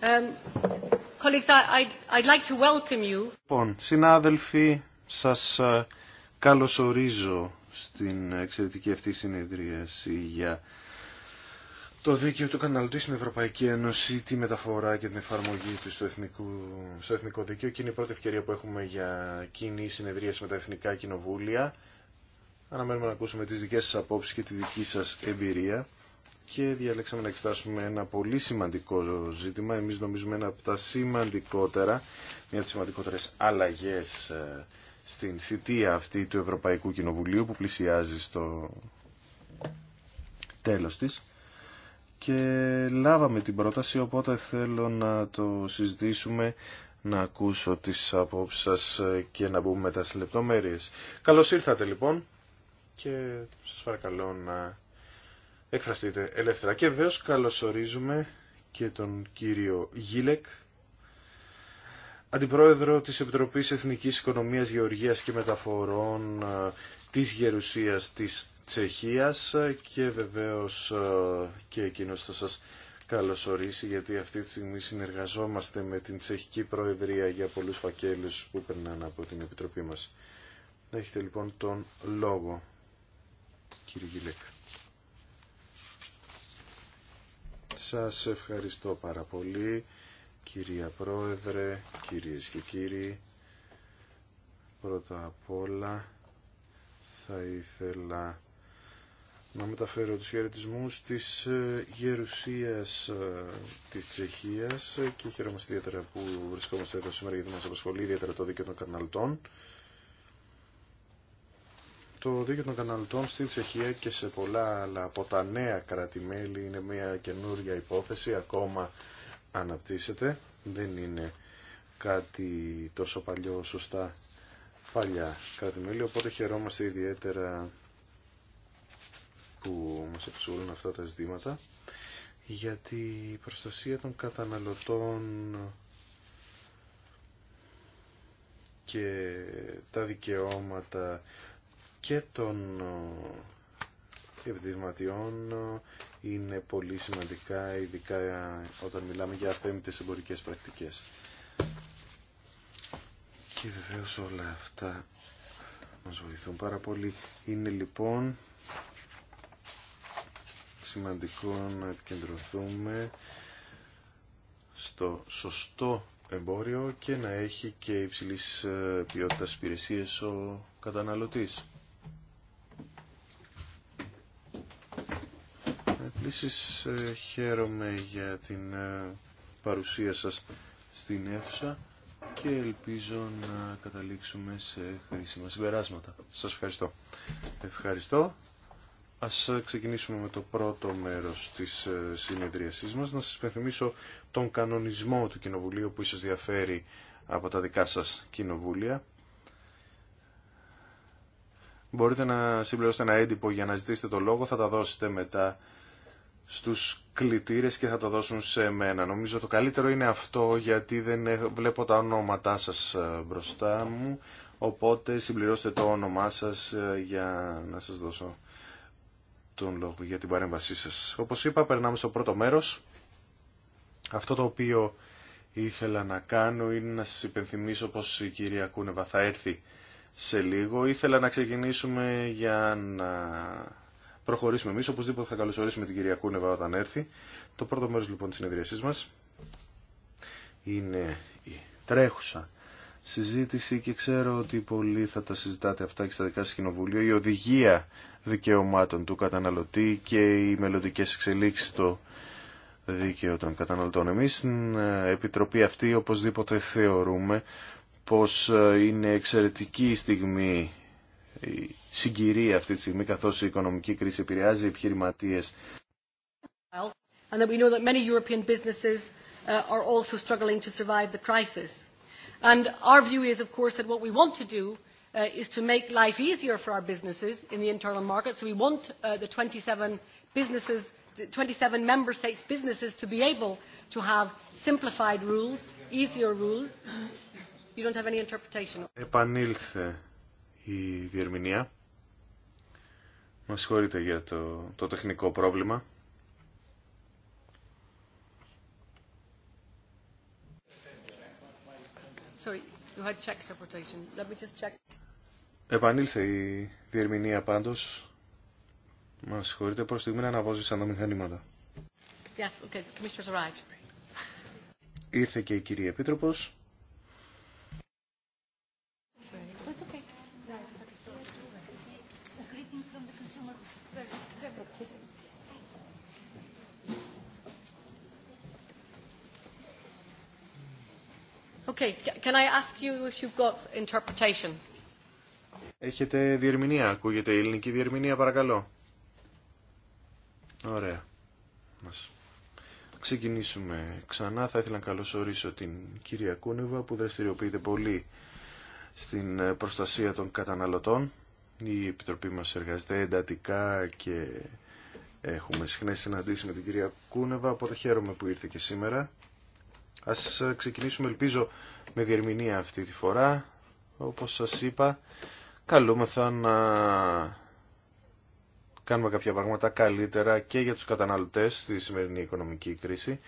Um, λοιπόν, συνάδελφοι, σας ε, καλωσορίζω στην εξαιρετική αυτή συνεδρίαση για το δίκαιο του καναλωτή στην Ευρωπαϊκή Ένωση, τη μεταφορά και την εφαρμογή του στο, εθνικό, στο εθνικό δίκαιο και είναι η πρώτη ευκαιρία που έχουμε για κοινή συνεδρίαση με τα εθνικά κοινοβούλια. Αναμένουμε να ακούσουμε τις δικές σας απόψεις και τη δική σας εμπειρία και διαλέξαμε να εξετάσουμε ένα πολύ σημαντικό ζήτημα. Εμείς νομίζουμε ένα από τα σημαντικότερα, μια από τις σημαντικότερες αλλαγές ε, στην θητεία αυτή του Ευρωπαϊκού Κοινοβουλίου που πλησιάζει στο τέλος της και λάβαμε την πρόταση οπότε θέλω να το συζητήσουμε να ακούσω τις απόψεις σας ε, και να μπούμε μετά στις λεπτομέρειες. Καλώς ήρθατε λοιπόν και σας παρακαλώ να εκφραστείτε ελεύθερα. Και βεβαίω καλωσορίζουμε και τον κύριο Γίλεκ, Αντιπρόεδρο της Επιτροπής Εθνικής Οικονομίας, Γεωργίας και Μεταφορών ε, της Γερουσίας της Τσεχίας ε, και βεβαίως ε, και εκείνος θα σας καλωσορίσει γιατί αυτή τη στιγμή συνεργαζόμαστε με την Τσεχική Προεδρία για πολλούς φακέλους που περνάνε από την Επιτροπή μας. Έχετε λοιπόν τον λόγο, κύριε Γιλέκ. Σας ευχαριστώ πάρα πολύ, κυρία Πρόεδρε, κυρίες και κύριοι. Πρώτα απ' όλα θα ήθελα να μεταφέρω τους χαιρετισμούς της ε, γερουσίας ε, της Τσεχίας και χαιρόμαστε ιδιαίτερα που βρισκόμαστε εδώ σήμερα γιατί μας απασχολεί ιδιαίτερα το δίκαιο των καταναλωτών. Το δίκαιο των καταναλωτών στην Τσεχία και σε πολλά άλλα από τα νέα είναι μια καινούργια υπόθεση, ακόμα αναπτύσσεται, δεν είναι κάτι τόσο παλιό σωστά παλιά κράτη-μέλη, οπότε χαιρόμαστε ιδιαίτερα που μας εξουλούν αυτά τα ζητήματα, γιατί η προστασία των καταναλωτών και τα δικαιώματα και των ευδηματιών ε, είναι πολύ σημαντικά, ειδικά όταν μιλάμε για απέμπτες εμπορικές πρακτικές. Και βεβαίως όλα αυτά μας βοηθούν πάρα πολύ. Είναι λοιπόν σημαντικό να επικεντρωθούμε στο σωστό εμπόριο και να έχει και υψηλής ε, ποιότητας υπηρεσίες ο καταναλωτής. Επίσης ε, χαίρομαι για την ε, παρουσία σας στην αίθουσα και ελπίζω να καταλήξουμε σε χρήσιμα συμπεράσματα. Σας ευχαριστώ. Ευχαριστώ. Ας ε, ξεκινήσουμε με το πρώτο μέρος της συνεδρίασής μας. Να σας υπενθυμίσω τον κανονισμό του Κοινοβουλίου που ίσως διαφέρει από τα δικά σας κοινοβούλια. Μπορείτε να συμπληρώσετε ένα έντυπο για να ζητήσετε το λόγο, θα τα δώσετε μετά στους κλητήρες και θα τα δώσουν σε μένα. Νομίζω το καλύτερο είναι αυτό γιατί δεν βλέπω τα ονόματά σας ε, μπροστά μου, οπότε συμπληρώστε το όνομά σας ε, για να σας δώσω τον λόγο για την παρέμβασή σας. Όπως είπα, περνάμε στο πρώτο μέρος. Αυτό το οποίο ήθελα να κάνω είναι να σας υπενθυμίσω πως η κυρία Κούνεβα θα έρθει σε λίγο. Ήθελα να ξεκινήσουμε για να προχωρήσουμε εμεί, Οπωσδήποτε θα καλωσορίσουμε την κυρία Κούνεβα όταν έρθει. Το πρώτο μέρος λοιπόν της συνεδριασής μας είναι η τρέχουσα συζήτηση και ξέρω ότι πολλοί θα τα συζητάτε αυτά και στα δικά σα κοινοβούλια. Η οδηγία δικαιωμάτων του καταναλωτή και οι μελλοντικέ εξελίξεις στο δίκαιο των καταναλωτών. Εμεί στην Επιτροπή αυτή οπωσδήποτε θεωρούμε πως είναι εξαιρετική στιγμή συγκυρία αυτή τη στιγμή καθώς η οικονομική κρίση επηρεάζει επιχειρηματίες. And that we know that many European businesses are also struggling to survive the crisis. And our view is, of course, that what we want to do is to make life easier for our businesses in the internal market. So we want the 27 businesses, the 27 member states' businesses to be able to have simplified rules, easier rules. You don't have any interpretation η διερμηνία. Μα συγχωρείτε για το, τεχνικό πρόβλημα. Επανήλθε η διερμηνία πάντως. Μα συγχωρείτε, προς στιγμή αναβόζησαν τα μηχανήματα. Yes, okay, Ήρθε και η κυρία Επίτροπος. Έχετε διερμηνία, ακούγεται η ελληνική διερμηνία, παρακαλώ. Ωραία. ξεκινήσουμε ξανά. Θα ήθελα να καλωσορίσω την κυρία Κούνεβα που δραστηριοποιείται πολύ στην ε, προστασία των καταναλωτών. Η Επιτροπή μας εργάζεται εντατικά και έχουμε συχνές συναντήσει με την κυρία Κούνεβα, οπότε χαίρομαι που ήρθε και σήμερα. Ας ξεκινήσουμε ελπίζω με διερμηνία αυτή τη φορά. Όπως σας είπα, καλούμεθα να κάνουμε κάποια πράγματα καλύτερα και για τους καταναλωτές στη σημερινή οικονομική κρίση.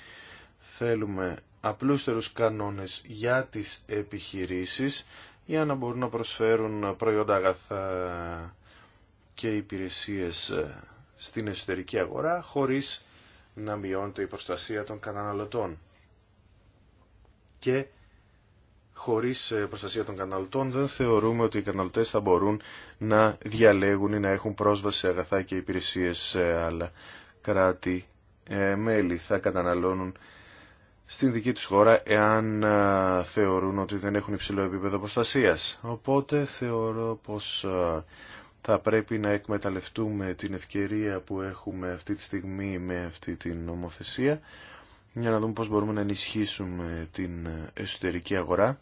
Θέλουμε απλούστερους κανόνες για τις επιχειρήσεις για να μπορούν να προσφέρουν προϊόντα αγαθά και υπηρεσίες στην εσωτερική αγορά χωρίς να μειώνεται η προστασία των καταναλωτών και χωρίς ε, προστασία των καναλτών δεν θεωρούμε ότι οι καναλτές θα μπορούν να διαλέγουν ή να έχουν πρόσβαση σε αγαθά και υπηρεσίες σε άλλα κράτη ε, μέλη θα καταναλώνουν στην δική τους χώρα εάν ε, θεωρούν ότι δεν έχουν υψηλό επίπεδο προστασίας. Οπότε θεωρώ πως θα πρέπει να εκμεταλλευτούμε την ευκαιρία που έχουμε αυτή τη στιγμή με αυτή την νομοθεσία για να δούμε πώς μπορούμε να ενισχύσουμε την εσωτερική αγορά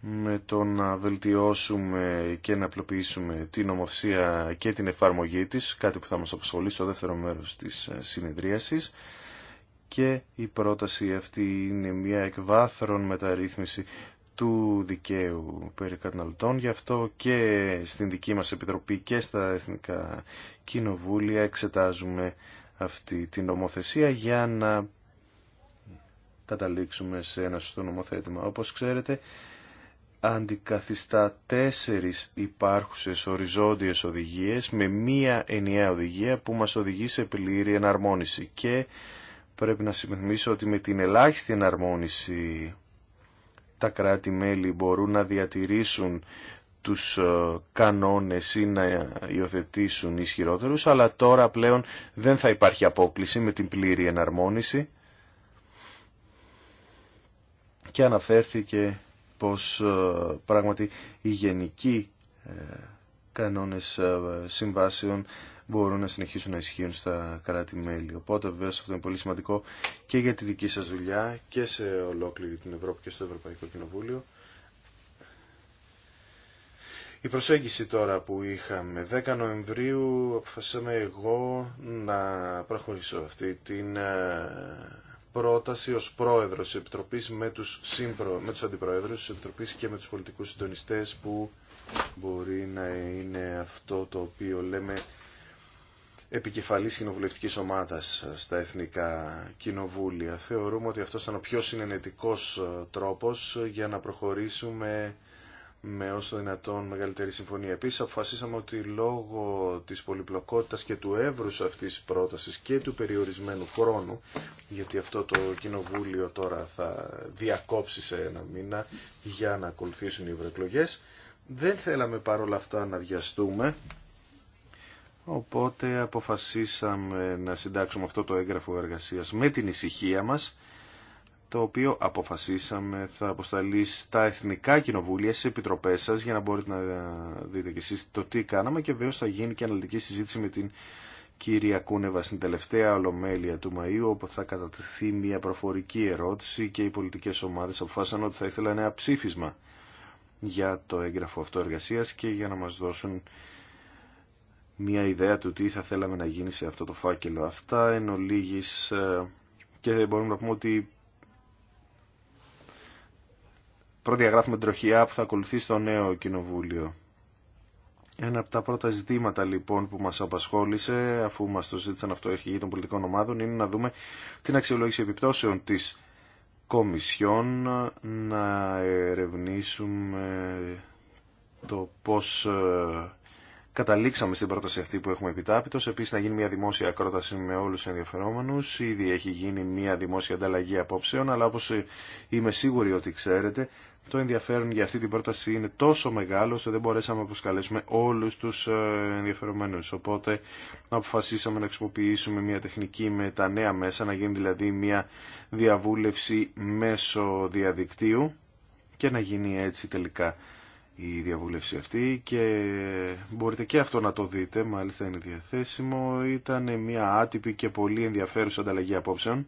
με το να βελτιώσουμε και να απλοποιήσουμε την ομοθεσία και την εφαρμογή της, κάτι που θα μας απασχολεί στο δεύτερο μέρος της ε, συνεδρίασης. Και η πρόταση αυτή είναι μια εκβάθρον μεταρρύθμιση του δικαίου περί καταναλωτών. Γι' αυτό και στην δική μας Επιτροπή και στα Εθνικά Κοινοβούλια εξετάζουμε αυτή την νομοθεσία για να καταλήξουμε σε ένα σωστό νομοθέτημα. Όπως ξέρετε, αντικαθιστά τέσσερις υπάρχουσες οριζόντιες οδηγίες με μία ενιαία οδηγία που μας οδηγεί σε πλήρη εναρμόνιση. Και πρέπει να συμμεθυμίσω ότι με την ελάχιστη εναρμόνιση τα κράτη-μέλη μπορούν να διατηρήσουν τους ε, κανόνες ή να υιοθετήσουν ισχυρότερους, αλλά τώρα πλέον δεν θα υπάρχει απόκληση με την πλήρη εναρμόνιση. Και αναφέρθηκε πως ε, πράγματι οι γενικοί ε, κανόνες συμβάσεων μπορούν να συνεχίσουν να ισχύουν στα κράτη-μέλη. Οπότε βέβαια αυτό είναι πολύ σημαντικό και για τη δική σας δουλειά και σε ολόκληρη την Ευρώπη και στο Ευρωπαϊκό Κοινοβούλιο. Η προσέγγιση τώρα που είχαμε 10 Νοεμβρίου αποφασίσαμε εγώ να προχωρήσω αυτή την ε, πρόταση ως πρόεδρος της Επιτροπής με τους, σύμπρο, με τους αντιπροέδρους της Επιτροπής και με τους πολιτικούς συντονιστές που μπορεί να είναι αυτό το οποίο λέμε επικεφαλής κοινοβουλευτικής ομάδας στα εθνικά κοινοβούλια. Θεωρούμε ότι αυτό ήταν ο πιο συνενετικός ε, τρόπος για να προχωρήσουμε με όσο δυνατόν μεγαλύτερη συμφωνία. Επίσης αποφασίσαμε ότι λόγω της πολυπλοκότητας και του εύρους αυτής της πρότασης και του περιορισμένου χρόνου, γιατί αυτό το κοινοβούλιο τώρα θα διακόψει σε ένα μήνα για να ακολουθήσουν οι ευρωεκλογέ. δεν θέλαμε παρόλα αυτά να βιαστούμε, οπότε αποφασίσαμε να συντάξουμε αυτό το έγγραφο εργασίας με την ησυχία μας, το οποίο αποφασίσαμε θα αποσταλεί στα εθνικά κοινοβούλια, στι επιτροπές σας, για να μπορείτε να δείτε και εσείς το τι κάναμε και βέβαια θα γίνει και αναλυτική συζήτηση με την κυρία Κούνεβα στην τελευταία ολομέλεια του Μαΐου, όπου θα κατατεθεί μια προφορική ερώτηση και οι πολιτικές ομάδες αποφάσισαν ότι θα ήθελαν ένα ψήφισμα για το έγγραφο αυτό εργασίας και για να μας δώσουν μια ιδέα του τι θα θέλαμε να γίνει σε αυτό το φάκελο. Αυτά εν ολίγης ε, και μπορούμε να πούμε ότι προδιαγράφουμε τροχιά που θα ακολουθεί στο νέο κοινοβούλιο. Ένα από τα πρώτα ζητήματα λοιπόν που μας απασχόλησε, αφού μας το ζήτησαν αυτό η των πολιτικών ομάδων, είναι να δούμε την αξιολόγηση επιπτώσεων της Κομισιόν, να ερευνήσουμε το πώς ε, Καταλήξαμε στην πρόταση αυτή που έχουμε επιτάπητο. επίση να γίνει μια δημόσια ακρόταση με όλου του ενδιαφερόμενους. Ήδη έχει γίνει μια δημόσια ανταλλαγή απόψεων, αλλά όπω είμαι σίγουρη ότι ξέρετε, το ενδιαφέρον για αυτή την πρόταση είναι τόσο μεγάλο ώστε δεν μπορέσαμε να προσκαλέσουμε όλου του ε, ενδιαφερομένους. Οπότε αποφασίσαμε να χρησιμοποιήσουμε μια τεχνική με τα νέα μέσα, να γίνει δηλαδή μια διαβούλευση μέσω διαδικτύου και να γίνει έτσι τελικά η διαβούλευση αυτή και μπορείτε και αυτό να το δείτε, μάλιστα είναι διαθέσιμο. Ήταν μια άτυπη και πολύ ενδιαφέρουσα ανταλλαγή απόψεων,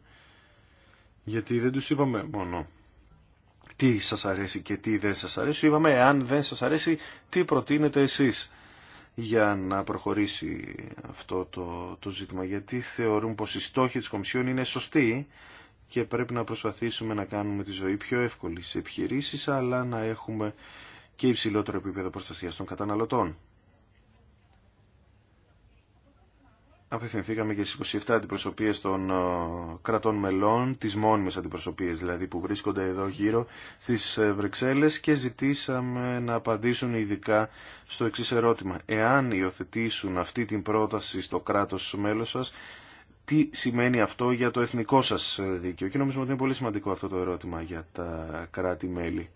γιατί δεν τους είπαμε μόνο τι σας αρέσει και τι δεν σας αρέσει, είπαμε εάν δεν σας αρέσει τι προτείνετε εσείς για να προχωρήσει αυτό το, το ζήτημα, γιατί θεωρούν πως οι στόχοι της Κομισιόν είναι σωστοί, και πρέπει να προσπαθήσουμε να κάνουμε τη ζωή πιο εύκολη σε επιχειρήσεις αλλά να έχουμε και υψηλότερο επίπεδο προστασίας των καταναλωτών. Απευθυνθήκαμε και στις 27 αντιπροσωπείες των ε, κρατών μελών, τις μόνιμες αντιπροσωπείες δηλαδή που βρίσκονται εδώ γύρω στις ε, Βρυξέλλες και ζητήσαμε να απαντήσουν ειδικά στο εξής ερώτημα. Εάν υιοθετήσουν αυτή την πρόταση στο κράτος μέλος σας, τι σημαίνει αυτό για το εθνικό σας ε, δίκαιο. Και νομίζω ότι είναι πολύ σημαντικό αυτό το ερώτημα για τα κράτη-μέλη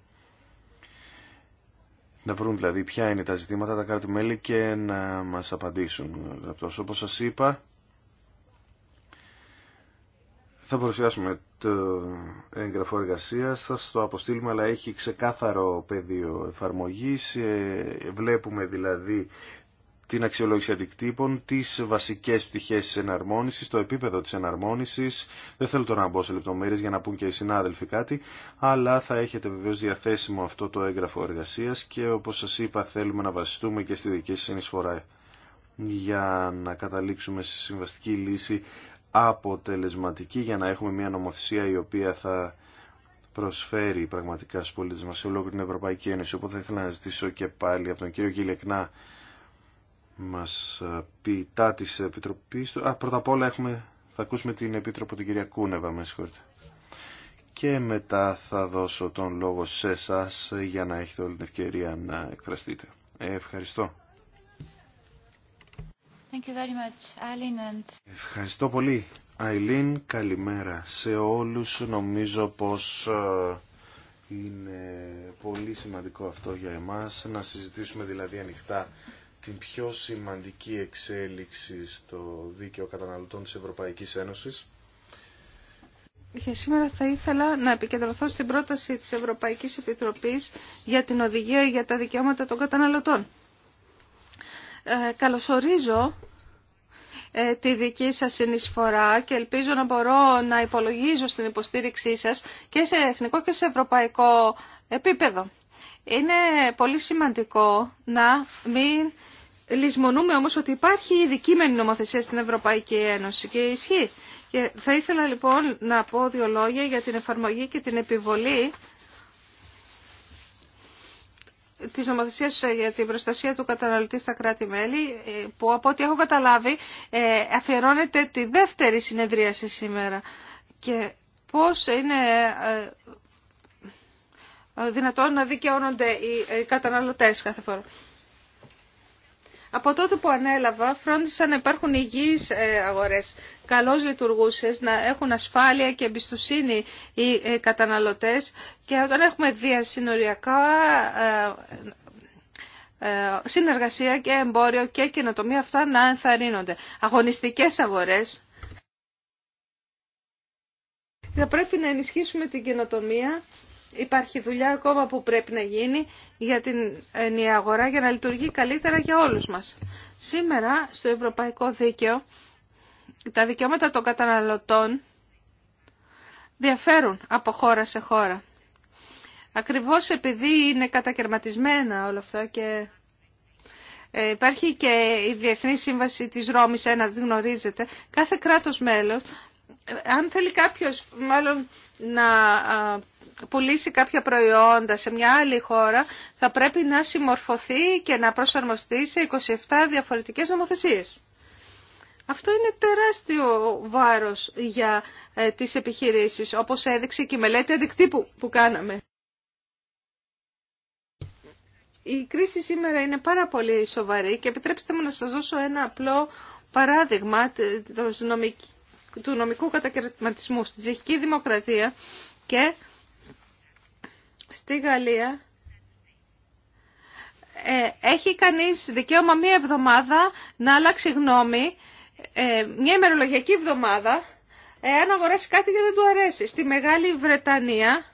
να βρουν δηλαδή ποια είναι τα ζητήματα τα κράτη-μέλη και να μας απαντήσουν. Γραπτός. Όπως σας είπα, θα παρουσιάσουμε το έγγραφο εργασία, θα σας το αποστείλουμε, αλλά έχει ξεκάθαρο πεδίο εφαρμογής. Ε, βλέπουμε δηλαδή την αξιολόγηση αντικτύπων, τις βασικές πτυχές της εναρμόνισης, το επίπεδο της εναρμόνισης. Δεν θέλω τώρα να μπω σε λεπτομέρειες για να πούν και οι συνάδελφοι κάτι, αλλά θα έχετε βεβαίως διαθέσιμο αυτό το έγγραφο εργασίας και όπως σας είπα θέλουμε να βασιστούμε και στη δική σα συνεισφορά για να καταλήξουμε σε συμβαστική λύση αποτελεσματική για να έχουμε μια νομοθεσία η οποία θα προσφέρει πραγματικά στους πολίτες μας σε ολόκληρη την Ευρωπαϊκή Ένωση. Οπότε θα ήθελα να ζητήσω και πάλι από τον κύριο Γιλεκνά μας πει τα της Επιτροπής. Α, πρώτα απ' όλα έχουμε, θα ακούσουμε την Επίτροπο την κυρία Κούνεβα, με συγχωρείτε. Και μετά θα δώσω τον λόγο σε εσά για να έχετε όλη την ευκαιρία να εκφραστείτε. Ε, ευχαριστώ. Thank you very much, and... Ευχαριστώ πολύ. Αιλίν, καλημέρα σε όλους. Νομίζω πως είναι πολύ σημαντικό αυτό για εμάς να συζητήσουμε δηλαδή ανοιχτά την πιο σημαντική εξέλιξη στο δίκαιο καταναλωτών της Ευρωπαϊκής Ένωσης. Για σήμερα θα ήθελα να επικεντρωθώ στην πρόταση της Ευρωπαϊκής Επιτροπής για την οδηγία για τα δικαιώματα των καταναλωτών. Ε, καλωσορίζω ε, τη δική σας συνεισφορά και ελπίζω να μπορώ να υπολογίζω στην υποστήριξή σας και σε εθνικό και σε ευρωπαϊκό επίπεδο. Είναι πολύ σημαντικό να μην Λυσμονούμε όμως ότι υπάρχει ήδη κείμενη νομοθεσία στην Ευρωπαϊκή Ένωση και ισχύει. Και θα ήθελα λοιπόν να πω δύο λόγια για την εφαρμογή και την επιβολή της νομοθεσίας για την προστασία του καταναλωτή στα κράτη-μέλη, ε, που από ό,τι έχω καταλάβει ε, αφιερώνεται τη δεύτερη συνεδρίαση σήμερα. Και πώς είναι ε, δυνατόν να δικαιώνονται οι καταναλωτές κάθε φορά. Από τότε που ανέλαβα φρόντισα να υπάρχουν υγιείς ε, αγορές, καλώς λειτουργούσες, να έχουν ασφάλεια και εμπιστοσύνη οι ε, καταναλωτές και όταν έχουμε διασυνοριακά ε, συνεργασία και εμπόριο και καινοτομία αυτά να ενθαρρύνονται. Αγωνιστικές αγορές. Θα πρέπει να ενισχύσουμε την καινοτομία Υπάρχει δουλειά ακόμα που πρέπει να γίνει για την ενιαία αγορά για να λειτουργεί καλύτερα για όλους μας. Σήμερα στο Ευρωπαϊκό Δίκαιο τα δικαιώματα των καταναλωτών διαφέρουν από χώρα σε χώρα. Ακριβώς επειδή είναι κατακαιρματισμένα όλα αυτά και ε, υπάρχει και η Διεθνή Σύμβαση της Ρώμης, ένα δεν γνωρίζετε, κάθε κράτος μέλος, ε, αν θέλει κάποιος μάλλον να πουλήσει κάποια προϊόντα σε μια άλλη χώρα θα πρέπει να συμμορφωθεί και να προσαρμοστεί σε 27 διαφορετικές νομοθεσίες. Αυτό είναι τεράστιο βάρος για ε, τις επιχειρήσεις, όπως έδειξε και η μελέτη αντικτύπου που κάναμε. Η κρίση σήμερα είναι πάρα πολύ σοβαρή και επιτρέψτε μου να σας δώσω ένα απλό παράδειγμα του νομικού κατακαιρματισμού στην Τσεχική Δημοκρατία και στη Γαλλία ε, έχει κανείς δικαίωμα μία εβδομάδα να αλλάξει γνώμη, ε, μία ημερολογιακή εβδομάδα, εάν αγοράσει κάτι και δεν του αρέσει. Στη Μεγάλη Βρετανία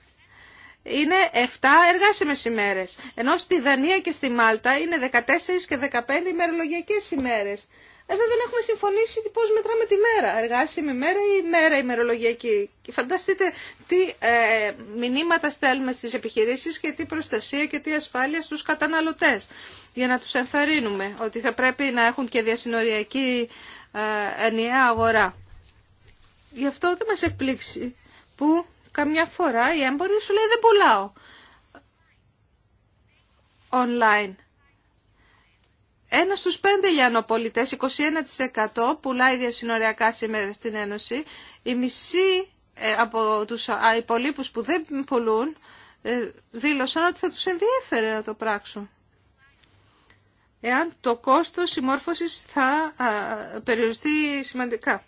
είναι 7 εργάσιμες ημέρες, ενώ στη Δανία και στη Μάλτα είναι 14 και 15 ημερολογιακές ημέρες. Εδώ δεν έχουμε συμφωνήσει πώ μετράμε τη μέρα, εργάσιμη μέρα ή μέρα ημερολογιακή. Και φανταστείτε τι ε, μηνύματα στέλνουμε στις επιχειρήσεις και τι προστασία και τι ασφάλεια στους καταναλωτές για να τους ενθαρρύνουμε ότι θα πρέπει να έχουν και διασυνοριακή ε, ενιαία αγορά. Γι' αυτό δεν μα εκπλήξει που καμιά φορά η έμπορη σου λέει δεν πουλάω online. Ένα στους πέντε λιανοπολιτές, 21% πουλάει διασυνοριακά σήμερα στην Ένωση. Η μισή ε, από τους υπολείπους που δεν πουλούν ε, δήλωσαν ότι θα τους ενδιέφερε να το πράξουν. Εάν το κόστος συμμόρφωσης θα περιοριστεί σημαντικά.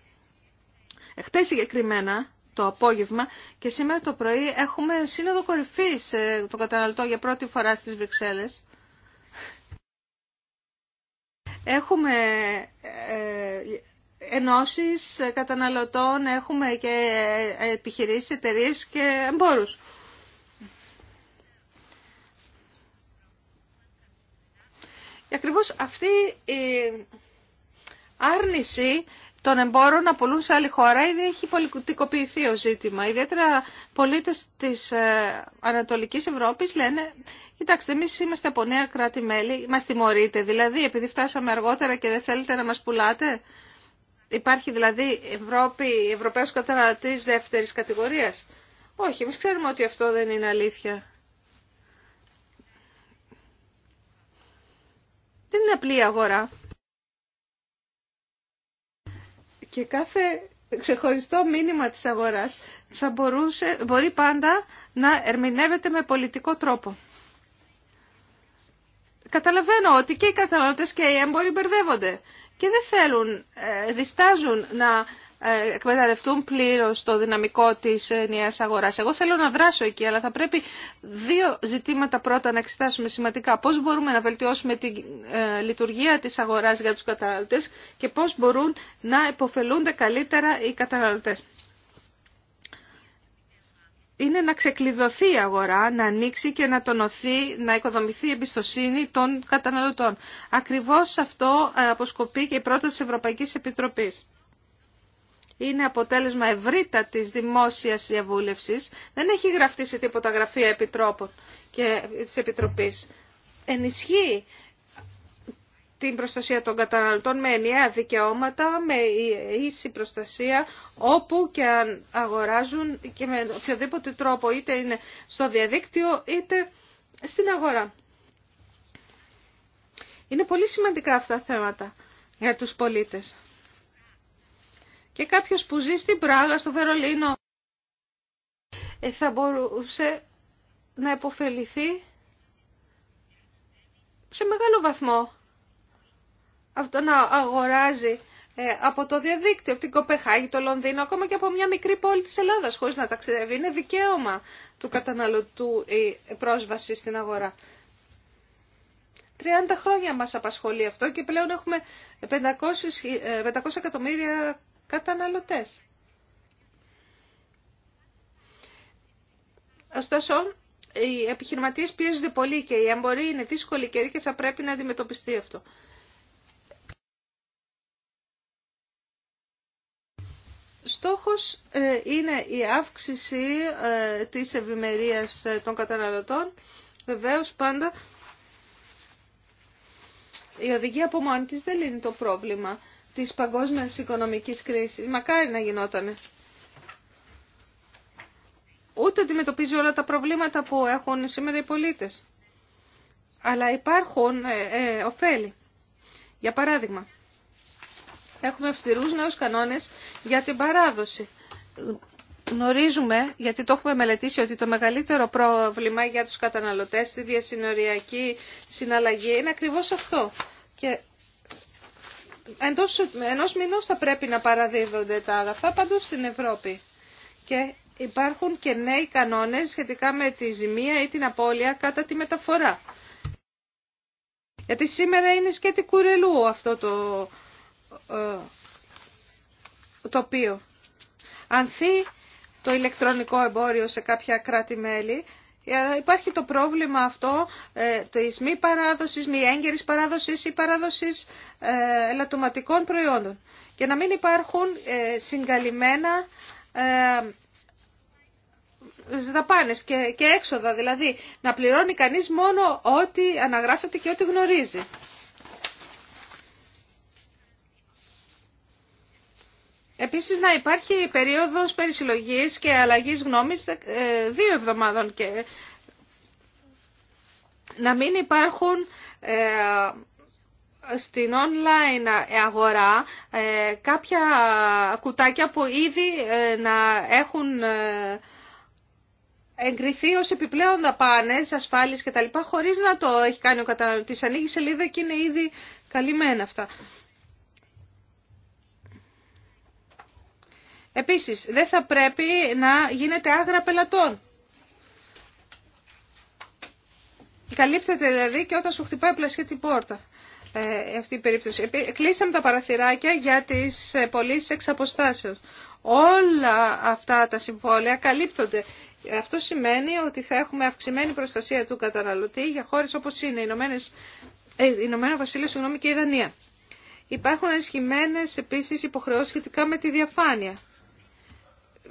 Χτες συγκεκριμένα το απόγευμα και σήμερα το πρωί έχουμε σύνοδο κορυφής ε, των καταναλωτών για πρώτη φορά στις Βρυξέλλες Έχουμε ε, ενώσεις καταναλωτών, έχουμε και επιχειρήσεις, εταιρείε και εμπόρους. Και ακριβώς αυτή η άρνηση των εμπόρων να πουλούν σε άλλη χώρα, ήδη έχει πολιτικοποιηθεί ο ζήτημα. Ιδιαίτερα πολίτες της ε, Ανατολική Ευρώπη Ευρώπης λένε, εμεί εμείς είμαστε από νέα κράτη-μέλη, μα τιμωρείτε, δηλαδή επειδή φτάσαμε αργότερα και δεν θέλετε να μα πουλάτε. Υπάρχει δηλαδή Ευρώπη, Ευρωπαίος καταναλωτής δεύτερης κατηγορίας. Όχι, εμεί ξέρουμε ότι αυτό δεν είναι αλήθεια. Δεν είναι απλή αγορά. Και κάθε ξεχωριστό μήνυμα της αγοράς θα μπορούσε, μπορεί πάντα να ερμηνεύεται με πολιτικό τρόπο. Καταλαβαίνω ότι και οι καταναλωτές και οι έμποροι μπερδεύονται και δεν θέλουν, ε, διστάζουν να ε, εκμεταλλευτούν πλήρω το δυναμικό τη νέα αγορά. Εγώ θέλω να δράσω εκεί, αλλά θα πρέπει δύο ζητήματα πρώτα να εξετάσουμε σημαντικά. πώ μπορούμε να βελτιώσουμε τη ε, λειτουργία της αγορά για τους καταναλωτέ και πώς μπορούν να υποφελούνται καλύτερα οι καταναλωτέ. Είναι να ξεκλειδωθεί η αγορά, να ανοίξει και να τονωθεί, να οικοδομηθεί η εμπιστοσύνη των καταναλωτών. Ακριβώς αυτό ε, αποσκοπεί και η πρόταση της Ευρωπαϊκής Επιτροπής είναι αποτέλεσμα ευρύτατης δημόσιας διαβούλευσης. Δεν έχει γραφτεί σε τίποτα γραφεία επιτρόπων και της Επιτροπής. Ενισχύει την προστασία των καταναλωτών με ενιαία δικαιώματα, με ίση προστασία όπου και αν αγοράζουν και με οποιοδήποτε τρόπο, είτε είναι στο διαδίκτυο είτε στην αγορά. Είναι πολύ σημαντικά αυτά τα θέματα για τους πολίτες και κάποιος που ζει στην Πράγα, στο Βερολίνο, ε, θα μπορούσε να υποφεληθεί σε μεγάλο βαθμό αυτό να αγοράζει ε, από το διαδίκτυο, από την Κοπεχάγη, το Λονδίνο, ακόμα και από μια μικρή πόλη της Ελλάδας, χωρίς να ταξιδεύει. Είναι δικαίωμα του καταναλωτού η πρόσβαση στην αγορά. 30 χρόνια μας απασχολεί αυτό και πλέον έχουμε 500, 500 ε, εκατομμύρια καταναλωτές. Ωστόσο, οι επιχειρηματίες πιέζονται πολύ και η εμποροί είναι δύσκολοι καιροί και θα πρέπει να αντιμετωπιστεί αυτό. Στόχος ε, είναι η αύξηση ε, της ευημερία ε, των καταναλωτών. Βεβαίως πάντα η οδηγία από μόνη της δεν λύνει το πρόβλημα της παγκόσμιας οικονομικής κρίσης. Μακάρι να γινότανε. Ούτε αντιμετωπίζει όλα τα προβλήματα που έχουν σήμερα οι πολίτες. Αλλά υπάρχουν ε, ε, ωφέλη. Για παράδειγμα, έχουμε αυστηρούς νέους κανόνες για την παράδοση. Γνωρίζουμε, γιατί το έχουμε μελετήσει, ότι το μεγαλύτερο πρόβλημα για τους καταναλωτές στη διασυνοριακή συναλλαγή είναι ακριβώς αυτό. Και εντός ενός μηνός θα πρέπει να παραδίδονται τα αγαθά παντού στην Ευρώπη. Και υπάρχουν και νέοι κανόνες σχετικά με τη ζημία ή την απώλεια κατά τη μεταφορά. Γιατί σήμερα είναι σκέτη κουρελού αυτό το ε, τοπίο. Ανθεί το ηλεκτρονικό εμπόριο σε κάποια κράτη-μέλη, ε, υπάρχει το πρόβλημα αυτό ε, της μη παράδοσης, μη έγκαιρη παράδοσης ή παράδοση ε, προϊόντων. Και να μην υπάρχουν ε, συγκαλυμμένα ε, δαπάνες και, και έξοδα. Δηλαδή να πληρώνει κανείς μόνο ό,τι αναγράφεται και ό,τι γνωρίζει. Επίσης να υπάρχει περίοδος περισυλλογής και αλλαγής γνώμης ε, δύο εβδομάδων και να μην υπάρχουν ε, στην online αγορά ε, κάποια κουτάκια που ήδη να έχουν εγκριθεί ως επιπλέον δαπάνες, ασφάλειες κτλ. χωρίς να το έχει κάνει ο καταναλωτής. Ανοίγει σελίδα και είναι ήδη καλυμμένα αυτά. Επίσης, δεν θα πρέπει να γίνεται άγρα πελατών. Καλύπτεται δηλαδή και όταν σου χτυπάει πλασιά την πόρτα. Ε, αυτή η περίπτωση. Κλείσαμε τα παραθυράκια για τις ε, πωλήσει εξ αποστάσεως. Όλα αυτά τα συμβόλαια καλύπτονται. Αυτό σημαίνει ότι θα έχουμε αυξημένη προστασία του καταναλωτή για χώρες όπως είναι οι Ηνωμένες, ε, Βασίλειο συγγνώμη, και η Δανία. Υπάρχουν ενισχυμένε επίσης υποχρεώσεις σχετικά με τη διαφάνεια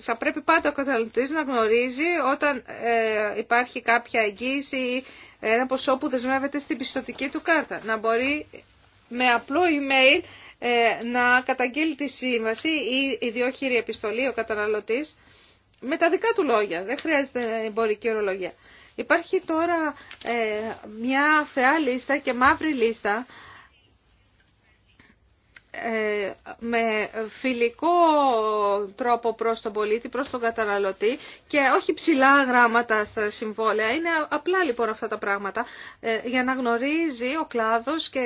θα πρέπει πάντα ο καταναλωτής να γνωρίζει όταν ε, υπάρχει κάποια εγγύηση ή ένα ποσό που δεσμεύεται στην πιστοτική του κάρτα. Να μπορεί με απλό email ε, να καταγγείλει τη σύμβαση ή η διόχειρη επιστολή ο καταναλωτής με τα δικά του λόγια. Δεν χρειάζεται εμπορική ορολογία. Υπάρχει τώρα ε, μια φαιά λίστα και μαύρη λίστα με φιλικό τρόπο προς τον πολίτη, προς τον καταναλωτή και όχι ψηλά γράμματα στα συμβόλαια. Είναι απλά λοιπόν αυτά τα πράγματα ε, για να γνωρίζει ο κλάδος και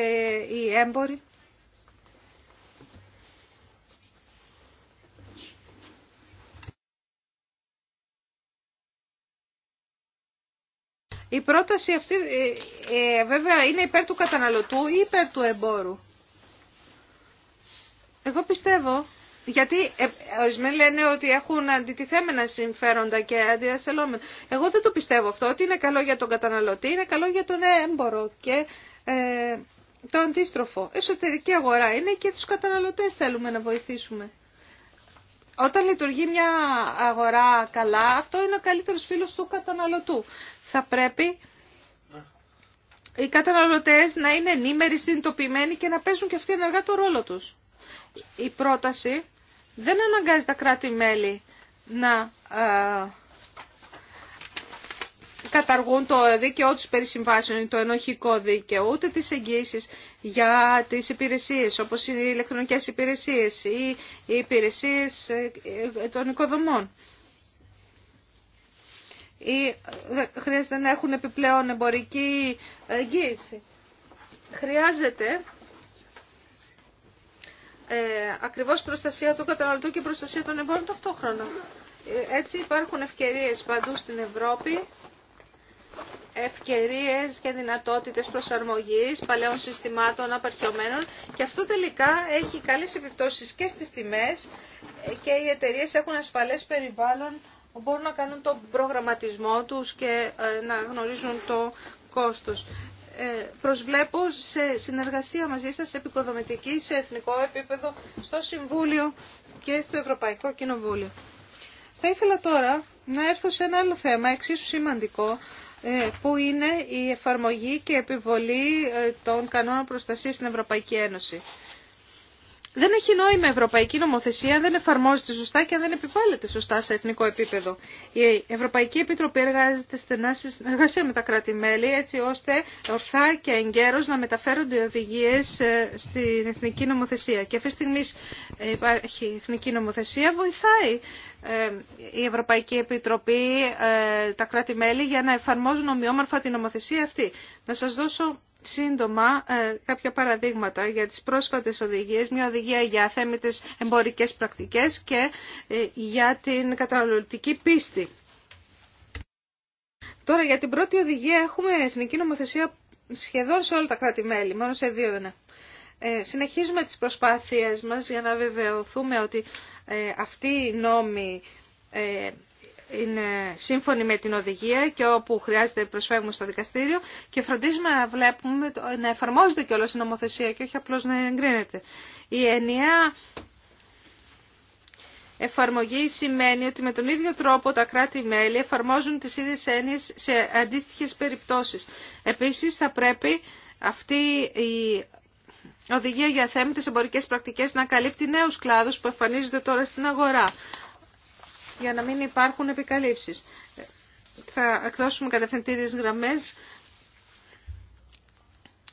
οι έμποροι. Η πρόταση αυτή ε, ε, βέβαια είναι υπέρ του καταναλωτού ή υπέρ του εμπόρου. Εγώ πιστεύω, γιατί ε, ορισμένοι λένε ότι έχουν αντιτιθέμενα συμφέροντα και αντιασελόμενα. Εγώ δεν το πιστεύω αυτό, ότι είναι καλό για τον καταναλωτή, είναι καλό για τον έμπορο και ε, το αντίστροφο. Εσωτερική αγορά είναι και τους καταναλωτές θέλουμε να βοηθήσουμε. Όταν λειτουργεί μια αγορά καλά, αυτό είναι ο καλύτερος φίλος του καταναλωτού. Θα πρέπει οι καταναλωτές να είναι ενήμεροι, συνειδητοποιημένοι και να παίζουν και αυτοί ενεργά το ρόλο τους η πρόταση δεν αναγκάζει τα κράτη-μέλη να ε, καταργούν το δίκαιό τους περί συμβάσεων, το ενοχικό δίκαιο, ούτε τις εγγύσεις για τις υπηρεσίες, όπως οι ηλεκτρονικές υπηρεσίες ή οι υπηρεσίες ε, ε, των οικοδομών. Ή χρειάζεται να έχουν επιπλέον εμπορική εγγύηση. Χρειάζεται ε, ακριβώς προστασία του καταναλωτού και προστασία των εμπόρων ταυτόχρονα. Ε, έτσι υπάρχουν ευκαιρίες παντού στην Ευρώπη, ευκαιρίες και δυνατότητες προσαρμογής παλαιών συστημάτων απαρχιωμένων και αυτό τελικά έχει καλές επιπτώσεις και στις τιμές ε, και οι εταιρείε έχουν ασφαλές περιβάλλον μπορούν να κάνουν τον προγραμματισμό τους και να γνωρίζουν το κόστος. Ε, προσβλέπω σε συνεργασία μαζί σας επικοδομητική σε εθνικό επίπεδο, στο Συμβούλιο και στο Ευρωπαϊκό Κοινοβούλιο. Θα ήθελα τώρα να έρθω σε ένα άλλο θέμα, εξίσου σημαντικό, ε, που είναι η εφαρμογή και επιβολή ε, των κανόνων προστασίας στην Ευρωπαϊκή Ένωση δεν έχει νόημα η Ευρωπαϊκή Νομοθεσία αν δεν εφαρμόζεται σωστά και αν δεν επιβάλλεται σωστά σε εθνικό επίπεδο. Η Ευρωπαϊκή Επιτροπή εργάζεται στενά σε συνεργασία με τα κράτη-μέλη έτσι ώστε ορθά και εγκαίρω να μεταφέρονται οι οδηγίες ε, στην εθνική νομοθεσία. Και αυτή τη στιγμή υπάρχει η εθνική νομοθεσία, βοηθάει ε, η Ευρωπαϊκή Επιτροπή, ε, τα κράτη-μέλη για να εφαρμόζουν ομοιόμορφα την νομοθεσία αυτή. Να σα δώσω σύντομα ε, κάποια παραδείγματα για τις πρόσφατες οδηγίες, μια οδηγία για θέμητες εμπορικές πρακτικές και ε, για την καταναλωτική πίστη. Τώρα για την πρώτη οδηγία έχουμε εθνική νομοθεσία σχεδόν σε όλα τα κράτη-μέλη, μόνο σε δύο δεν ε, Συνεχίζουμε τις προσπάθειές μας για να βεβαιωθούμε ότι αυτή η οι είναι σύμφωνοι με την οδηγία και όπου χρειάζεται προσφεύγουμε στο δικαστήριο και φροντίζουμε να βλέπουμε, να εφαρμόζεται και όλο η νομοθεσία και όχι απλώς να εγκρίνεται. Η ενιαία εφαρμογή σημαίνει ότι με τον ίδιο τρόπο τα κράτη-μέλη εφαρμόζουν τις ίδιες έννοιες σε αντίστοιχες περιπτώσεις. Επίσης θα πρέπει αυτή η οδηγία για θέμητες εμπορικές πρακτικές να καλύπτει νέους κλάδους που εμφανίζονται τώρα στην αγορά για να μην υπάρχουν επικαλύψεις. Θα εκδώσουμε κατευθυντήριες γραμμές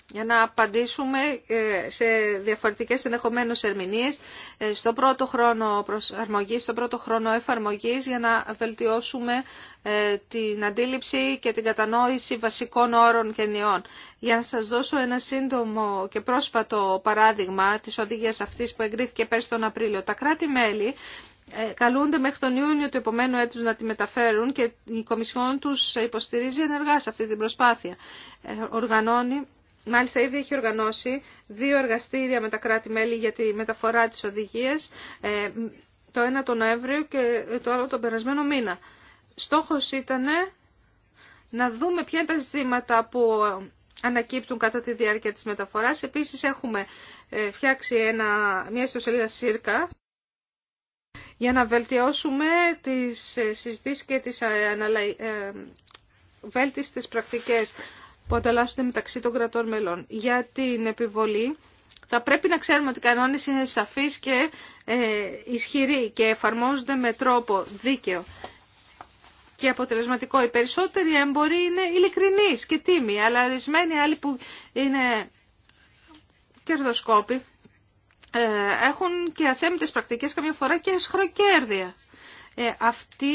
για να απαντήσουμε ε, σε διαφορετικές ενδεχομένω ερμηνείες ε, στον πρώτο χρόνο προσαρμογής, στον πρώτο χρόνο εφαρμογής για να βελτιώσουμε ε, την αντίληψη και την κατανόηση βασικών όρων και νιών. Για να σας δώσω ένα σύντομο και πρόσφατο παράδειγμα της οδηγίας αυτής που εγκρίθηκε πέρσι τον Απρίλιο. Τα κράτη-μέλη ε, καλούνται μέχρι τον Ιούνιο του επομένου έτους να τη μεταφέρουν και η Κομισιόν τους υποστηρίζει ενεργά σε αυτή την προσπάθεια. Ε, οργανώνει, μάλιστα ήδη έχει οργανώσει δύο εργαστήρια με τα κράτη-μέλη για τη μεταφορά της οδηγίας, ε, το ένα τον Νοέμβριο και το άλλο τον περασμένο μήνα. Στόχος ήταν να δούμε ποια είναι τα ζητήματα που ανακύπτουν κατά τη διάρκεια της μεταφοράς. Επίσης έχουμε φτιάξει ένα, μια ιστοσελίδα σύρκα για να βελτιώσουμε τις συζητήσεις και τις ε, ε, βέλτιστες πρακτικές που ανταλλάσσονται μεταξύ των κρατών μελών. Για την επιβολή θα πρέπει να ξέρουμε ότι οι κανόνες είναι σαφείς και ε, ισχυροί και εφαρμόζονται με τρόπο δίκαιο και αποτελεσματικό. Οι περισσότεροι έμποροι είναι ειλικρινείς και τίμοι, αλλά ορισμένοι άλλοι που είναι κερδοσκόποι ε, έχουν και αθέμητες πρακτικές καμιά φορά και σχροκέρδια. Ε, αυτή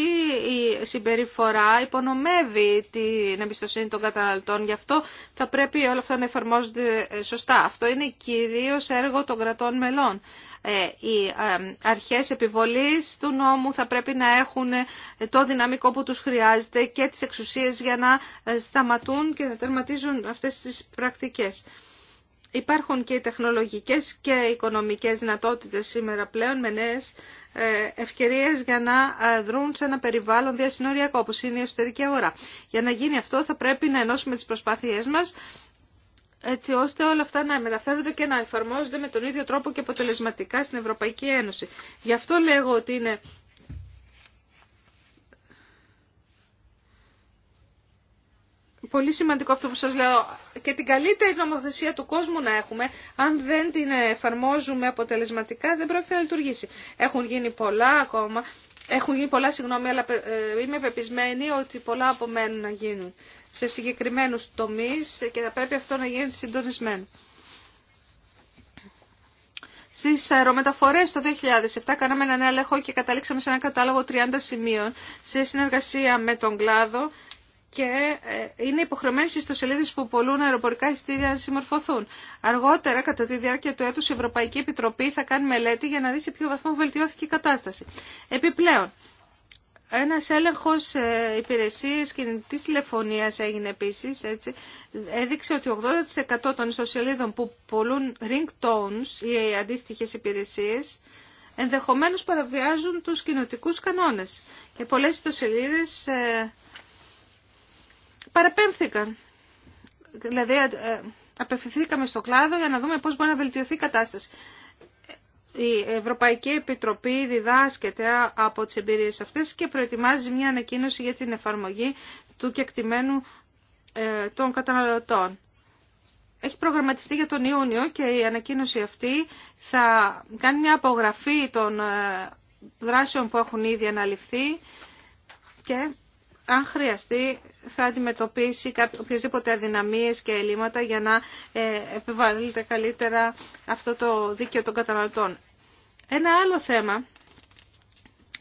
η συμπεριφορά υπονομεύει την εμπιστοσύνη των καταναλωτών. Γι' αυτό θα πρέπει όλα αυτά να εφαρμόζονται ε, σωστά. Αυτό είναι κυρίως έργο των κρατών μελών. οι αρχές επιβολής του νόμου θα πρέπει να έχουν το δυναμικό που τους χρειάζεται και τις εξουσίες για να σταματούν και να τερματίζουν αυτές τις πρακτικές. Υπάρχουν και οι τεχνολογικές και οι οικονομικές δυνατότητες σήμερα πλέον με νέες ε, ευκαιρίες για να ε, δρουν σε ένα περιβάλλον διασυνοριακό όπως είναι η εσωτερική αγορά. Για να γίνει αυτό θα πρέπει να ενώσουμε τις προσπάθειές μας έτσι ώστε όλα αυτά να μεταφέρονται και να εφαρμόζονται με τον ίδιο τρόπο και αποτελεσματικά στην Ευρωπαϊκή Ένωση. Γι' αυτό λέγω ότι είναι πολύ σημαντικό αυτό που σας λέω, και την καλύτερη νομοθεσία του κόσμου να έχουμε, αν δεν την εφαρμόζουμε αποτελεσματικά δεν πρόκειται να λειτουργήσει. Έχουν γίνει πολλά ακόμα, έχουν γίνει πολλά συγγνώμη, αλλά ε, είμαι πεπισμένη ότι πολλά απομένουν να γίνουν σε συγκεκριμένους τομείς και θα πρέπει αυτό να γίνει συντονισμένο. Στις αερομεταφορές το 2007 κάναμε έναν έλεγχο και καταλήξαμε σε ένα κατάλογο 30 σημείων σε συνεργασία με τον κλάδο και ε, είναι υποχρεωμένε οι ιστοσελίδε που πολλούν αεροπορικά εισιτήρια να συμμορφωθούν. Αργότερα, κατά τη διάρκεια του έτου, η Ευρωπαϊκή Επιτροπή θα κάνει μελέτη για να δει σε ποιο βαθμό βελτιώθηκε η κατάσταση. Επιπλέον, ένας έλεγχος ε, υπηρεσίε κινητή τηλεφωνία έγινε επίση. έδειξε ότι 80% των ιστοσελίδων που πολλούν ringtones ή αντίστοιχε υπηρεσίε ενδεχομένω παραβιάζουν του κοινωτικού κανόνε. Και ιστοσελίδε. Ε, παραπέμφθηκαν. Δηλαδή ε, ε, απευθυνθήκαμε στο κλάδο για να δούμε πώς μπορεί να βελτιωθεί η κατάσταση. Η Ευρωπαϊκή Επιτροπή διδάσκεται από τις εμπειρίες αυτές και προετοιμάζει μια ανακοίνωση για την εφαρμογή του κεκτημένου ε, των καταναλωτών. Έχει προγραμματιστεί για τον Ιούνιο και η ανακοίνωση αυτή θα κάνει μια απογραφή των δράσεων που έχουν ήδη αναλυφθεί και αν χρειαστεί θα αντιμετωπίσει οποιασδήποτε αδυναμίες και ελλείμματα για να ε, επιβάλλεται καλύτερα αυτό το δίκαιο των καταναλωτών. Ένα άλλο θέμα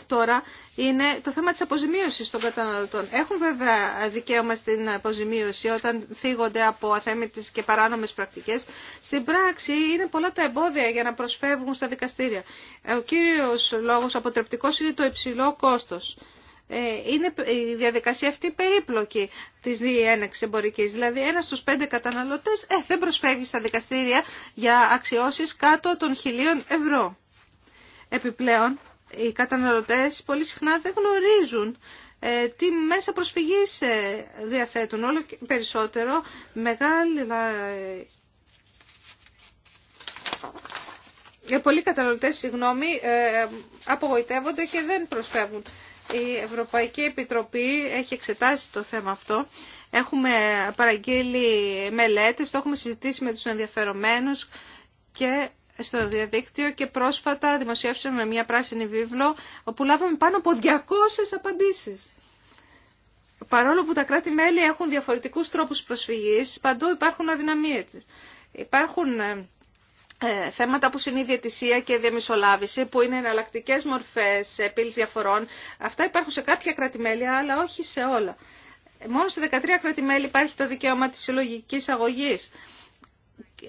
τώρα είναι το θέμα της αποζημίωσης των καταναλωτών. Έχουν βέβαια δικαίωμα στην αποζημίωση όταν θίγονται από αθέμητες και παράνομες πρακτικές. Στην πράξη είναι πολλά τα εμπόδια για να προσφεύγουν στα δικαστήρια. Ο κύριος λόγος αποτρεπτικός είναι το υψηλό κόστος. Ε, είναι η διαδικασία αυτή περίπλοκη της διένεξης εμπορικής. Δηλαδή ένας στους πέντε καταναλωτές ε, δεν προσφεύγει στα δικαστήρια για αξιώσεις κάτω των χιλίων ευρώ. Επιπλέον, οι καταναλωτές πολύ συχνά δεν γνωρίζουν ε, τι μέσα προσφυγής ε, διαθέτουν. Όλο και περισσότερο για πολλοί καταναλωτές, συγγνώμη, απογοητεύονται και δεν προσφεύγουν η Ευρωπαϊκή Επιτροπή έχει εξετάσει το θέμα αυτό. Έχουμε παραγγείλει μελέτες, το έχουμε συζητήσει με τους ενδιαφερομένους και στο διαδίκτυο και πρόσφατα δημοσιεύσαμε μια πράσινη βίβλο όπου λάβαμε πάνω από 200 απαντήσεις. Παρόλο που τα κράτη-μέλη έχουν διαφορετικούς τρόπους προσφυγής, παντού υπάρχουν αδυναμίες. Υπάρχουν ε, ε, θέματα που είναι η και η που είναι εναλλακτικέ μορφές επίλυση διαφορών, αυτά υπάρχουν σε κάποια κρατημέλια, αλλά όχι σε όλα. Μόνο σε 13 κρατημέλη υπάρχει το δικαίωμα της συλλογική αγωγής.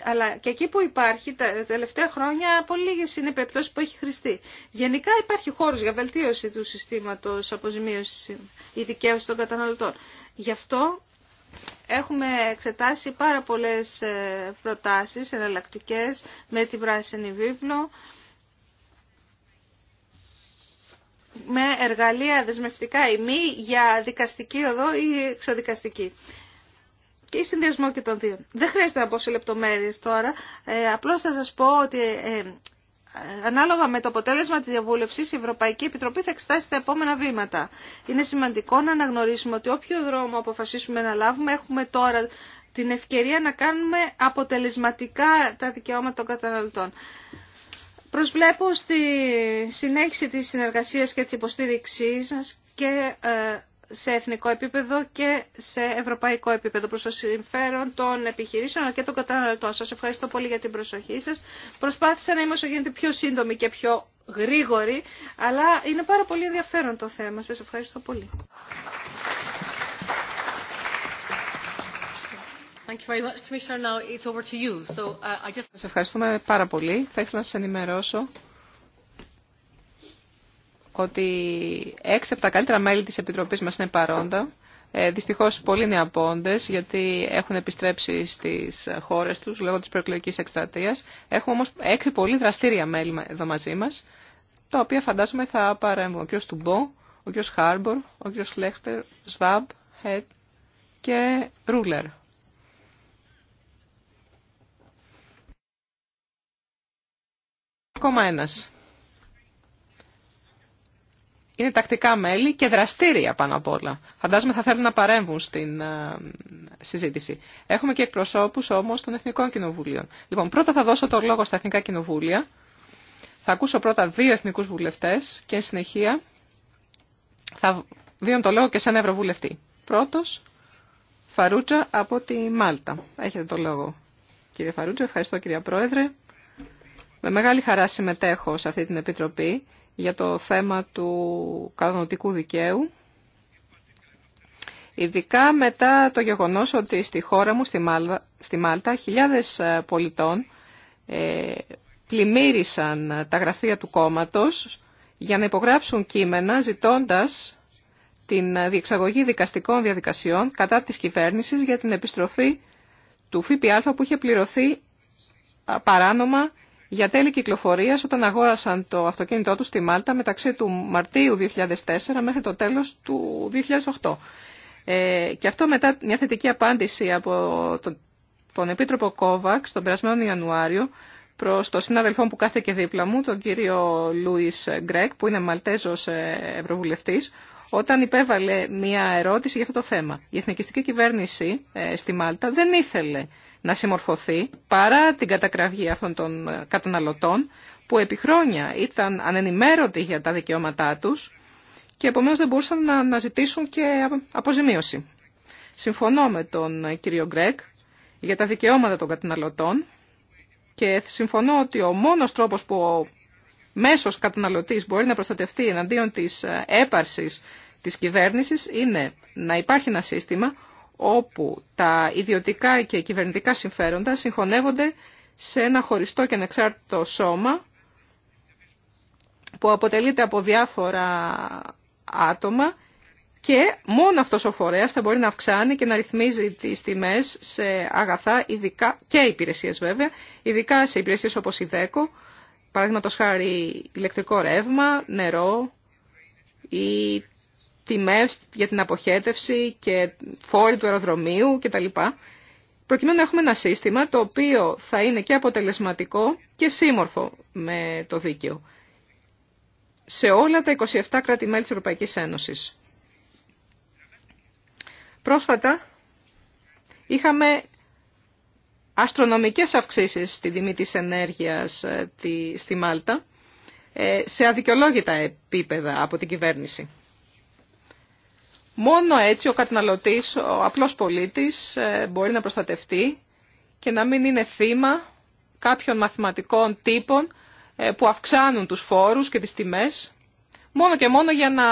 Αλλά και εκεί που υπάρχει, τα τελευταία χρόνια, πολύ λίγε είναι περιπτώσει που έχει χρηστεί. Γενικά υπάρχει χώρο για βελτίωση του συστήματο αποζημίωση ή δικαίωση των καταναλωτών. Γι' αυτό Έχουμε εξετάσει πάρα πολλές ε, προτάσεις εναλλακτικέ με την πράσινη βίβλο, με εργαλεία δεσμευτικά ή μη για δικαστική οδό ή εξοδικαστική. Και η συνδυασμό και των δύο. Δεν χρειάζεται να πω σε λεπτομέρειες τώρα, ε, απλώς θα σας πω ότι ε, ανάλογα με το αποτέλεσμα της διαβούλευσης η Ευρωπαϊκή Επιτροπή θα εξετάσει τα επόμενα βήματα. Είναι σημαντικό να αναγνωρίσουμε ότι όποιο δρόμο αποφασίσουμε να λάβουμε έχουμε τώρα την ευκαιρία να κάνουμε αποτελεσματικά τα δικαιώματα των καταναλωτών. Προσβλέπω στη συνέχιση της συνεργασίας και της υποστήριξής μας και ε, σε εθνικό επίπεδο και σε ευρωπαϊκό επίπεδο προς το συμφέρον των επιχειρήσεων αλλά και των καταναλωτών. Σας ευχαριστώ πολύ για την προσοχή σας. Προσπάθησα να είμαι όσο γίνεται πιο σύντομη και πιο γρήγορη, αλλά είναι πάρα πολύ ενδιαφέρον το θέμα. Σας ευχαριστώ πολύ. Σας ευχαριστούμε πάρα πολύ. Θα ήθελα να σας ενημερώσω ότι έξι από τα καλύτερα μέλη της Επιτροπής μας είναι παρόντα. Ε, δυστυχώς πολλοί είναι απόντες γιατί έχουν επιστρέψει στις χώρες τους λόγω της προεκλογικής εκστρατείας. Έχουμε όμως έξι πολύ δραστήρια μέλη εδώ μαζί μας, τα οποία φαντάζομαι θα παρέμβουν. Ο κ. Τουμπό, ο κ. Χάρμπορ, ο κ. Λέχτερ, Σβάμπ, Χέτ και Ρούλερ. Ακόμα ένας είναι τακτικά μέλη και δραστήρια πάνω απ' όλα. Φαντάζομαι θα θέλουν να παρέμβουν στην ε, συζήτηση. Έχουμε και εκπροσώπους όμως των Εθνικών Κοινοβουλίων. Λοιπόν, πρώτα θα δώσω το λόγο στα Εθνικά Κοινοβούλια. Θα ακούσω πρώτα δύο εθνικούς βουλευτές και συνεχεία θα δίνω το λόγο και ένα Ευρωβουλευτή. Πρώτος, Φαρούτσα από τη Μάλτα. Έχετε το λόγο. Κύριε Φαρούτσα, ευχαριστώ κυρία Πρόεδρε. Με μεγάλη χαρά συμμετέχω σε αυτή την Επιτροπή για το θέμα του κανονικού δικαίου. Ειδικά μετά το γεγονός ότι στη χώρα μου, στη, Μάλτα, χιλιάδες ε, πολιτών ε, πλημμύρισαν τα γραφεία του κόμματος για να υπογράψουν κείμενα ζητώντας την διεξαγωγή δικαστικών διαδικασιών κατά της κυβέρνησης για την επιστροφή του ΦΠΑ που είχε πληρωθεί παράνομα για τέλη κυκλοφορία όταν αγόρασαν το αυτοκίνητό του στη Μάλτα μεταξύ του Μαρτίου 2004 μέχρι το τέλος του 2008. Ε, και αυτό μετά μια θετική απάντηση από τον, τον Επίτροπο Κόβαξ τον περασμένο Ιανουάριο προς τον συνάδελφό που κάθεται δίπλα μου, τον κύριο Λούις Γκρέκ, που είναι Μαλτέζος ε, Ευρωβουλευτής, όταν υπέβαλε μια ερώτηση για αυτό το θέμα. Η εθνικιστική κυβέρνηση ε, στη Μάλτα δεν ήθελε να συμμορφωθεί παρά την κατακραυγή αυτών των ε, καταναλωτών που επί χρόνια ήταν ανενημέρωτοι για τα δικαιώματά τους και επομένως δεν μπορούσαν να ζητήσουν και αποζημίωση. Συμφωνώ με τον ε, κύριο Γκρέκ για τα δικαιώματα των καταναλωτών και συμφωνώ ότι ο μόνος τρόπος που ο μέσος καταναλωτής μπορεί να προστατευτεί εναντίον της ε, έπαρσης της κυβέρνησης είναι να υπάρχει ένα σύστημα όπου τα ιδιωτικά και κυβερνητικά συμφέροντα συγχωνεύονται σε ένα χωριστό και ανεξάρτητο σώμα που αποτελείται από διάφορα άτομα και μόνο αυτός ο φορέας θα μπορεί να αυξάνει και να ρυθμίζει τις τιμές σε αγαθά ειδικά, και υπηρεσίες βέβαια, ειδικά σε υπηρεσίες όπως η ΔΕΚΟ, παραδείγματος χάρη ηλεκτρικό ρεύμα, νερό ή τιμές για την αποχέτευση και φόρη του αεροδρομίου κτλ. Προκειμένου να έχουμε ένα σύστημα το οποίο θα είναι και αποτελεσματικό και σύμμορφο με το δίκαιο σε όλα τα 27 κράτη-μέλη της Ευρωπαϊκής Ένωσης. Πρόσφατα είχαμε αστρονομικές αυξήσεις στη τιμή της ενέργειας ε, στη Μάλτα ε, σε αδικαιολόγητα επίπεδα από την κυβέρνηση. Μόνο έτσι ο καταναλωτής, ο απλός πολίτης ε, μπορεί να προστατευτεί και να μην είναι θύμα κάποιων μαθηματικών τύπων ε, που αυξάνουν τους φόρους και τις τιμές μόνο και μόνο για να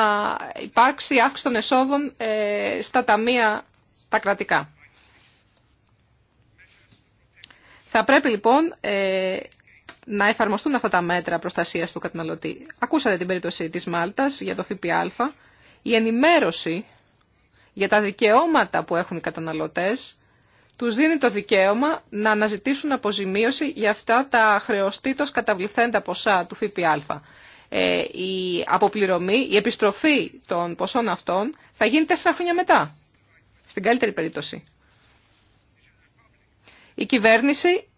υπάρξει αύξηση των εσόδων ε, στα ταμεία τα κρατικά. Θα πρέπει λοιπόν να εφαρμοστούν αυτά τα μέτρα προστασίας του καταναλωτή. Ακούσατε την περίπτωση της Μάλτας για το ΦΠΑ η ενημέρωση για τα δικαιώματα που έχουν οι καταναλωτές τους δίνει το δικαίωμα να αναζητήσουν αποζημίωση για αυτά τα χρεωστήτως καταβληθέντα ποσά του ΦΠΑ. Ε, η αποπληρωμή, η επιστροφή των ποσών αυτών θα γίνει τέσσερα χρόνια μετά, στην καλύτερη περίπτωση. Η κυβέρνηση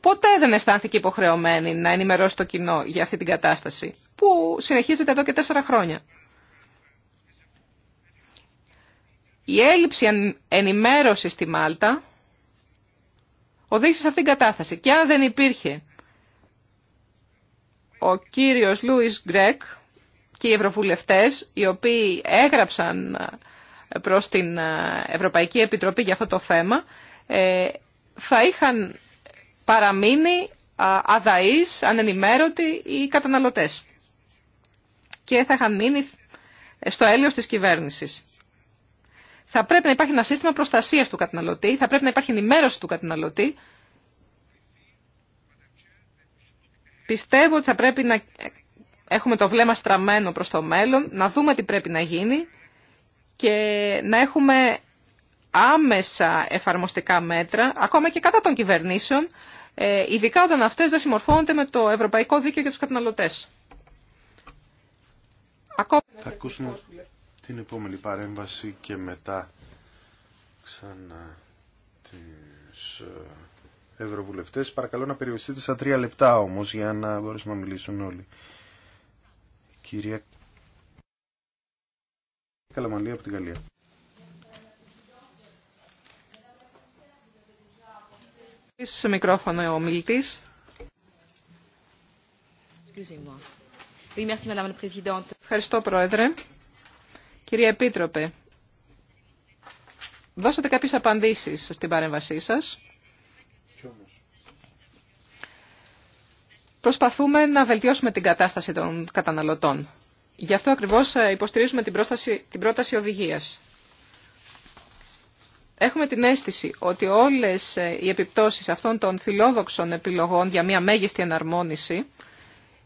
ποτέ δεν αισθάνθηκε υποχρεωμένη να ενημερώσει το κοινό για αυτή την κατάσταση, που συνεχίζεται εδώ και τέσσερα χρόνια. Η έλλειψη ενημέρωση στη Μάλτα οδήγησε σε αυτήν την κατάσταση. Και αν δεν υπήρχε ο κύριος Λούις Γκρέκ και οι ευρωβουλευτές, οι οποίοι έγραψαν ε, προς την ε, Ευρωπαϊκή Επιτροπή για αυτό το θέμα, ε, θα είχαν παραμείνει αδαείς, ανενημέρωτοι οι καταναλωτές και θα είχαν μείνει στο έλεος της κυβέρνησης θα πρέπει να υπάρχει ένα σύστημα προστασίας του καταναλωτή, θα πρέπει να υπάρχει ενημέρωση του καταναλωτή. Πιστεύω ότι θα πρέπει να έχουμε το βλέμμα στραμμένο προς το μέλλον, να δούμε τι πρέπει να γίνει και να έχουμε άμεσα εφαρμοστικά μέτρα, ακόμα και κατά των κυβερνήσεων, ε, ειδικά όταν αυτές δεν συμμορφώνονται με το Ευρωπαϊκό Δίκαιο για τους καταναλωτές. Ακόμα... Θα ακούσουμε την επόμενη παρέμβαση και μετά ξανά τις ε, ευρωβουλευτές. Παρακαλώ να περιοριστείτε στα τρία λεπτά όμως για να μπορέσουμε να μιλήσουν όλοι. Κυρία Καλαμαλία από την Γαλλία. Σε μικρόφωνο ο μιλητής. Ευχαριστώ, Πρόεδρε. Κυρία Επίτροπε, δώσατε κάποιες απαντήσεις στην παρέμβασή σας. Προσπαθούμε να βελτιώσουμε την κατάσταση των καταναλωτών. Γι' αυτό ακριβώς ε, υποστηρίζουμε την, την πρόταση οδηγίας. Έχουμε την αίσθηση ότι όλες ε, οι επιπτώσεις αυτών των φιλόδοξων επιλογών για μια μέγιστη εναρμόνιση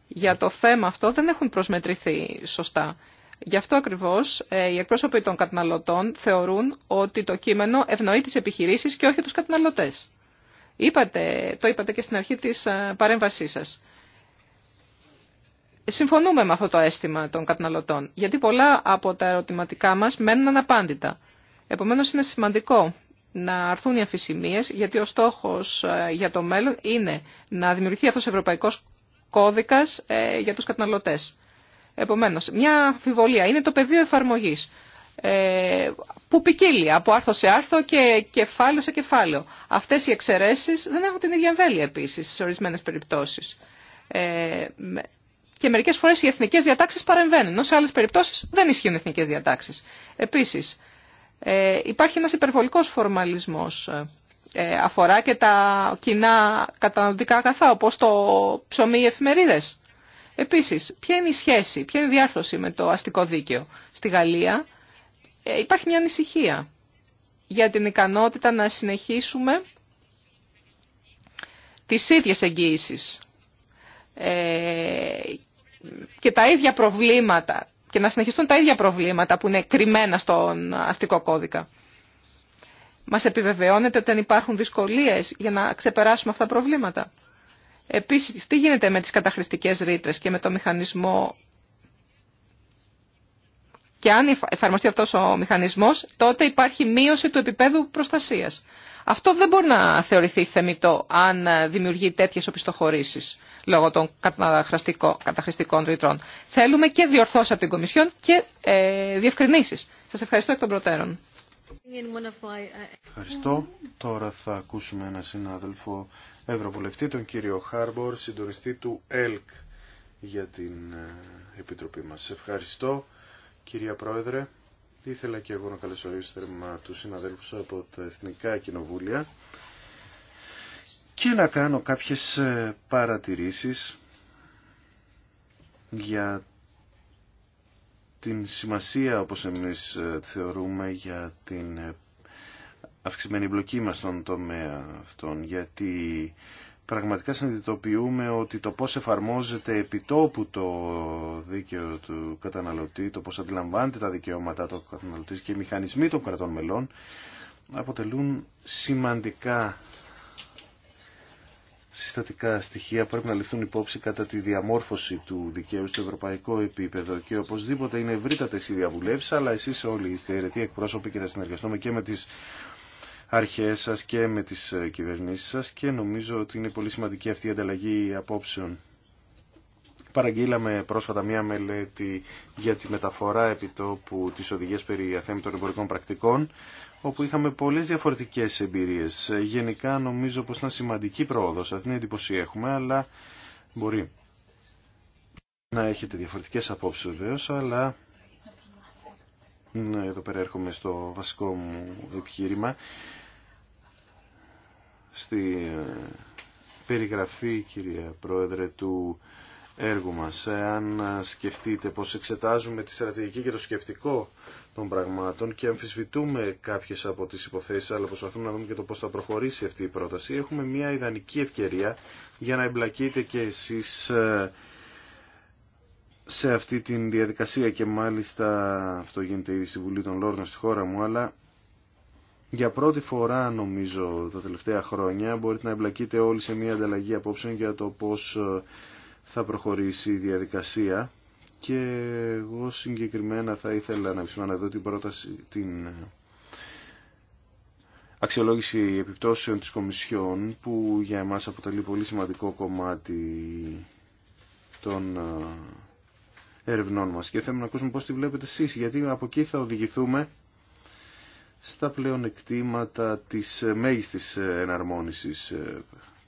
για το θέμα αυτό δεν έχουν προσμετρηθεί σωστά. Γι' αυτό ακριβώς ε, οι εκπρόσωποι των καταναλωτών θεωρούν ότι το κείμενο ευνοεί τι επιχειρήσει και όχι τους καταναλωτέ. Είπατε, το είπατε και στην αρχή της ε, παρέμβασής σας. Συμφωνούμε με αυτό το αίσθημα των καταναλωτών, γιατί πολλά από τα ερωτηματικά μας μένουν αναπάντητα. Επομένως είναι σημαντικό να αρθούν οι αμφισημίες, γιατί ο στόχος ε, για το μέλλον είναι να δημιουργηθεί αυτός ο ευρωπαϊκός κώδικας για τους καταναλωτές. Επομένω, μια αμφιβολία είναι το πεδίο εφαρμογής ε, που ποικίλει από άρθρο σε άρθρο και κεφάλαιο σε κεφάλαιο. Αυτέ οι εξαιρεσει δεν έχουν την ίδια εμβέλεια επίση σε περιπτώσει. περιπτώσεις. Ε, και μερικέ φορέ οι εθνικέ διατάξει παρεμβαίνουν, ενώ σε άλλες περιπτώσεις δεν ισχύουν εθνικές διατάξεις. Επίσης, ε, υπάρχει ένας υπερβολικός φορμαλισμός. αφορά και τα κοινά καταναλωτικά αγαθά, όπω το ψωμί ή εφημερίδες. Επίση, ποια είναι η σχέση, ποια είναι η διάρθρωση με το αστικό δίκαιο. Στη Γαλλία ε, υπάρχει μια ανησυχία για την ικανότητα να συνεχίσουμε τις ίδιες εγγύησεις ε, και τα ίδια προβλήματα και να συνεχιστούν τα ίδια προβλήματα που είναι κρυμμένα στον αστικό κώδικα. Μας επιβεβαιώνεται ότι δεν υπάρχουν δυσκολίες για να ξεπεράσουμε αυτά τα προβλήματα. Επίσης, τι γίνεται με τις καταχρηστικές ρήτρε και με το μηχανισμό και αν εφαρμοστεί αυτός ο μηχανισμός, τότε υπάρχει μείωση του επίπεδου προστασίας. Αυτό δεν μπορεί να θεωρηθεί θεμητό αν δημιουργεί τέτοιες οπισθοχωρήσεις λόγω των καταχρηστικών ρητρών. Θέλουμε και διορθώσει από την Κομισιόν και ε, διευκρινήσεις. Σας ευχαριστώ εκ των προτέρων. Uh, ευχαριστώ. Τώρα θα ακούσουμε ένα συνάδελφο Ευρωβουλευτή, τον κύριο Χάρμπορ, συντονιστή του ΕΛΚ για την ε, Επιτροπή μας. ευχαριστώ, κυρία Πρόεδρε. Ήθελα και εγώ να καλωσορίσω θερμά του συναδέλφους από τα Εθνικά Κοινοβούλια και να κάνω κάποιες ε, παρατηρήσεις για την σημασία όπως εμείς ε, θεωρούμε για την αυξημένη μπλοκή μας στον τομέα αυτόν, γιατί πραγματικά συνειδητοποιούμε ότι το πώς εφαρμόζεται επιτόπου το δίκαιο του καταναλωτή, το πώς αντιλαμβάνεται τα δικαιώματα του καταναλωτή και οι μηχανισμοί των κρατών μελών αποτελούν σημαντικά συστατικά στοιχεία που πρέπει να ληφθούν υπόψη κατά τη διαμόρφωση του δικαίου στο ευρωπαϊκό επίπεδο και οπωσδήποτε είναι ευρύτατε οι διαβουλεύσει, αλλά εσεί όλοι είστε αιρετοί εκπρόσωποι και θα συνεργαστούμε και με τι αρχές σας και με τις ε, κυβερνήσεις σας και νομίζω ότι είναι πολύ σημαντική αυτή η ανταλλαγή απόψεων. Παραγγείλαμε πρόσφατα μία μελέτη για τη μεταφορά επιτόπου της οδηγίας περί αθέμητων εμπορικών πρακτικών, όπου είχαμε πολλές διαφορετικές εμπειρίες. Γενικά νομίζω πως ήταν σημαντική πρόοδος, αυτή την εντύπωση έχουμε, αλλά μπορεί να έχετε διαφορετικές απόψεις βεβαίω, αλλά ναι, εδώ πέρα έρχομαι στο βασικό μου επιχείρημα στη ε, περιγραφή, κυρία Πρόεδρε, του έργου μας. Εάν ε, σκεφτείτε πως εξετάζουμε τη στρατηγική και το σκεπτικό των πραγμάτων και αμφισβητούμε κάποιες από τις υποθέσεις, αλλά προσπαθούμε να δούμε και το πώς θα προχωρήσει αυτή η πρόταση, έχουμε μια ιδανική ευκαιρία για να εμπλακείτε και εσείς ε, σε αυτή τη διαδικασία και μάλιστα αυτό γίνεται ήδη στη Βουλή των Λόρνων στη χώρα μου, αλλά για πρώτη φορά νομίζω τα τελευταία χρόνια μπορείτε να εμπλακείτε όλοι σε μια ανταλλαγή απόψεων για το πώς ε, θα προχωρήσει η διαδικασία και εγώ συγκεκριμένα θα ήθελα να επισημάνω εδώ την πρόταση, την ε, αξιολόγηση επιπτώσεων της Κομισιόν που για εμάς αποτελεί πολύ σημαντικό κομμάτι των ε, ερευνών μας και θέλουμε να ακούσουμε πώς τη βλέπετε εσείς γιατί από εκεί θα οδηγηθούμε στα πλεονεκτήματα της μέγιστης εναρμόνισης.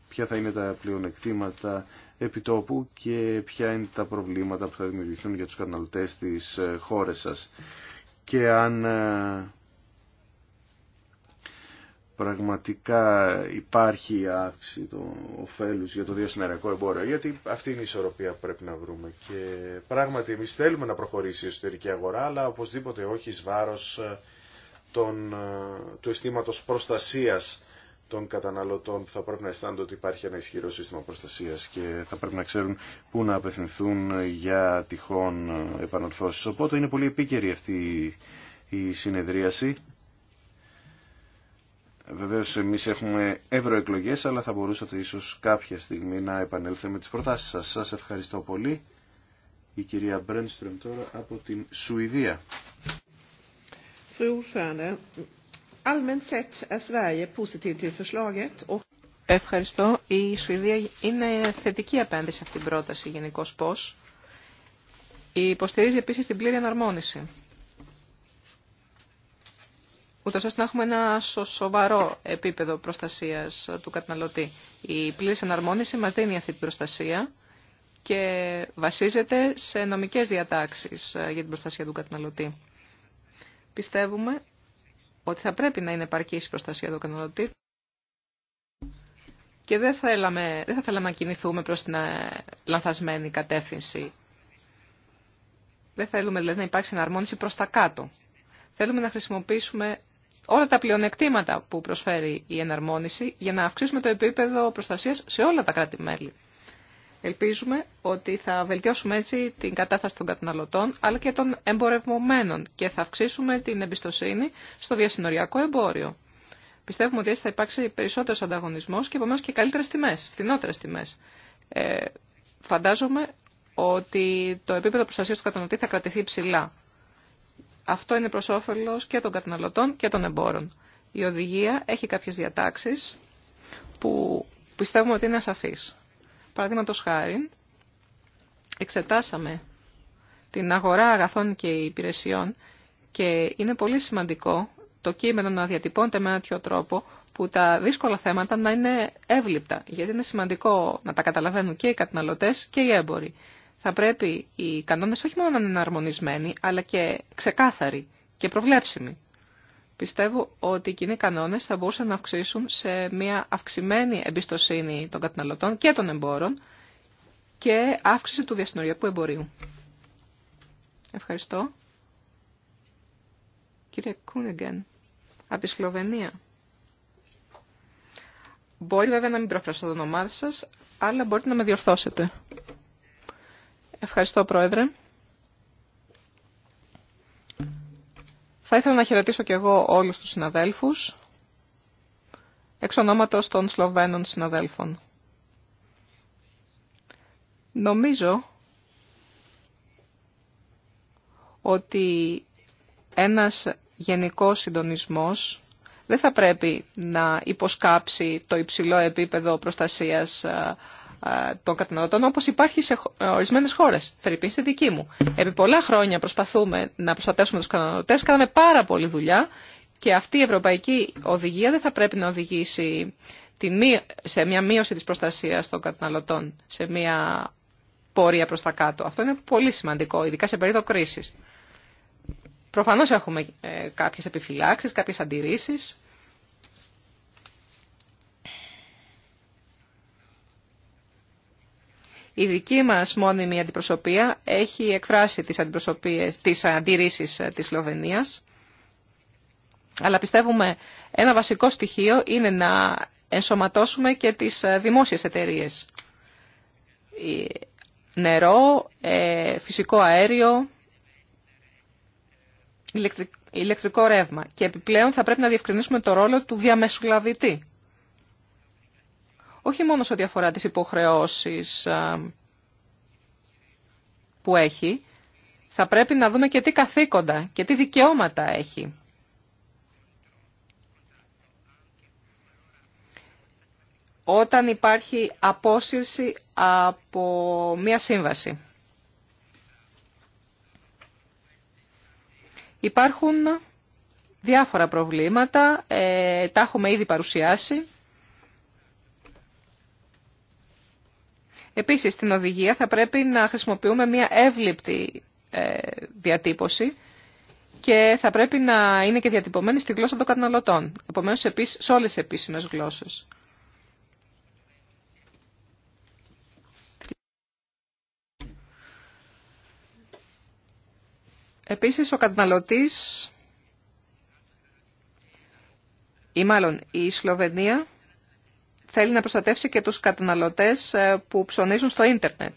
Ποια θα είναι τα πλεονεκτήματα επιτόπου και ποια είναι τα προβλήματα που θα δημιουργηθούν για τους καταναλωτές της χώρας σας. Και αν ε, πραγματικά υπάρχει αύξηση των ωφέλους για το διασυναριακό εμπόριο, γιατί αυτή είναι η ισορροπία που πρέπει να βρούμε. Και πράγματι εμείς θέλουμε να προχωρήσει η εσωτερική αγορά, αλλά οπωσδήποτε όχι εις βάρος ε, τον ε, του αισθήματο προστασίας των καταναλωτών που θα πρέπει να αισθάνονται ότι υπάρχει ένα ισχυρό σύστημα προστασίας και θα πρέπει να ξέρουν πού να απευθυνθούν για τυχόν ε, επανορθώσεις. Οπότε είναι πολύ επίκαιρη αυτή η συνεδρίαση. Βεβαίω εμεί έχουμε ευρωεκλογέ, αλλά θα μπορούσατε ίσω κάποια στιγμή να επανέλθετε με τι προτάσεις Σα Σα ευχαριστώ πολύ. Η κυρία Μπρένστρεμ τώρα από την Σουηδία. Fru ordförande, allmänt sett är Sverige till förslaget och Ευχαριστώ. Η Σουηδία είναι θετική απέναντι σε αυτήν την πρόταση γενικώ πώ. Υποστηρίζει επίση την πλήρη εναρμόνιση. Ούτω ώστε να έχουμε ένα σοβαρό επίπεδο προστασία του καταναλωτή. Η πλήρη εναρμόνιση μα δίνει αυτή την προστασία και βασίζεται σε νομικέ διατάξει ε, για την προστασία του καταναλωτή πιστεύουμε ότι θα πρέπει να είναι επαρκή η προστασία του καταναλωτή και δεν θα, δεν θα θέλαμε να κινηθούμε προς την ε, λανθασμένη κατεύθυνση. Δεν θέλουμε δηλαδή να υπάρξει εναρμόνιση προς τα κάτω. Θέλουμε να χρησιμοποιήσουμε όλα τα πλεονεκτήματα που προσφέρει η εναρμόνιση για να αυξήσουμε το επίπεδο προστασίας σε όλα τα κράτη-μέλη. Ελπίζουμε ότι θα βελτιώσουμε έτσι την κατάσταση των καταναλωτών αλλά και των εμπορευμένων και θα αυξήσουμε την εμπιστοσύνη στο διασυνοριακό εμπόριο. Πιστεύουμε ότι έτσι θα υπάρξει περισσότερο ανταγωνισμό και επομένω και καλύτερε τιμέ, φθηνότερε τιμέ. Ε, φαντάζομαι ότι το επίπεδο προστασία του καταναλωτή θα κρατηθεί ψηλά. Αυτό είναι προ όφελο και των καταναλωτών και των εμπόρων. Η οδηγία έχει κάποιε διατάξει που πιστεύουμε ότι είναι ασαφείς. Παραδείγματο χάρη, εξετάσαμε την αγορά αγαθών και υπηρεσιών και είναι πολύ σημαντικό το κείμενο να διατυπώνεται με ένα τέτοιο τρόπο που τα δύσκολα θέματα να είναι εύληπτα, γιατί είναι σημαντικό να τα καταλαβαίνουν και οι καταναλωτέ και οι έμποροι. Θα πρέπει οι κανόνες όχι μόνο να είναι αρμονισμένοι, αλλά και ξεκάθαροι και προβλέψιμοι. Πιστεύω ότι οι κοινοί κανόνες θα μπορούσαν να αυξήσουν σε μια αυξημένη εμπιστοσύνη των καταναλωτών και των εμπόρων και αύξηση του διασυνοριακού εμπορίου. Ευχαριστώ. Κύριε Κούνεγκεν, από τη Σλοβενία. Μπορεί βέβαια να μην προφράσω το όνομά σας, αλλά μπορείτε να με διορθώσετε. Ευχαριστώ, Πρόεδρε. Θα ήθελα να χαιρετήσω και εγώ όλους τους συναδέλφους, εξ ονόματος των Σλοβαίνων συναδέλφων. Νομίζω ότι ένας γενικός συντονισμός δεν θα πρέπει να υποσκάψει το υψηλό επίπεδο προστασίας ε, ε, των καταναλωτών όπως υπάρχει σε ε, ορισμένες χώρες, Φερρυπίν στη δική μου. Επί πολλά χρόνια προσπαθούμε να προστατεύσουμε τους καταναλωτές, κάναμε πάρα πολλή δουλειά και αυτή η ευρωπαϊκή οδηγία δεν θα πρέπει να οδηγήσει σε μια μείωση της προστασίας των καταναλωτών, σε μια πορεία προς τα κάτω. Αυτό είναι πολύ σημαντικό, ειδικά σε περίοδο κρίσης. Προφανώς έχουμε ε, κάποιες επιφυλάξεις, κάποιες αντιρρήσεις, Η δική μας μόνιμη αντιπροσωπεία έχει εκφράσει τις, αντιρρήσει τις αντιρρήσεις ε, της Σλοβενίας. Αλλά πιστεύουμε ένα βασικό στοιχείο είναι να ενσωματώσουμε και τις ε, δημόσιες εταιρείες. Νερό, ε, φυσικό αέριο, ηλεκτρικό ρεύμα. Και επιπλέον θα πρέπει να διευκρινίσουμε το ρόλο του διαμεσολαβητή όχι μόνο σε ό,τι αφορά τις υποχρεώσεις ε, που έχει, θα πρέπει να δούμε και τι καθήκοντα και τι δικαιώματα έχει. Όταν υπάρχει απόσυρση από μία σύμβαση. Υπάρχουν διάφορα προβλήματα, ε, τα έχουμε ήδη παρουσιάσει. Επίσης, στην οδηγία θα πρέπει να χρησιμοποιούμε μια εύληπτη ε, διατύπωση και θα πρέπει να είναι και διατυπωμένη στη γλώσσα των καταναλωτών. Επομένως, επίσης, σε όλες τις επίσημες γλώσσες. Επίσης, ο καταναλωτής ή μάλλον η Σλοβενία θέλει να προστατεύσει και τους καταναλωτές ε, που ψωνίζουν στο ίντερνετ.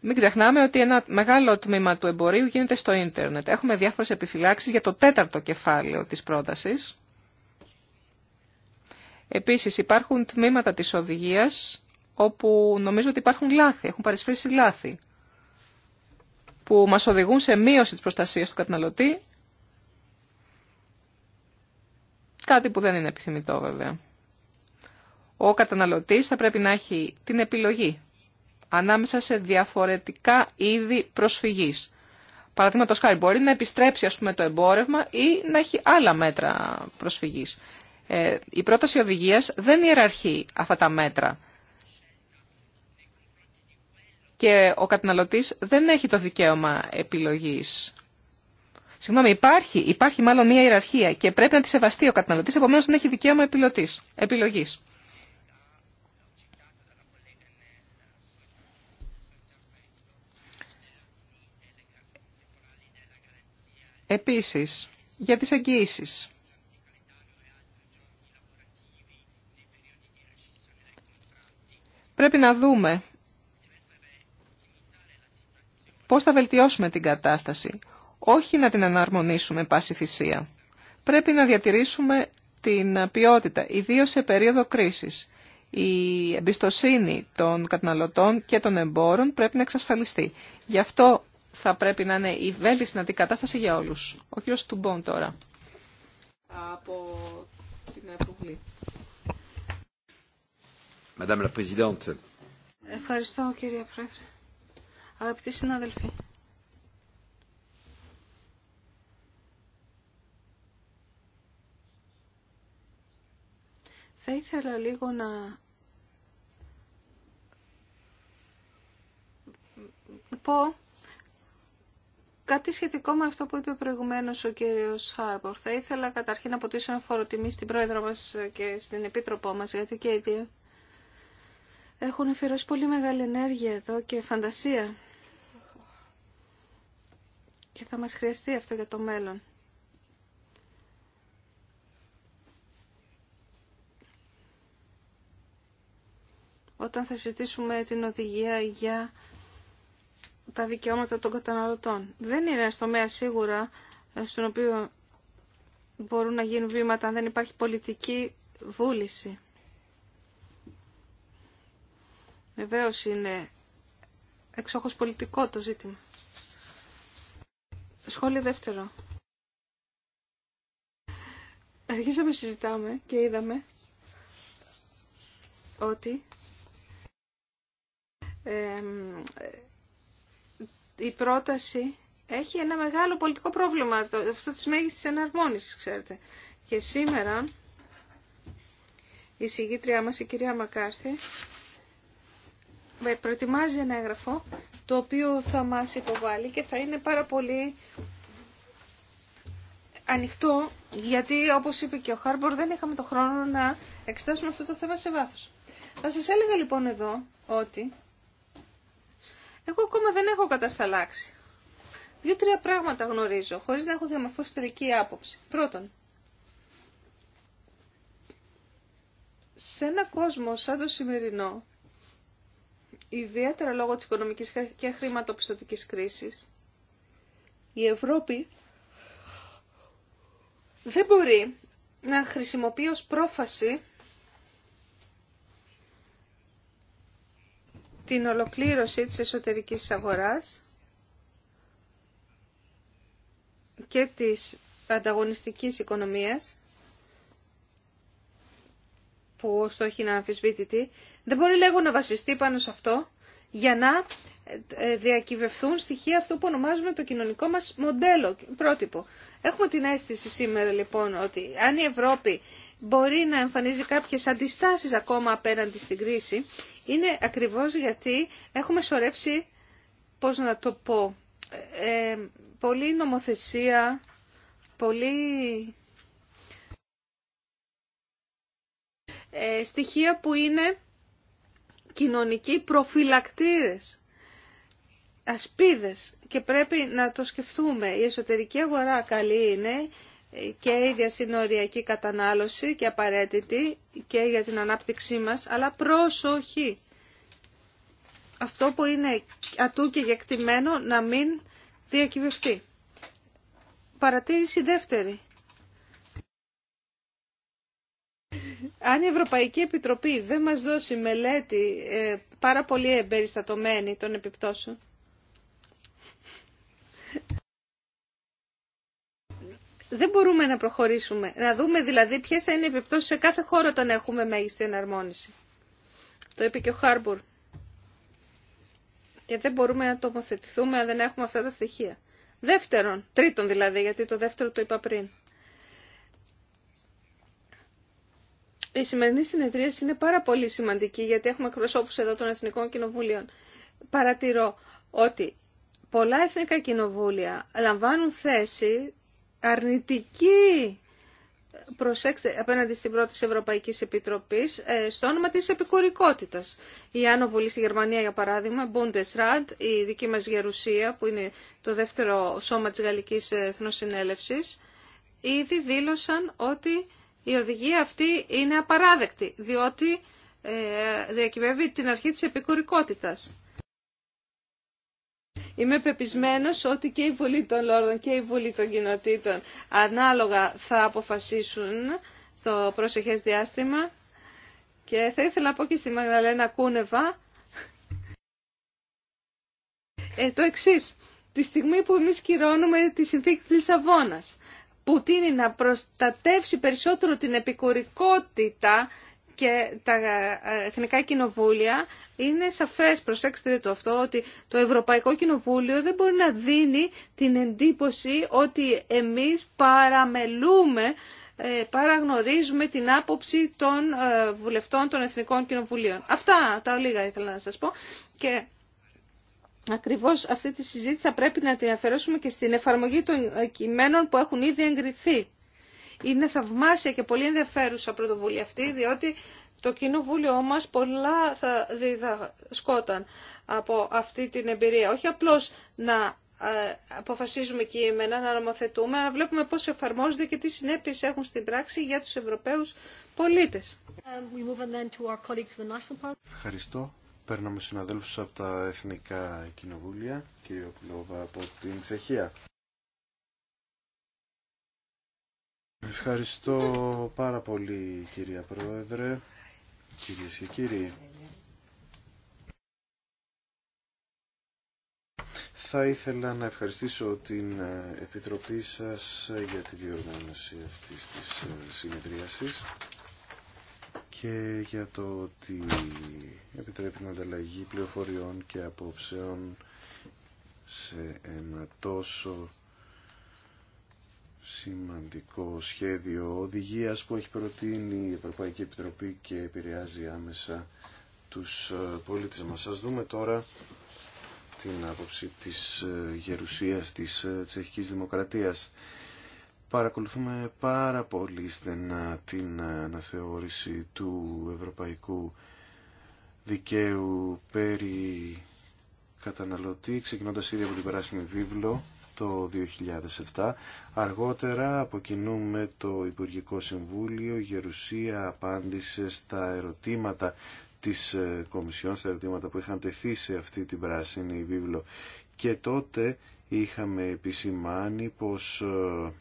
Μην ξεχνάμε ότι ένα μεγάλο τμήμα του εμπορίου γίνεται στο ίντερνετ. Έχουμε διάφορες επιφυλάξεις για το τέταρτο κεφάλαιο της πρότασης. Επίσης υπάρχουν τμήματα της οδηγίας όπου νομίζω ότι υπάρχουν λάθη, έχουν παρισφρήσει λάθη που μας οδηγούν σε μείωση της προστασίας του καταναλωτή. Κάτι που δεν είναι επιθυμητό βέβαια. Ο καταναλωτής θα πρέπει να έχει την επιλογή ανάμεσα σε διαφορετικά είδη προσφυγής. Παραδείγματο χάρη μπορεί να επιστρέψει το εμπόρευμα ή να έχει άλλα μέτρα προσφυγής. Ε, η πρόταση οδηγίας δεν ιεραρχεί αυτά τα μέτρα. Και ο καταναλωτής δεν έχει το δικαίωμα επιλογής. Συγγνώμη, υπάρχει, υπάρχει μάλλον μια ιεραρχία και πρέπει να τη σεβαστεί ο καταναλωτής, επομένως δεν έχει δικαίωμα επιλογής. Επίσης, για τις εγγύησεις. Πρέπει να δούμε πώς θα βελτιώσουμε την κατάσταση, όχι να την αναρμονίσουμε πάση θυσία. Πρέπει να διατηρήσουμε την ποιότητα, ιδίως σε περίοδο κρίσης. Η εμπιστοσύνη των καταναλωτών και των εμπόρων πρέπει να εξασφαλιστεί. Γι' αυτό θα πρέπει να είναι η βέλτιστη δυνατή κατάσταση για όλους. Ο κ. Τουμπών τώρα. Από την Ευρωβουλή. Ευχαριστώ κύριε Πρόεδρε. Αγαπητοί συνάδελφοι. Θα ήθελα λίγο να πω Κάτι σχετικό με αυτό που είπε προηγουμένω ο κύριο Χάρμπορ. Θα ήθελα καταρχήν να αποτύσω ένα φοροτιμή στην πρόεδρο μα και στην επίτροπό μα, γιατί και οι δύο έχουν αφιερώσει πολύ μεγάλη ενέργεια εδώ και φαντασία. Και θα μας χρειαστεί αυτό για το μέλλον. Όταν θα ζητήσουμε την οδηγία για τα δικαιώματα των καταναλωτών. Δεν είναι ένα τομέα σίγουρα ε, στον οποίο μπορούν να γίνουν βήματα αν δεν υπάρχει πολιτική βούληση. Βεβαίω είναι εξόχως πολιτικό το ζήτημα. Σχόλιο δεύτερο. Αρχίσαμε συζητάμε και είδαμε ότι ε, η πρόταση έχει ένα μεγάλο πολιτικό πρόβλημα, αυτό της μέγιστης εναρμόνισης, ξέρετε. Και σήμερα η συγγήτριά μας, η κυρία Μακάρθη, προετοιμάζει ένα έγγραφο το οποίο θα μας υποβάλει και θα είναι πάρα πολύ ανοιχτό, γιατί όπως είπε και ο Χάρμπορ δεν είχαμε το χρόνο να εξετάσουμε αυτό το θέμα σε βάθος. Θα σας έλεγα λοιπόν εδώ ότι εγώ ακόμα δεν έχω κατασταλάξει. Δύο-τρία πράγματα γνωρίζω, χωρίς να έχω διαμορφώσει τελική άποψη. Πρώτον, σε ένα κόσμο σαν το σημερινό, ιδιαίτερα λόγω της οικονομικής και χρηματοπιστωτικής κρίσης, η Ευρώπη δεν μπορεί να χρησιμοποιεί ως πρόφαση την ολοκλήρωση της εσωτερικής αγοράς και της ανταγωνιστικής οικονομίας που έχει να αμφισβήτητη, δεν μπορεί λέγω να βασιστεί πάνω σε αυτό για να ε, διακυβευθούν στοιχεία αυτού που ονομάζουμε το κοινωνικό μας μοντέλο, πρότυπο. Έχουμε την αίσθηση σήμερα λοιπόν ότι αν η Ευρώπη μπορεί να εμφανίζει κάποιες αντιστάσεις ακόμα απέναντι στην κρίση, είναι ακριβώς γιατί έχουμε σωρέψει, πώς να το πω, ε, ε πολλή νομοθεσία, πολύ ε, στοιχεία που είναι κοινωνικοί προφυλακτήρες, ασπίδες και πρέπει να το σκεφτούμε. Η εσωτερική αγορά καλή είναι, και η διασυνοριακή κατανάλωση και απαραίτητη και για την ανάπτυξή μας, αλλά προσοχή. Αυτό που είναι ατού και γεκτημένο να μην διακυβευτεί. Παρατήρηση δεύτερη. Αν η Ευρωπαϊκή Επιτροπή δεν μας δώσει μελέτη ε, πάρα πολύ εμπεριστατωμένη των επιπτώσεων, δεν μπορούμε να προχωρήσουμε. Να δούμε δηλαδή ποιε θα είναι οι επιπτώσει σε κάθε χώρο όταν έχουμε μέγιστη εναρμόνιση. Το είπε και ο Χάρμπουρ. Και δεν μπορούμε να τοποθετηθούμε αν δεν έχουμε αυτά τα στοιχεία. Δεύτερον, τρίτον δηλαδή, γιατί το δεύτερο το είπα πριν. Η σημερινή συνεδρία είναι πάρα πολύ σημαντική γιατί έχουμε εκπροσώπους εδώ των Εθνικών Κοινοβουλίων. Παρατηρώ ότι πολλά εθνικά κοινοβούλια λαμβάνουν θέση αρνητική προσέξτε, απέναντι στην πρώτη Ευρωπαϊκής Επιτροπής, ε, στο όνομα της επικουρικότητας. Η Άνω Βουλή στη Γερμανία, για παράδειγμα, Bundesrat, η δική μας γερουσία, που είναι το δεύτερο σώμα της Γαλλικής Εθνοσυνέλευσης, ήδη δήλωσαν ότι η οδηγία αυτή είναι απαράδεκτη, διότι ε, διακυβεύει την αρχή της επικουρικότητας. Είμαι πεπισμένο ότι και η Βουλή των Λόρδων και η Βουλή των Κοινοτήτων ανάλογα θα αποφασίσουν στο προσεχές διάστημα. Και θα ήθελα να πω και στη Μαγδαλένα Κούνεβα ε, το εξή, Τη στιγμή που εμείς κυρώνουμε τη συνθήκη της Λισαβόνας, που τίνει να προστατεύσει περισσότερο την επικουρικότητα και τα ε, εθνικά κοινοβούλια είναι σαφές, προσέξτε το αυτό, ότι το Ευρωπαϊκό Κοινοβούλιο δεν μπορεί να δίνει την εντύπωση ότι εμείς παραμελούμε, ε, παραγνωρίζουμε την άποψη των ε, βουλευτών των Εθνικών Κοινοβουλίων. Αυτά τα ολίγα ήθελα να σας πω και ακριβώς αυτή τη συζήτηση θα πρέπει να την αφαιρέσουμε και στην εφαρμογή των κειμένων που έχουν ήδη εγκριθεί. Είναι θαυμάσια και πολύ ενδιαφέρουσα πρωτοβουλία αυτή, διότι το κοινοβούλιο μας πολλά θα διδασκόταν από αυτή την εμπειρία. Όχι απλώς να ε, αποφασίζουμε κείμενα, να νομοθετούμε, αλλά βλέπουμε πώς εφαρμόζονται και τι συνέπειες έχουν στην πράξη για τους Ευρωπαίους πολίτες. Um, Ευχαριστώ. Παίρνουμε συναδέλφους από τα Εθνικά Κοινοβούλια, κύριο Κλόβα από την Τσεχία. Ευχαριστώ πάρα πολύ κυρία Πρόεδρε, κυρίες και κύριοι. Θα ήθελα να ευχαριστήσω την ε, Επιτροπή σας για τη διοργάνωση αυτής της ε, συνεδρίασης και για το ότι επιτρέπει την ανταλλαγή πληροφοριών και απόψεων σε ένα τόσο σημαντικό σχέδιο οδηγίας που έχει προτείνει η Ευρωπαϊκή Επιτροπή και επηρεάζει άμεσα τους ε, πολίτες μας. Σας δούμε τώρα την άποψη της ε, γερουσίας της ε, τσεχικής δημοκρατίας. Παρακολουθούμε πάρα πολύ στενά την αναθεώρηση του ευρωπαϊκού δικαίου περί καταναλωτή, ξεκινώντας ήδη από την Περάσινη Βίβλο, το 2007. Αργότερα από το Υπουργικό Συμβούλιο Γερουσία απάντησε στα ερωτήματα της ε, Κομισιόν, στα ερωτήματα που είχαν τεθεί σε αυτή την πράσινη βίβλο. Και τότε είχαμε επισημάνει πως ε,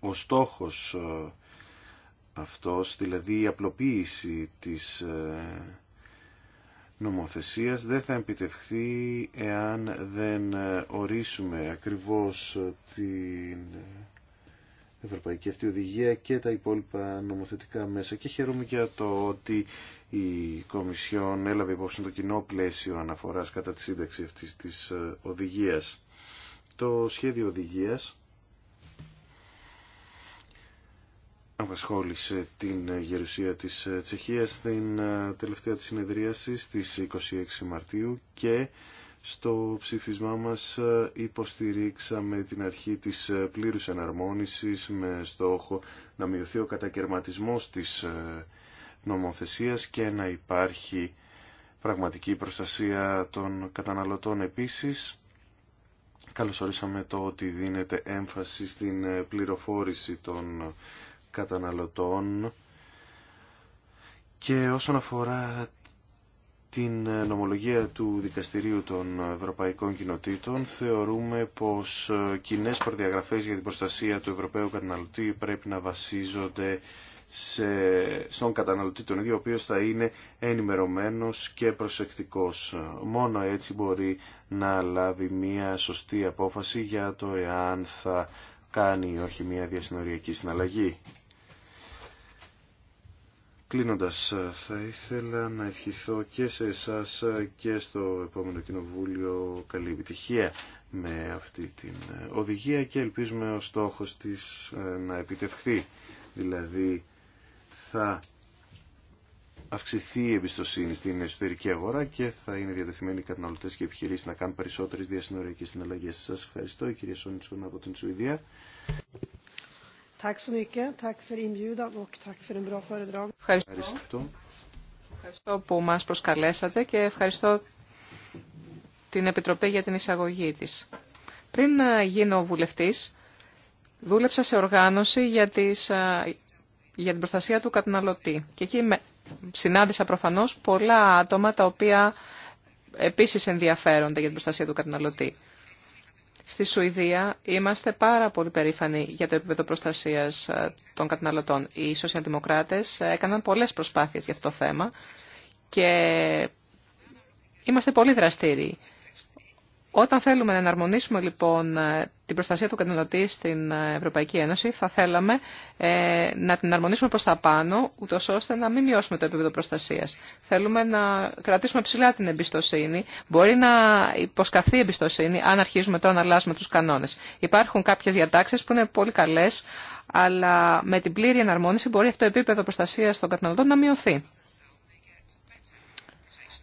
ο στόχος ε, αυτός, δηλαδή η απλοποίηση της νομοθεσίας δεν θα επιτευχθεί εάν δεν ε, ορίσουμε ακριβώς ε, την Ευρωπαϊκή αυτή οδηγία και τα υπόλοιπα νομοθετικά μέσα και χαίρομαι για το ότι η Κομισιόν έλαβε υπόψη το κοινό πλαίσιο αναφοράς κατά τη σύνταξη αυτής της ε, οδηγίας. Το σχέδιο οδηγίας απασχόλησε την γερουσία της ε, Τσεχίας στην ε, τελευταία της συνεδρίασης, της 26 Μαρτίου και στο ψήφισμά μας ε, υποστηρίξαμε την αρχή της πλήρους εναρμόνησης με στόχο να μειωθεί ο κατακαιρματισμός της νομοθεσίας και να υπάρχει πραγματική προστασία των καταναλωτών επίσης. Καλωσορίσαμε το ότι δίνεται έμφαση στην πληροφόρηση των καταναλωτών και όσον αφορά την νομολογία του Δικαστηρίου των Ευρωπαϊκών Κοινοτήτων θεωρούμε πως κοινέ προδιαγραφές για την προστασία του Ευρωπαίου καταναλωτή πρέπει να βασίζονται σε, στον καταναλωτή τον ίδιο ο οποίος θα είναι ενημερωμένος και προσεκτικός. Μόνο έτσι μπορεί να λάβει μια σωστή απόφαση για το εάν θα κάνει όχι μια διασυνοριακή συναλλαγή. Κλείνοντας, θα ήθελα να ευχηθώ και σε εσάς και στο επόμενο Κοινοβούλιο καλή επιτυχία με αυτή την οδηγία και ελπίζουμε ο στόχος της ε, να επιτευχθεί. Δηλαδή θα αυξηθεί η εμπιστοσύνη στην εσωτερική αγορά και θα είναι διατεθειμένοι οι καταναλωτές και επιχειρήσεις να κάνουν περισσότερες διασυνοριακές συναλλαγές. Σας ευχαριστώ, η κυρία Σόνιτσον από την Σουηδία. Ευχαριστώ. Ευχαριστώ που μας προσκαλέσατε και ευχαριστώ την Επιτροπή για την εισαγωγή της. Πριν ε, γίνω βουλευτής, δούλεψα σε οργάνωση για, τις, ε, για την προστασία του καταναλωτή. Και εκεί με, συνάντησα προφανώς πολλά άτομα τα οποία επίσης ενδιαφέρονται για την προστασία του καταναλωτή. Στη Σουηδία είμαστε πάρα πολύ περήφανοι για το επίπεδο προστασίας ε, των καταναλωτών. Οι σοσιαλδημοκράτες ε, έκαναν πολλές προσπάθειες για αυτό το θέμα και είμαστε πολύ δραστήριοι. Όταν θέλουμε να εναρμονίσουμε λοιπόν ε, την προστασία του καταναλωτή στην ε, Ευρωπαϊκή Ένωση, θα θέλαμε ε, να την εναρμονίσουμε προς τα πάνω, ούτω ώστε να μην μειώσουμε το επίπεδο προστασίας. Θέλουμε να κρατήσουμε ψηλά την εμπιστοσύνη. Μπορεί να υποσκαθεί η εμπιστοσύνη αν αρχίζουμε τώρα να αλλάζουμε τους κανόνες. Υπάρχουν κάποιες διατάξεις που είναι πολύ καλές, αλλά με την πλήρη εναρμόνιση μπορεί αυτό το επίπεδο προστασίας των καταναλωτών να μειωθεί.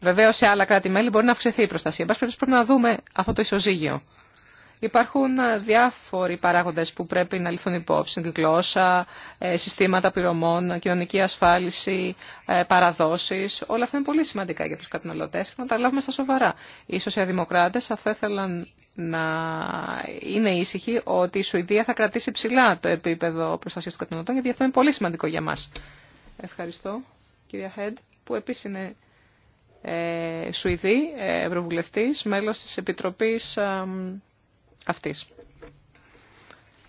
Βεβαίω σε άλλα κράτη-μέλη μπορεί να αυξηθεί η προστασία. Εν πρέπει να δούμε αυτό το ισοζύγιο. Υπάρχουν ε, διάφοροι παράγοντε που πρέπει να ληφθούν υπόψη. Γλώσσα, ε, συστήματα πληρωμών, κοινωνική ασφάλιση, ε, παραδόσει. Όλα αυτά είναι πολύ σημαντικά για του καταναλωτέ και να τα λάβουμε στα σοβαρά. Οι σοσιαλδημοκράτε θα ήθελαν να είναι ήσυχοι ότι η Σουηδία θα κρατήσει ψηλά το επίπεδο προστασία των καταναλωτών, γιατί αυτό είναι πολύ σημαντικό για μα. Ευχαριστώ, κυρία Χέντ, που επίση είναι ε, Σουηδή, ε, ευρωβουλευτής, μέλος της Επιτροπής ε, αυτής.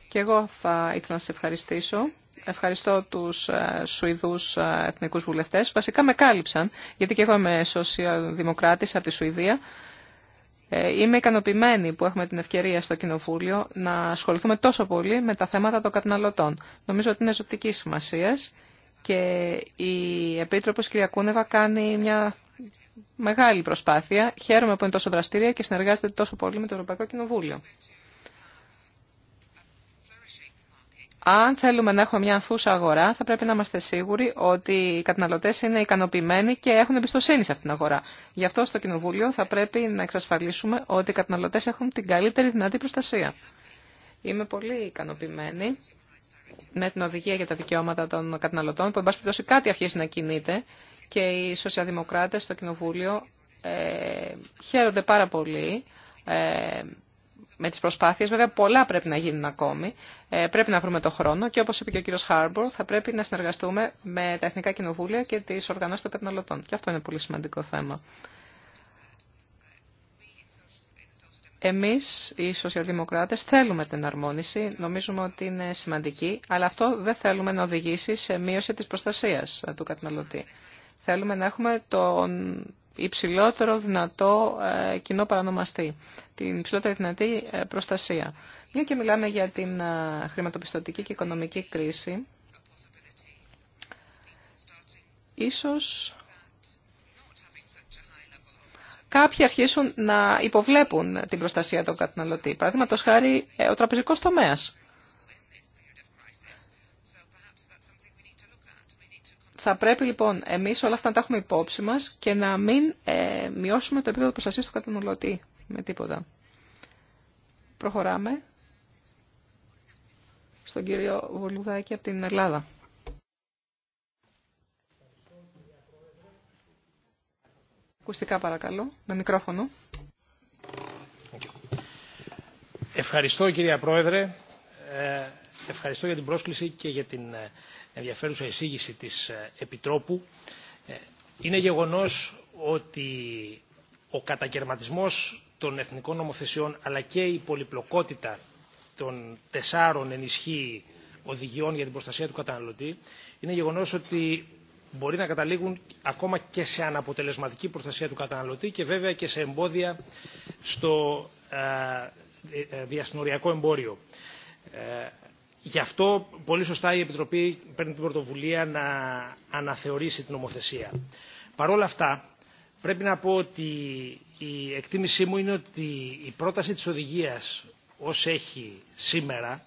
Και εγώ θα ήθελα να σε ευχαριστήσω. Ευχαριστώ τους ε, Σουηδούς ε, εθνικούς βουλευτές. Βασικά με κάλυψαν, γιατί και εγώ είμαι σοσιαλδημοκράτης από τη Σουηδία. Είμαι ικανοποιημένη που έχουμε την ευκαιρία στο Κοινοβούλιο να ασχοληθούμε τόσο πολύ με τα θέματα των καταναλωτών. Νομίζω ότι είναι ζωτική σημασία και η Επίτροπος Κυριακούνεβα κάνει μια μεγάλη προσπάθεια. Χαίρομαι που είναι τόσο δραστήρια και συνεργάζεται τόσο πολύ με το Ευρωπαϊκό Κοινοβούλιο. Αν θέλουμε να έχουμε μια ανθούσα αγορά, θα πρέπει να είμαστε σίγουροι ότι οι καταναλωτέ είναι ικανοποιημένοι και έχουν εμπιστοσύνη σε αυτήν την αγορά. Γι' αυτό στο Κοινοβούλιο θα πρέπει να εξασφαλίσουμε ότι οι καταναλωτέ έχουν την καλύτερη δυνατή προστασία. Είμαι πολύ ικανοποιημένη με την οδηγία για τα δικαιώματα των καταναλωτών, που εν πάση περιπτώσει κάτι αρχίζει να κινείται και οι σοσιαλδημοκράτες στο Κοινοβούλιο ε, χαίρονται πάρα πολύ ε, με τις προσπάθειες. Βέβαια πολλά πρέπει να γίνουν ακόμη. Ε, πρέπει να βρούμε το χρόνο και όπως είπε και ο κύριος Χάρμπορ θα πρέπει να συνεργαστούμε με τα Εθνικά Κοινοβούλια και τις οργανώσεις των καταναλωτών. Και αυτό είναι πολύ σημαντικό θέμα. Εμείς οι σοσιαλδημοκράτες θέλουμε την αρμόνιση, νομίζουμε ότι είναι σημαντική, αλλά αυτό δεν θέλουμε να οδηγήσει σε μείωση της προστασίας του καταναλωτή. Θέλουμε να έχουμε τον υψηλότερο δυνατό ε, κοινό παρανομαστή, την υψηλότερη δυνατή ε, προστασία. Μια και μιλάμε για την ε, χρηματοπιστωτική και οικονομική κρίση, ίσως κάποιοι αρχίσουν να υποβλέπουν την προστασία των καταναλωτή. Παραδείγματο χάρη ο τραπεζικός τομέας. Θα πρέπει λοιπόν εμείς όλα αυτά να τα έχουμε υπόψη μας και να μην ε, μειώσουμε το επίπεδο προστασίας του καταναλωτή με τίποτα. Προχωράμε στον κύριο Βολουδάκη από την Ελλάδα. Ακουστικά παρακαλώ, με μικρόφωνο. Ευχαριστώ κυρία Πρόεδρε. Ε, ευχαριστώ για την πρόσκληση και για την ε, ενδιαφέρουσα εισήγηση της ε, Επιτρόπου. Ε, είναι γεγονός ότι ο κατακαιρματισμός των εθνικών νομοθεσιών αλλά και η πολυπλοκότητα των τεσσάρων ενισχύει οδηγιών για την προστασία του καταναλωτή είναι γεγονός ότι μπορεί να καταλήγουν ακόμα και σε αναποτελεσματική προστασία του καταναλωτή και βέβαια και σε εμπόδια στο ε, διασυνοριακό εμπόριο. Γι' αυτό πολύ σωστά η Επιτροπή παίρνει την πρωτοβουλία να αναθεωρήσει την νομοθεσία. Παρ' όλα αυτά, πρέπει να πω ότι η εκτίμησή μου είναι ότι η πρόταση της οδηγίας ως έχει σήμερα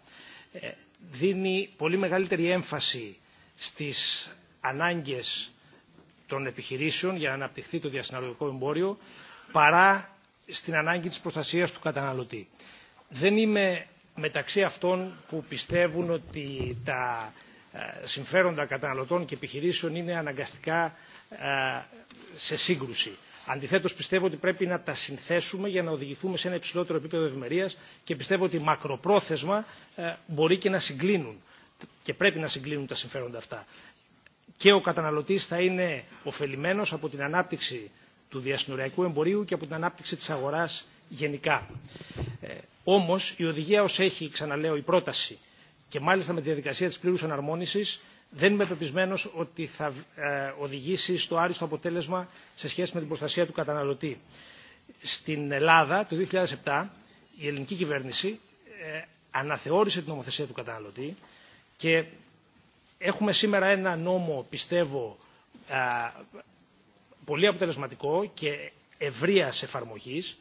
ε, δίνει πολύ μεγαλύτερη έμφαση στις ανάγκες των επιχειρήσεων για να αναπτυχθεί το διασυναλλογικό εμπόριο παρά στην ανάγκη της προστασίας του καταναλωτή. Δεν είμαι μεταξύ αυτών που πιστεύουν ότι τα ε, συμφέροντα καταναλωτών και επιχειρήσεων είναι αναγκαστικά ε, σε σύγκρουση. Αντιθέτω, πιστεύω ότι πρέπει να τα συνθέσουμε για να οδηγηθούμε σε ένα υψηλότερο επίπεδο ευημερία και πιστεύω ότι μακροπρόθεσμα ε, μπορεί και να συγκλίνουν και πρέπει να συγκλίνουν τα συμφέροντα αυτά. Και ο καταναλωτή θα είναι ωφελημένο από την ανάπτυξη του διασυνοριακού εμπορίου και από την ανάπτυξη τη αγορά γενικά. Όμω η οδηγία ω έχει, ξαναλέω, η πρόταση και μάλιστα με τη διαδικασία της πλήρου αναρμόνιση, δεν είμαι πεπισμένο ότι θα ε, οδηγήσει στο άριστο αποτέλεσμα σε σχέση με την προστασία του καταναλωτή. Στην Ελλάδα το 2007 η ελληνική κυβέρνηση ε, αναθεώρησε την νομοθεσία του καταναλωτή και έχουμε σήμερα ένα νόμο, πιστεύω, ε, πολύ αποτελεσματικό και ευρεία εφαρμογής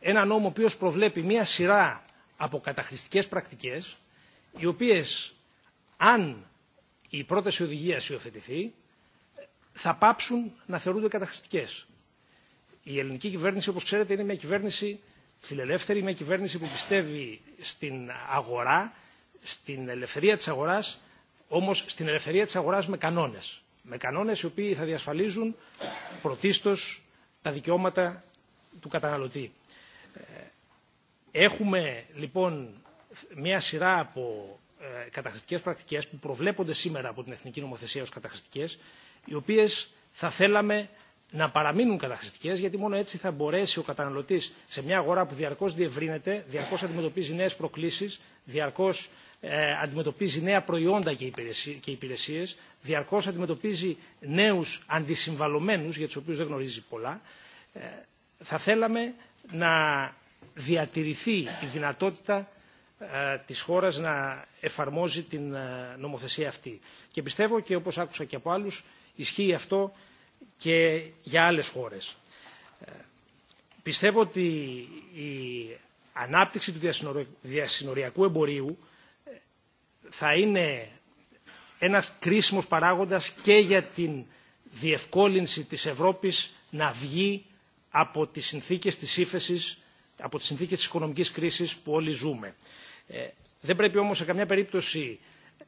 ένα νόμο ο οποίος προβλέπει μία σειρά από καταχρηστικές πρακτικές, οι οποίες αν η πρόταση οδηγία υιοθετηθεί, θα πάψουν να θεωρούνται καταχρηστικές. Η ελληνική κυβέρνηση, όπως ξέρετε, είναι μια κυβέρνηση φιλελεύθερη, μια κυβέρνηση που πιστεύει στην αγορά, στην ελευθερία της αγοράς, όμως στην ελευθερία της αγοράς με κανόνες. Με κανόνες οι οποίοι θα διασφαλίζουν πρωτίστως τα δικαιώματα του καταναλωτή. Ε, έχουμε λοιπόν μια σειρά από ε, καταχρηστικές πρακτικές που προβλέπονται σήμερα από την Εθνική Νομοθεσία ως καταχρηστικές, οι οποίες θα θέλαμε να παραμείνουν καταχρηστικές, γιατί μόνο έτσι θα μπορέσει ο καταναλωτής σε μια αγορά που διαρκώς διευρύνεται, διαρκώ αντιμετωπίζει νέες προκλήσεις, διαρκώ ε, αντιμετωπίζει νέα προϊόντα και υπηρεσίες, διαρκώ αντιμετωπίζει νέους αντισυμβαλωμένους, για τους οποίους δεν γνωρίζει πολλά, θα θέλαμε να διατηρηθεί η δυνατότητα ε, της χώρας να εφαρμόζει την ε, νομοθεσία αυτή. Και πιστεύω και όπως άκουσα και από άλλους ισχύει αυτό και για άλλες χώρες. Ε, πιστεύω ότι η ανάπτυξη του διασυνοριακού εμπορίου θα είναι ένας κρίσιμος παράγοντας και για την διευκόλυνση της Ευρώπης να βγει από τις συνθήκες της ύφεσης, από τις συνθήκες της οικονομικής κρίσης που όλοι ζούμε. Ε, δεν πρέπει όμως σε καμιά περίπτωση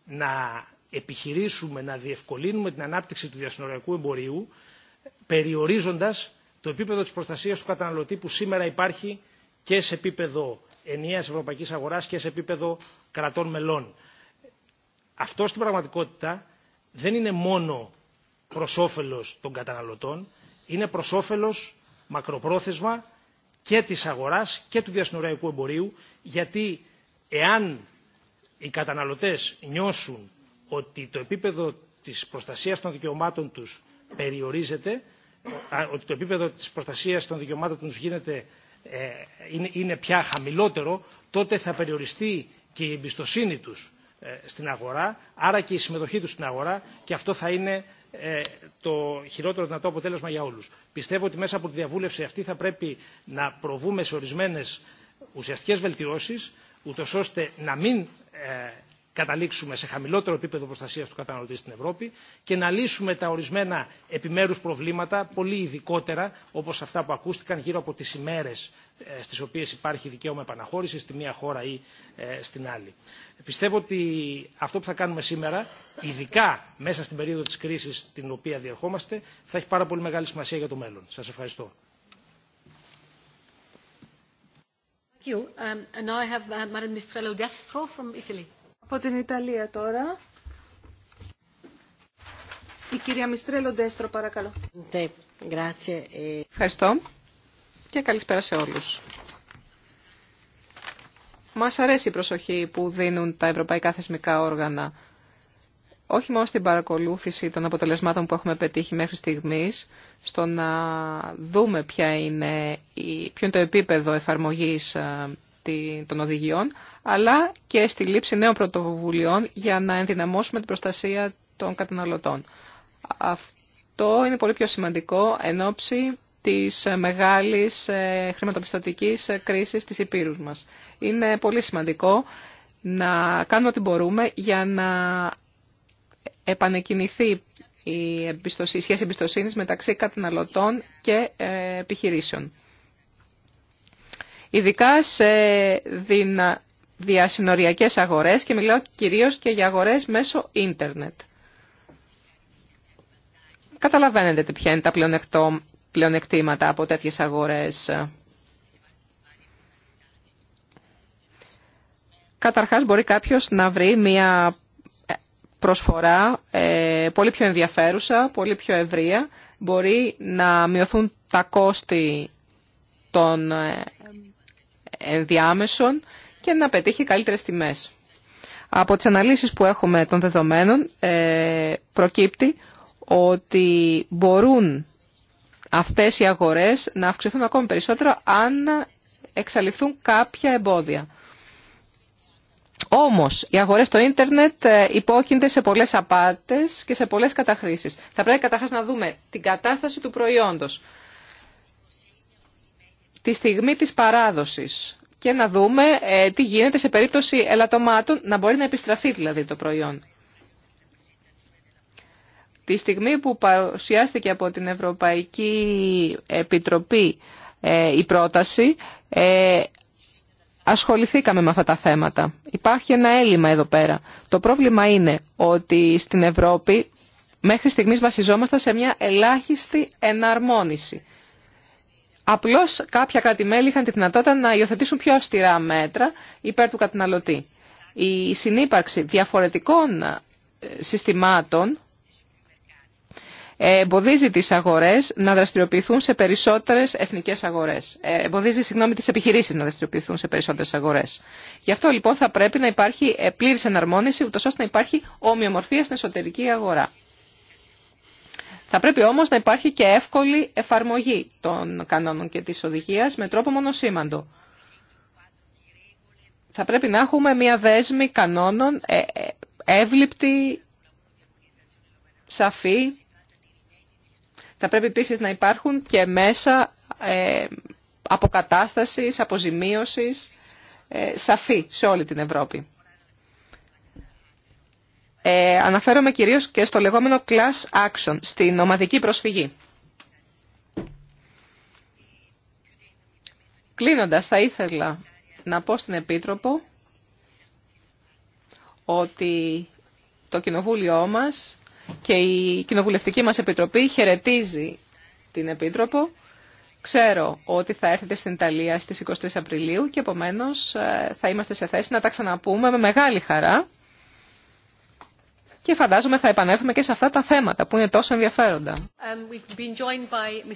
να επιχειρήσουμε να διευκολύνουμε την ανάπτυξη του διασυνοριακού εμπορίου περιορίζοντας το επίπεδο της προστασίας του καταναλωτή που σήμερα υπάρχει και σε επίπεδο ενιαίας ευρωπαϊκής αγοράς και σε επίπεδο κρατών μελών. Αυτό στην πραγματικότητα δεν είναι μόνο προς όφελος των καταναλωτών, είναι προς όφελος μακροπρόθεσμα και της αγοράς και του διασυνοριακού εμπορίου γιατί εάν οι καταναλωτές νιώσουν ότι το επίπεδο της προστασίας των δικαιωμάτων τους περιορίζεται, ότι το επίπεδο της προστασίας των δικαιωμάτων τους γίνεται, ε, είναι, είναι πια χαμηλότερο, τότε θα περιοριστεί και η εμπιστοσύνη τους ε, στην αγορά, άρα και η συμμετοχή του στην αγορά και αυτό θα είναι ε, το χειρότερο δυνατό αποτέλεσμα για όλους. Πιστεύω ότι μέσα από τη διαβούλευση αυτή θα πρέπει να προβούμε σε ορισμένες ουσιαστικές βελτιώσεις, ούτως ώστε να μην ε, καταλήξουμε σε χαμηλότερο επίπεδο προστασία του καταναλωτή στην Ευρώπη και να λύσουμε τα ορισμένα επιμέρου προβλήματα πολύ ειδικότερα όπω αυτά που ακούστηκαν γύρω από τι ημέρε ε, στι οποίε υπάρχει δικαίωμα επαναχώρηση στη μία χώρα ή ε, στην άλλη. Πιστεύω ότι αυτό που θα κάνουμε σήμερα, ειδικά μέσα στην περίοδο τη κρίση την οποία διερχόμαστε, θα έχει πάρα πολύ μεγάλη σημασία για το μέλλον. Σα ευχαριστώ. Thank you. Um, and I have uh, Madame Mistrello Destro from Italy. Από την Ιταλία τώρα. Η κυρία Μιστρέλο Ντέστρο, παρακαλώ. Ε. Ευχαριστώ και καλησπέρα σε όλους. Μας αρέσει η προσοχή που δίνουν τα ευρωπαϊκά θεσμικά όργανα όχι μόνο στην παρακολούθηση των αποτελεσμάτων που έχουμε πετύχει μέχρι στιγμής, στο να δούμε ποια είναι, ποιο είναι το επίπεδο εφαρμογής ε, των οδηγιών, αλλά και στη λήψη νέων πρωτοβουλειών για να ενδυναμώσουμε την προστασία των καταναλωτών. Αυτό είναι πολύ πιο σημαντικό εν ώψη της μεγάλης ε, χρηματοπιστωτικής ε, κρίσης της Υπήρους μας. Είναι πολύ σημαντικό να κάνουμε ό,τι μπορούμε για να επανεκκινηθεί η, σχέση εμπιστοσύνης μεταξύ καταναλωτών και ε, επιχειρήσεων ειδικά σε δυνα... διασυνοριακές αγορές και μιλάω κυρίως και για αγορές μέσω ίντερνετ. Καταλαβαίνετε ποια είναι τα πλεονεκτήματα από τέτοιες αγορές. Καταρχάς μπορεί κάποιος να βρει μια προσφορά ε, πολύ πιο ενδιαφέρουσα, πολύ πιο ευρεία. Μπορεί να μειωθούν τα κόστη των ε, ενδιάμεσων και να πετύχει καλύτερες τιμές. Από τις αναλύσεις που έχουμε των δεδομένων ε, προκύπτει ότι μπορούν αυτές οι αγορές να αυξηθούν ακόμη περισσότερο αν εξαλειφθούν κάποια εμπόδια. Όμως, οι αγορές στο ίντερνετ ε, υπόκεινται σε πολλές απάτες και σε πολλές καταχρήσεις. Θα πρέπει καταρχάς να δούμε την κατάσταση του προϊόντος τη στιγμή της παράδοσης και να δούμε ε, τι γίνεται σε περίπτωση ελαττωμάτων, να μπορεί να επιστραφεί δηλαδή το προϊόν. Τη στιγμή που παρουσιάστηκε από την Ευρωπαϊκή Επιτροπή ε, η πρόταση, ε, ασχοληθήκαμε με αυτά τα θέματα. Υπάρχει ένα έλλειμμα εδώ πέρα. Το πρόβλημα είναι ότι στην Ευρώπη μέχρι στιγμής βασιζόμαστε σε μια ελάχιστη εναρμόνιση Απλώς κάποια κράτη-μέλη είχαν τη δυνατότητα να υιοθετήσουν πιο αυστηρά μέτρα υπέρ του καταναλωτή. Η συνύπαρξη διαφορετικών ε, συστημάτων ε, εμποδίζει τις αγορές να δραστηριοποιηθούν σε περισσότερες εθνικές αγορές. Ε, εμποδίζει, συγγνώμη, τις επιχειρήσεις να δραστηριοποιηθούν σε περισσότερες αγορές. Γι' αυτό λοιπόν θα πρέπει να υπάρχει πλήρης εναρμόνιση, ούτως ώστε να υπάρχει ομοιομορφία στην εσωτερική αγορά. Θα πρέπει όμως να υπάρχει και εύκολη εφαρμογή των κανόνων και της οδηγίας με τρόπο μονοσήμαντο. Θα πρέπει να έχουμε μια δέσμη κανόνων ε, ε, εύληπτη, σαφή. Θα πρέπει επίσης να υπάρχουν και μέσα ε, αποκατάστασης, αποζημίωσης, σαφή σε όλη την Ευρώπη. Ε, αναφέρομαι κυρίως και στο λεγόμενο class action, στην ομαδική προσφυγή. Κλείνοντας, θα ήθελα να πω στην Επίτροπο ότι το Κοινοβούλιο μας και η Κοινοβουλευτική μας Επιτροπή χαιρετίζει την Επίτροπο. Ξέρω ότι θα έρθετε στην Ιταλία στις 23 Απριλίου και επομένως ε, θα είμαστε σε θέση να τα ξαναπούμε με μεγάλη χαρά και φαντάζομαι θα επανέλθουμε και σε αυτά τα θέματα που είναι τόσο ενδιαφέροντα. Um,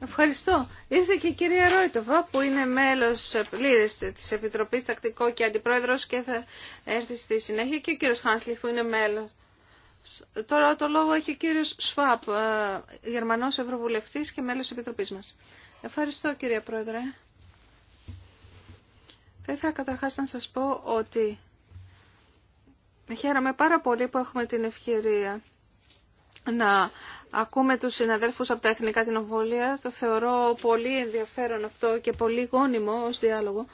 Ευχαριστώ. Ήρθε και η κυρία Ρόιτοβα που είναι μέλος ε, πλήρης της Επιτροπής Τακτικό και Αντιπρόεδρος και θα έρθει στη συνέχεια και ο κύριος Χάνσλιχ που είναι μέλος. Τώρα το λόγο έχει ο κύριος Σφάπ, ε, Γερμανός Ευρωβουλευτής και μέλος της Επιτροπής μας. Ευχαριστώ κυρία Πρόεδρε. Θα ήθελα καταρχάς να σας πω ότι Χαίρομαι πάρα πολύ που έχουμε την ευκαιρία να ακούμε τους συναδέλφους από τα Εθνικά Τινοβολία. Το θεωρώ πολύ ενδιαφέρον αυτό και πολύ γόνιμο ως διάλογο.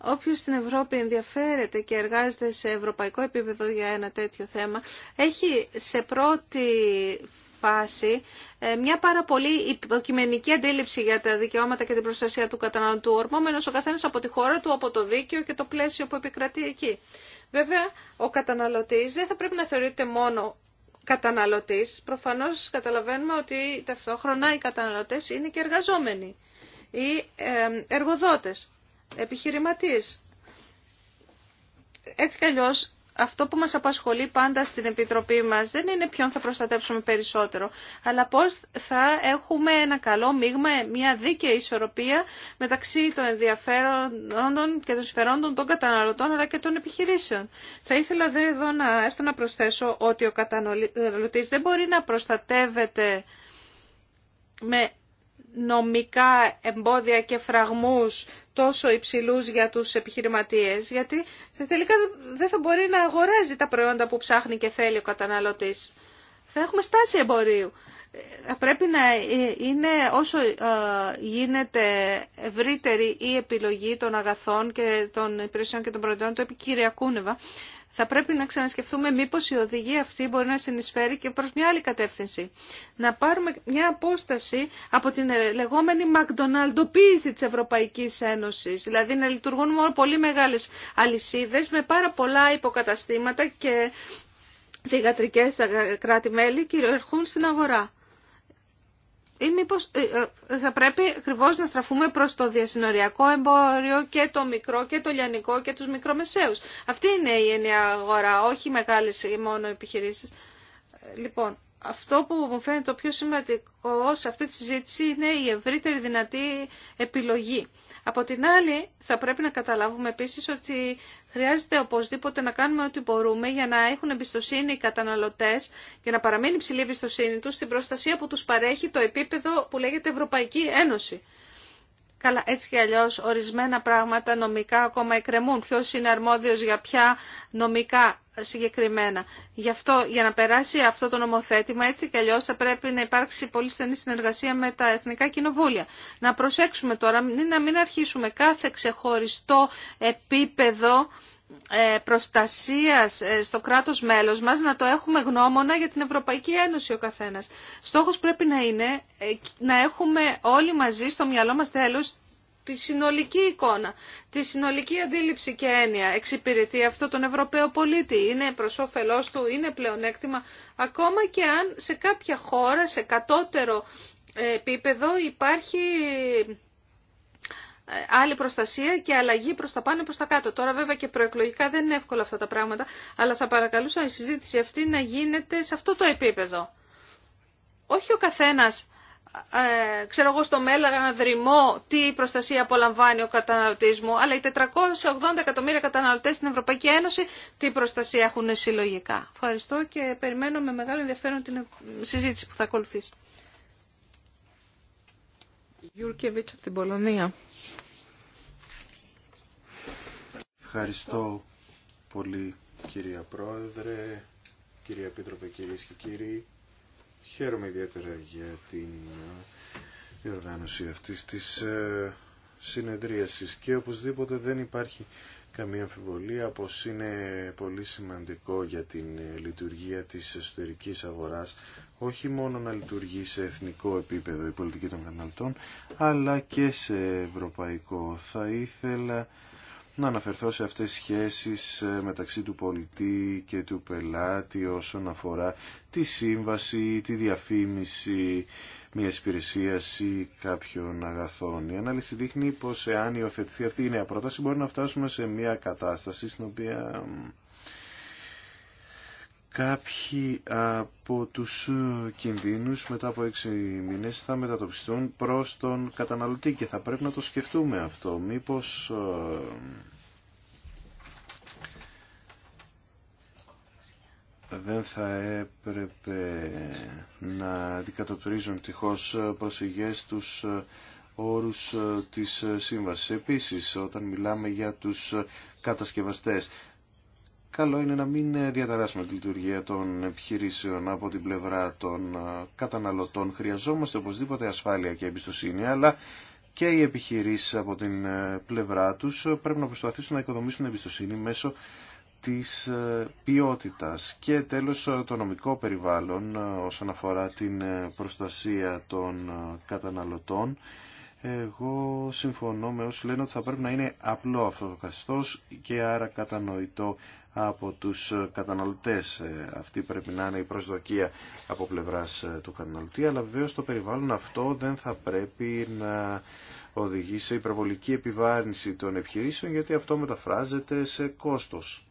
Όποιος στην Ευρώπη ενδιαφέρεται και εργάζεται σε ευρωπαϊκό επίπεδο για ένα τέτοιο θέμα, έχει σε πρώτη φάση ε, μια πάρα πολύ υποκειμενική αντίληψη για τα δικαιώματα και την προστασία του καταναλωτού, ορμόμενος ο καθένας από τη χώρα του, από το δίκαιο και το πλαίσιο που επικρατεί εκεί. Βέβαια, ο καταναλωτής δεν θα πρέπει να θεωρείται μόνο καταναλωτής. Προφανώς καταλαβαίνουμε ότι ταυτόχρονα οι καταναλωτές είναι και εργαζόμενοι ή εργοδότες, επιχειρηματίες. Έτσι κι αλλιώς αυτό που μας απασχολεί πάντα στην Επιτροπή μας δεν είναι ποιον θα προστατεύσουμε περισσότερο, αλλά πώς θα έχουμε ένα καλό μείγμα, μια δίκαιη ισορροπία μεταξύ των ενδιαφέροντων και των συμφερόντων των καταναλωτών αλλά και των επιχειρήσεων. Θα ήθελα δε εδώ να έρθω να προσθέσω ότι ο καταναλωτής δεν μπορεί να προστατεύεται με νομικά εμπόδια και φραγμούς τόσο υψηλούς για τους επιχειρηματίες, γιατί τελικά δεν θα μπορεί να αγοράζει τα προϊόντα που ψάχνει και θέλει ο καταναλωτής. Θα έχουμε στάση εμπορίου. πρέπει να είναι όσο ε, γίνεται ευρύτερη η επιλογή των αγαθών και των υπηρεσιών και των προϊόντων το επικυριακούνευα θα πρέπει να ξανασκεφτούμε μήπως η οδηγία αυτή μπορεί να συνεισφέρει και προς μια άλλη κατεύθυνση. Να πάρουμε μια απόσταση από την λεγόμενη μακδονάλντοποίηση της Ευρωπαϊκής Ένωσης. Δηλαδή να λειτουργούν μόνο πολύ μεγάλες αλυσίδες με πάρα πολλά υποκαταστήματα και διγατρικες κρατη κράτη-μέλη κυριαρχούν στην αγορά ή μήπως ε, ε, θα πρέπει ακριβώ να στραφούμε προ το διασυνοριακό εμπόριο και το μικρό και το λιανικό και τους μικρομεσαίους. Αυτή είναι η ενιαία αγορά, όχι μεγάλες ή μόνο επιχειρήσει. Λοιπόν, αυτό που μου φαίνεται το πιο σημαντικό σε αυτή τη συζήτηση είναι η ευρύτερη δυνατή επιλογή. Από την άλλη, θα πρέπει να καταλάβουμε επίσης ότι χρειάζεται οπωσδήποτε να κάνουμε ό,τι μπορούμε για να έχουν εμπιστοσύνη οι καταναλωτές και να παραμείνει ψηλή εμπιστοσύνη τους στην προστασία που τους παρέχει το επίπεδο που λέγεται Ευρωπαϊκή Ένωση. Καλά, έτσι και αλλιώ ορισμένα πράγματα νομικά ακόμα εκκρεμούν. Ποιο είναι αρμόδιο για ποια νομικά συγκεκριμένα. Γι' αυτό, για να περάσει αυτό το νομοθέτημα, έτσι και αλλιώ θα πρέπει να υπάρξει πολύ στενή συνεργασία με τα εθνικά κοινοβούλια. Να προσέξουμε τώρα, να μην αρχίσουμε κάθε ξεχωριστό επίπεδο ε, προστασίας ε, στο κράτος μέλος μας να το έχουμε γνώμονα για την Ευρωπαϊκή Ένωση ο καθένας. Στόχος πρέπει να είναι ε, να έχουμε όλοι μαζί στο μυαλό μας τέλος τη συνολική εικόνα, τη συνολική αντίληψη και έννοια. Εξυπηρετεί αυτό τον Ευρωπαίο πολίτη, είναι προς όφελός του, είναι πλεονέκτημα, ακόμα και αν σε κάποια χώρα, σε κατώτερο επίπεδο υπάρχει ε, άλλη προστασία και αλλαγή προς τα πάνω προς τα κάτω. Τώρα βέβαια και προεκλογικά δεν είναι εύκολα αυτά τα πράγματα, αλλά θα παρακαλούσα η συζήτηση αυτή να γίνεται σε αυτό το επίπεδο. Όχι ο καθένας ε, ξέρω εγώ στο μέλλον να δρυμώ τι προστασία απολαμβάνει ο καταναλωτή, μου, αλλά οι 480 εκατομμύρια καταναλωτέ στην Ευρωπαϊκή Ένωση τι προστασία έχουν συλλογικά. Ευχαριστώ και περιμένω με μεγάλο ενδιαφέρον την συζήτηση που θα ακολουθήσει. από την Πολωνία. Ευχαριστώ πολύ κυρία Πρόεδρε, κυρία Επίτροπε, κυρίες και κύριοι. Χαίρομαι ιδιαίτερα για την οργάνωση αυτής της ε, συνεδρίασης και οπωσδήποτε δεν υπάρχει καμία αμφιβολία πως είναι πολύ σημαντικό για την ε, λειτουργία της εσωτερικής αγοράς όχι μόνο να λειτουργεί σε εθνικό επίπεδο η πολιτική των καταναλωτών αλλά και σε ευρωπαϊκό. Θα ήθελα να αναφερθώ σε αυτές τις σχέσεις ε, μεταξύ του πολιτή και του πελάτη όσον αφορά τη σύμβαση, τη διαφήμιση μια υπηρεσία ή κάποιων αγαθών. Η ανάλυση δείχνει πως εάν υιοθετηθεί αυτή η νέα πρόταση μπορεί να φτάσουμε σε μια κατάσταση στην οποία κάποιοι από τους ε, κινδύνους μετά από έξι μήνες θα μετατοπιστούν προς τον καταναλωτή και θα πρέπει να το σκεφτούμε αυτό. Μήπως ε, δεν θα έπρεπε να αντικατοπτρίζουν τυχώς ε, προσεγγές τους όρους της σύμβασης. Επίσης, όταν μιλάμε για τους κατασκευαστές, καλό είναι να μην διαταράσουμε τη λειτουργία των επιχειρήσεων από την πλευρά των ε, καταναλωτών. Χρειαζόμαστε οπωσδήποτε ασφάλεια και εμπιστοσύνη, αλλά και οι επιχειρήσεις από την ε, πλευρά τους πρέπει να προσπαθήσουν να οικοδομήσουν εμπιστοσύνη μέσω της ε, ποιότητας και τέλος το νομικό περιβάλλον όσον αφορά την προστασία των καταναλωτών. Εγώ συμφωνώ με όσοι λένε ότι θα πρέπει να είναι απλό αυτό το και άρα κατανοητό από τους καταναλωτές. Ε, Αυτή πρέπει να είναι η προσδοκία από πλευράς ε, του καταναλωτή, αλλά βεβαίως το περιβάλλον αυτό δεν θα πρέπει να οδηγεί σε υπερβολική επιβάρυνση των επιχειρήσεων, γιατί αυτό μεταφράζεται σε κόστος.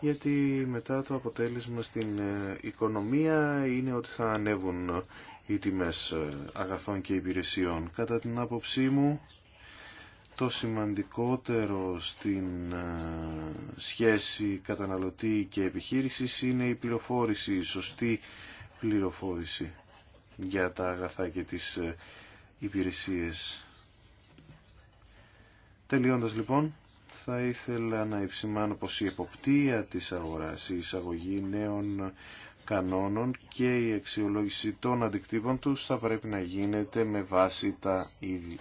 Γιατί μετά το αποτέλεσμα στην ε, οικονομία είναι ότι θα ανέβουν οι τιμές αγαθών και υπηρεσιών. Κατά την άποψή μου, το σημαντικότερο στην ε, σχέση καταναλωτή και επιχείρησης είναι η πληροφόρηση, η σωστή πληροφόρηση για τα αγαθά και τις ε, υπηρεσίες. Τελειώντας λοιπόν, θα ήθελα να υψημάνω πως η εποπτεία της αγοράς, η εισαγωγή νέων κανόνων και η αξιολόγηση των αντικτύπων τους θα πρέπει να γίνεται με βάση τα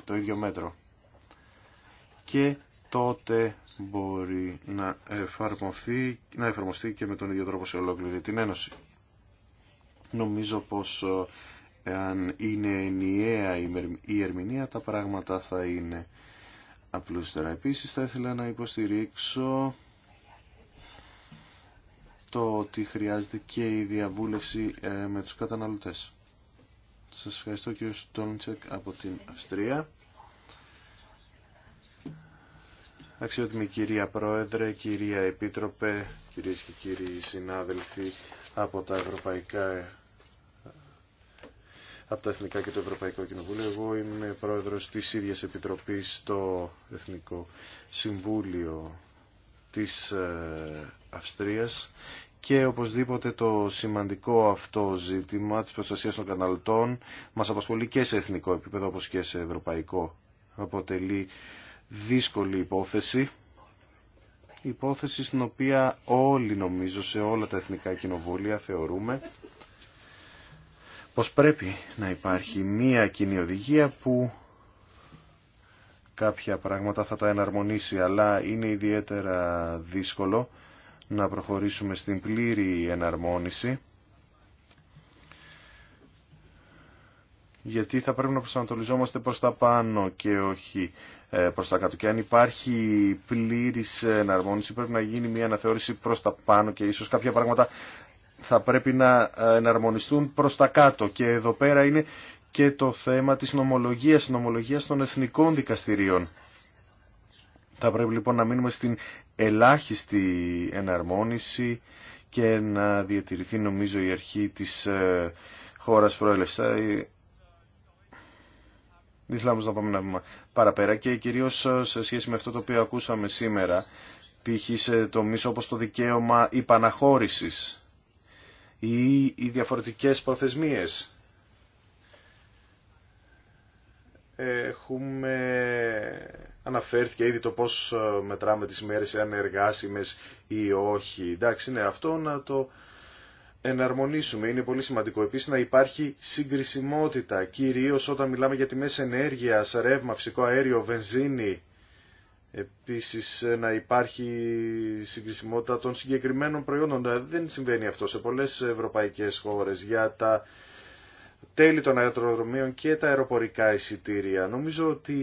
το ίδιο μέτρο και τότε μπορεί να εφαρμοστεί, να εφαρμοστεί και με τον ίδιο τρόπο σε ολόκληρη την Ένωση. Νομίζω πως αν ε, είναι ενιαία η ερμηνεία τα πράγματα θα είναι απλούστερα. Επίσης θα ήθελα να υποστηρίξω το ότι χρειάζεται και η διαβούλευση ε, με τους καταναλωτές. Σας ευχαριστώ κύριο Στόντσεκ από την Αυστρία. Αξιότιμη κυρία Πρόεδρε, κυρία Επίτροπε, κυρίες και κύριοι συνάδελφοι από τα Ευρωπαϊκά από τα Εθνικά και το Ευρωπαϊκό Κοινοβούλιο. Εγώ είμαι πρόεδρος της ίδιας επιτροπής στο Εθνικό Συμβούλιο της ε, Αυστρίας και οπωσδήποτε το σημαντικό αυτό ζήτημα της προστασίας των καταναλωτών μας απασχολεί και σε εθνικό επίπεδο όπως και σε ευρωπαϊκό. Αποτελεί δύσκολη υπόθεση. Υπόθεση στην οποία όλοι νομίζω σε όλα τα εθνικά κοινοβούλια θεωρούμε πως πρέπει να υπάρχει μία κοινή οδηγία που κάποια πράγματα θα τα εναρμονίσει, αλλά είναι ιδιαίτερα δύσκολο να προχωρήσουμε στην πλήρη εναρμόνιση γιατί θα πρέπει να προσανατολιζόμαστε προς τα πάνω και όχι ε, προς τα κάτω. Και αν υπάρχει πλήρης εναρμόνιση πρέπει να γίνει μια αναθεώρηση προς τα πάνω και ίσως κάποια πράγματα θα πρέπει να ε, εναρμονιστούν προς τα κάτω. Και εδώ πέρα είναι και το θέμα της νομολογίας, νομολογίας των εθνικών δικαστηρίων. Θα πρέπει λοιπόν να μείνουμε στην ελάχιστη εναρμόνιση και να διατηρηθεί νομίζω η αρχή της ε, χώρας προέλευσης διθλάμβους να πάμε να παραπέρα και κυρίως ε, σε σχέση με αυτό το οποίο ακούσαμε σήμερα π.χ. σε τομείς όπως το δικαίωμα υπαναχώρησης ή οι διαφορετικές προθεσμίες. Έχουμε... Αναφέρθηκε ήδη το πώς ε, μετράμε τις μέρες, αν εργάσιμες ή όχι. Εντάξει, ναι, αυτό να το εναρμονίσουμε. Είναι πολύ σημαντικό επίσης να υπάρχει συγκρισιμότητα, Κυρίω όταν μιλάμε για τιμέ ενέργεια ρεύμα, φυσικό αέριο, βενζίνη. Επίσης ε, να υπάρχει συγκρισιμότητα των συγκεκριμένων προϊόντων. Ε, δεν συμβαίνει αυτό σε πολλές ευρωπαϊκές χώρες για τα τέλη των αεροδρομίων και τα αεροπορικά εισιτήρια. Νομίζω ότι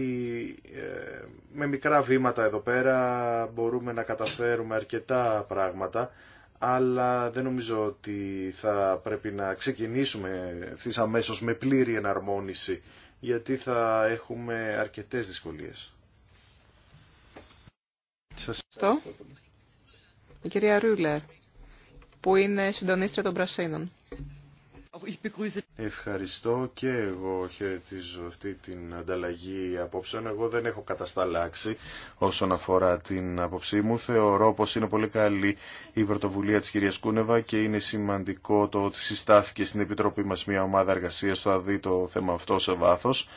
ε, με μικρά βήματα εδώ πέρα μπορούμε να καταφέρουμε αρκετά πράγματα αλλά δεν νομίζω ότι θα πρέπει να ξεκινήσουμε ευθύ αμέσω με πλήρη εναρμόνιση, γιατί θα έχουμε αρκετές δυσκολίες. Σας ευχαριστώ. Η κυρία Ρούλερ, που είναι συντονίστρια των Πρασίνων. Ευχαριστώ και εγώ χαιρετίζω αυτή την ανταλλαγή απόψεων. Εγώ δεν έχω κατασταλάξει όσον αφορά την απόψή μου. Θεωρώ πως είναι πολύ καλή η πρωτοβουλία της κυρίας Κούνεβα και είναι σημαντικό το ότι συστάθηκε στην Επιτροπή μας μια ομάδα εργασίας που θα δει το θέμα αυτό σε βάθος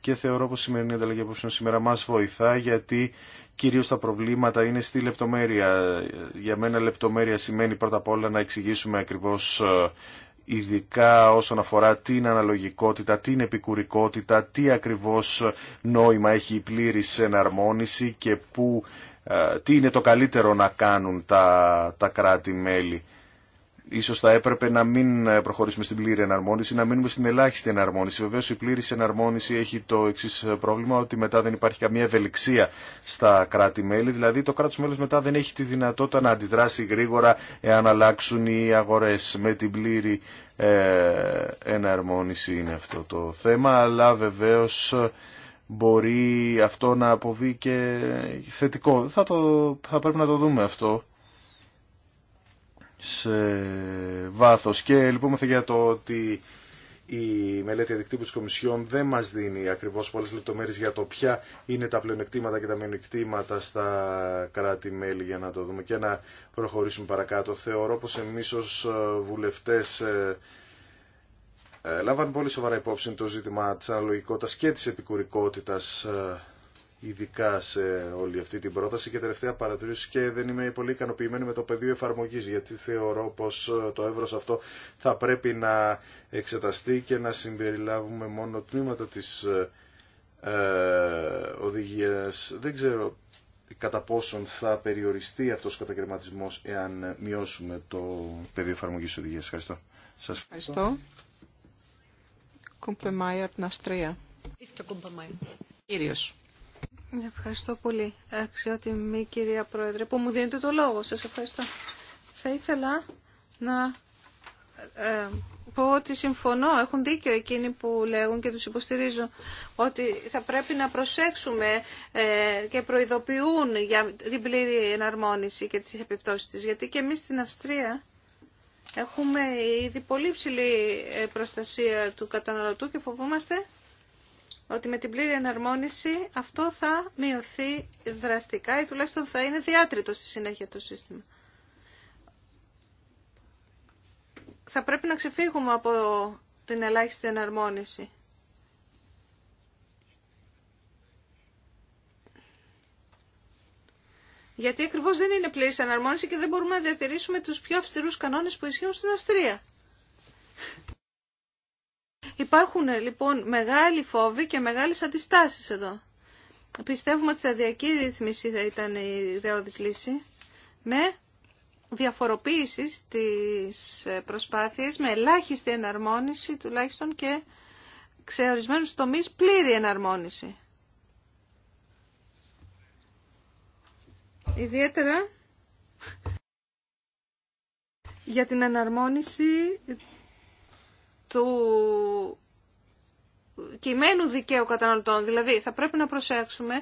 και θεωρώ πως η σημερινή ανταλλαγή απόψεων σήμερα μας βοηθά γιατί κυρίως τα προβλήματα είναι στη λεπτομέρεια. Για μένα λεπτομέρεια σημαίνει πρώτα απ' όλα να εξηγήσουμε ακριβώς ειδικά όσον αφορά την αναλογικότητα, την επικουρικότητα, τι ακριβώς νόημα έχει η πλήρης εναρμόνιση και που, ε, τι είναι το καλύτερο να κάνουν τα, τα κράτη-μέλη Ίσως θα έπρεπε να μην ε, προχωρήσουμε στην πλήρη εναρμόνιση, να μείνουμε στην ελάχιστη εναρμόνιση. Βεβαίως η πλήρη εναρμόνιση έχει το εξή ε, πρόβλημα, ότι μετά δεν υπάρχει καμία ευελιξία στα κράτη-μέλη, δηλαδή το κράτος μέλος μετά δεν έχει τη δυνατότητα να αντιδράσει γρήγορα εάν αλλάξουν οι αγορές. Με την πλήρη ε, εναρμόνιση είναι αυτό το θέμα, αλλά βεβαίως μπορεί αυτό να αποβεί και θετικό. Θα, το, θα πρέπει να το δούμε αυτό σε βάθος και λοιπόν για το ότι η μελέτη αδικτύπου της Κομισιόν δεν μας δίνει ακριβώς πολλές λεπτομέρειες για το ποια είναι τα πλεονεκτήματα και τα μειονεκτήματα στα κράτη-μέλη για να το δούμε και να προχωρήσουμε παρακάτω. Θεωρώ πως εμείς ως ε, βουλευτές ε, ε, λάβαν πολύ σοβαρά υπόψη το ζήτημα της αναλογικότητας και της επικουρικότητας ειδικά σε όλη αυτή την πρόταση και τελευταία παρατηρήση και δεν είμαι πολύ ικανοποιημένη με το πεδίο εφαρμογής γιατί θεωρώ πως ε, το έβρος αυτό θα πρέπει να εξεταστεί και να συμπεριλάβουμε μόνο τμήματα της ε, ε, οδηγίας. Δεν ξέρω κατά πόσον θα περιοριστεί αυτός ο κατακαιρματισμός εάν μειώσουμε το πεδίο εφαρμογής της οδηγίας. Ευχαριστώ. Σας ευχαριστώ. Κύριος. Ευχαριστώ πολύ, αξιότιμη κυρία Πρόεδρε, που μου δίνετε το λόγο. Σας ευχαριστώ. Θα ήθελα να ε, πω ότι συμφωνώ, έχουν δίκιο εκείνοι που λέγουν και τους υποστηρίζω ότι θα πρέπει να προσέξουμε ε, και προειδοποιούν για την πλήρη εναρμόνιση και τις επιπτώσεις της. Γιατί και εμείς στην Αυστρία έχουμε ήδη πολύ ψηλή ε, προστασία του καταναλωτού και φοβόμαστε ότι με την πλήρη εναρμόνιση αυτό θα μειωθεί δραστικά ή τουλάχιστον θα είναι διάτριτο στη συνέχεια το σύστημα. Θα πρέπει να ξεφύγουμε από την ελάχιστη εναρμόνιση. Γιατί ακριβώ δεν είναι πλήρη εναρμόνιση και δεν μπορούμε να διατηρήσουμε του πιο αυστηρούς κανόνε που ισχύουν στην Αυστρία. Υπάρχουν λοιπόν μεγάλοι φόβοι και μεγάλες αντιστάσεις εδώ. Πιστεύουμε ότι η σταδιακή ρύθμιση θα ήταν η ιδεώδης λύση με διαφοροποίηση της προσπάθειας, με ελάχιστη εναρμόνιση τουλάχιστον και σε τομείς πλήρη εναρμόνιση. Ιδιαίτερα για την εναρμόνιση του κειμένου δικαίου καταναλωτών. Δηλαδή θα πρέπει να προσέξουμε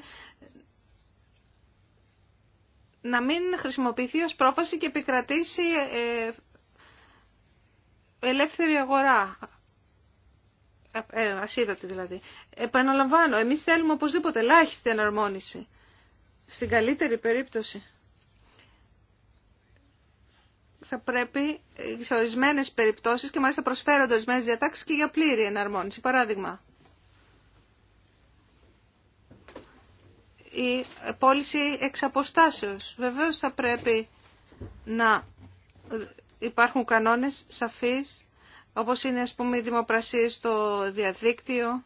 να μην χρησιμοποιηθεί ως πρόφαση και επικρατήσει ε, ελεύθερη αγορά. Ε, ε ασίδατη δηλαδή. Επαναλαμβάνω, εμείς θέλουμε οπωσδήποτε ελάχιστη εναρμόνιση. Στην καλύτερη περίπτωση θα πρέπει σε ορισμένε περιπτώσεις και μάλιστα προσφέρονται ορισμένε διατάξει και για πλήρη εναρμόνιση. Παράδειγμα, η πώληση εξ αποστάσεως. Βεβαίως θα πρέπει να υπάρχουν κανόνες σαφείς, όπως είναι α πούμε οι στο διαδίκτυο,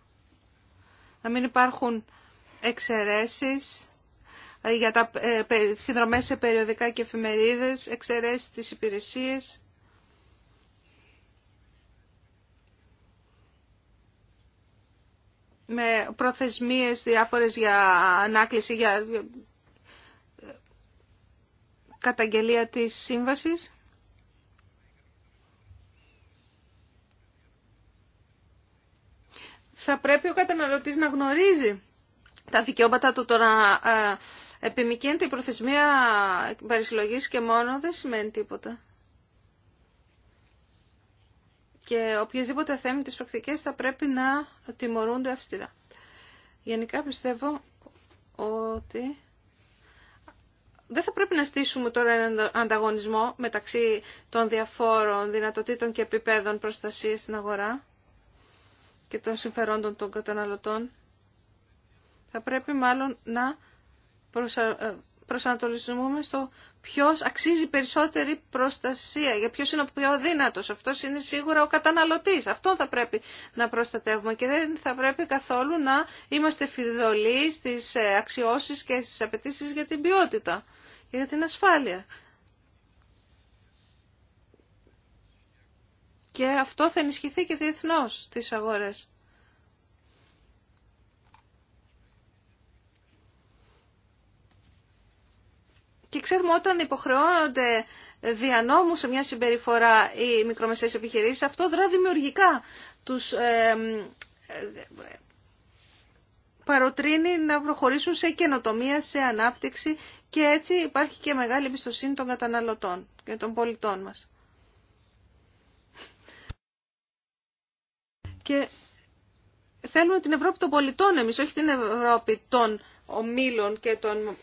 να μην υπάρχουν εξαιρέσεις ε, για τα ε, συνδρομές σε περιοδικά και εφημερίδες, εξαιρέσει τις υπηρεσίες. με προθεσμίες διάφορες για ανάκληση, για ε, καταγγελία της σύμβασης. Θα πρέπει ο καταναλωτής να γνωρίζει τα δικαιώματα του, το επιμηκύνεται η προθεσμία παρισυλλογής και μόνο δεν σημαίνει τίποτα. Και οποιασδήποτε θέμη τις πρακτικές θα πρέπει να τιμωρούνται αυστηρά. Γενικά πιστεύω ότι δεν θα πρέπει να στήσουμε τώρα έναν ανταγωνισμό μεταξύ των διαφόρων δυνατοτήτων και επιπέδων προστασίας στην αγορά και των συμφερόντων των καταναλωτών. Θα πρέπει μάλλον να ε, προσανατολισμούμε στο ποιο αξίζει περισσότερη προστασία, για ποιο είναι ο πιο δυνατό. Αυτό είναι σίγουρα ο καταναλωτής. Αυτό θα πρέπει να προστατεύουμε και δεν θα πρέπει καθόλου να είμαστε φιδωλοί στι ε, αξιώσεις και στις απαιτήσει για την ποιότητα και για την ασφάλεια. Και αυτό θα ενισχυθεί και διεθνώς στις αγορές. Και ξέρουμε όταν υποχρεώνονται δια νόμου σε μια συμπεριφορά οι μικρομεσαίες επιχειρήσεις, αυτό δρά δημιουργικά. Τους ε, ε, παροτρύνει να προχωρήσουν σε καινοτομία, σε ανάπτυξη και έτσι υπάρχει και μεγάλη εμπιστοσύνη των καταναλωτών και των πολιτών μας. Και θέλουμε την Ευρώπη των πολιτών εμείς, όχι την Ευρώπη των ομίλων και των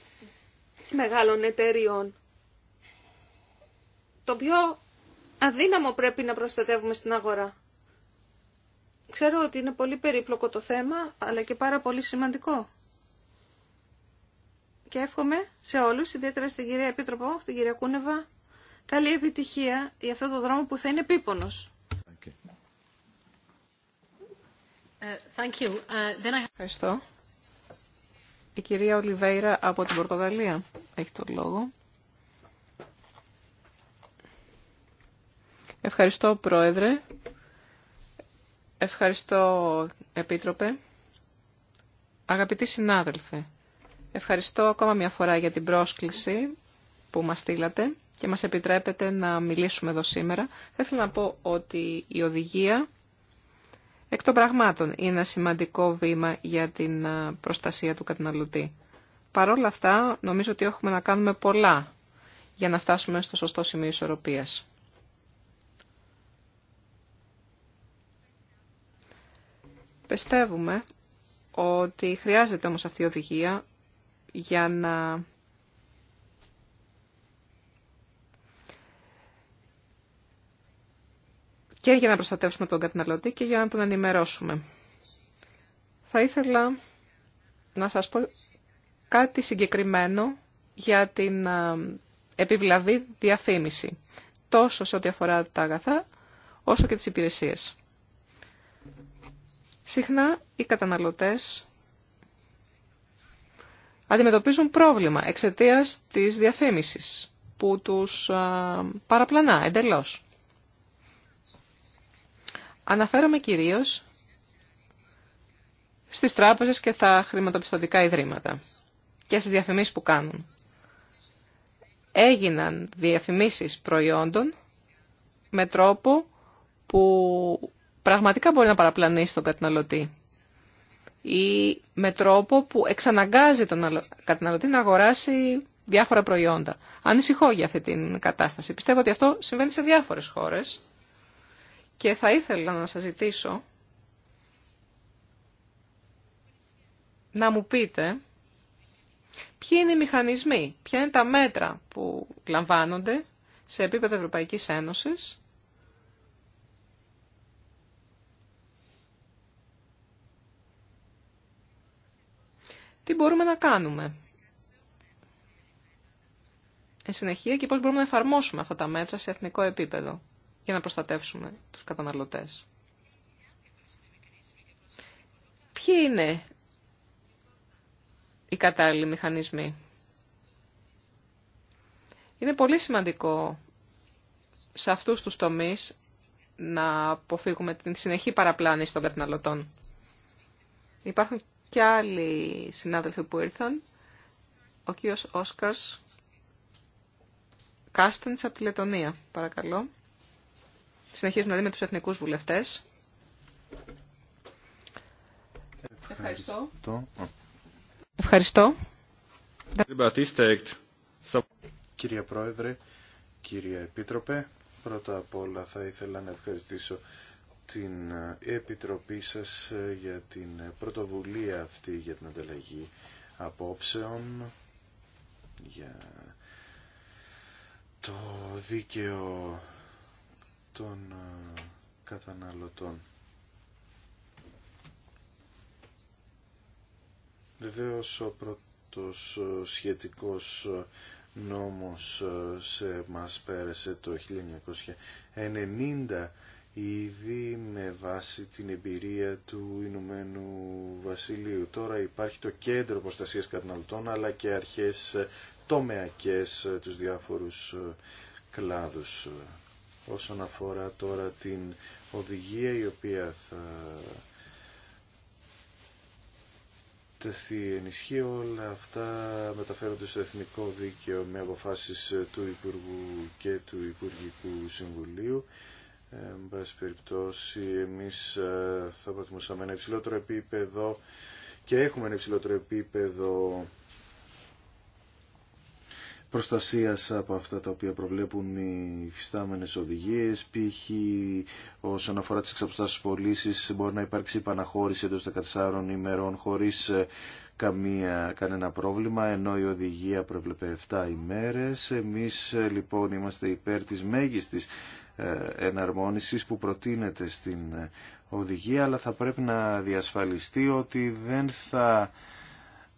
μεγάλων εταιριών. Το πιο αδύναμο πρέπει να προστατεύουμε στην αγορά. Ξέρω ότι είναι πολύ περίπλοκο το θέμα, αλλά και πάρα πολύ σημαντικό. Και εύχομαι σε όλους, ιδιαίτερα στην κυρία Επίτροπο, στην κυρία Κούνεβα, καλή επιτυχία για αυτό το δρόμο που θα είναι επίπονος. Ε, ε, Ευχαριστώ. Η κυρία Ολιβέηρα από την Πορτογαλία έχει λόγο. Ευχαριστώ, Πρόεδρε. Ευχαριστώ, Επίτροπε. Αγαπητοί συνάδελφοι, ευχαριστώ ακόμα μια φορά για την πρόσκληση που μας στείλατε και μας επιτρέπετε να μιλήσουμε εδώ σήμερα. Θα ήθελα να πω ότι η οδηγία εκ των πραγμάτων είναι ένα σημαντικό βήμα για την ε, προστασία του καταναλωτή. Παρ' όλα αυτά, νομίζω ότι έχουμε να κάνουμε πολλά για να φτάσουμε στο σωστό σημείο ισορροπίας. Πιστεύουμε ότι χρειάζεται όμως αυτή η οδηγία για να και για να προστατεύσουμε τον καταναλωτή και για να τον ενημερώσουμε. Θα ήθελα να σας πω κάτι συγκεκριμένο για την ε, επιβλαβή διαφήμιση, τόσο σε ό,τι αφορά τα αγαθά, όσο και τις υπηρεσίες. Συχνά οι καταναλωτές αντιμετωπίζουν πρόβλημα εξαιτίας της διαφήμισης που τους ε, παραπλανά εντελώς. Αναφέρομαι κυρίως στις τράπεζες και τα χρηματοπιστωτικά ιδρύματα και στις διαφημίσεις που κάνουν. Έγιναν διαφημίσεις προϊόντων με τρόπο που πραγματικά μπορεί να παραπλανήσει τον καταναλωτή ή με τρόπο που εξαναγκάζει τον καταναλωτή να αγοράσει διάφορα προϊόντα. Ανησυχώ για αυτή την κατάσταση. Πιστεύω ότι αυτό συμβαίνει σε διάφορες χώρες και θα ήθελα να σας ζητήσω να μου πείτε Ποιοι είναι οι μηχανισμοί, ποια είναι τα μέτρα που λαμβάνονται σε επίπεδο Ευρωπαϊκής Ένωσης Τι μπορούμε να κάνουμε εν συνεχεία και πώς μπορούμε να εφαρμόσουμε αυτά τα μέτρα σε εθνικό επίπεδο για να προστατεύσουμε τους καταναλωτές. Ποιοι είναι οι κατάλληλοι μηχανισμοί. Είναι πολύ σημαντικό σε αυτούς τους τομείς να αποφύγουμε την συνεχή παραπλάνηση των καταναλωτών. Υπάρχουν και άλλοι συνάδελφοι που ήρθαν. Ο κύριος Όσκαρς Κάστενς από τη Λετωνία, παρακαλώ. Συνεχίζουμε δηλαδή με τους εθνικούς βουλευτές. Ευχαριστώ. Ευχαριστώ. Ευχαριστώ. Κύριε Πρόεδρε, κύριε Επίτροπε, πρώτα απ' όλα θα ήθελα να ευχαριστήσω την Επιτροπή σας ε, για την πρωτοβουλία αυτή για την ανταλλαγή απόψεων για το δίκαιο των ε, καταναλωτών. Βεβαίως ο πρώτος ε, σχετικός ε, νόμος ε, σε μας πέρασε το 1990 ήδη με βάση την εμπειρία του Ηνωμένου Βασιλείου. Τώρα υπάρχει το κέντρο προστασίας καταναλωτών αλλά και αρχές τομεακές τους διάφορους κλάδους. Όσον αφορά τώρα την οδηγία η οποία θα τεθεί ενισχύ όλα αυτά μεταφέρονται στο Εθνικό Δίκαιο με αποφάσεις του Υπουργού και του Υπουργικού Συμβουλίου. Ε, εν πάση περιπτώσει εμείς ε, θα προτιμούσαμε ένα υψηλότερο επίπεδο και έχουμε ένα υψηλότερο επίπεδο προστασίας από αυτά τα οποία προβλέπουν οι φυστάμενες οδηγίες, π.χ. όσον αφορά τις εξαποστάσεις πωλήσει μπορεί να υπάρξει επαναχώρηση εντός 14 ημερών χωρίς ε, καμία, κανένα πρόβλημα, ενώ η οδηγία προβλέπε 7 ημέρες. Εμείς ε, λοιπόν είμαστε υπέρ της μέγιστης ε, εναρμόνισης που προτείνεται στην οδηγία, αλλά θα πρέπει να διασφαλιστεί ότι δεν θα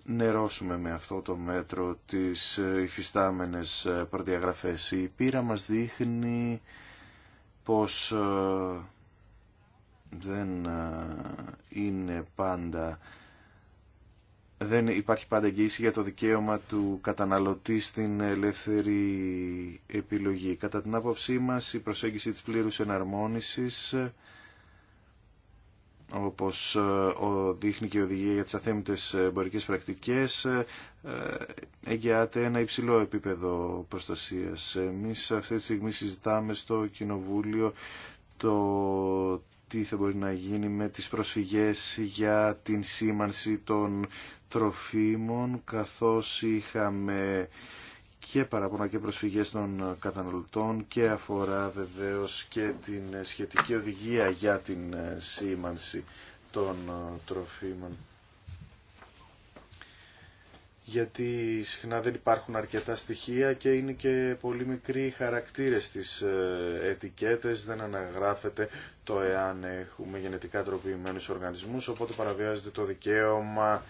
νερώσουμε με αυτό το μέτρο τις υφιστάμενες προδιαγραφές. Η πείρα μας δείχνει πως ε, δεν ε, είναι πάντα δεν υπάρχει πάντα εγγύηση για το δικαίωμα του καταναλωτή στην ελεύθερη επιλογή. Κατά την άποψή μας η προσέγγιση της πλήρους εναρμόνισης όπως ε, δείχνει και η οδηγία για τις αθέμητες εμπορικές πρακτικές, ε, ε, εγγυάται ένα υψηλό επίπεδο προστασίας. Εμείς αυτή τη στιγμή συζητάμε στο Κοινοβούλιο το τι θα μπορεί να γίνει με τις προσφυγές για την σήμανση των τροφίμων, καθώς είχαμε και παραπονά και προσφυγές των καταναλωτών και αφορά βεβαίως και την σχετική οδηγία για την ε, σήμανση των ε, τροφίμων. Γιατί συχνά δεν υπάρχουν αρκετά στοιχεία και είναι και πολύ μικροί οι χαρακτήρες της ε, ετικέτες, δεν αναγράφεται το εάν έχουμε γενετικά τροποιημένους οργανισμούς, οπότε παραβιάζεται το δικαίωμα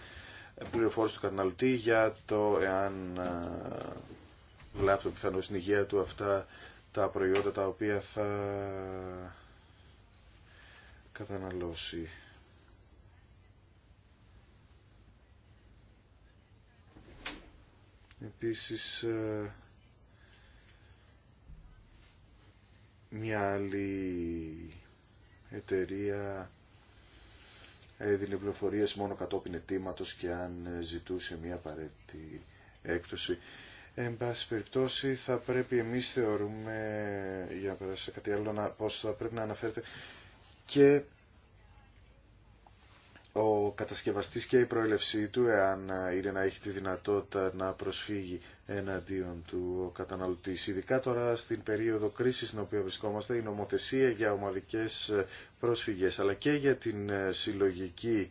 πληροφόρηση του καταναλωτή για το εάν λάπτο πιθανώς στην υγεία του αυτά τα προϊόντα τα οποία θα καταναλώσει. Επίσης ε, μια άλλη εταιρεία έδινε πληροφορίες μόνο κατόπιν αιτήματος και αν ζητούσε μια απαραίτητη έκπτωση Εν πάση περιπτώσει θα πρέπει εμείς θεωρούμε, για να κάτι άλλο, να, πως θα πρέπει να αναφέρεται και ο κατασκευαστής και η προέλευσή του, εάν είναι να έχει τη δυνατότητα να προσφύγει εναντίον του ο καταναλωτής. Ειδικά τώρα στην περίοδο κρίσης στην οποία βρισκόμαστε, η νομοθεσία για ομαδικές ε, πρόσφυγες, αλλά και για την ε, συλλογική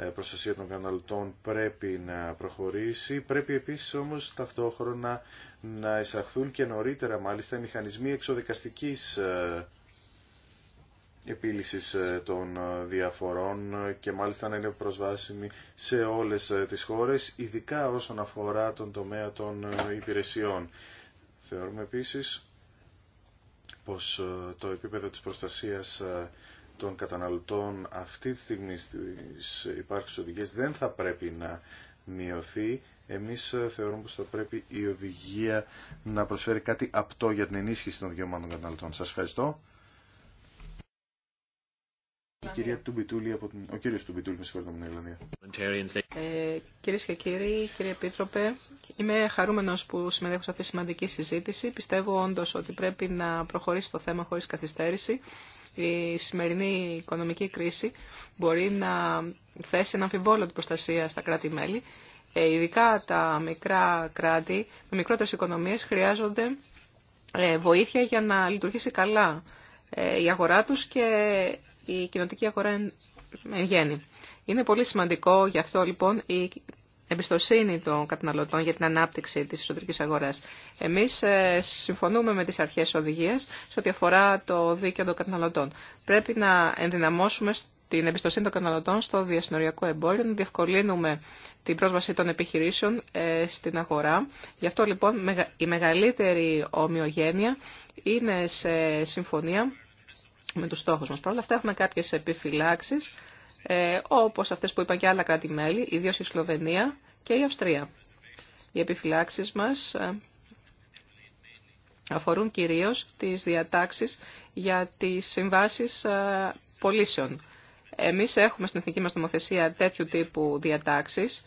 ε, προστασία των καναλτών πρέπει να προχωρήσει. Πρέπει επίσης όμως ταυτόχρονα να εισαχθούν και νωρίτερα μάλιστα οι μηχανισμοί εξοδικαστικής ε, επίλυσης ε, των διαφορών και μάλιστα να είναι προσβάσιμοι σε όλες τις χώρες, ειδικά όσον αφορά τον τομέα των υπηρεσιών. Θεωρούμε επίσης πως το επίπεδο της προστασίας των καταναλωτών αυτή τη στιγμή στις υπάρχουσες οδηγίες δεν θα πρέπει να μειωθεί. Εμείς ε, θεωρούμε πως θα πρέπει η οδηγία να προσφέρει κάτι απτό για την ενίσχυση των δικαιωμάτων καταναλωτών. Σας ευχαριστώ. Η κυρία από την... Ο κύριος Τουμπιτούλη, με συγχωρείτε Ε, κυρίες και κύριοι, κύριε Επίτροπε, είμαι χαρούμενος που συμμετέχω σε αυτή τη σημαντική συζήτηση. Πιστεύω όντως ότι πρέπει να προχωρήσει το θέμα χωρίς καθυστέρηση η σημερινή οικονομική κρίση μπορεί να θέσει ένα αμφιβόλο την προστασία στα κράτη-μέλη. Ε, ειδικά τα μικρά κράτη με μικρότερες οικονομίες χρειάζονται ε, βοήθεια για να λειτουργήσει καλά ε, η αγορά τους και η κοινωτική αγορά εν γέννη. Είναι πολύ σημαντικό γι' αυτό λοιπόν η εμπιστοσύνη των καταναλωτών για την ανάπτυξη της εσωτερικής αγοράς. Εμείς ε, συμφωνούμε με τις αρχές οδηγίας σε ό,τι αφορά το δίκαιο των καταναλωτών. Πρέπει να ενδυναμώσουμε την εμπιστοσύνη των καταναλωτών στο διασυνοριακό εμπόριο, να διευκολύνουμε την πρόσβαση των επιχειρήσεων ε, στην αγορά. Γι' αυτό λοιπόν η μεγαλύτερη ομοιογένεια είναι σε συμφωνία με τους στόχους μας. Παρ' όλα αυτά έχουμε κάποιες επιφυλάξεις ε, όπως αυτές που είπαν και άλλα κράτη-μέλη, ιδίως η Σλοβενία και η Αυστρία. Οι επιφυλάξεις μας ε, αφορούν κυρίως τις διατάξεις για τις συμβάσεις ε, πωλήσεων. Εμείς έχουμε στην εθνική μας νομοθεσία τέτοιου τύπου διατάξεις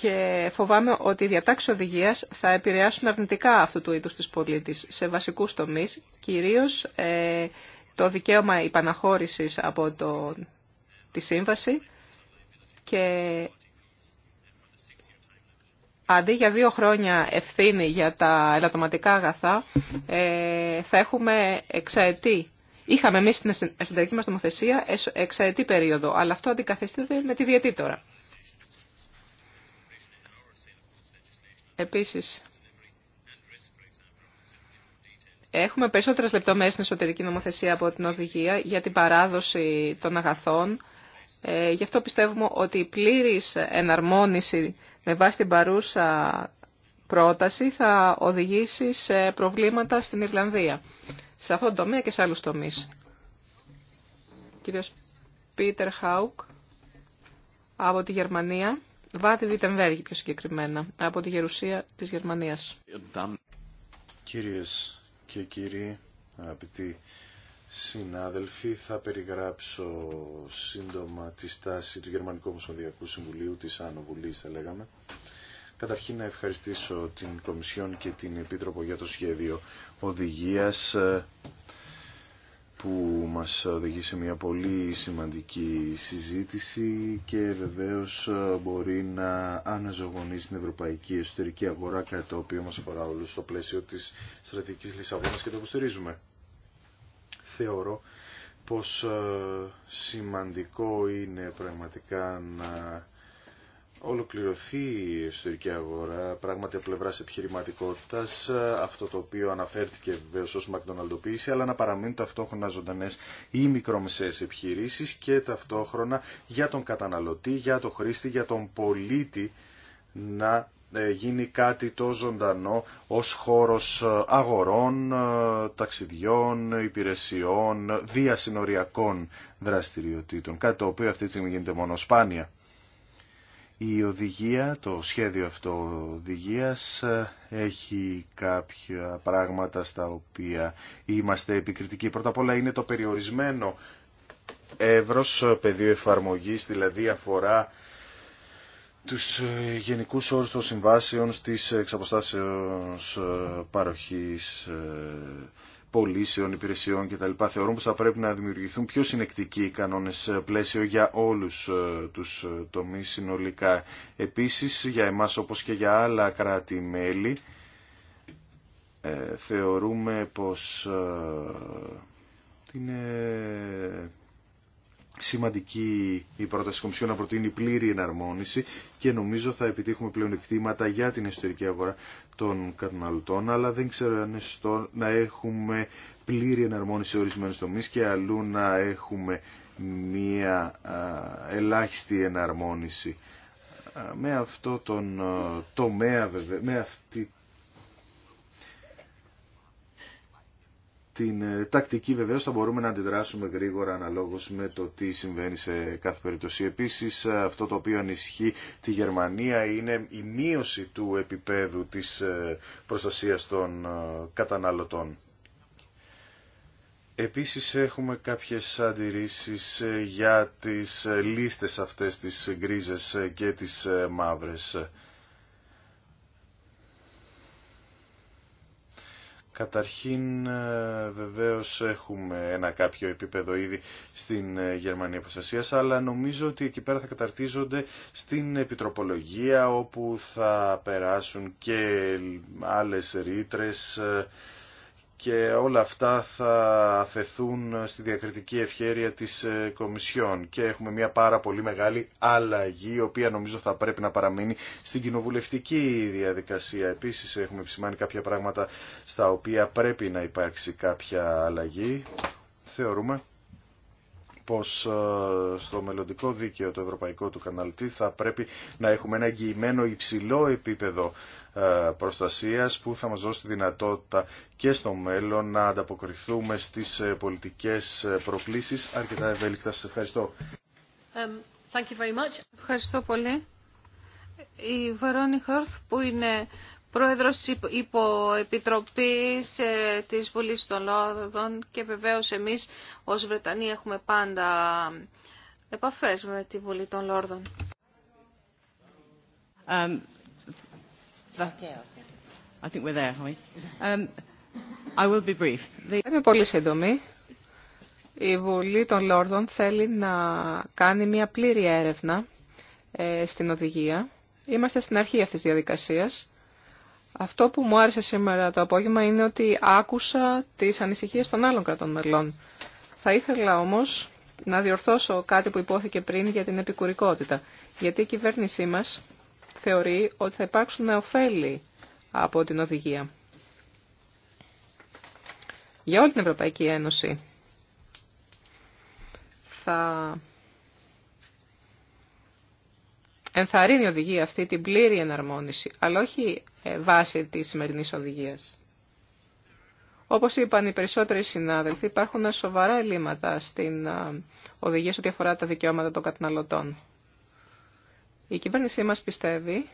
και φοβάμαι ότι οι διατάξεις οδηγίας θα επηρεάσουν αρνητικά αυτού του είδους της πολίτης σε βασικούς τομείς, κυρίως το δικαίωμα υπαναχώρησης από το, τη σύμβαση και αντί για δύο χρόνια ευθύνη για τα ελαττωματικά αγαθά, ε, θα έχουμε εξαετή. Είχαμε εμεί στην εσωτερική μας νομοθεσία εξαετή περίοδο, αλλά αυτό αντικαθίσταται με τη διετή τώρα. Επίσης, Έχουμε περισσότερες λεπτομέρειες στην εσωτερική νομοθεσία από την οδηγία για την παράδοση των αγαθών. Ε, γι' αυτό πιστεύουμε ότι η πλήρης εναρμόνιση με βάση την παρούσα πρόταση θα οδηγήσει σε προβλήματα στην Ιρλανδία. Σε αυτόν τον τομέα και σε άλλους τομείς. Κύριος Πίτερ Χάουκ από τη Γερμανία. Βάτη Βιτεμβέργη πιο συγκεκριμένα, από τη Γερουσία της Γερμανίας. Κύριες και κύριοι, αγαπητοί συνάδελφοι, θα περιγράψω σύντομα τη στάση του Γερμανικού Ομοσπονδιακού Συμβουλίου, της Άνω Βουλής θα λέγαμε. Καταρχήν να ευχαριστήσω την Κομισιόν και την Επίτροπο για το σχέδιο οδηγίας που μας οδηγεί σε μια πολύ σημαντική συζήτηση και βεβαίως ε, μπορεί να αναζωογονήσει την ευρωπαϊκή εσωτερική αγορά κατά το οποίο μας αφορά όλους στο πλαίσιο της στρατηγικής Λισαβόνας και το υποστηρίζουμε. Θεωρώ πως ε, σημαντικό είναι πραγματικά να ολοκληρωθεί η εσωτερική αγορά πράγματι από πλευρά επιχειρηματικότητα, αυτό το οποίο αναφέρθηκε βεβαίω ω μακδοναλντοποίηση, αλλά να παραμείνουν ταυτόχρονα ζωντανέ οι μικρομεσαίε επιχειρήσει και ταυτόχρονα για τον καταναλωτή, για τον χρήστη, για τον πολίτη να ε, γίνει κάτι το ζωντανό ως χώρος ε, αγορών, ε, ταξιδιών, υπηρεσιών, διασυνοριακών δραστηριοτήτων. Κάτι το οποίο αυτή τη στιγμή γίνεται μόνο σπάνια. Η οδηγία, το σχέδιο αυτό οδηγίας έχει κάποια πράγματα στα οποία είμαστε επικριτικοί. Πρώτα απ' όλα είναι το περιορισμένο εύρος πεδίο εφαρμογής, δηλαδή αφορά τους γενικούς όρους των συμβάσεων στις εξαποστάσεως παροχής ε, πωλήσεων, υπηρεσιών κτλ. Θεωρούμε πως θα πρέπει να δημιουργηθούν πιο συνεκτικοί κανόνες ε, πλαίσιο για όλους ε, τους ε, τομείς συνολικά. Επίσης για εμάς όπως και για άλλα κράτη-μέλη θεωρούμε πως είναι σημαντική η πρόταση Κομισιόν να προτείνει πλήρη εναρμόνιση και νομίζω θα επιτύχουμε πλέον για την εσωτερική αγορά των καταναλωτών, αλλά δεν ξέρω αν είναι σωστό να έχουμε πλήρη εναρμόνιση σε ορισμένους τομείς και αλλού να έχουμε μία ελάχιστη εναρμόνιση. Με αυτό τον τομέα βέβαια, με αυτή την ε, τακτική βεβαίως θα μπορούμε να αντιδράσουμε γρήγορα αναλόγως με το τι συμβαίνει σε κάθε περίπτωση. Επίσης ε, αυτό το οποίο ανησυχεί τη Γερμανία είναι η μείωση του επίπεδου της ε, προστασίας των καταναλωτών. Επίσης έχουμε κάποιες αντιρρήσεις για τις λίστες αυτές τις γκρίζες και τις μαύρες. Καταρχήν ε, βεβαίως έχουμε ένα κάποιο επίπεδο ήδη στην ε, Γερμανία Προστασίας αλλά νομίζω ότι εκεί πέρα θα καταρτίζονται στην επιτροπολογία όπου θα περάσουν και άλλες ρήτρες ε, και όλα αυτά θα θεθούν στη διακριτική ευχέρεια της ε, Κομισιόν και έχουμε μια πάρα πολύ μεγάλη αλλαγή η οποία νομίζω θα πρέπει να παραμείνει στην κοινοβουλευτική διαδικασία. Επίσης έχουμε επισημάνει κάποια πράγματα στα οποία πρέπει να υπάρξει κάποια αλλαγή. Θεωρούμε πως ε, στο μελλοντικό δίκαιο το ευρωπαϊκό του καναλτή θα πρέπει να έχουμε ένα εγγυημένο υψηλό επίπεδο ε, προστασίας που θα μας δώσει τη δυνατότητα και στο μέλλον να ανταποκριθούμε στις ε, πολιτικές ε, προκλήσεις αρκετά ευέλικτα. Σας ευχαριστώ. thank you very much. Ευχαριστώ πολύ. Η Βερόνι Χόρθ που είναι πρόεδρος υπό Επιτροπής της Βουλής των Λόρδων και βεβαίως εμείς ως Βρετανοί έχουμε πάντα επαφές με τη Βουλή των Λόρδων. Είμαι πολύ σύντομη. Η Βουλή των Λόρδων θέλει να κάνει μια πλήρη έρευνα ε, στην οδηγία. Είμαστε στην αρχή αυτής της διαδικασίας. Αυτό που μου άρεσε σήμερα το απόγευμα είναι ότι άκουσα τις ανησυχίες των άλλων κρατών μελών. Θα ήθελα όμως να διορθώσω κάτι που υπόθηκε πριν για την επικουρικότητα. Γιατί η κυβέρνησή μας θεωρεί ότι θα υπάρξουν ωφέλη από την οδηγία. Για όλη την Ευρωπαϊκή Ένωση θα ενθαρρύνει η οδηγία αυτή την πλήρη εναρμόνιση, αλλά όχι ε, βάσει της σημερινή οδηγίας. Όπως είπαν οι περισσότεροι συνάδελφοι, υπάρχουν σοβαρά ελλείμματα στην ε, οδηγία σε ό,τι αφορά τα δικαιώματα των καταναλωτών. Η κυβέρνησή μας πιστεύει,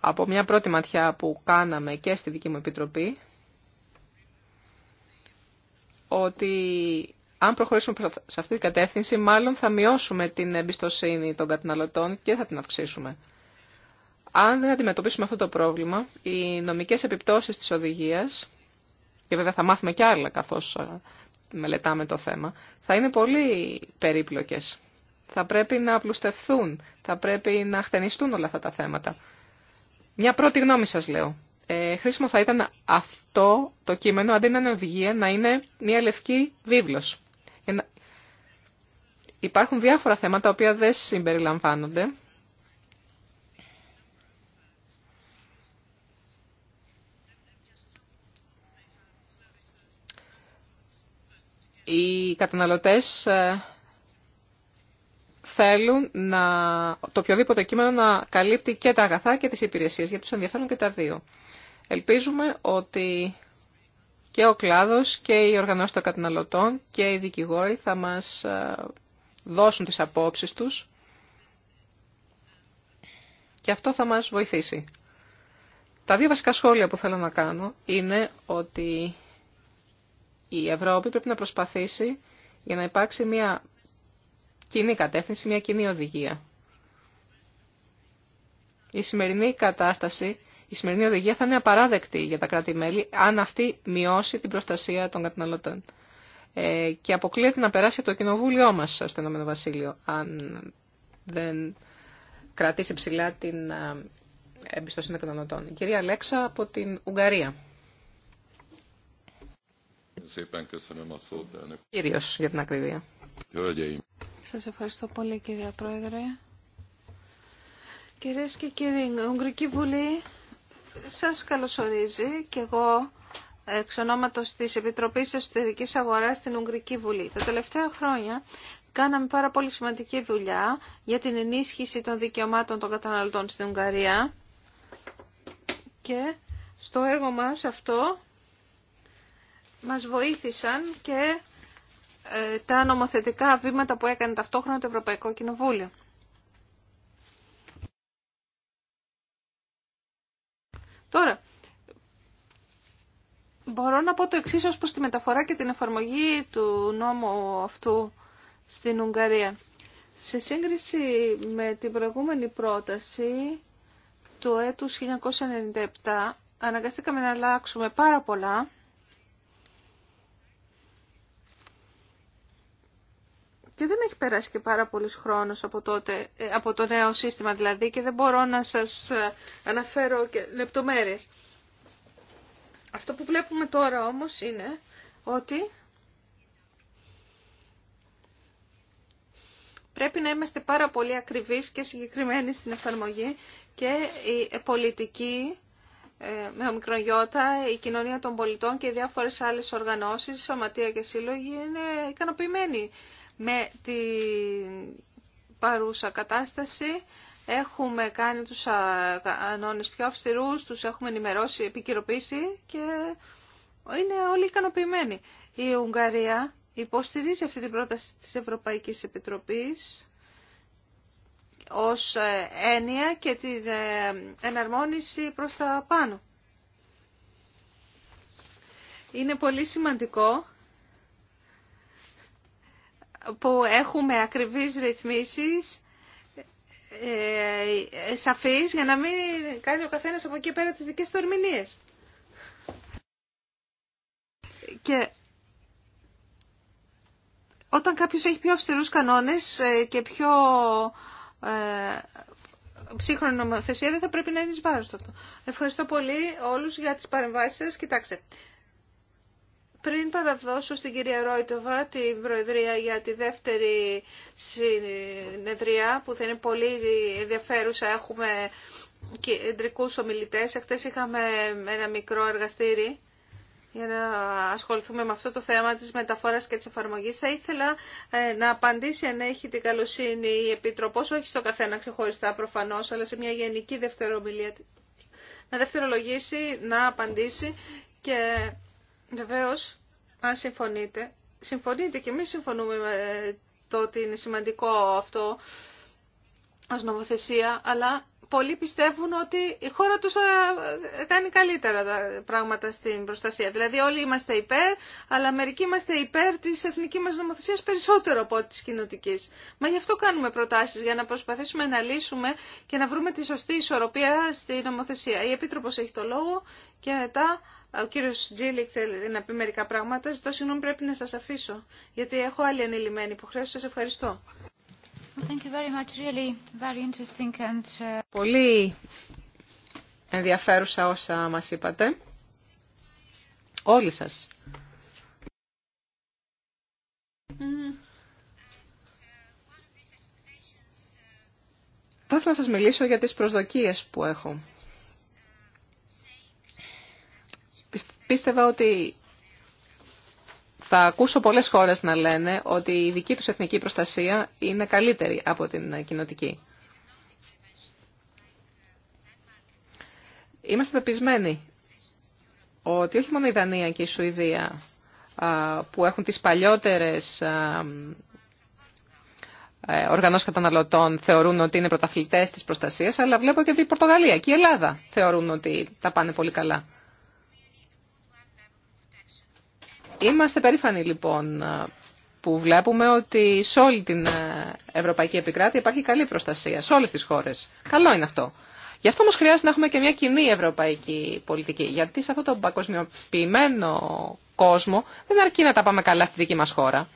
από μια πρώτη ματιά που κάναμε και στη δική μου επιτροπή, ότι αν προχωρήσουμε σε αυτή την κατεύθυνση, μάλλον θα μειώσουμε την εμπιστοσύνη των καταναλωτών και θα την αυξήσουμε. Αν δεν αντιμετωπίσουμε αυτό το πρόβλημα, οι νομικές επιπτώσεις της οδηγίας, και βέβαια θα μάθουμε κι άλλα καθώς ε, μελετάμε το θέμα, θα είναι πολύ περίπλοκες. Θα πρέπει να απλουστευθούν, θα πρέπει να χτενιστούν όλα αυτά τα θέματα. Μια πρώτη γνώμη σας λέω. Ε, χρήσιμο θα ήταν αυτό το κείμενο, αντί να είναι οδηγία, να είναι μια λευκή βίβλος. Υπάρχουν διάφορα θέματα τα οποία δεν συμπεριλαμβάνονται. Οι καταναλωτές ε, θέλουν να, το οποιοδήποτε κείμενο να καλύπτει και τα αγαθά και τις υπηρεσίες, γιατί τους ενδιαφέρουν και τα δύο. Ελπίζουμε ότι και ο κλάδος και οι οργανώσεις των καταναλωτών και οι δικηγόροι θα μας ε, δώσουν τις απόψεις τους και αυτό θα μας βοηθήσει. Τα δύο βασικά σχόλια που θέλω να κάνω είναι ότι η Ευρώπη πρέπει να προσπαθήσει για να υπάρξει μια κοινή κατεύθυνση, μια κοινή οδηγία. Η σημερινή κατάσταση, η σημερινή οδηγία θα είναι απαράδεκτη για τα κράτη-μέλη αν αυτή μειώσει την προστασία των καταναλωτών. Ε, και αποκλείεται να περάσει το κοινοβούλιο μας στο Ηνωμένο Βασίλειο, αν δεν κρατήσει ψηλά την ε, εμπιστοσύνη των καταναλωτών. κυρία Αλέξα από την Ουγγαρία. Κύριος, για την ακριβία. Σας ευχαριστώ πολύ κύριε Πρόεδρε. Κυρίες και κύριοι, η Ουγγρική Βουλή σας καλωσορίζει και εγώ εξ ονόματος της Επιτροπής Εσωτερικής Αγοράς στην Ουγγρική Βουλή. Τα τελευταία χρόνια κάναμε πάρα πολύ σημαντική δουλειά για την ενίσχυση των δικαιωμάτων των καταναλωτών στην Ουγγαρία και στο έργο μας αυτό μας βοήθησαν και ε, τα νομοθετικά βήματα που έκανε ταυτόχρονα το Ευρωπαϊκό Κοινοβούλιο. Τώρα, μπορώ να πω το εξής ως προς τη μεταφορά και την εφαρμογή του νόμου αυτού στην Ουγγαρία. Σε σύγκριση με την προηγούμενη πρόταση του έτους 1997, αναγκαστήκαμε να αλλάξουμε πάρα πολλά Και δεν έχει περάσει και πάρα πολύ χρόνος από, τότε, ε, από το νέο σύστημα δηλαδή και δεν μπορώ να σας ε, αναφέρω και λεπτομέρειες. Αυτό που βλέπουμε τώρα όμως είναι ότι πρέπει να είμαστε πάρα πολύ ακριβείς και συγκεκριμένοι στην εφαρμογή και η πολιτική ε, με ομικρογιώτα, η κοινωνία των πολιτών και οι διάφορες άλλες οργανώσεις, σωματεία και σύλλογοι είναι ικανοποιημένοι με την παρούσα κατάσταση. Έχουμε κάνει τους κανόνες πιο αυστηρούς, τους έχουμε ενημερώσει, επικυρωπήσει και είναι όλοι ικανοποιημένοι. Η Ουγγαρία υποστηρίζει αυτή την πρόταση της Ευρωπαϊκής Επιτροπής ως ε, έννοια και την ε, εναρμόνιση προς τα πάνω. Είναι πολύ σημαντικό που έχουμε ακριβείς ρυθμίσεις ε, σαφείς για να μην κάνει ο καθένας από εκεί πέρα τις δικές του ερμηνείες. Και όταν κάποιος έχει πιο αυστηρούς κανόνες ε, και πιο ε, ψύχρονη νομοθεσία δεν θα πρέπει να είναι εις βάρος αυτό. Ευχαριστώ πολύ όλους για τις παρεμβάσεις σας. Κοιτάξτε, πριν παραδώσω στην κυρία Ρόιτοβα την Προεδρία για τη δεύτερη συνεδρία που θα είναι πολύ ενδιαφέρουσα, έχουμε κεντρικού ομιλητέ. Εχθές είχαμε ένα μικρό εργαστήρι για να ασχοληθούμε με αυτό το θέμα της μεταφοράς και της εφαρμογής. Θα ήθελα ε, να απαντήσει αν έχει την καλοσύνη η Επιτροπός, όχι στο καθένα ξεχωριστά προφανώς, αλλά σε μια γενική δευτερομιλία. Να δευτερολογήσει, να απαντήσει και Βεβαίω, αν συμφωνείτε, συμφωνείτε και εμεί συμφωνούμε με το ότι είναι σημαντικό αυτό ως νομοθεσία, αλλά πολλοί πιστεύουν ότι η χώρα τους κάνει καλύτερα τα πράγματα στην προστασία. Δηλαδή όλοι είμαστε υπέρ, αλλά μερικοί είμαστε υπέρ της εθνικής μας νομοθεσίας περισσότερο από της κοινοτικής. Μα γι' αυτό κάνουμε προτάσεις, για να προσπαθήσουμε να λύσουμε και να βρούμε τη σωστή ισορροπία στη νομοθεσία. Η Επίτροπος έχει το λόγο και μετά ο κύριο Τζίλικ θέλει να πει μερικά πράγματα. Ζητώ συγγνώμη πρέπει να σα αφήσω, γιατί έχω άλλη ανηλυμένη υποχρέωση. Σα ευχαριστώ. Uh, Πολύ ενδιαφέρουσα όσα μα είπατε. Όλοι σα. Mm-hmm. Θα ήθελα να σας μιλήσω για τις προσδοκίες που έχω. πίστευα ότι θα ακούσω πολλές χώρες να λένε ότι η δική τους εθνική προστασία είναι καλύτερη από την κοινοτική. Είμαστε πεπισμένοι ότι όχι μόνο η Δανία και η Σουηδία που έχουν τις παλιότερες ε, οργανώσεις καταναλωτών θεωρούν ότι είναι πρωταθλητές της προστασίας, αλλά βλέπω και ότι η Πορτογαλία και η Ελλάδα θεωρούν ότι τα πάνε πολύ καλά. Είμαστε περήφανοι λοιπόν που βλέπουμε ότι σε όλη την Ευρωπαϊκή Επικράτεια υπάρχει καλή προστασία, σε όλες τις χώρες. Καλό είναι αυτό. Γι' αυτό όμως χρειάζεται να έχουμε και μια κοινή ευρωπαϊκή πολιτική, γιατί σε αυτό τον παγκοσμιοποιημένο κόσμο δεν αρκεί να τα πάμε καλά στη δική μας χώρα.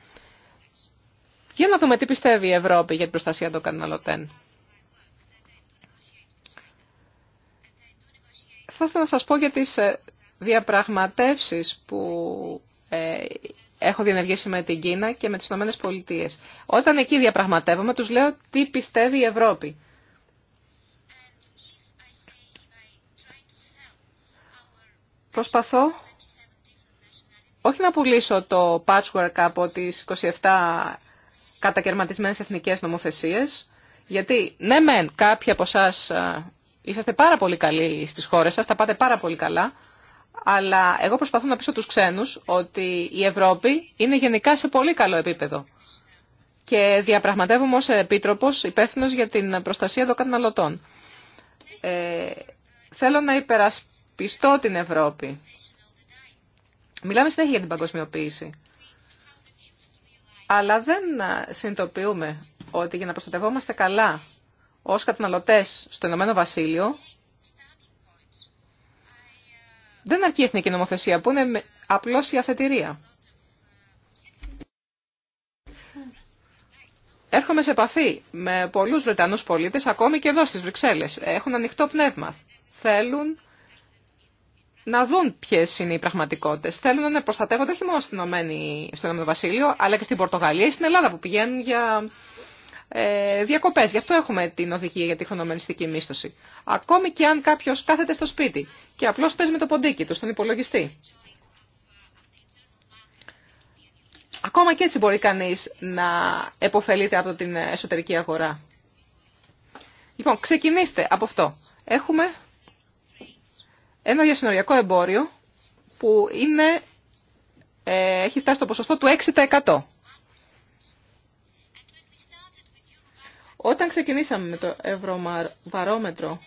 Για να δούμε τι πιστεύει η Ευρώπη για την προστασία των καταναλωτών. Θα ήθελα να σας πω για ε, διαπραγματεύσεις που ε, έχω διενεργήσει με την Κίνα και με τις Ηνωμένες Πολιτείες. Όταν εκεί διαπραγματεύομαι, τους λέω τι πιστεύει η Ευρώπη. Προσπαθώ όχι να πουλήσω το patchwork από τις 27 κατακαιρματισμένες εθνικές νομοθεσίες, γιατί ναι μεν κάποιοι από εσά ε, είσαστε πάρα πολύ καλοί στις χώρες σας, τα πάτε πάρα πολύ καλά, αλλά εγώ προσπαθώ να πείσω τους ξένους ότι η Ευρώπη είναι γενικά σε πολύ καλό επίπεδο. Και διαπραγματεύομαι ως επίτροπος υπεύθυνο για την προστασία των καταναλωτών. Ε, θέλω να υπερασπιστώ την Ευρώπη. Μιλάμε συνέχεια για την παγκοσμιοποίηση. Αλλά δεν συνειδητοποιούμε ότι για να προστατευόμαστε καλά ως καταναλωτές στο Ηνωμένο Βασίλειο δεν αρκεί η εθνική νομοθεσία που είναι απλώς η αφετηρία. Έρχομαι σε επαφή με πολλούς Βρετανούς πολίτες, ακόμη και εδώ στις Βρυξέλλες. Έχουν ανοιχτό πνεύμα. Θέλουν να δουν ποιε είναι οι πραγματικότητε. Θέλουν να προστατεύονται όχι μόνο στην Ομένη, στο Ηνωμένο Βασίλειο, αλλά και στην Πορτογαλία ή στην Ελλάδα που πηγαίνουν για ε, Διακοπέ, Γι' αυτό έχουμε την οδηγία για τη χρονομενιστική μίσθωση. Ακόμη και αν κάποιο κάθεται στο σπίτι και απλώς παίζει με το ποντίκι του στον υπολογιστή. Ακόμα και έτσι μπορεί κανείς να επωφελείται από την εσωτερική αγορά. Λοιπόν, ξεκινήστε από αυτό. Έχουμε ένα διασυνοριακό εμπόριο που είναι, ε, έχει φτάσει στο ποσοστό του 6%. Όταν ξεκινήσαμε με το ευρωβαρόμετρο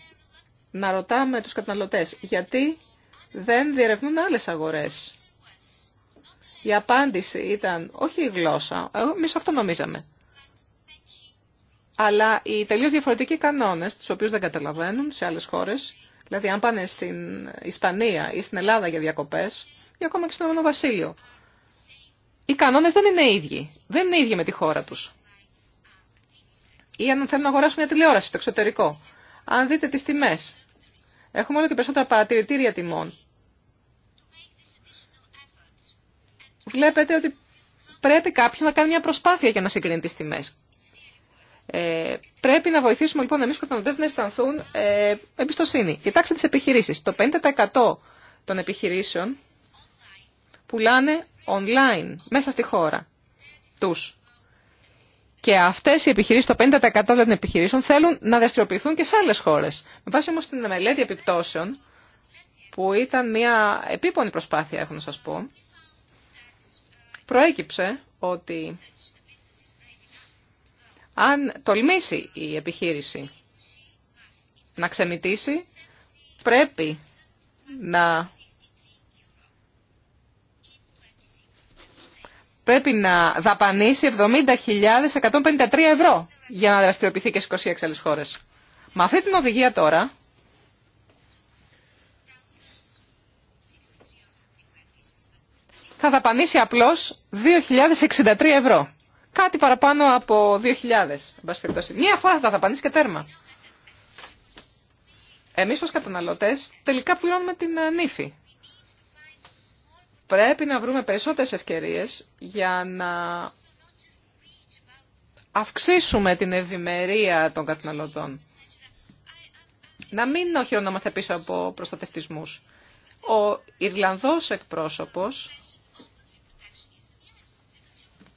να ρωτάμε τους καταναλωτές γιατί δεν διερευνούν άλλες αγορές. Η απάντηση ήταν όχι η γλώσσα, εμεί αυτό νομίζαμε. Αλλά οι τελείω διαφορετικοί κανόνε, του οποίου δεν καταλαβαίνουν σε άλλε χώρε, δηλαδή αν πάνε στην Ισπανία ή στην Ελλάδα για διακοπέ, ή ακόμα και στο Ηνωμένο Βασίλειο, οι κανόνε δεν είναι ίδιοι. Δεν είναι ίδιοι με τη χώρα του ή αν θέλουν να αγοράσουν μια τηλεόραση στο εξωτερικό. Αν δείτε τις τιμές, έχουμε όλο και περισσότερα παρατηρητήρια τιμών. Βλέπετε ότι πρέπει κάποιος να κάνει μια προσπάθεια για να συγκρίνει τις τιμές. Ε, πρέπει να βοηθήσουμε λοιπόν εμείς οι καταναλωτές να αισθανθούν ε, εμπιστοσύνη. Κοιτάξτε τις επιχειρήσεις. Το 50% των επιχειρήσεων πουλάνε online, μέσα στη χώρα τους. Και αυτέ οι επιχειρήσει, το 50% των επιχειρήσεων, θέλουν να δραστηριοποιηθούν και σε άλλε χώρε. Με βάση όμω την μελέτη επιπτώσεων, που ήταν μια επίπονη προσπάθεια, έχω να σα πω, προέκυψε ότι αν τολμήσει η επιχείρηση να ξεμητήσει, πρέπει να πρέπει να δαπανίσει 70.153 ευρώ για να δραστηριοποιηθεί και στις 26 άλλες χώρες. Με αυτή την οδηγία τώρα, θα δαπανίσει απλώς 2.063 ευρώ. Κάτι παραπάνω από 2.000, Μία φορά θα δαπανίσει και τέρμα. Εμείς ως καταναλωτές τελικά πληρώνουμε την νύφη. Πρέπει να βρούμε περισσότερες ευκαιρίες για να αυξήσουμε την ευημερία των καταναλωτών. Να μην οχυρωνόμαστε πίσω από προστατευτισμούς. Ο Ιρλανδός εκπρόσωπος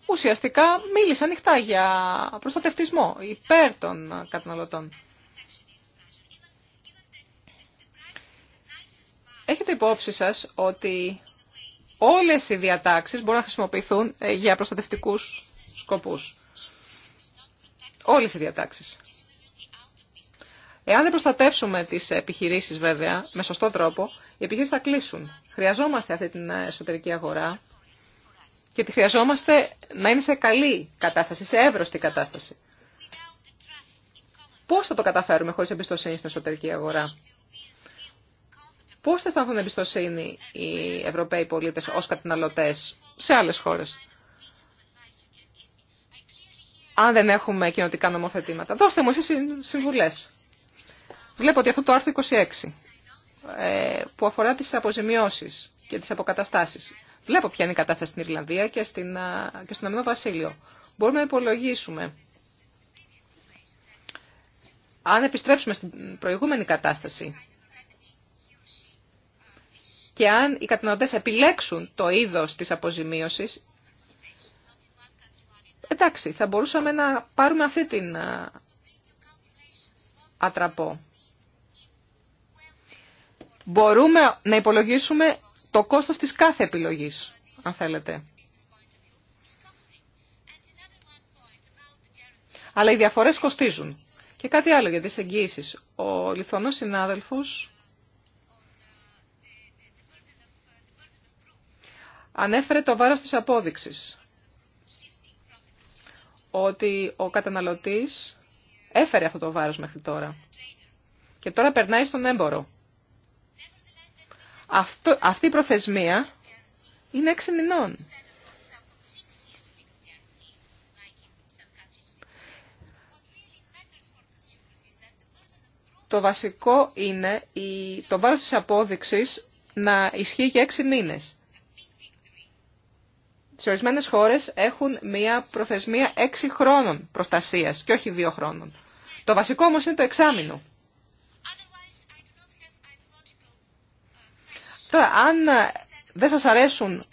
ουσιαστικά μίλησε ανοιχτά για προστατευτισμό υπέρ των καταναλωτών. Έχετε υπόψη σας ότι όλες οι διατάξεις μπορούν να χρησιμοποιηθούν ε, για προστατευτικούς σκοπούς. Όλες οι διατάξεις. Εάν δεν προστατεύσουμε τις επιχειρήσεις βέβαια, με σωστό τρόπο, οι επιχειρήσεις θα κλείσουν. Χρειαζόμαστε αυτή την ε, εσωτερική αγορά και τη χρειαζόμαστε να είναι σε καλή κατάσταση, σε εύρωστη κατάσταση. Πώς θα το καταφέρουμε χωρίς εμπιστοσύνη στην εσωτερική αγορά. Πώς θα αισθάνθουν εμπιστοσύνη οι Ευρωπαίοι πολίτε ω καταναλωτέ σε άλλες χώρες. Αν δεν έχουμε κοινοτικά νομοθετήματα. Δώστε μου εσείς συμβουλέ. Βλέπω ότι αυτό το άρθρο 26 ε, που αφορά τις αποζημιώσεις και τις αποκαταστάσεις. Βλέπω ποια είναι η κατάσταση στην Ιρλανδία και, στην, και στον Αμήνο Βασίλειο. Μπορούμε να υπολογίσουμε. Αν επιστρέψουμε στην προηγούμενη κατάσταση και αν οι καταναλωτές επιλέξουν το είδος της αποζημίωσης, εντάξει, θα μπορούσαμε να πάρουμε αυτή την ατραπό. Μπορούμε να υπολογίσουμε το κόστος της κάθε επιλογής, αν θέλετε. Αλλά οι διαφορές κοστίζουν. Και κάτι άλλο για τις εγγύησεις. Ο λιθωνός συνάδελφος ανέφερε το βάρος της απόδειξης. Ότι ο καταναλωτής έφερε αυτό το βάρος μέχρι τώρα. Και τώρα περνάει στον έμπορο. αυτή η προθεσμία είναι έξι μηνών. Το βασικό είναι η, το βάρος της απόδειξης να ισχύει για έξι μήνες σε ορισμένε χώρε έχουν μία προθεσμία 6 χρόνων προστασία και όχι 2 χρόνων. Το βασικό όμω είναι το εξάμεινο. Τώρα, αν ε, δεν σας αρέσουν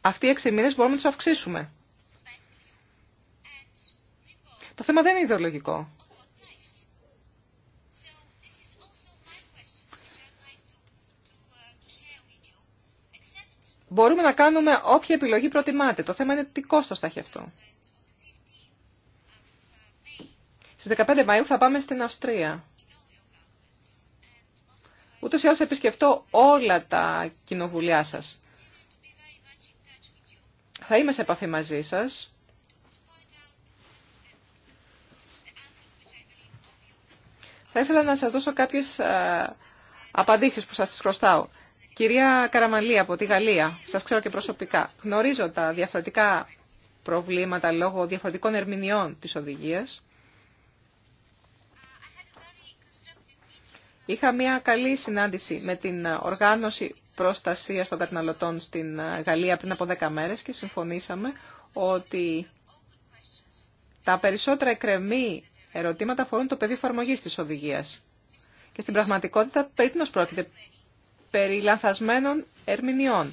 αυτοί οι έξι μήνες, μπορούμε να του αυξήσουμε. Το θέμα δεν είναι ιδεολογικό. Μπορούμε να κάνουμε όποια επιλογή προτιμάτε. Το θέμα είναι τι κόστος θα έχει αυτό. Στις 15 Μαΐου θα πάμε στην Αυστρία. Ούτως ή άλλως επισκεφτώ όλα τα κοινοβουλιά σας. Θα είμαι σε επαφή μαζί σας. Θα ήθελα να σας δώσω κάποιες ε, απαντήσεις που σας τις χρωστάω. Κυρία Καραμαλή από τη Γαλλία, σας ξέρω και προσωπικά, γνωρίζω τα διαφορετικά προβλήματα λόγω διαφορετικών ερμηνεών της οδηγίας. Είχα μια καλή συνάντηση με την Οργάνωση Προστασίας των Καταναλωτών στην Γαλλία πριν από 10 μέρες και συμφωνήσαμε ότι τα περισσότερα εκρεμή ερωτήματα αφορούν το πεδίο εφαρμογή της οδηγίας. Και στην πραγματικότητα περί πρόκειται περί λανθασμένων ερμηνεών.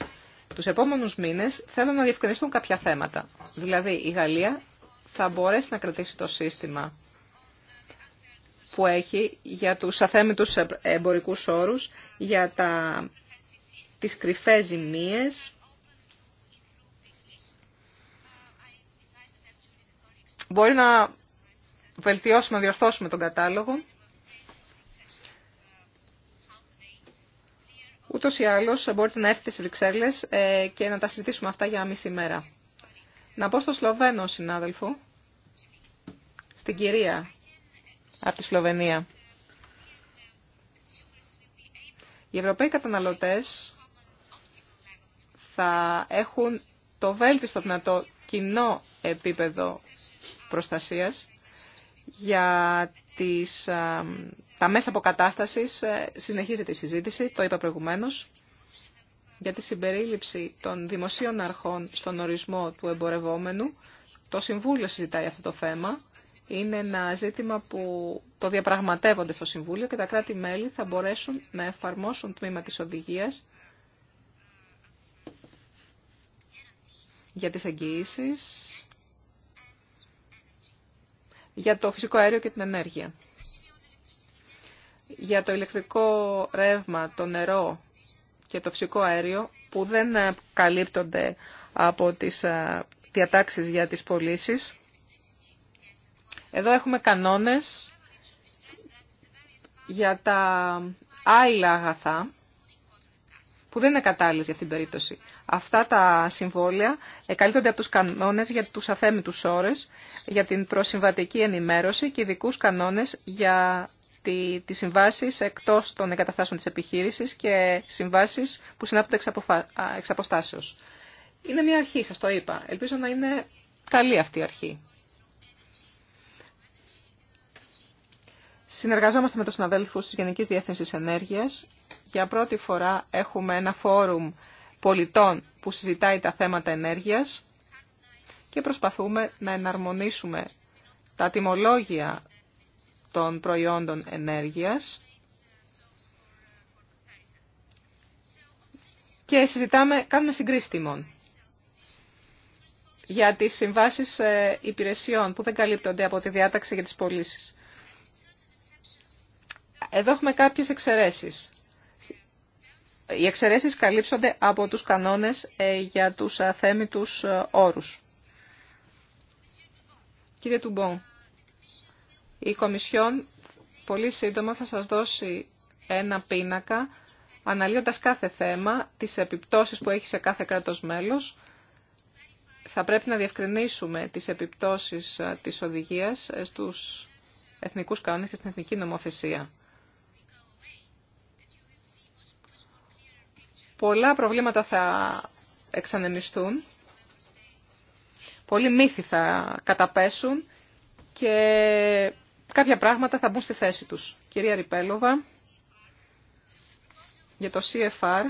Τους επόμενους μήνες θέλω να διευκρινιστούν κάποια θέματα. Δηλαδή η Γαλλία θα μπορέσει να κρατήσει το σύστημα που έχει για τους αθέμητους εμπορικούς όρους, για τα, τις κρυφές ζημίες. Μπορεί να βελτιώσουμε, να διορθώσουμε τον κατάλογο. Ούτω ή άλλω μπορείτε να έρθετε σε Βρυξέλλες ε, και να τα συζητήσουμε αυτά για μισή μέρα. Να πω στο Σλοβαίνο συνάδελφο, στην κυρία από τη Σλοβενία. Οι Ευρωπαίοι καταναλωτέ θα έχουν το βέλτιστο δυνατό κοινό επίπεδο προστασίας για τις, τα μέσα αποκατάστασης ε, συνεχίζεται η συζήτηση, το είπα προηγουμένως, για τη συμπερίληψη των δημοσίων αρχών στον ορισμό του εμπορευόμενου. Το Συμβούλιο συζητάει αυτό το θέμα. Είναι ένα ζήτημα που το διαπραγματεύονται στο Συμβούλιο και τα κράτη-μέλη θα μπορέσουν να εφαρμόσουν τμήμα της οδηγίας για τις εγγυήσεις για το φυσικό αέριο και την ενέργεια. Για το ηλεκτρικό ρεύμα, το νερό και το φυσικό αέριο που δεν ε, καλύπτονται από τις ε, διατάξεις για τις πωλήσει. Εδώ έχουμε κανόνες για τα άειλα αγαθά που δεν είναι κατάλληλε για αυτήν την περίπτωση. Αυτά τα συμβόλαια καλύπτονται από του κανόνες για τους αθέμητους ώρε, για την προσυμβατική ενημέρωση και ειδικού κανόνες για τι τις συμβάσεις εκτός των εγκαταστάσεων της επιχείρησης και συμβάσεις που συνάπτονται εξ, Είναι μια αρχή, σα το είπα. Ελπίζω να είναι καλή αυτή η αρχή. Συνεργαζόμαστε με τους συναδέλφους της Γενικής Διεύθυνσης Ενέργειας για πρώτη φορά έχουμε ένα φόρουμ πολιτών που συζητάει τα θέματα ενέργειας και προσπαθούμε να εναρμονίσουμε τα τιμολόγια των προϊόντων ενέργειας και συζητάμε, κάνουμε συγκρίσεις τιμών για τις συμβάσεις ε, υπηρεσιών που δεν καλύπτονται από τη διάταξη για τις πωλήσει. Εδώ έχουμε κάποιες εξαιρέσεις οι εξαιρέσεις καλύψονται από τους κανόνες ε, για τους αθέμητους ε, όρους. Κύριε Τουμπον, η Κομισιόν πολύ σύντομα θα σας δώσει ένα πίνακα αναλύοντας κάθε θέμα, τις επιπτώσεις που έχει σε κάθε κράτος μέλος. Θα πρέπει να διευκρινίσουμε τις επιπτώσεις ε, της οδηγίας στους εθνικούς κανόνες και στην εθνική νομοθεσία. πολλά προβλήματα θα εξανεμιστούν, πολλοί μύθοι θα καταπέσουν και κάποια πράγματα θα μπουν στη θέση τους. Κυρία Ριπέλοβα, για το CFR,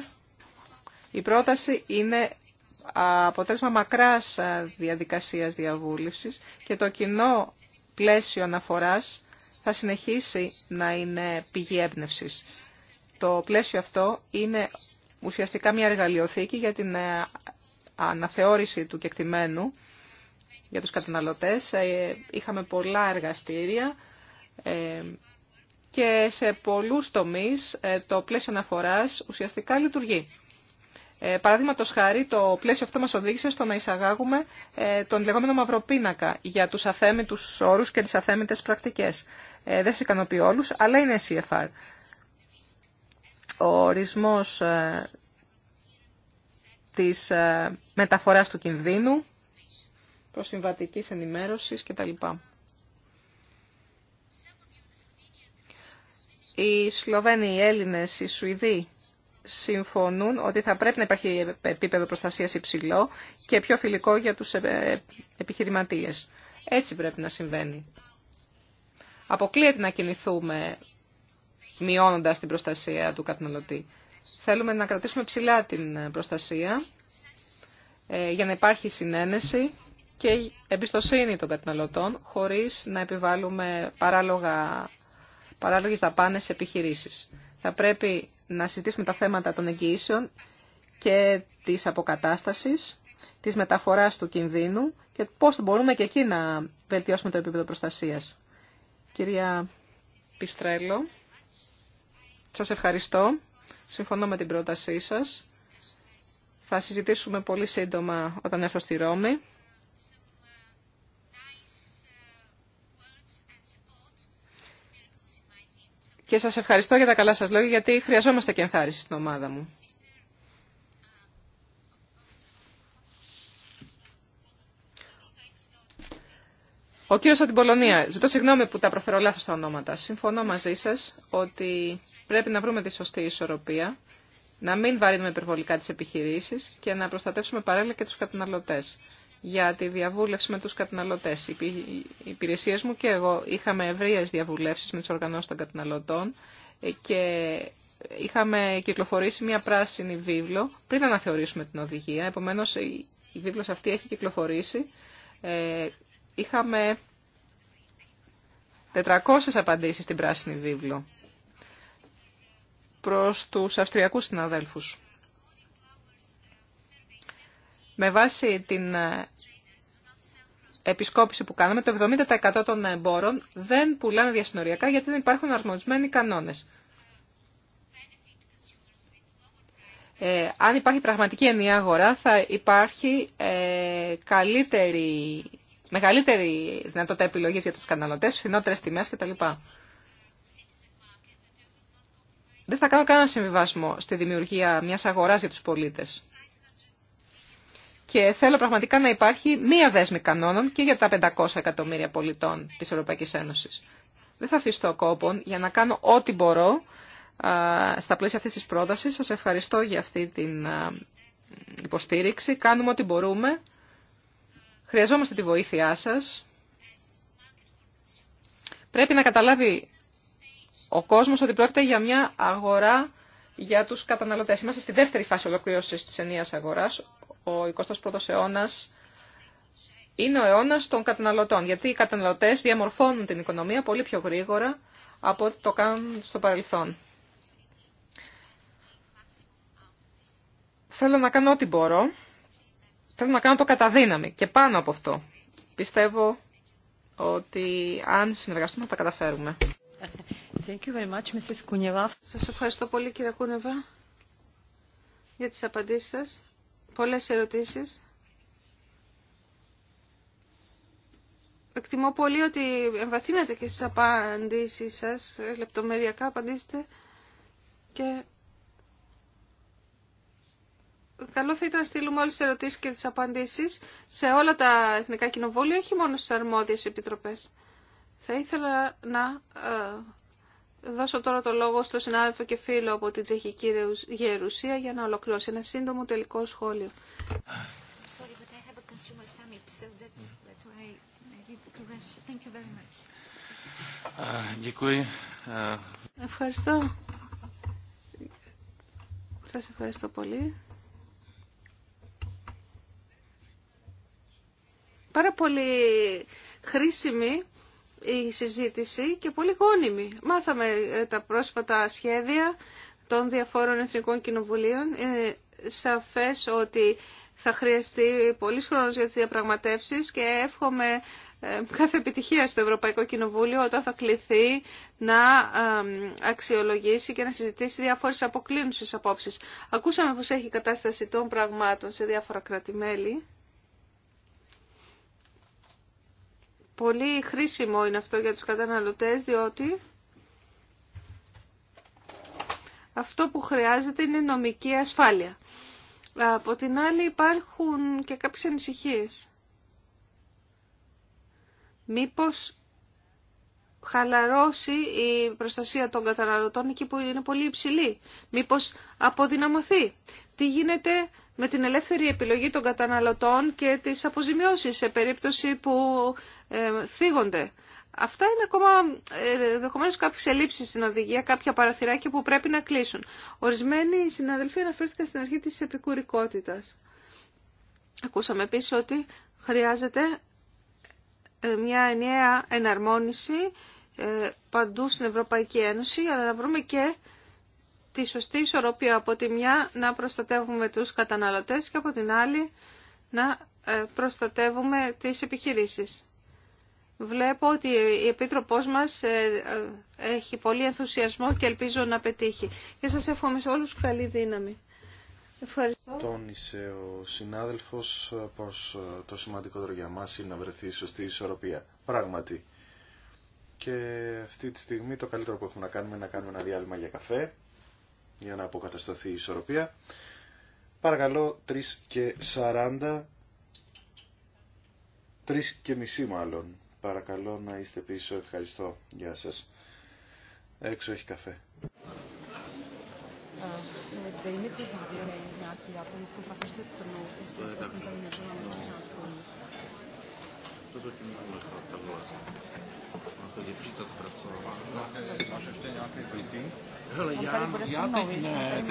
η πρόταση είναι αποτέλεσμα μακράς διαδικασίας διαβούλευσης και το κοινό πλαίσιο αναφοράς θα συνεχίσει να είναι πηγή έμπνευση. Το πλαίσιο αυτό είναι ουσιαστικά μια εργαλειοθήκη για την ε, αναθεώρηση του κεκτημένου για τους καταναλωτές. Ε, είχαμε πολλά εργαστήρια ε, και σε πολλούς τομείς το πλαίσιο αναφοράς ουσιαστικά λειτουργεί. Παράδειγμα Παραδείγματο χάρη, το πλαίσιο αυτό μα οδήγησε στο να εισαγάγουμε τον λεγόμενο μαυροπίνακα για του αθέμητου όρου και τι αθέμητε πρακτικέ. δεν σε ικανοποιεί όλου, αλλά είναι CFR ο ορισμός ε, της ε, μεταφοράς του κινδύνου, προσυμβατικής ενημέρωσης κτλ. Οι Σλοβαίνοι, οι Έλληνες, οι Σουηδοί συμφωνούν ότι θα πρέπει να υπάρχει επίπεδο προστασίας υψηλό και πιο φιλικό για τους επιχειρηματίες. Έτσι πρέπει να συμβαίνει. Αποκλείεται να κινηθούμε Μειώνοντα την προστασία του καταναλωτή. Θέλουμε να κρατήσουμε ψηλά την προστασία ε, για να υπάρχει συνένεση και εμπιστοσύνη των καταναλωτών χωρίς να επιβάλλουμε παράλογα, παράλογες δαπάνες σε επιχειρήσεις. Θα πρέπει να συζητήσουμε τα θέματα των εγγυήσεων και της αποκατάστασης, της μεταφοράς του κινδύνου και πώς μπορούμε και εκεί να βελτιώσουμε το επίπεδο προστασίας. Κυρία Πιστρέλο. Σας ευχαριστώ. Συμφωνώ με την πρότασή σας. Θα συζητήσουμε πολύ σύντομα όταν έρθω στη Ρώμη. Και σας ευχαριστώ για τα καλά σας λόγια, γιατί χρειαζόμαστε και ενθάρρυνση στην ομάδα μου. Ο κύριος από την Πολωνία. Ζητώ συγγνώμη που τα προφέρω λάθος τα ονόματα. Συμφωνώ μαζί σας ότι Πρέπει να βρούμε τη σωστή ισορροπία, να μην βαρύνουμε υπερβολικά τι επιχειρήσει και να προστατεύσουμε παράλληλα και του καταναλωτέ Για τη διαβούλευση με του καταναλωτέ. Οι υπηρεσίε μου και εγώ είχαμε ευρείε διαβουλεύσει με τους οργανώσει των καταναλωτών ε, και είχαμε κυκλοφορήσει μια πράσινη βίβλο πριν αναθεωρήσουμε την οδηγία. Επομένω η βίβλο αυτή έχει κυκλοφορήσει. Ε, είχαμε 400 απαντήσεις στην πράσινη βίβλο προς τους αυστριακούς συναδέλφους. Με βάση την ε, επισκόπηση που κάναμε, το 70% των εμπόρων δεν πουλάνε διασυνοριακά γιατί δεν υπάρχουν αρμονισμένοι κανόνες. Ε, αν υπάρχει πραγματική ενιαία αγορά, θα υπάρχει ε, καλύτερη, μεγαλύτερη δυνατότητα επιλογής για τους καταναλωτές, φθηνότερες τιμές κτλ δεν θα κάνω κανένα συμβιβασμό στη δημιουργία μιας αγοράς για τους πολίτες. Και θέλω πραγματικά να υπάρχει μία δέσμη κανόνων και για τα 500 εκατομμύρια πολιτών της Ευρωπαϊκής Ένωσης. Δεν θα αφήσω κόπον για να κάνω ό,τι μπορώ στα πλαίσια αυτής της πρότασης. Σας ευχαριστώ για αυτή την υποστήριξη. Κάνουμε ό,τι μπορούμε. Χρειαζόμαστε τη βοήθειά σας. Πρέπει να καταλάβει ο κόσμος ότι πρόκειται για μια αγορά για τους καταναλωτές. Είμαστε στη δεύτερη φάση ολοκλήρωσης της ενίας αγοράς. Ο 21ος αιώνας είναι ο αιώνα των καταναλωτών, γιατί οι καταναλωτές διαμορφώνουν την οικονομία πολύ πιο γρήγορα από ό,τι το κάνουν στο παρελθόν. Θέλω να κάνω ό,τι μπορώ. Θέλω να κάνω το καταδύναμη και πάνω από αυτό. Πιστεύω ότι αν συνεργαστούμε θα τα καταφέρουμε. Thank Σας ευχαριστώ πολύ κύριε Κούνεβα για τις απαντήσεις σας. Πολλές ερωτήσεις. Εκτιμώ πολύ ότι εμβαθύνατε και στις απαντήσεις σας, λεπτομεριακά απαντήσετε και καλό θα ήταν να στείλουμε όλες τις ερωτήσεις και τις απαντήσεις σε όλα τα Εθνικά Κοινοβούλια, όχι μόνο στις αρμόδιες επιτροπές. Θα ήθελα να ε, δώσω τώρα το λόγο στον συνάδελφο και φίλο από την Τσεχική Γερουσία για να ολοκληρώσει ένα σύντομο τελικό σχόλιο. Uh, uh, ευχαριστώ. Σας ευχαριστώ πολύ. Πάρα πολύ χρήσιμη η συζήτηση και πολύ γόνιμη. Μάθαμε ε, τα πρόσφατα σχέδια των διαφόρων εθνικών κοινοβουλίων. Είναι σαφές ότι θα χρειαστεί πολλή χρόνο για τις διαπραγματεύσεις και εύχομαι ε, κάθε επιτυχία στο Ευρωπαϊκό Κοινοβούλιο όταν θα κληθεί να αξιολογήσει και να συζητήσει διάφορες αποκλίνουσες απόψεις. Ακούσαμε πως έχει κατάσταση των πραγμάτων σε διάφορα κράτη-μέλη πολύ χρήσιμο είναι αυτό για τους καταναλωτές διότι αυτό που χρειάζεται είναι νομική ασφάλεια. Από την άλλη υπάρχουν και κάποιες ανησυχίες. Μήπως χαλαρώσει η προστασία των καταναλωτών εκεί που είναι πολύ υψηλή. Μήπως αποδυναμωθεί. Τι γίνεται με την ελεύθερη επιλογή των καταναλωτών και τις αποζημιώσεις σε περίπτωση που ε, θίγονται. Αυτά είναι ακόμα ε, ενδεχομένω κάποιε ελλείψεις στην οδηγία, κάποια παραθυράκια που πρέπει να κλείσουν. Ορισμένοι συναδελφοί αναφέρθηκαν στην αρχή τη επικουρικότητα. Ακούσαμε επίση ότι χρειάζεται ε, μια ενιαία εναρμόνιση ε, παντού στην Ευρωπαϊκή Ένωση, για να βρούμε και τη σωστή ισορροπία από τη μια να προστατεύουμε τους καταναλωτές και από την άλλη να ε, προστατεύουμε τις επιχειρήσεις. Βλέπω ότι η Επίτροπός μας ε, ε, έχει πολύ ενθουσιασμό και ελπίζω να πετύχει. Και σας εύχομαι σε όλους καλή δύναμη. Ευχαριστώ. Τόνισε ο συνάδελφος πως το σημαντικότερο για μας είναι να βρεθεί η σωστή ισορροπία. Πράγματι. Και αυτή τη στιγμή το καλύτερο που έχουμε να κάνουμε είναι να κάνουμε ένα διάλειμμα για καφέ για να αποκατασταθεί η ισορροπία. Παρακαλώ 3 και 40, 3 και μισή μάλλον. Παρακαλώ να είστε πίσω. Ευχαριστώ. Γεια σας. Έξω έχει καφέ. Uh, děvčica zpracovala. Hele, já, já teď ne,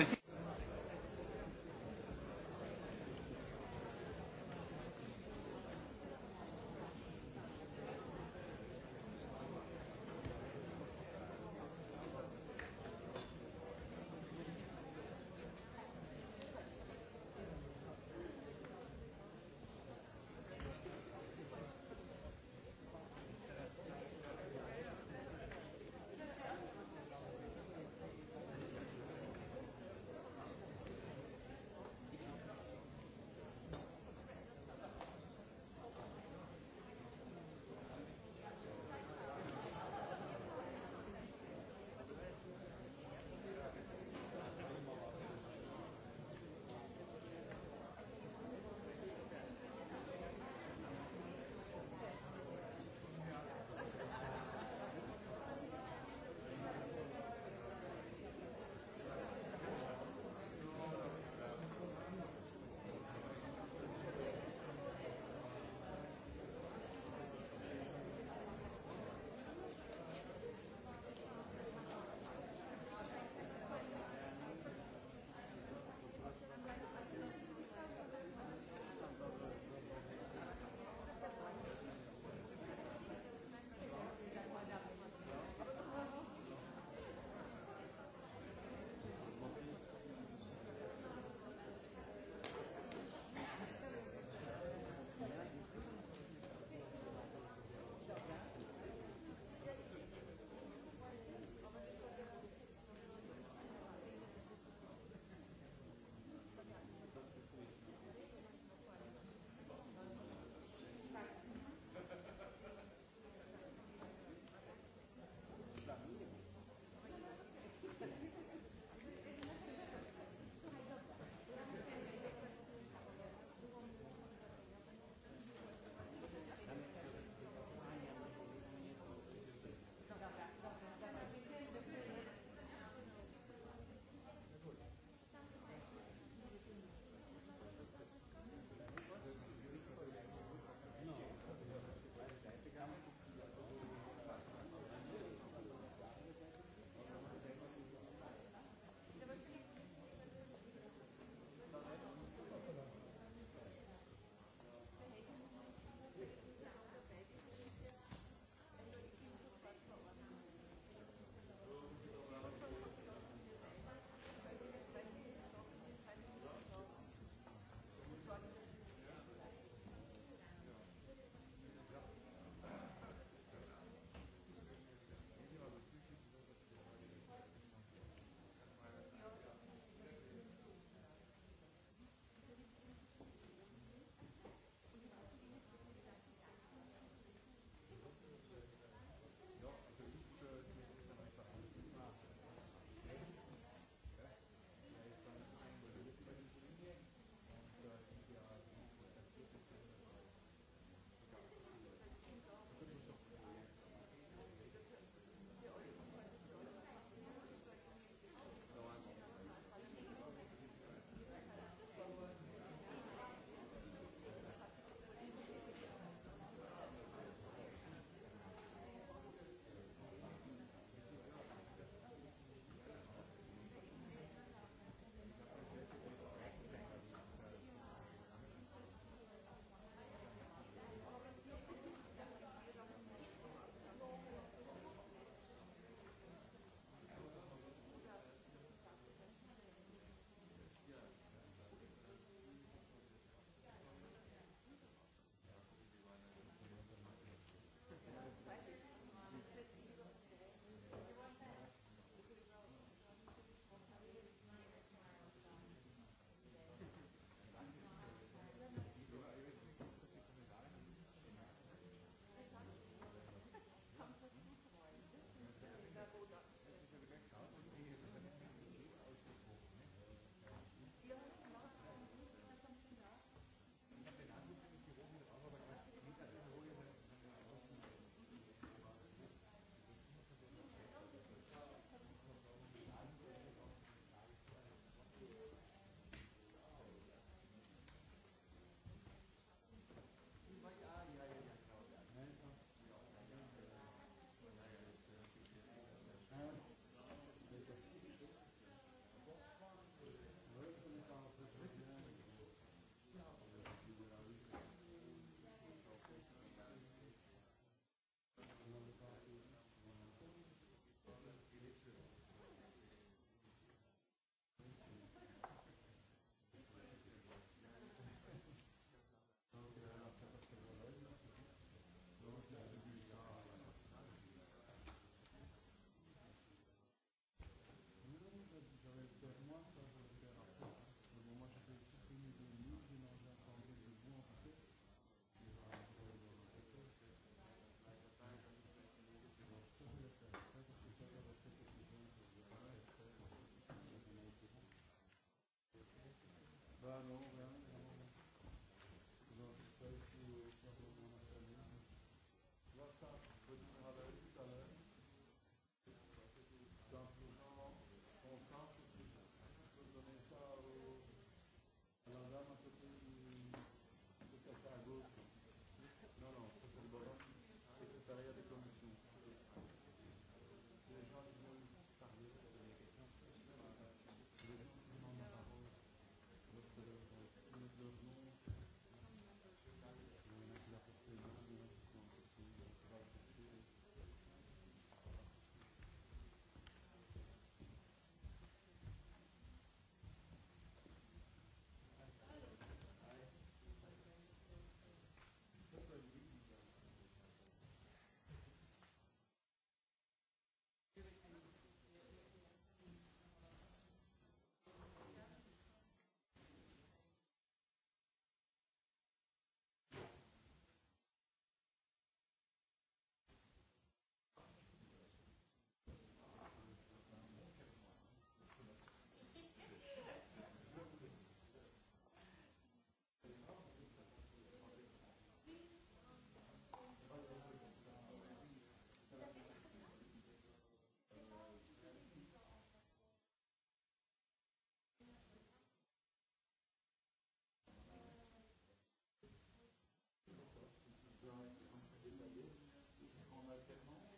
AUTHORWAVE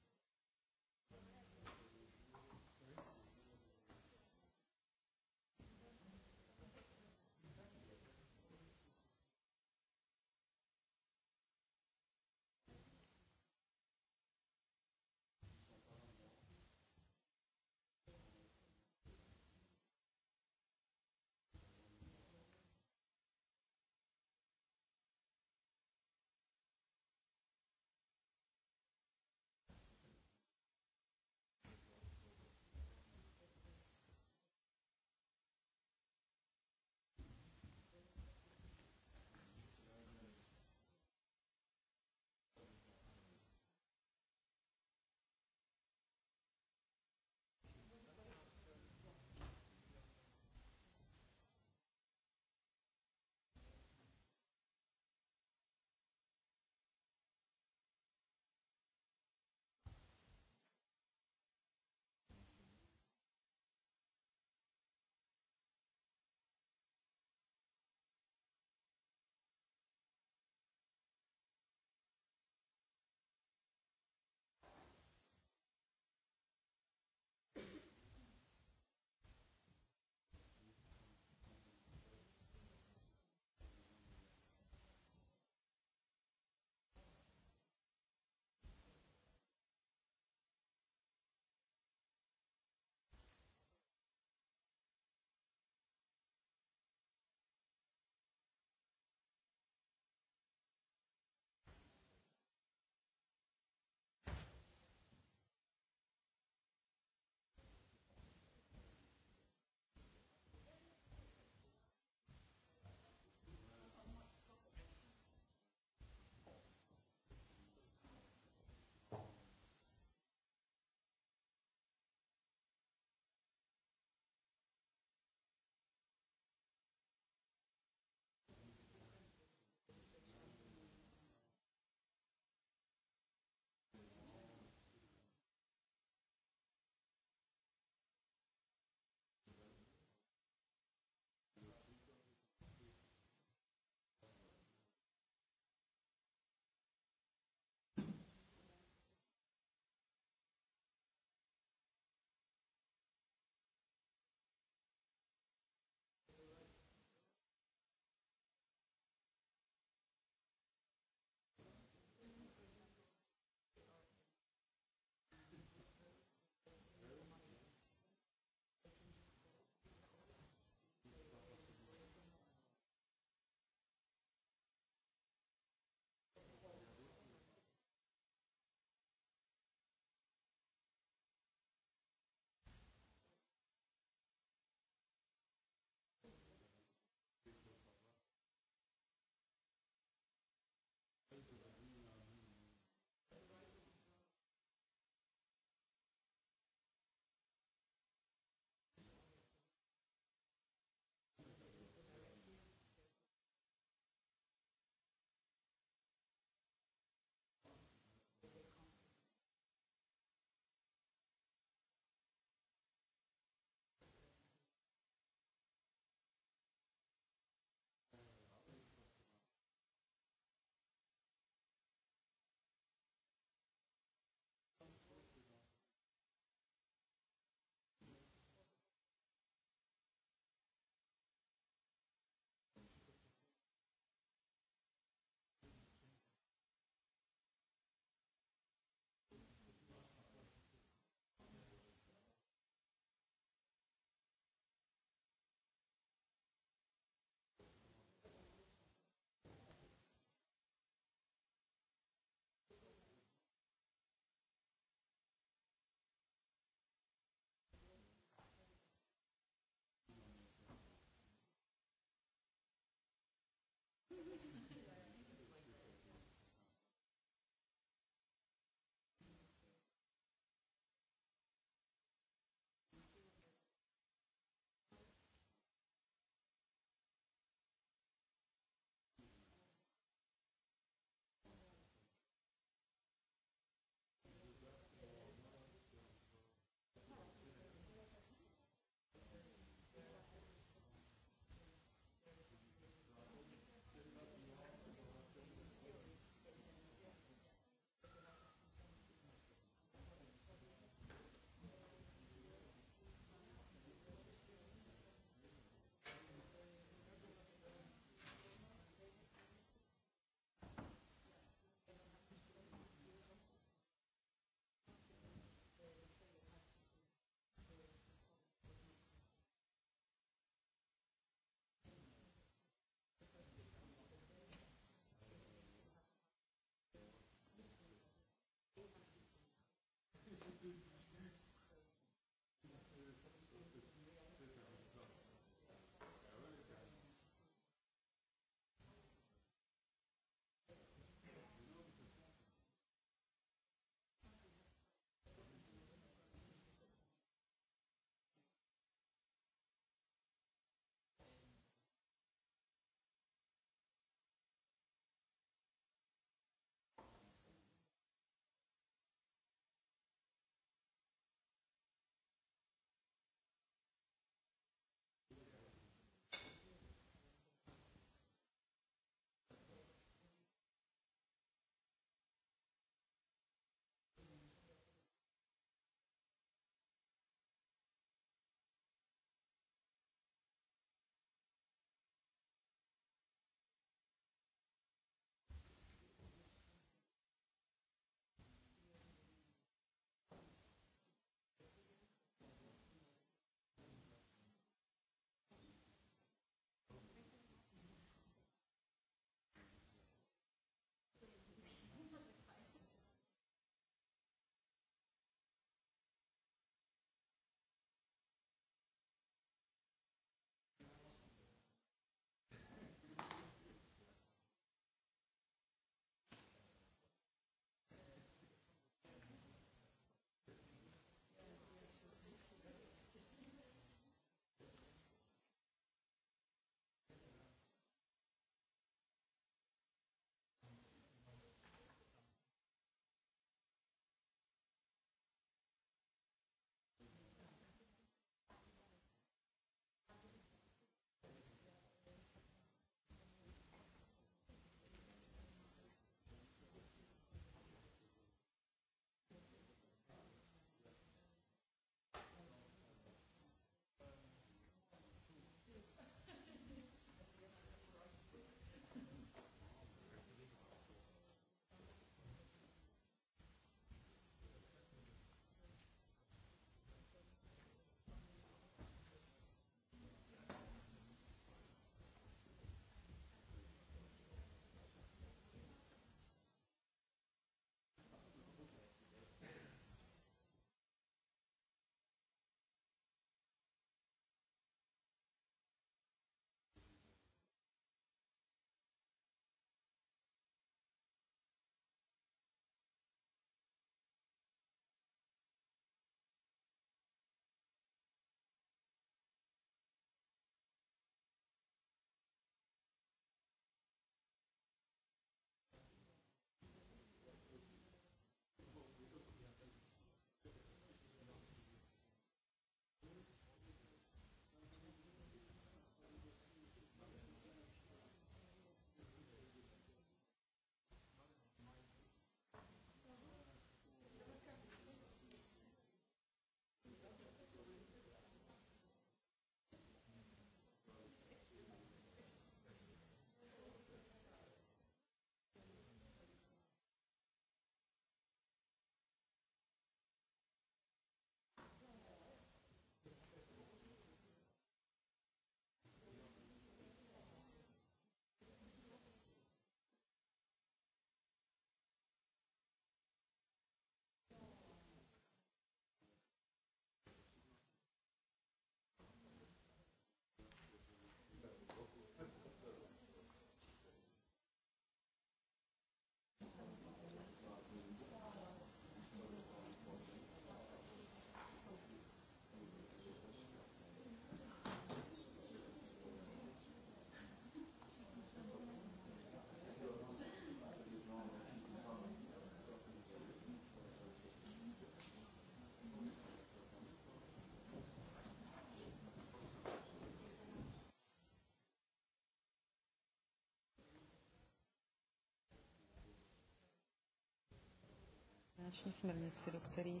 finanční směrnici, do který,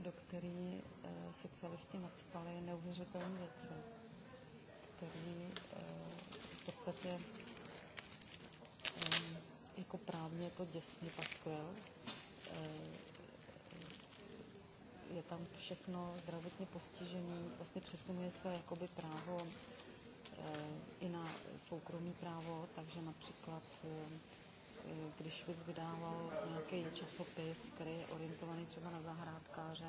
do který socialisti nadspali neuvěřitelné věci, který v podstatě jako právně jako děsně paskvěl. Je tam všechno zdravotně postižení, vlastně přesunuje se jakoby právo i na soukromý právo, takže například když bys vydával nějaký časopis, který je orientovaný třeba na zahrádkáře,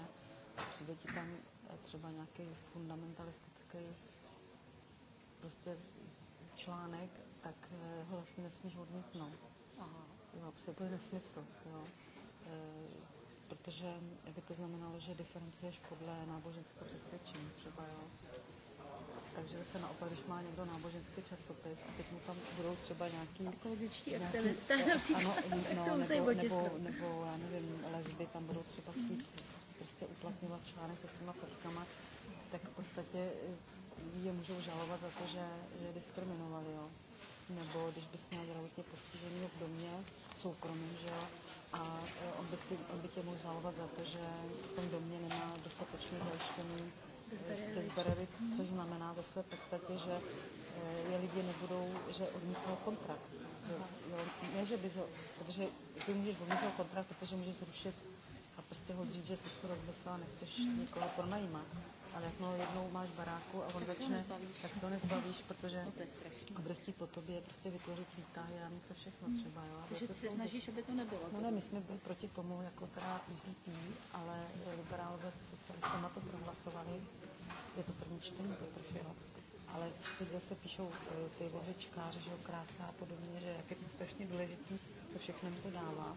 přijde ti tam třeba nějaký fundamentalistický prostě článek, tak ho vlastně nesmíš odmítnout. Aha. Jo, to je nesmysl. Jo protože by to znamenalo, že diferencuješ podle náboženského přesvědčení třeba, jo. Takže se naopak, když má někdo náboženský časopis a teď mu tam budou třeba nějaký... Ekologičtí aktivisté například, ano, no, nebo, nebo, nebo, já nevím, lesby tam budou třeba chtít prostě uplatňovat článek se svýma fotkama, tak v podstatě je můžou žalovat za to, že, že diskriminovali, jo. Nebo když bys měl zdravotně postižený v domě soukromým, že jo, a on by, si, on by tě mohl žalovat za to, že v tom domě nemá dostatečně zajištěný bezbererit, což znamená ve své podstatě, že je lidi nebudou, že odmítnou kontrakt. Jo, ne, že by, protože ty můžeš odmítnout kontrakt, protože můžeš zrušit a prostě ho říct, že jsi to rozmyslela, nechceš nikoho pronajímat ale jakmile jednou máš baráku a on začne, tak se nezbavíš, protože je po tobě prostě vytvořit výtahy a něco všechno třeba. Jo. Takže se snažíš, aby to nebylo. No ne, my jsme byli proti tomu, jako teda EPP, ale liberálové se socialistama to prohlasovali. Je to první čtení, to jo. Ale teď zase píšou ty vozečkáři, že jo, krása a podobně, že jak je to strašně důležitý, co všechno mi to dává.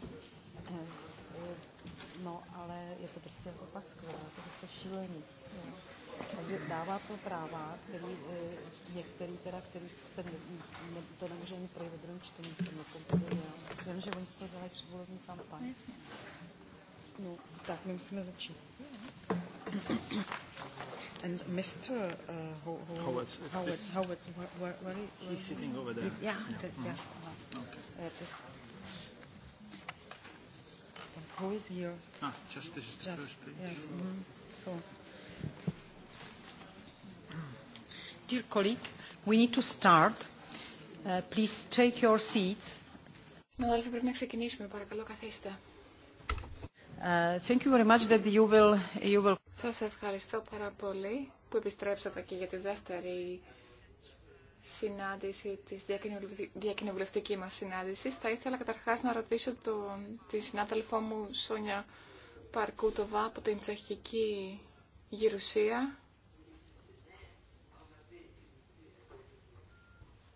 No, ale je to prostě opaskové, je to prostě šílení. Takže dává to práva, který, některý teda, který se ne, to nemůže ani ve druhém čtení, že oni z toho dělají předvolební kampaň. No, tak my musíme začít. And Mr. Uh, sitting over there. Okay. Who dear we need to start. please take your seats. Συνάδελφοι, thank you very much that you will, you will... Σας ευχαριστώ πάρα πολύ που επιστρέψατε και για τη δεύτερη συνάντηση, της διακοινοβουλευτική μας συνάντηση. Θα ήθελα καταρχάς να ρωτήσω τον, τη συνάδελφό μου Σόνια Παρκούτοβα από την Τσεχική Γερουσία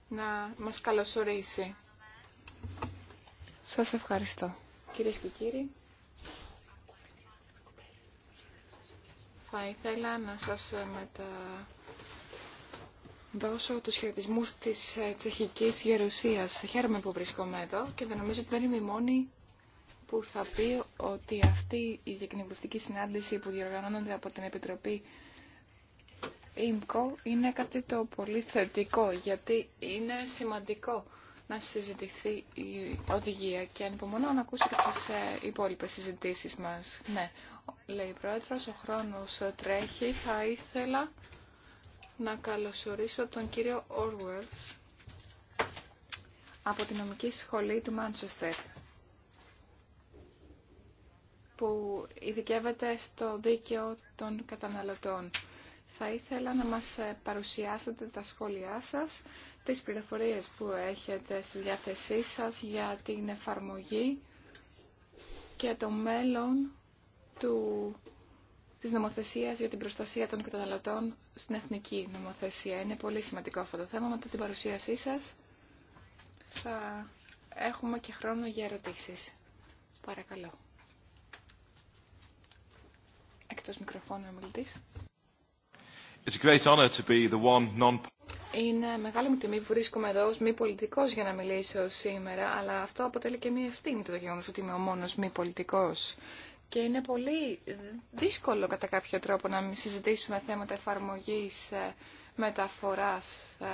να μας καλωσορίσει. Σας ευχαριστώ. Κυρίες και κύριοι, θα ήθελα να σας μετα δώσω τους χαιρετισμού της ε, τσεχικής γερουσίας. Χαίρομαι που βρίσκομαι εδώ και δεν νομίζω ότι δεν είμαι η μόνη που θα πει ότι αυτή η διακοινοβουλευτική συνάντηση που διοργανώνονται από την Επιτροπή ΙΜΚΟ είναι κάτι το πολύ θετικό, γιατί είναι σημαντικό να συζητηθεί η οδηγία και ανυπομονώ να ακούσω και τις ε, υπόλοιπες συζητήσεις μας. Ναι, λέει η Πρόεδρος, ο χρόνος ε, τρέχει, θα ήθελα να καλωσορίσω τον κύριο Orwells από την νομική σχολή του Μάντσεστερ που ειδικεύεται στο δίκαιο των καταναλωτών. Θα ήθελα να μας ε, παρουσιάσετε τα σχόλιά σας, τις πληροφορίες που έχετε στη διάθεσή σας για την εφαρμογή και το μέλλον του Τη νομοθεσία για την προστασία των καταναλωτών στην εθνική νομοθεσία. Είναι πολύ σημαντικό αυτό το θέμα. Μετά την παρουσίασή σα. θα έχουμε και χρόνο για ερωτήσει. Παρακαλώ. Εκτός μικροφώνου ο It's είναι μεγάλη μου τιμή που βρίσκομαι εδώ ως μη πολιτικός για να μιλήσω σήμερα, αλλά αυτό αποτελεί και μία ευθύνη το γεγονός ότι είμαι ο μόνος μη πολιτικός και είναι πολύ δύσκολο κατά κάποιο τρόπο να συζητήσουμε θέματα εφαρμογής ε, μεταφοράς ε,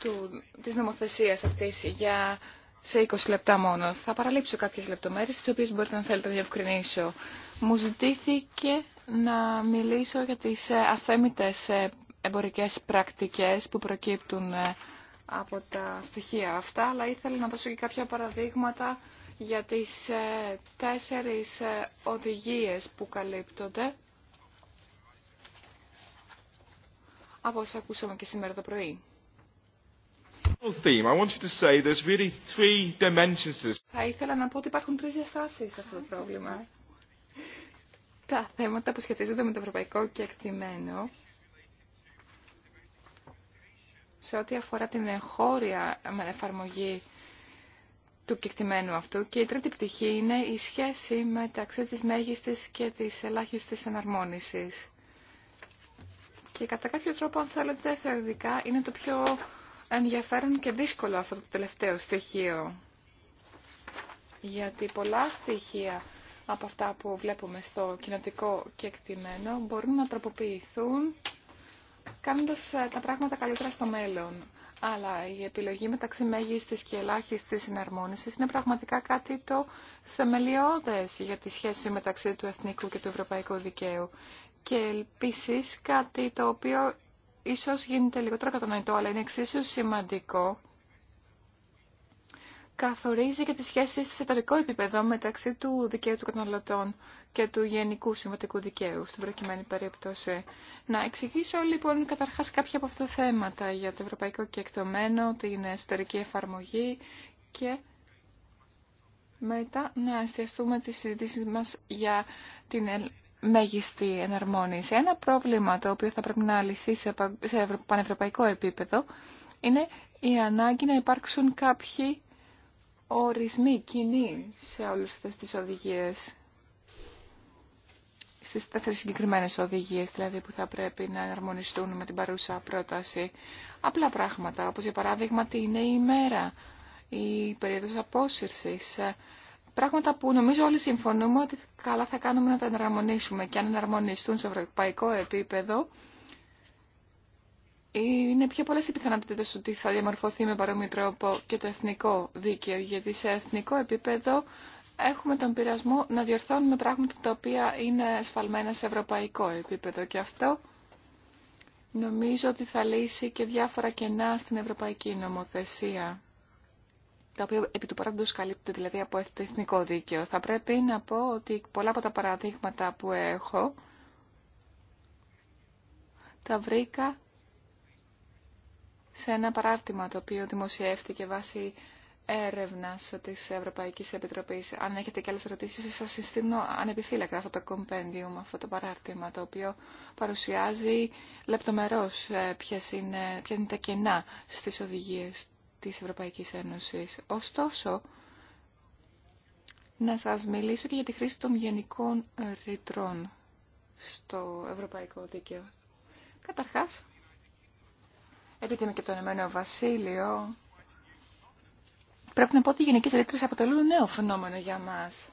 του, της νομοθεσίας αυτής για σε 20 λεπτά μόνο. Θα παραλείψω κάποιες λεπτομέρειες, τις οποίες μπορείτε να θέλετε να διευκρινίσω. Μου ζητήθηκε να μιλήσω για τις ε, αθέμητες εμπορικές πρακτικές που προκύπτουν από τα στοιχεία αυτά, αλλά ήθελα να δώσω και κάποια παραδείγματα για τις ε, τέσσερις ε, οδηγίες που καλύπτονται από ακούσαμε και σήμερα το πρωί. Θα ήθελα να πω ότι υπάρχουν τρεις διαστάσεις σε αυτό το πρόβλημα. Τα θέματα που σχετίζονται με το ευρωπαϊκό και σε ό,τι αφορά την εγχώρια εφαρμογή του κεκτημένου αυτού και η τρίτη πτυχή είναι η σχέση μεταξύ της μέγιστης και της ελάχιστης εναρμόνισης. Και κατά κάποιο τρόπο, αν θέλετε, θεωρητικά είναι το πιο ενδιαφέρον και δύσκολο αυτό το τελευταίο στοιχείο. Γιατί πολλά στοιχεία από αυτά που βλέπουμε στο κοινοτικό κεκτημένο μπορούν να τροποποιηθούν κάνοντας ε, τα πράγματα καλύτερα στο μέλλον αλλά η επιλογή μεταξύ μέγιστης και ελάχιστης συναρμόνισης είναι πραγματικά κάτι το θεμελιώδες για τη σχέση μεταξύ του εθνικού και του ευρωπαϊκού δικαίου. Και επίση κάτι το οποίο ίσως γίνεται λιγότερο κατανοητό, αλλά είναι εξίσου σημαντικό καθορίζει και τις σχέση σε εταιρικό επίπεδο μεταξύ του δικαίου του καταναλωτών και του γενικού συμβατικού δικαίου, στην προκειμένη περίπτωση. Να εξηγήσω λοιπόν καταρχά κάποια από αυτά τα θέματα για το ευρωπαϊκό κεκτομένο, την εσωτερική εφαρμογή και μετά να εστιαστούμε τη συζήτησή μα για την μέγιστη εναρμόνιση. Ένα πρόβλημα το οποίο θα πρέπει να λυθεί σε πανευρωπαϊκό επίπεδο είναι η ανάγκη να υπάρξουν κάποιοι ορισμοί κοινοί σε όλες αυτές τις οδηγίες. Στις τέσσερις συγκεκριμένες οδηγίες, δηλαδή, που θα πρέπει να εναρμονιστούν με την παρούσα πρόταση. Απλά πράγματα, όπως για παράδειγμα τι είναι η ημέρα, η περίοδος απόσυρσης. Πράγματα που νομίζω όλοι συμφωνούμε ότι καλά θα κάνουμε να τα εναρμονίσουμε και αν εναρμονιστούν σε ευρωπαϊκό επίπεδο, είναι πιο πολλέ οι πιθανότητε ότι θα διαμορφωθεί με παρόμοιο τρόπο και το εθνικό δίκαιο, γιατί σε εθνικό επίπεδο έχουμε τον πειρασμό να διορθώνουμε πράγματα τα οποία είναι σφαλμένα σε ευρωπαϊκό επίπεδο και αυτό νομίζω ότι θα λύσει και διάφορα κενά στην ευρωπαϊκή νομοθεσία τα οποία επί του παρόντο καλύπτονται δηλαδή από το εθνικό δίκαιο. Θα πρέπει να πω ότι πολλά από τα παραδείγματα που έχω τα βρήκα σε ένα παράρτημα το οποίο δημοσιεύτηκε βάσει έρευνας της Ευρωπαϊκής Επιτροπής. Αν έχετε και άλλες ερωτήσεις, σας συστήνω ανεπιφύλακτα αυτό το με αυτό το παράρτημα, το οποίο παρουσιάζει λεπτομερώς ε, ποιες είναι, είναι τα κενά στις οδηγίες της Ευρωπαϊκής Ένωσης. Ωστόσο, να σας μιλήσω και για τη χρήση των γενικών ρητρών στο Ευρωπαϊκό Δίκαιο. Καταρχάς, επειδή και το Ηνωμένο Βασίλειο, πρέπει να πω ότι οι γενικές ρήτρες αποτελούν νέο φαινόμενο για μας.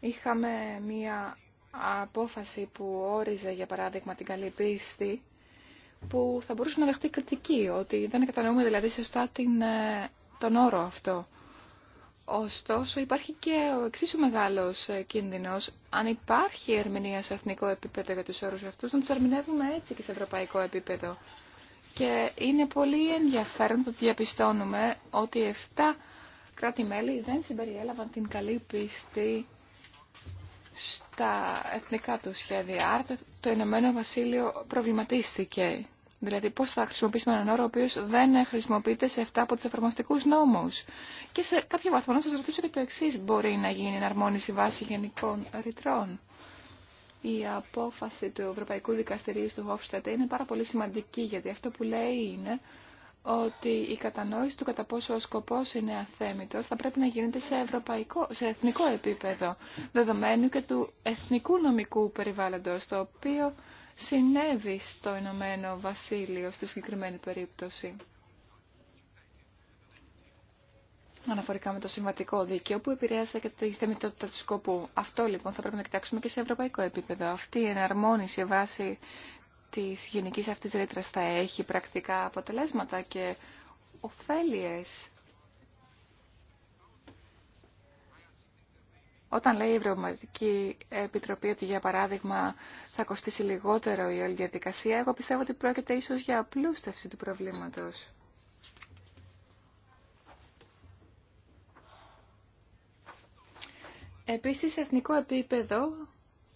Είχαμε μία απόφαση που όριζε, για παράδειγμα, την καλή πίστη, που θα μπορούσε να δεχτεί κριτική, ότι δεν κατανοούμε δηλαδή σωστά την, ε, τον όρο αυτό. Ωστόσο υπάρχει και ο εξίσου μεγάλος ε, κίνδυνος αν υπάρχει ερμηνεία σε εθνικό επίπεδο για του όρου αυτού, να του ερμηνεύουμε έτσι και σε ευρωπαϊκό επίπεδο. Και είναι πολύ ενδιαφέρον το ότι διαπιστώνουμε ότι 7 κράτη-μέλη δεν συμπεριέλαβαν την καλή πίστη στα εθνικά του σχέδια. Άρα το Ηνωμένο Βασίλειο προβληματίστηκε Δηλαδή πώ θα χρησιμοποιήσουμε έναν όρο ο οποίο δεν χρησιμοποιείται σε 7 από τους εφαρμοστικού νόμου. Και σε κάποιο βαθμό να σα ρωτήσω και το εξή Μπορεί να γίνει εναρμόνιση βάση γενικών ρητρών. Η απόφαση του Ευρωπαϊκού Δικαστηρίου του Hofstadt είναι πάρα πολύ σημαντική γιατί αυτό που λέει είναι ότι η κατανόηση του κατά πόσο ο σκοπός είναι αθέμητος θα πρέπει να γίνεται σε, ευρωπαϊκό, σε εθνικό επίπεδο, δεδομένου και του εθνικού νομικού περιβάλλοντος, το οποίο συνέβη στο Ηνωμένο Βασίλειο στη συγκεκριμένη περίπτωση. Αναφορικά με το συμβατικό δίκαιο που επηρέασε και τη θεμητότητα του σκοπού. Αυτό λοιπόν θα πρέπει να κοιτάξουμε και σε ευρωπαϊκό επίπεδο. Αυτή η εναρμόνιση βάσει της γενικής αυτής ρήτρας θα έχει πρακτικά αποτελέσματα και ωφέλειες Όταν λέει η Ευρωπαϊκή Επιτροπή ότι για παράδειγμα θα κοστίσει λιγότερο η όλη διαδικασία, εγώ πιστεύω ότι πρόκειται ίσως για απλούστευση του προβλήματος. Επίσης, σε εθνικό επίπεδο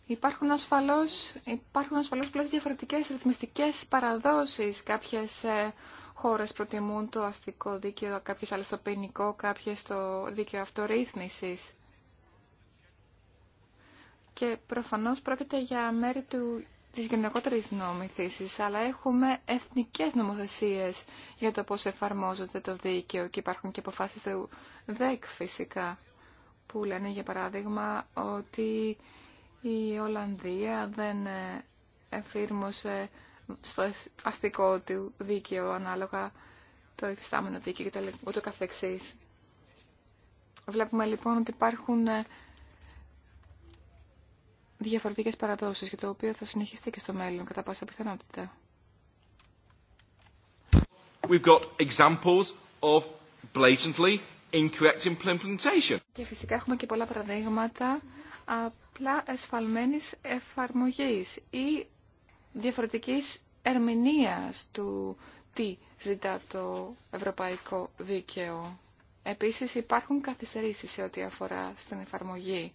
υπάρχουν ασφαλώς, υπάρχουν ασφαλώς πολλές διαφορετικές ρυθμιστικές παραδόσεις. Κάποιες ε, χώρες προτιμούν το αστικό δίκαιο, κάποιες άλλες το ποινικό, κάποιες το δίκαιο αυτορύθμισης και προφανώς πρόκειται για μέρη του, της γενικότερης νομοθεσίας, αλλά έχουμε εθνικές νομοθεσίες για το πώς εφαρμόζεται το δίκαιο και υπάρχουν και αποφάσεις του ΔΕΚ φυσικά, που λένε για παράδειγμα ότι η Ολλανδία δεν ε, εφήρμοσε στο αστικό του δίκαιο ανάλογα το υφιστάμενο δίκαιο και ούτω καθεξής. Βλέπουμε λοιπόν ότι υπάρχουν ε, διαφορετικές παραδόσεις για το οποίο θα συνεχιστεί και στο μέλλον κατά πάσα πιθανότητα. We've got examples of blatantly incorrect implementation. Και φυσικά έχουμε και πολλά παραδείγματα απλά εσφαλμένης εφαρμογής ή διαφορετικής ερμηνείας του τι ζητά το ευρωπαϊκό δίκαιο. Επίσης υπάρχουν καθυστερήσεις σε ό,τι αφορά στην εφαρμογή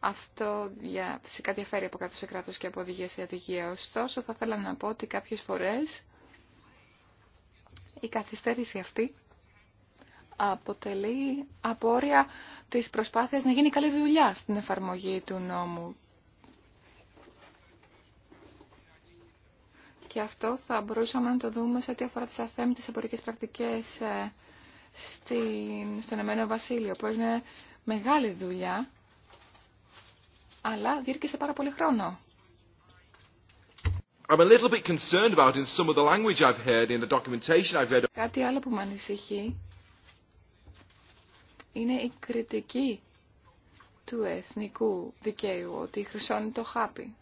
αυτό δια, φυσικά διαφέρει από κράτο σε κράτο και από οδηγία σε οδηγία. Ωστόσο, θα θέλαμε να πω ότι κάποιε φορέ η καθυστέρηση αυτή αποτελεί απόρρια της προσπάθειας να γίνει καλή δουλειά στην εφαρμογή του νόμου. Και αυτό θα μπορούσαμε να το δούμε σε ό,τι αφορά τις αθέμητες εμπορικές πρακτικές ε, στην, στον Εμένο Βασίλειο, που είναι μεγάλη δουλειά αλλά διήρκησε πάρα πολύ χρόνο. I'm a little bit concerned about in some of the language I've heard in the documentation I've read. Κάτι άλλο που με είναι η κριτική του εθνικού δικαίου ότι χρυσώνει το χάπι.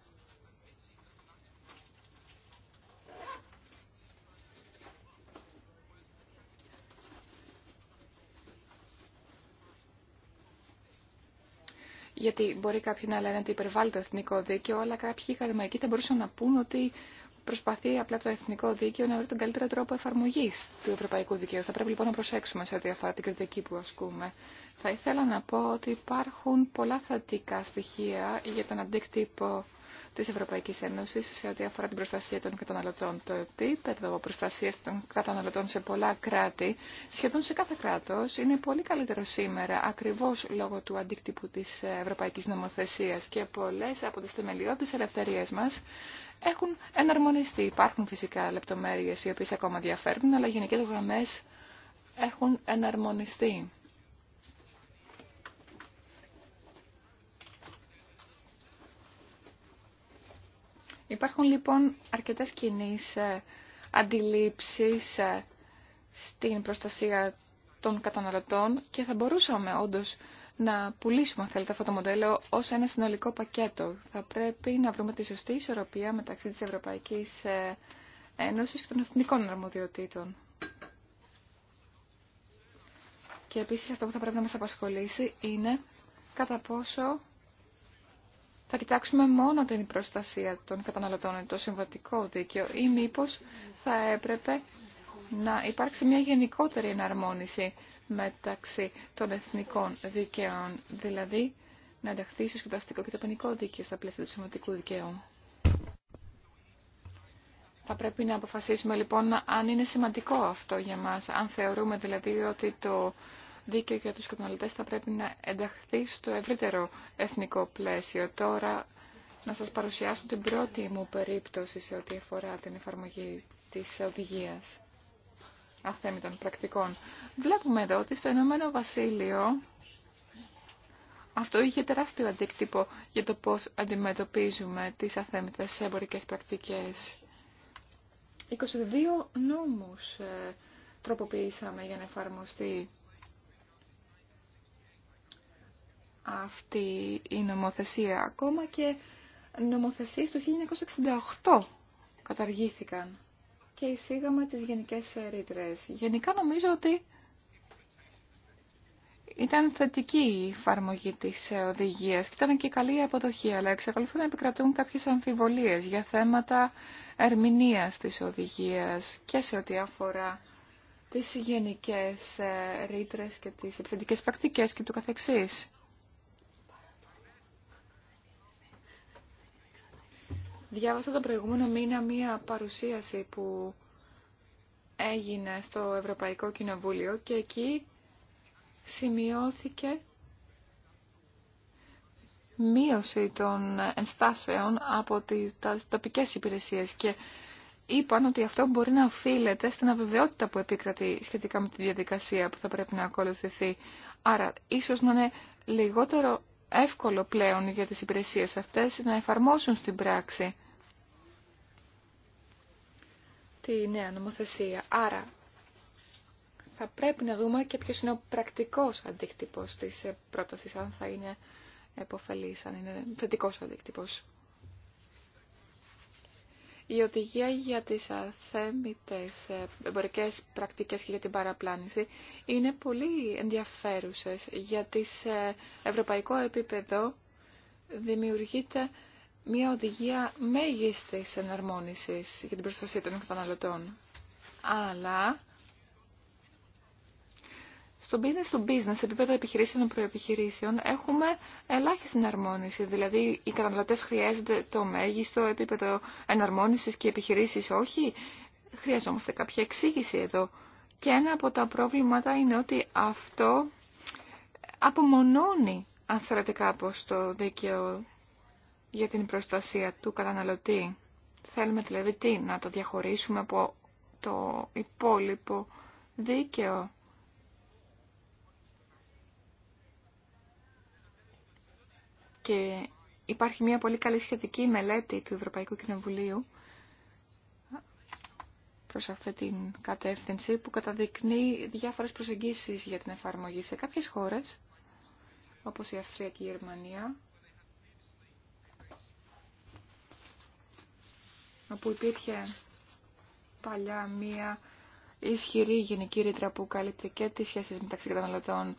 γιατί μπορεί κάποιοι να λένε ότι υπερβάλλει το εθνικό δίκαιο, αλλά κάποιοι ακαδημαϊκοί θα μπορούσαν να πούν ότι προσπαθεί απλά το εθνικό δίκαιο να βρει τον καλύτερο τρόπο εφαρμογή του ευρωπαϊκού δικαίου. Θα πρέπει λοιπόν να προσέξουμε σε ό,τι αφορά την κριτική που ασκούμε. Θα ήθελα να πω ότι υπάρχουν πολλά θετικά στοιχεία για τον αντίκτυπο τη Ευρωπαϊκή Ένωση, σε ό,τι αφορά την προστασία των καταναλωτών. Το επίπεδο προστασία των καταναλωτών σε πολλά κράτη, σχεδόν σε κάθε κράτο, είναι πολύ καλύτερο σήμερα, ακριβώ λόγω του αντίκτυπου τη Ευρωπαϊκή Νομοθεσία. και πολλέ από τι θεμελιώδει ελευθερίε μα έχουν εναρμονιστεί. Υπάρχουν φυσικά λεπτομέρειε οι οποίε ακόμα διαφέρουν, αλλά γενικέ γραμμέ έχουν εναρμονιστεί. Υπάρχουν λοιπόν αρκετές κοινείς ε, αντιλήψεις ε, στην προστασία των καταναλωτών και θα μπορούσαμε όντως να πουλήσουμε, αν θέλετε, αυτό το μοντέλο ως ένα συνολικό πακέτο. Θα πρέπει να βρούμε τη σωστή ισορροπία μεταξύ της Ευρωπαϊκής ε, Ένωσης και των εθνικών αρμοδιοτήτων. Και επίσης αυτό που θα πρέπει να μας απασχολήσει είναι κατά πόσο θα κοιτάξουμε μόνο την προστασία των καταναλωτών, το συμβατικό δίκαιο ή μήπως θα έπρεπε να υπάρξει μια γενικότερη εναρμόνιση μεταξύ των εθνικών δικαίων, δηλαδή να ενταχθεί στο και το αστικό και το ποινικό δίκαιο στα πλαίσια του συμβατικού δικαίου. Θα πρέπει να αποφασίσουμε λοιπόν αν είναι σημαντικό αυτό για μας, αν θεωρούμε δηλαδή ότι το δίκαιο για τους καταναλωτές θα πρέπει να ενταχθεί στο ευρύτερο εθνικό πλαίσιο. Τώρα να σας παρουσιάσω την πρώτη μου περίπτωση σε ό,τι αφορά την εφαρμογή της οδηγίας αθέμητων πρακτικών. Βλέπουμε εδώ ότι στο Ηνωμένο Βασίλειο αυτό είχε τεράστιο αντίκτυπο για το πώς αντιμετωπίζουμε τις αθέμητες εμπορικές πρακτικές. 22 νόμους ε, τροποποιήσαμε για να εφαρμοστεί αυτή η νομοθεσία ακόμα και νομοθεσίες του 1968 καταργήθηκαν και εισήγαμε τις γενικές ρήτρες. Γενικά νομίζω ότι ήταν θετική η εφαρμογή της οδηγίας και ήταν και καλή η αποδοχή, αλλά εξακολουθούν να επικρατούν κάποιες αμφιβολίες για θέματα ερμηνείας της οδηγίας και σε ό,τι αφορά τις γενικές ε, ρήτρες και τις επιθετικές πρακτικές και του καθεξής. Διάβασα τον προηγούμενο μήνα μία παρουσίαση που έγινε στο Ευρωπαϊκό Κοινοβούλιο και εκεί σημειώθηκε μείωση των ενστάσεων από τις τοπικές υπηρεσίες και είπαν ότι αυτό μπορεί να οφείλεται στην αβεβαιότητα που επικρατεί σχετικά με τη διαδικασία που θα πρέπει να ακολουθηθεί. Άρα, ίσως να είναι λιγότερο εύκολο πλέον για τις υπηρεσίες αυτές να εφαρμόσουν στην πράξη τη νέα νομοθεσία. Άρα θα πρέπει να δούμε και ποιος είναι ο πρακτικός αντίκτυπος της πρότασης, αν θα είναι επωφελής, αν είναι θετικός ο αντίκτυπος. Η οδηγία για τις αθέμητες ε, εμπορικέ πρακτικές και για την παραπλάνηση είναι πολύ ενδιαφέρουσες γιατί σε ευρωπαϊκό επίπεδο δημιουργείται μια οδηγία μέγιστης εναρμόνισης για την προστασία των καταναλωτών. Αλλά στο business to business, επίπεδο επιχειρήσεων προεπιχειρήσεων, έχουμε ελάχιστη εναρμόνιση. Δηλαδή, οι καταναλωτέ χρειάζονται το μέγιστο επίπεδο εναρμόνιση και οι επιχειρήσει όχι. Χρειαζόμαστε κάποια εξήγηση εδώ. Και ένα από τα προβλήματα είναι ότι αυτό απομονώνει, αν θέλετε κάπως, το δίκαιο για την προστασία του καταναλωτή. Θέλουμε δηλαδή τι, να το διαχωρίσουμε από το υπόλοιπο δίκαιο. και υπάρχει μια πολύ καλή σχετική μελέτη του Ευρωπαϊκού Κοινοβουλίου προς αυτή την κατεύθυνση που καταδεικνύει διάφορες προσεγγίσεις για την εφαρμογή σε κάποιες χώρες όπως η Αυστρία και η Γερμανία όπου υπήρχε παλιά μία ισχυρή γενική ρήτρα που καλύπτει και τις σχέσεις μεταξύ καταναλωτών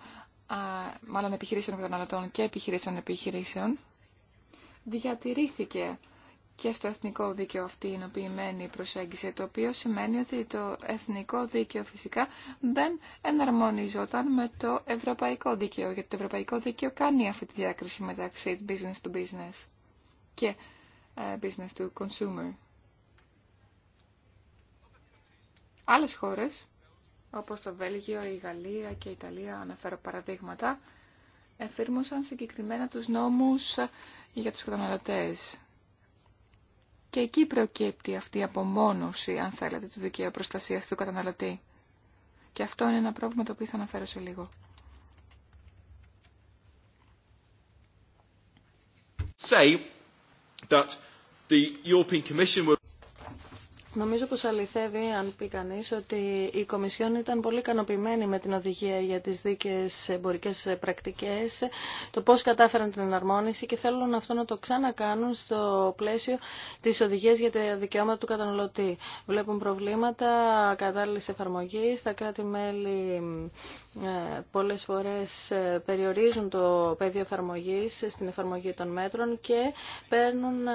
μάλλον επιχειρήσεων καταναλωτών και επιχειρήσεων επιχειρήσεων, διατηρήθηκε και στο εθνικό δίκαιο αυτή η ενοποιημένη προσέγγιση, το οποίο σημαίνει ότι το εθνικό δίκαιο φυσικά δεν εναρμονιζόταν με το ευρωπαϊκό δίκαιο, γιατί το ευρωπαϊκό δίκαιο κάνει αυτή τη διάκριση μεταξύ business to business και ε, business to consumer. Άλλες χώρες όπως το Βέλγιο, η Γαλλία και η Ιταλία, αναφέρω παραδείγματα, εφήρμοσαν συγκεκριμένα τους νόμους για τους καταναλωτές. Και εκεί προκύπτει αυτή η απομόνωση, αν θέλετε, του δικαίου προστασίας του καταναλωτή. Και αυτό είναι ένα πρόβλημα το οποίο θα αναφέρω σε λίγο. Say that the European Commission Νομίζω πως αληθεύει αν πει κανεί ότι η Κομισιόν ήταν πολύ ικανοποιημένη με την οδηγία για τις δίκαιες εμπορικές πρακτικές, το πώς κατάφεραν την εναρμόνιση και θέλουν αυτό να το ξανακάνουν στο πλαίσιο της οδηγίας για τα δικαιώματα του καταναλωτή. Βλέπουν προβλήματα κατάλληλη εφαρμογή. τα κράτη-μέλη ε, πολλές φορές ε, περιορίζουν το πεδίο εφαρμογή στην εφαρμογή των μέτρων και παίρνουν, ε,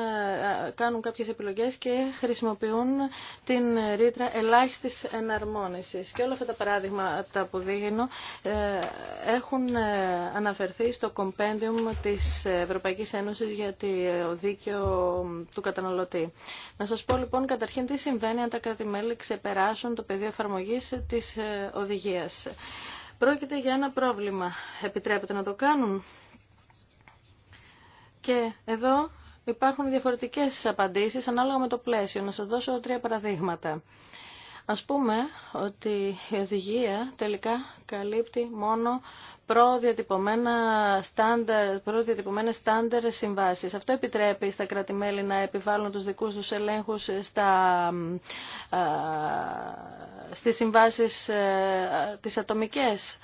κάνουν κάποιες επιλογές και χρησιμοποιούν την ρήτρα ελάχιστης εναρμόνισης. Και όλα αυτά τα παράδειγματα που δίνω ε, έχουν ε, αναφερθεί στο κομπέντιουμ της Ευρωπαϊκής Ένωσης για το ε, δίκαιο του καταναλωτή. Να σας πω λοιπόν καταρχήν τι συμβαίνει αν τα κράτη-μέλη ξεπεράσουν το πεδίο εφαρμογή της οδηγίας. Πρόκειται για ένα πρόβλημα. Επιτρέπεται να το κάνουν. Και εδώ υπάρχουν διαφορετικές απαντήσεις ανάλογα με το πλαίσιο. Να σας δώσω τρία παραδείγματα. Ας πούμε ότι η οδηγία τελικά καλύπτει μόνο προδιατυπωμένα στάνταρ, προδιατυπωμένες συμβάσεις. Αυτό επιτρέπει στα κράτη-μέλη να επιβάλλουν τους δικούς τους ελέγχους στα, ε, στις συμβάσεις ε, τις ατομικές.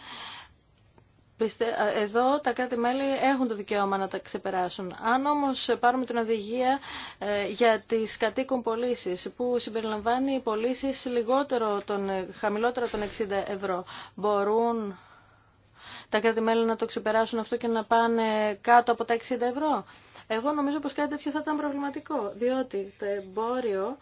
Ε, εδώ τα κράτη-μέλη έχουν το δικαίωμα να τα ξεπεράσουν. Αν όμως πάρουμε την οδηγία ε, για τις κατοίκων πωλήσει που συμπεριλαμβάνει πωλήσει λιγότερο των, ε, χαμηλότερα των 60 ευρώ, μπορούν τα κράτη-μέλη να το ξεπεράσουν αυτό και να πάνε κάτω από τα 60 ευρώ. Εγώ νομίζω πως κάτι τέτοιο θα ήταν προβληματικό, διότι το εμπόριο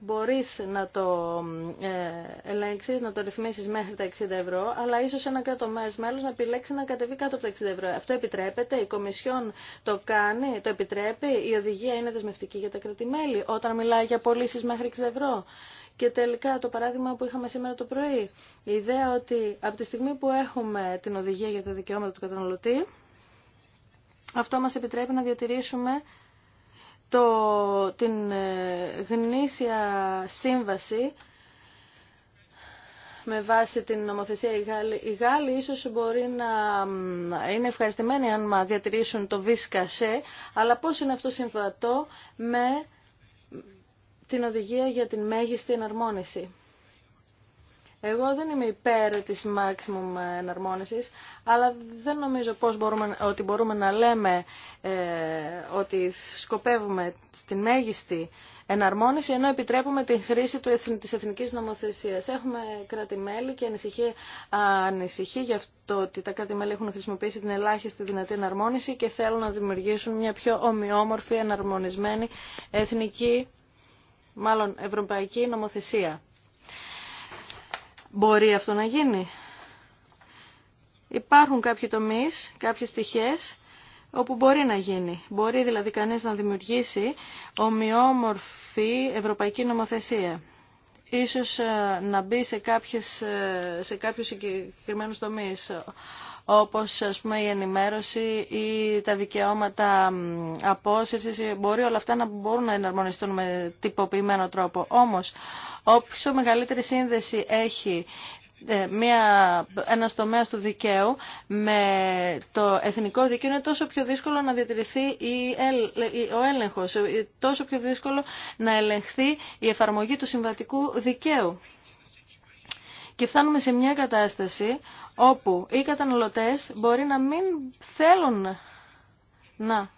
μπορείς να το ε, ελέγξεις, να το ρυθμίσεις μέχρι τα 60 ευρώ, αλλά ίσως ένα κρατομέρες μέλος να επιλέξει να κατεβεί κάτω από τα 60 ευρώ. Αυτό επιτρέπεται, η Κομισιόν το κάνει, το επιτρέπει, η οδηγία είναι δεσμευτική για τα κρατημέλη όταν μιλάει για πωλήσει μέχρι 60 ευρώ. Και τελικά το παράδειγμα που είχαμε σήμερα το πρωί, η ιδέα ότι από τη στιγμή που έχουμε την οδηγία για τα δικαιώματα του καταναλωτή, αυτό μας επιτρέπει να διατηρήσουμε το, την ε, γνήσια σύμβαση με βάση την νομοθεσία οι Γάλλοι, ίσως μπορεί να είναι ευχαριστημένοι αν διατηρήσουν το βίσκασε, αλλά πώς είναι αυτό συμβατό με την οδηγία για την μέγιστη εναρμόνιση. Εγώ δεν είμαι υπέρ της maximum εναρμόνισης, αλλά δεν νομίζω πώς μπορούμε, ότι μπορούμε να λέμε ε, ότι σκοπεύουμε στην μέγιστη εναρμόνιση, ενώ επιτρέπουμε την χρήση του, της εθνικής νομοθεσίας. Έχουμε κράτη-μέλη και ανησυχεί, ανησυχεί για αυτό ότι τα κράτη-μέλη έχουν χρησιμοποιήσει την ελάχιστη δυνατή εναρμόνιση και θέλουν να δημιουργήσουν μια πιο ομοιόμορφη, εναρμονισμένη εθνική, μάλλον ευρωπαϊκή νομοθεσία. Μπορεί αυτό να γίνει. Υπάρχουν κάποιοι τομείς, κάποιες πτυχές όπου μπορεί να γίνει. Μπορεί δηλαδή κανείς να δημιουργήσει ομοιόμορφη ευρωπαϊκή νομοθεσία. Ίσως ε, να μπει σε, κάποιες, ε, σε κάποιους συγκεκριμένους τομείς όπως ας πούμε η ενημέρωση ή τα δικαιώματα απόσυρσης, μπορεί όλα αυτά να μπορούν να εναρμονιστούν με τυποποιημένο τρόπο. Όμως, όποιο μεγαλύτερη σύνδεση έχει ε, μια, ένας τομέας του δικαίου με το εθνικό δίκαιο είναι τόσο πιο δύσκολο να διατηρηθεί η, ο έλεγχος, ε, τόσο πιο δύσκολο να ελεγχθεί η εφαρμογή του συμβατικού δικαίου. Και φτάνουμε σε μια κατάσταση όπου οι καταναλωτές μπορεί να μην θέλουν να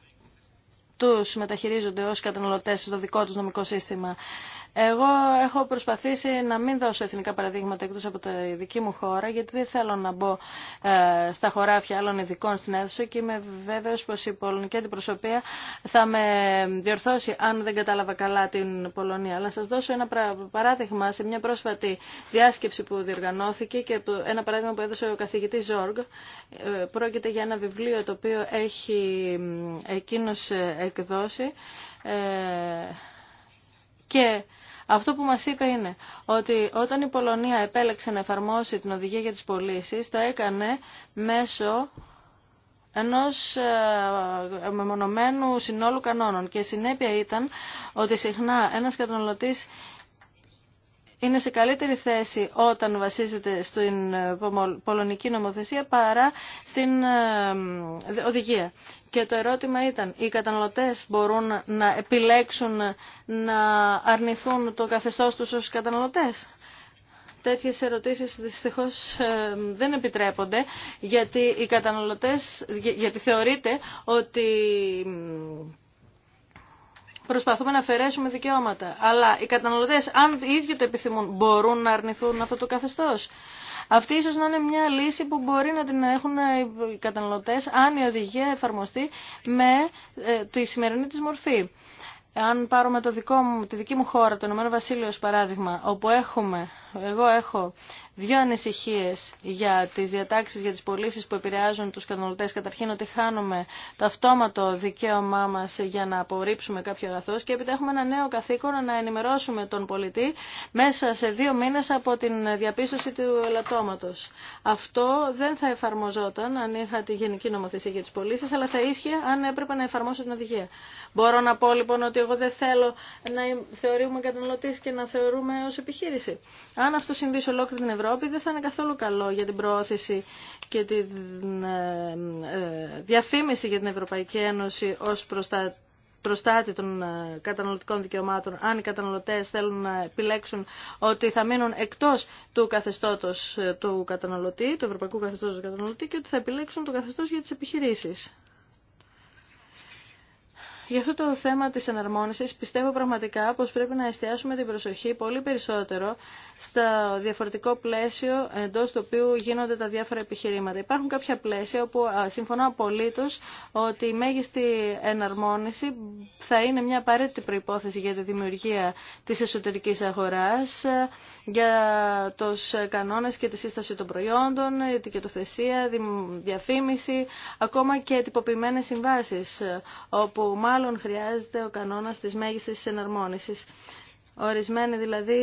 τους μεταχειρίζονται ως καταναλωτές στο δικό τους νομικό σύστημα. Εγώ έχω προσπαθήσει να μην δώσω εθνικά παραδείγματα εκτός από τη δική μου χώρα, γιατί δεν θέλω να μπω ε, στα χωράφια άλλων ειδικών στην αίθουσα και είμαι βέβαιος πως η πολωνική αντιπροσωπεία θα με διορθώσει αν δεν κατάλαβα καλά την Πολωνία. Αλλά σας δώσω ένα παράδειγμα σε μια πρόσφατη διάσκεψη που διοργανώθηκε και ένα παράδειγμα που έδωσε ο καθηγητής Ζόργ. Ε, πρόκειται για ένα βιβλίο το οποίο έχει ε, εκείνος εκδώσει και αυτό που μας είπε είναι ότι όταν η Πολωνία επέλεξε να εφαρμόσει την οδηγία για τις πωλήσει, το έκανε μέσω ενός ε, μεμονωμένου συνόλου κανόνων και συνέπεια ήταν ότι συχνά ένας καταναλωτής είναι σε καλύτερη θέση όταν βασίζεται στην ε, πολωνική νομοθεσία παρά στην ε, οδηγία. Και το ερώτημα ήταν, οι καταναλωτές μπορούν να επιλέξουν να αρνηθούν το καθεστώς τους ως καταναλωτές. Τέτοιες ερωτήσεις δυστυχώς ε, δεν επιτρέπονται γιατί οι καταναλωτές, γιατί θεωρείται ότι προσπαθούμε να αφαιρέσουμε δικαιώματα. Αλλά οι καταναλωτέ, αν οι ίδιοι το επιθυμούν, μπορούν να αρνηθούν αυτό το καθεστώ. Αυτή ίσως να είναι μια λύση που μπορεί να την έχουν οι καταναλωτέ αν η οδηγία εφαρμοστεί με ε, τη σημερινή της μορφή. Αν πάρουμε το δικό μου, τη δική μου χώρα, το Ηνωμένο Βασίλειο, παράδειγμα, όπου έχουμε εγώ έχω δύο ανησυχίες για τις διατάξεις για τις πωλήσει που επηρεάζουν τους καταναλωτές. Καταρχήν ότι χάνουμε το αυτόματο δικαίωμά μας για να απορρίψουμε κάποιο αγαθός και έπειτα έχουμε ένα νέο καθήκον να ενημερώσουμε τον πολιτή μέσα σε δύο μήνες από την διαπίστωση του ελαττώματος. Αυτό δεν θα εφαρμοζόταν αν είχα τη γενική νομοθεσία για τις πωλήσει, αλλά θα ίσχυε αν έπρεπε να εφαρμόσω την οδηγία. Μπορώ να πω λοιπόν ότι εγώ δεν θέλω να θεωρούμε καταναλωτής και να θεωρούμε ως επιχείρηση αν αυτό συμβεί σε ολόκληρη την Ευρώπη δεν θα είναι καθόλου καλό για την προώθηση και τη ε, ε, διαφήμιση για την Ευρωπαϊκή Ένωση ως προστατή των ε, καταναλωτικών δικαιωμάτων, αν οι καταναλωτέ θέλουν να επιλέξουν ότι θα μείνουν εκτός του καθεστώτος του καταναλωτή, του ευρωπαϊκού καθεστώτος του καταναλωτή και ότι θα επιλέξουν το καθεστώ για τι επιχειρήσει. Για αυτό το θέμα της εναρμόνισης πιστεύω πραγματικά πως πρέπει να εστιάσουμε την προσοχή πολύ περισσότερο στο διαφορετικό πλαίσιο εντός του οποίου γίνονται τα διάφορα επιχειρήματα. Υπάρχουν κάποια πλαίσια όπου συμφωνώ απολύτως ότι η μέγιστη εναρμόνιση θα είναι μια απαραίτητη προϋπόθεση για τη δημιουργία της εσωτερικής αγοράς, ε, για τους κανόνες και τη σύσταση των προϊόντων, η ετικετοθεσία, διαφήμιση, ακόμα και τυποποιημένες συμβάσεις, ε, όπου μάλλον μάλλον χρειάζεται ο κανόνας της μέγιστης εναρμόνιση. Ορισμένοι δηλαδή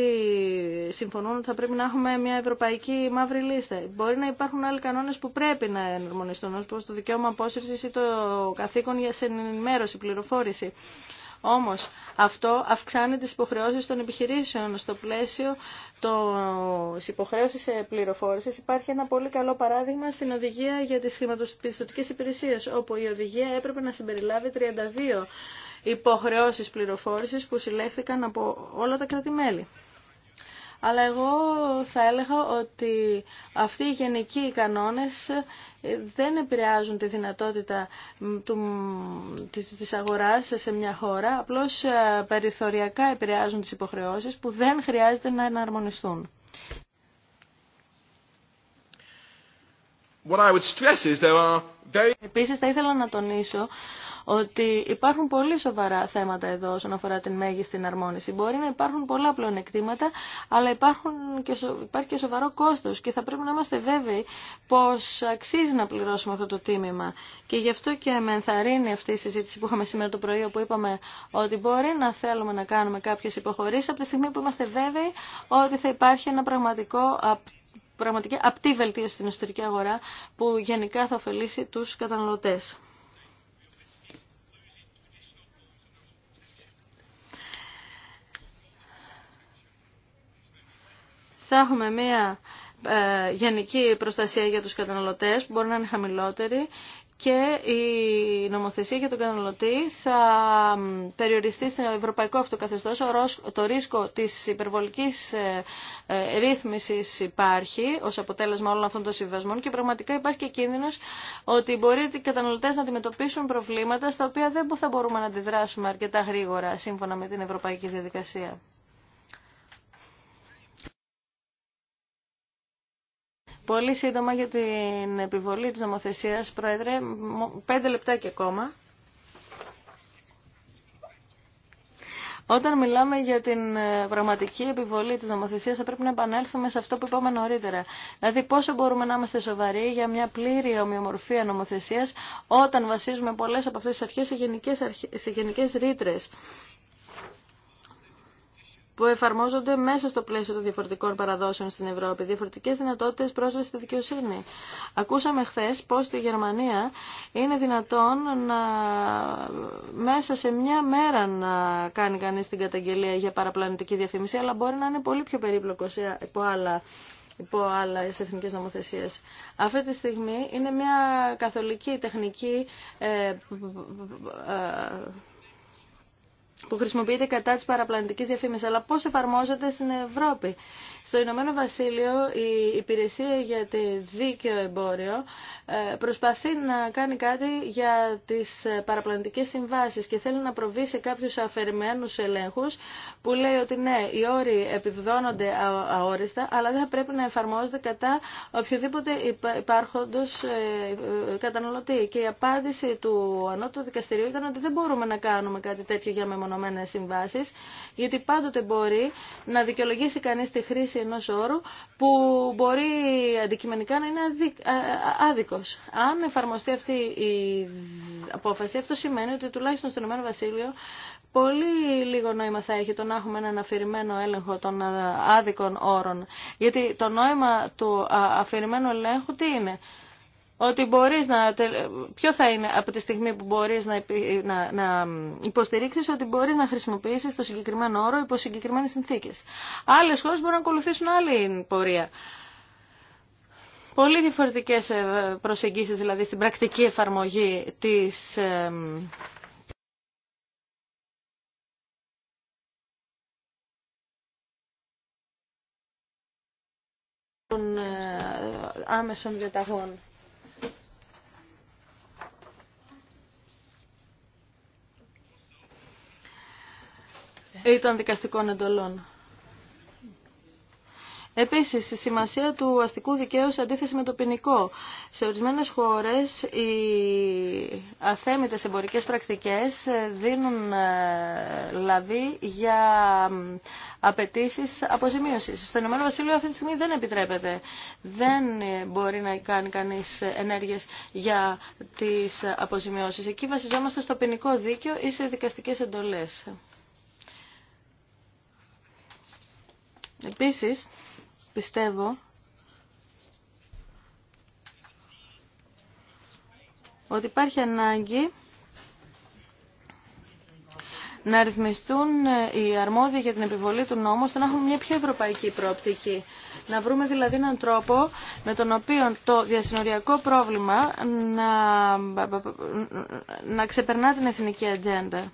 συμφωνούν ότι θα πρέπει να έχουμε μια ευρωπαϊκή μαύρη λίστα. Μπορεί να υπάρχουν άλλοι κανόνε που πρέπει να εναρμονιστούν, όπω το δικαίωμα απόσυρση ή το καθήκον για ενημέρωση, πληροφόρηση. Όμως αυτό αυξάνει τις υποχρεώσεις των επιχειρήσεων. Στο πλαίσιο της υποχρέωσης πληροφόρησης υπάρχει ένα πολύ καλό παράδειγμα στην οδηγία για τις χρηματοπιστωτικές υπηρεσίες, όπου η οδηγία έπρεπε να συμπεριλάβει 32 υποχρεώσεις πληροφόρησης που συλλέχθηκαν από όλα τα κράτη-μέλη αλλά εγώ θα έλεγα ότι αυτοί οι γενικοί κανόνες δεν επηρεάζουν τη δυνατότητα του, της, αγοράς σε μια χώρα, απλώς ε, περιθωριακά επηρεάζουν τις υποχρεώσεις που δεν χρειάζεται να εναρμονιστούν. What Επίσης θα ήθελα να τονίσω ότι υπάρχουν πολύ σοβαρά θέματα εδώ όσον αφορά την μέγιστη εναρμόνιση. Μπορεί να υπάρχουν πολλά πλεονεκτήματα, αλλά υπάρχουν και υπάρχει και σοβαρό κόστο και θα πρέπει να είμαστε βέβαιοι πω αξίζει να πληρώσουμε αυτό το τίμημα. Και γι' αυτό και με ενθαρρύνει αυτή η συζήτηση που είχαμε σήμερα το πρωί, όπου είπαμε ότι μπορεί να θέλουμε να κάνουμε κάποιε υποχωρήσει από τη στιγμή που είμαστε βέβαιοι ότι θα υπάρχει ένα πραγματικό απτή βελτίωση στην εσωτερική αγορά που γενικά θα ωφελήσει τους καταναλωτές. θα έχουμε μία ε, γενική προστασία για τους καταναλωτές που μπορεί να είναι χαμηλότερη και η νομοθεσία για τον καταναλωτή θα περιοριστεί στην ευρωπαϊκό αυτοκαθεστώς. Το ρίσκο της υπερβολικής ε, ε, ρύθμισης υπάρχει ως αποτέλεσμα όλων αυτών των συμβασμών και πραγματικά υπάρχει και κίνδυνος ότι μπορεί οι καταναλωτές να αντιμετωπίσουν προβλήματα στα οποία δεν θα μπορούμε να αντιδράσουμε αρκετά γρήγορα σύμφωνα με την ευρωπαϊκή διαδικασία. Πολύ σύντομα για την επιβολή της νομοθεσίας, Πρόεδρε, πέντε λεπτά και ακόμα. Όταν μιλάμε για την ε, πραγματική επιβολή της νομοθεσίας θα πρέπει να επανέλθουμε σε αυτό που είπαμε νωρίτερα. Δηλαδή πόσο μπορούμε να είμαστε σοβαροί για μια πλήρη ομοιομορφία νομοθεσίας όταν βασίζουμε πολλές από αυτές τις αρχές σε γενικές, αρχές, σε γενικές ρήτρες που εφαρμόζονται μέσα στο πλαίσιο των διαφορετικών παραδόσεων στην Ευρώπη, διαφορετικέ δυνατότητε πρόσβαση στη δικαιοσύνη. Ακούσαμε χθε πώ στη Γερμανία είναι δυνατόν να μέσα σε μια μέρα να κάνει κανεί την καταγγελία για παραπλανητική διαφήμιση, αλλά μπορεί να είναι πολύ πιο περίπλοκο από υπό άλλα υπό άλλα εθνικές νομοθεσίες. Αυτή τη στιγμή είναι μια καθολική τεχνική ε, που χρησιμοποιείται κατά της παραπλανητικής διαφήμισης. Αλλά πώς εφαρμόζεται στην Ευρώπη. Στο Ηνωμένο Βασίλειο η υπηρεσία για το δίκαιο εμπόριο ε, προσπαθεί να κάνει κάτι για τις ε, παραπλανητικές συμβάσεις και θέλει να προβεί σε κάποιους αφαιρημένους ελέγχους που λέει ότι ναι, οι όροι επιβεβαιώνονται αόριστα, αλλά δεν θα πρέπει να εφαρμόζονται κατά οποιοδήποτε υπάρχοντος ε, καταναλωτή. Και η απάντηση του Ανώτου δικαστηρίου ήταν ότι δεν μπορούμε να κάνουμε κάτι τέτοιο για μεμονωμένες συμβάσεις, γιατί πάντοτε μπορεί να δικαιολογήσει κανείς τη χρήση Ενό ενός όρου που μπορεί αντικειμενικά να είναι άδικος. Αν εφαρμοστεί αυτή η απόφαση, αυτό σημαίνει ότι τουλάχιστον στον Ηνωμένο Βασίλειο πολύ λίγο νόημα θα έχει το να έχουμε έναν αφηρημένο έλεγχο των άδικων όρων. Γιατί το νόημα του αφηρημένου ελέγχου τι είναι ότι μπορείς να... Ποιο θα είναι από τη στιγμή που μπορείς να, να, να υποστηρίξεις ότι μπορείς να χρησιμοποιήσεις το συγκεκριμένο όρο υπό συγκεκριμένες συνθήκες. Άλλες χώρες μπορούν να ακολουθήσουν άλλη πορεία. Πολύ διαφορετικές ε, προσεγγίσεις δηλαδή στην πρακτική εφαρμογή της... Ε, ε, άμεσων διαταγών. ή των δικαστικών εντολών. Επίσης, η των δικαστικων εντολων Επίση, η σημασια του αστικού δικαίου σε αντίθεση με το ποινικό. Σε ορισμένε χώρες οι αθέμητε εμπορικές πρακτικές δίνουν ε, λαβή για απαιτήσει αποζημίωση. Στον Ηνωμένο Βασίλειο αυτή τη στιγμή δεν επιτρέπεται. Δεν ε, μπορεί να κάνει κανείς ενέργειες για τις αποζημιώσεις. Εκεί βασιζόμαστε στο ποινικό δίκαιο ή σε δικαστικέ εντολές. Επίσης, πιστεύω ότι υπάρχει ανάγκη να ρυθμιστούν οι αρμόδιοι για την επιβολή του νόμου, ώστε να έχουν μια πιο ευρωπαϊκή προοπτική. Να βρούμε δηλαδή έναν τρόπο με τον οποίο το διασυνοριακό πρόβλημα να, να ξεπερνά την εθνική ατζέντα.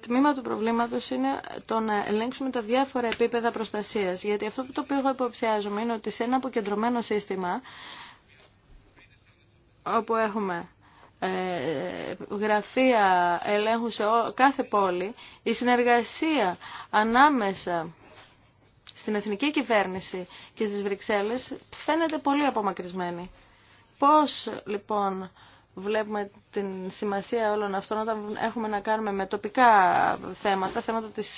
τμήμα του προβλήματος είναι το να ελέγξουμε τα διάφορα επίπεδα προστασίας. Γιατί αυτό που το οποίο εγώ είναι ότι σε ένα αποκεντρωμένο σύστημα όπου έχουμε ε, γραφεία ελέγχου σε κάθε πόλη, η συνεργασία ανάμεσα στην εθνική κυβέρνηση και στις Βρυξέλλες φαίνεται πολύ απομακρυσμένη. Πώς λοιπόν βλέπουμε την σημασία όλων αυτών όταν έχουμε να κάνουμε με τοπικά θέματα, θέματα της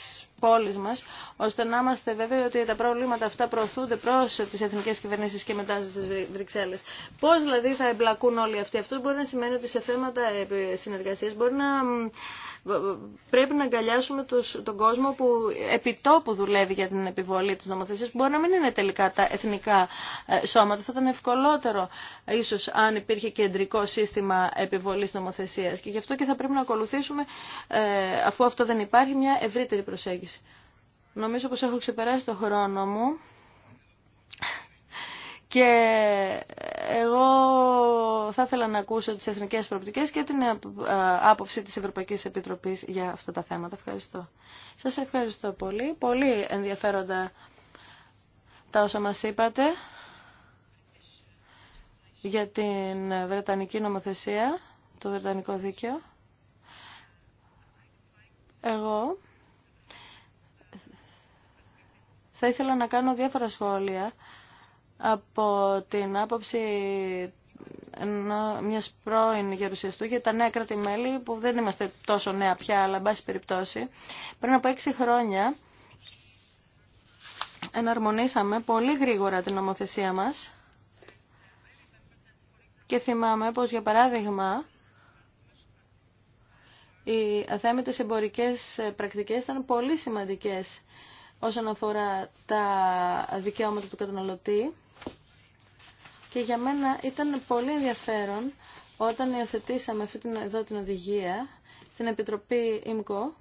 πόλεις μας, ώστε να είμαστε βέβαιοι ότι τα προβλήματα αυτά προωθούνται προς τις εθνικές κυβερνήσεις και μετά στις Βρυξέλλες. Πώς δηλαδή θα εμπλακούν όλοι αυτοί. Αυτό μπορεί να σημαίνει ότι σε θέματα ε, συνεργασίας μπορεί να πρέπει να αγκαλιάσουμε τον κόσμο που επιτόπου δουλεύει για την επιβολή της νομοθεσίας, που μπορεί να μην είναι τελικά τα εθνικά ε, σώματα. Θα ήταν ευκολότερο ίσως αν υπήρχε κεντρικό σύστημα επιβολής νομοθεσίας. Και γι' αυτό και θα πρέπει να ακολουθήσουμε, ε, αφού αυτό δεν υπάρχει, μια ευρύτερη προσέγγιση. Νομίζω πως έχω ξεπεράσει το χρόνο μου και εγώ θα ήθελα να ακούσω τις εθνικές προοπτικές και την ε, άποψη της Ευρωπαϊκής Επιτροπής για αυτά τα θέματα. Ευχαριστώ. Σας ευχαριστώ πολύ. Πολύ ενδιαφέροντα τα όσα μας είπατε για την Βρετανική νομοθεσία, το Βρετανικό δίκαιο. Εγώ Θα ήθελα να κάνω διάφορα σχόλια από την άποψη μιας πρώην γερουσιαστού για τα νέα κράτη-μέλη που δεν είμαστε τόσο νέα πια, αλλά εν πάση περιπτώσει. Πριν από έξι χρόνια εναρμονίσαμε πολύ γρήγορα την νομοθεσία μας και θυμάμαι πως για παράδειγμα οι αθέμητες εμπορικές πρακτικές ήταν πολύ σημαντικές όσον αφορά τα δικαιώματα του καταναλωτή. Και για μένα ήταν πολύ ενδιαφέρον όταν υιοθετήσαμε αυτή την, εδώ την οδηγία στην Επιτροπή ΙΜΚΟ,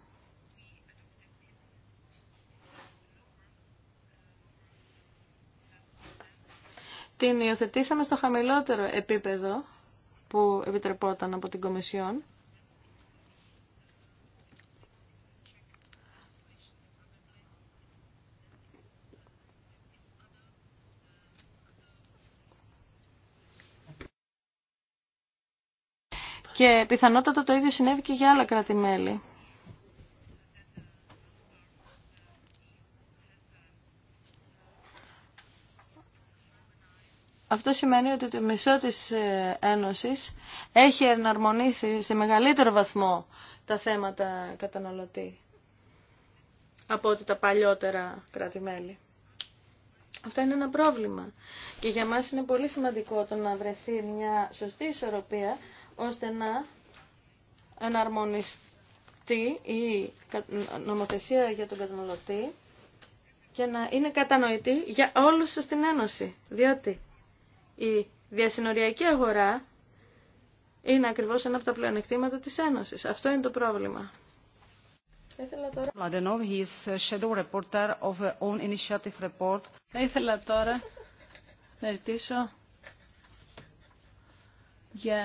την υιοθετήσαμε στο χαμηλότερο επίπεδο που επιτρεπόταν από την Κομισιόν. Και πιθανότατα το ίδιο συνέβη και για άλλα κράτη-μέλη. Αυτό σημαίνει ότι το μισό της ε, Ένωσης έχει εναρμονίσει σε μεγαλύτερο βαθμό τα θέματα καταναλωτή από ότι τα παλιότερα κράτη-μέλη. Αυτό είναι ένα πρόβλημα. Και για μας είναι πολύ σημαντικό το να βρεθεί μια σωστή ισορροπία ώστε να εναρμονιστεί η νομοθεσία για τον καταναλωτή και να είναι κατανοητή για όλους στην Ένωση. Διότι η διασυνοριακή αγορά είναι ακριβώς ένα από τα πλεονεκτήματα της Ένωσης. Αυτό είναι το πρόβλημα. Θα ήθελα τώρα να ζητήσω για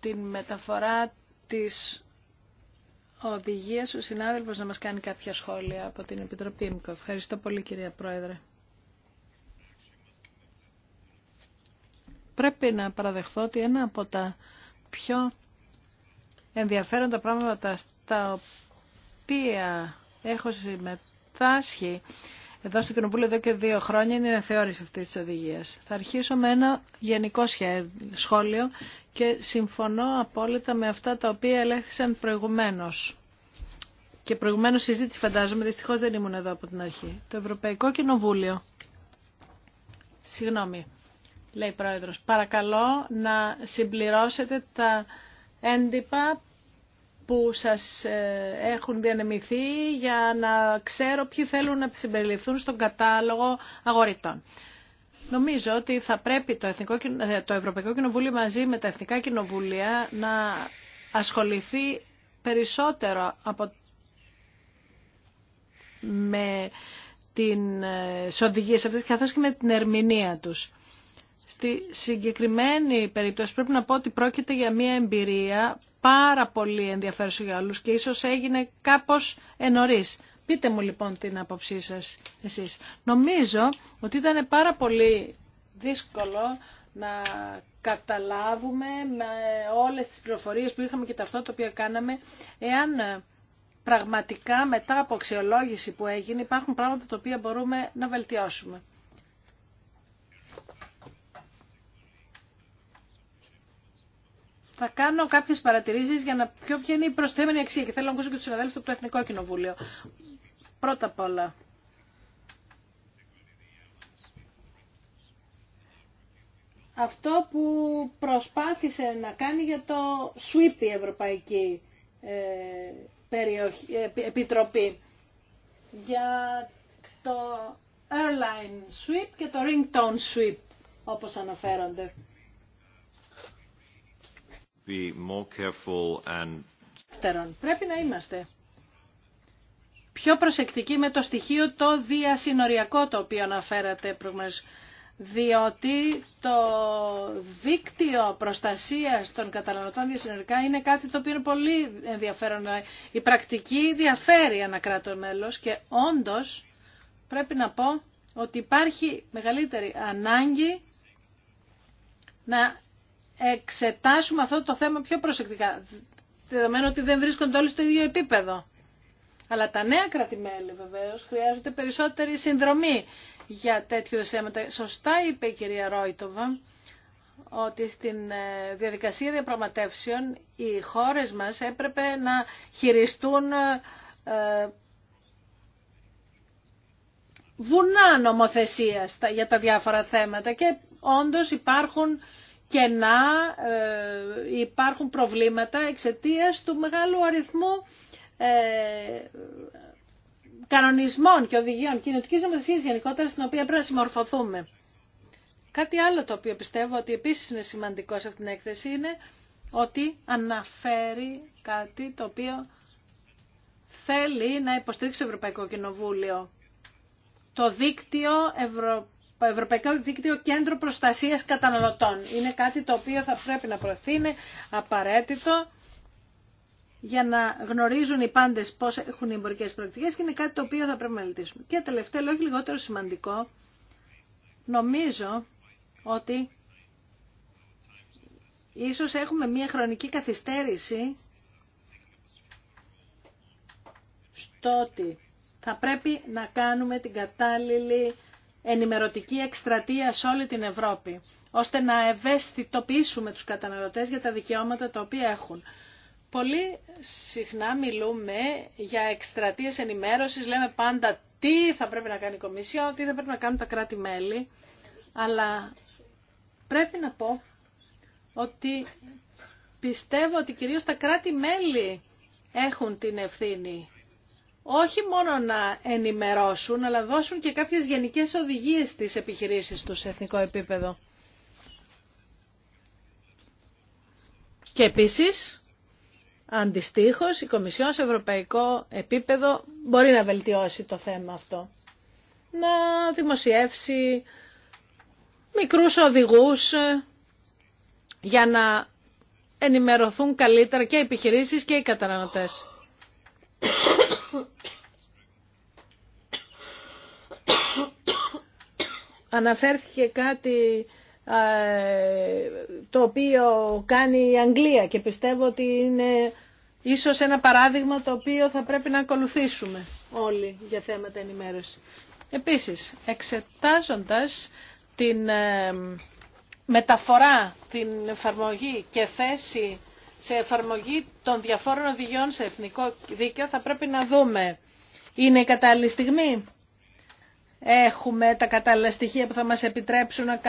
την μεταφορά της οδηγίας ο συνάδελφος να μας κάνει κάποια σχόλια από την Επιτροπή Ευχαριστώ πολύ κυρία Πρόεδρε. Πρέπει να παραδεχθώ ότι ένα από τα πιο ενδιαφέροντα πράγματα στα οποία έχω συμμετάσχει εδώ στο Κοινοβούλιο εδώ και δύο χρόνια είναι η αναθεώρηση αυτής της οδηγίας. Θα αρχίσω με ένα γενικό σχόλιο και συμφωνώ απόλυτα με αυτά τα οποία ελέγχθησαν προηγουμένως. Και προηγουμένω συζήτηση φαντάζομαι, δυστυχώ δεν ήμουν εδώ από την αρχή. Το Ευρωπαϊκό Κοινοβούλιο. Συγγνώμη, λέει πρόεδρος. Παρακαλώ να συμπληρώσετε τα έντυπα που σας ε, έχουν διανεμηθεί για να ξέρω ποιοι θέλουν να συμπεριληφθούν στον κατάλογο αγορητών. Νομίζω ότι θα πρέπει το, Εθνικό, ε, το Ευρωπαϊκό Κοινοβούλιο μαζί με τα Εθνικά Κοινοβούλια να ασχοληθεί περισσότερο από... με την ε, οδηγίες αυτές καθώς και με την ερμηνεία τους. Στη συγκεκριμένη περίπτωση πρέπει να πω ότι πρόκειται για μια εμπειρία πάρα πολύ ενδιαφέρουσα για όλους και ίσως έγινε κάπως ενωρίς. Πείτε μου λοιπόν την άποψή σας εσείς. Νομίζω ότι ήταν πάρα πολύ δύσκολο να καταλάβουμε με όλες τις πληροφορίες που είχαμε και τα αυτό το οποίο κάναμε, εάν πραγματικά μετά από αξιολόγηση που έγινε υπάρχουν πράγματα τα οποία μπορούμε να βελτιώσουμε. θα κάνω κάποιε παρατηρήσει για να πιω ποια είναι η προσθέμενη αξία και θέλω να ακούσω και του συναδέλφου από το Εθνικό Κοινοβούλιο. Πρώτα απ' όλα. Αυτό που προσπάθησε να κάνει για το SWIP η Ευρωπαϊκή ε, ε, Επιτροπή για το Airline sweep και το Ringtone sweep όπως αναφέρονται πρέπει να είμαστε πιο προσεκτικοί με το στοιχείο το διασυνοριακό το οποίο αναφέρατε προηγουμένως διότι το δίκτυο προστασίας των καταναλωτών διασυνορικά είναι κάτι το οποίο είναι πολύ ενδιαφέρον. Η πρακτική διαφέρει ένα κράτο και όντως πρέπει να πω ότι υπάρχει μεγαλύτερη ανάγκη να εξετάσουμε αυτό το θέμα πιο προσεκτικά, δεδομένου ότι δεν βρίσκονται όλοι στο ίδιο επίπεδο. Αλλά τα νέα κρατημέλη βεβαίω χρειάζονται περισσότερη συνδρομή για τέτοιου θέματα. Σωστά είπε η κυρία Ρόιτοβα ότι στην ε, διαδικασία διαπραγματεύσεων οι χώρες μας έπρεπε να χειριστούν ε, ε, βουνά νομοθεσίας για τα διάφορα θέματα και όντως υπάρχουν και να ε, υπάρχουν προβλήματα εξαιτίας του μεγάλου αριθμού ε, κανονισμών και οδηγιών κοινωτική νομοθεσία γενικότερα στην οποία πρέπει να συμμορφωθούμε. Κάτι άλλο το οποίο πιστεύω ότι επίσης είναι σημαντικό σε αυτήν την έκθεση είναι ότι αναφέρει κάτι το οποίο θέλει να υποστηρίξει το Ευρωπαϊκό Κοινοβούλιο. Το δίκτυο Ευρωπαϊκό Ευρωπαϊκό Δίκτυο Κέντρο Προστασίας Καταναλωτών. Είναι κάτι το οποίο θα πρέπει να προωθεί, είναι απαραίτητο για να γνωρίζουν οι πάντε πώ έχουν οι εμπορικές πρακτικές και είναι κάτι το οποίο θα πρέπει να μελετήσουμε. Και τελευταίο, όχι λιγότερο σημαντικό, νομίζω ότι ίσω έχουμε μία χρονική καθυστέρηση στο ότι θα πρέπει να κάνουμε την κατάλληλη ενημερωτική εκστρατεία σε όλη την Ευρώπη, ώστε να ευαισθητοποιήσουμε τους καταναλωτές για τα δικαιώματα τα οποία έχουν. Πολύ συχνά μιλούμε για εκστρατείες ενημέρωσης, λέμε πάντα τι θα πρέπει να κάνει η Κομισιό, τι θα πρέπει να κάνουν τα κράτη-μέλη, αλλά πρέπει να πω ότι πιστεύω ότι κυρίως τα κράτη-μέλη έχουν την ευθύνη όχι μόνο να ενημερώσουν, αλλά δώσουν και κάποιες γενικές οδηγίες στις επιχειρήσεις του σε εθνικό επίπεδο. Και επίσης, αντιστοίχως, η Κομισιόν σε ευρωπαϊκό επίπεδο μπορεί να βελτιώσει το θέμα αυτό. Να δημοσιεύσει μικρούς οδηγούς ε, για να ενημερωθούν καλύτερα και οι επιχειρήσεις και οι καταναλωτές. αναφέρθηκε κάτι το οποίο κάνει η Αγγλία και πιστεύω ότι είναι ίσως ένα παράδειγμα το οποίο θα πρέπει να ακολουθήσουμε όλοι για θέματα ενημέρωση. Επίσης, εξετάζοντας την ε, μεταφορά, την εφαρμογή και θέση σε εφαρμογή των διαφόρων οδηγιών σε εθνικό δίκαιο θα πρέπει να δούμε είναι η κατάλληλη στιγμή έχουμε τα κατάλληλα στοιχεία που θα μας επιτρέψουν να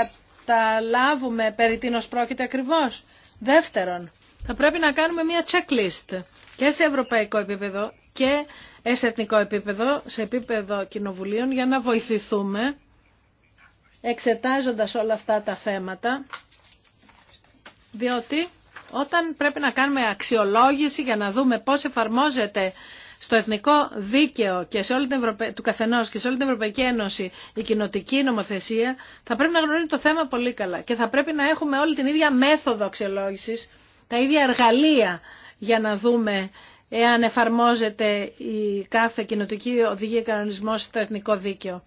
καταλάβουμε περί τίνος πρόκειται ακριβώς. Δεύτερον, θα πρέπει να κάνουμε μια checklist και σε ευρωπαϊκό επίπεδο και σε εθνικό επίπεδο, σε επίπεδο κοινοβουλίων, για να βοηθηθούμε εξετάζοντας όλα αυτά τα θέματα, διότι όταν πρέπει να κάνουμε αξιολόγηση για να δούμε πώς εφαρμόζεται στο εθνικό δίκαιο και σε όλη την Ευρωπα... του καθενός και σε όλη την Ευρωπαϊκή Ένωση η κοινοτική νομοθεσία θα πρέπει να γνωρίζει το θέμα πολύ καλά και θα πρέπει να έχουμε όλη την ίδια μέθοδο αξιολόγηση, τα ίδια εργαλεία για να δούμε εάν εφαρμόζεται η κάθε κοινοτική οδηγία κανονισμό στο εθνικό δίκαιο.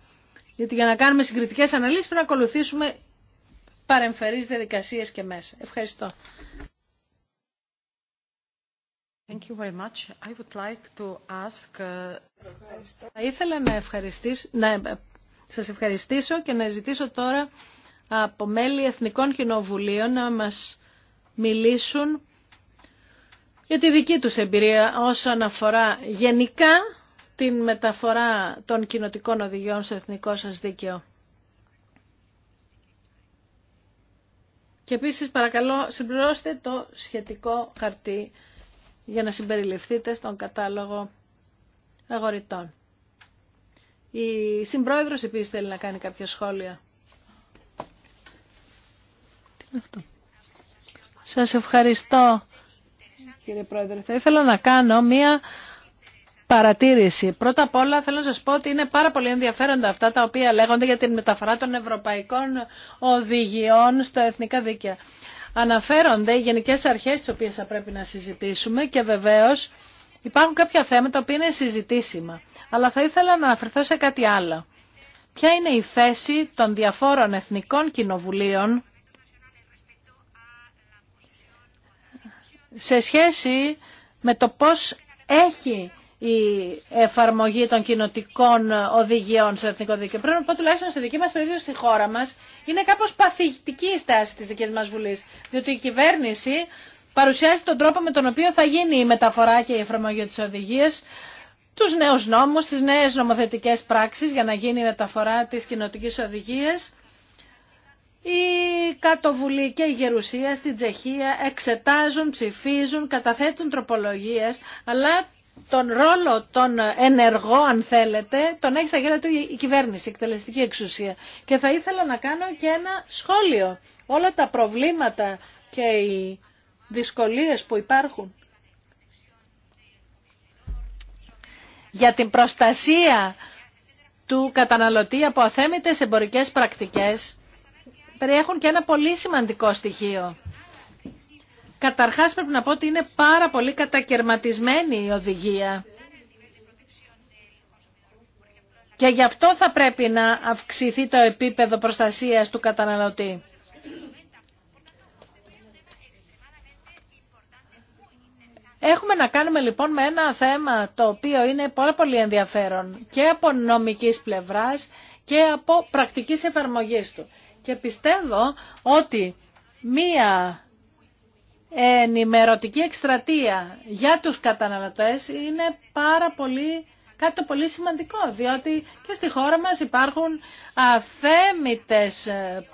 Γιατί για να κάνουμε συγκριτικές αναλύσεις πρέπει να ακολουθήσουμε παρεμφερείς διαδικασίες και μέσα. Ευχαριστώ. Thank you very much. I would like to ask... Uh, Θα ήθελα να, ευχαριστήσω, ε, ευχαριστήσω και να ζητήσω τώρα από μέλη Εθνικών Κοινοβουλίων να μας μιλήσουν για τη δική τους εμπειρία όσον αφορά γενικά την μεταφορά των κοινοτικών οδηγιών στο εθνικό σας δίκαιο. Και επίσης παρακαλώ συμπληρώστε το σχετικό χαρτί για να συμπεριληφθείτε στον κατάλογο αγοριτών. Η συμπρόεδρος επίσης θέλει να κάνει κάποια σχόλια. Τι αυτό. Σας ευχαριστώ κύριε Πρόεδρε. Θα ήθελα να κάνω μία παρατήρηση. Πρώτα απ' όλα θέλω να σας πω ότι είναι πάρα πολύ ενδιαφέροντα αυτά τα οποία λέγονται για την μεταφορά των ευρωπαϊκών οδηγιών στα εθνικά δίκαια αναφέρονται οι γενικές αρχές τις οποίες θα πρέπει να συζητήσουμε και βεβαίως υπάρχουν κάποια θέματα που είναι συζητήσιμα. Αλλά θα ήθελα να αναφερθώ σε κάτι άλλο. Ποια είναι η θέση των διαφόρων εθνικών κοινοβουλίων σε σχέση με το πώς έχει η εφαρμογή των κοινοτικών οδηγιών στο εθνικό δίκαιο. Πρέπει να πω τουλάχιστον στη δική μα περίπτωση στη χώρα μα είναι κάπω παθητική η στάση τη δική μα βουλή, Διότι η κυβέρνηση παρουσιάζει τον τρόπο με τον οποίο θα γίνει η μεταφορά και η εφαρμογή τη οδηγία, του νέου νόμου, τι νέε νομοθετικέ πράξει για να γίνει η μεταφορά τη κοινότική οδηγία. Η Κατοβουλή και η Γερουσία στην Τσεχία εξετάζουν, ψηφίζουν, καταθέτουν τροπολογίες, αλλά τον ρόλο τον ενεργό, αν θέλετε, τον έχει στα χέρια του η κυβέρνηση, η εκτελεστική εξουσία. Και θα ήθελα να κάνω και ένα σχόλιο. Όλα τα προβλήματα και οι δυσκολίες που υπάρχουν για την προστασία του καταναλωτή από αθέμητες εμπορικές πρακτικές περιέχουν και ένα πολύ σημαντικό στοιχείο. Καταρχάς πρέπει να πω ότι είναι πάρα πολύ κατακαιρματισμένη η οδηγία. Και γι' αυτό θα πρέπει να αυξηθεί το επίπεδο προστασίας του καταναλωτή. Έχουμε να κάνουμε λοιπόν με ένα θέμα το οποίο είναι πάρα πολύ ενδιαφέρον και από νομικής πλευράς και από πρακτικής εφαρμογής του. Και πιστεύω ότι μία ενημερωτική εκστρατεία για τους καταναλωτές είναι πάρα πολύ, κάτι πολύ σημαντικό, διότι και στη χώρα μας υπάρχουν αθέμητες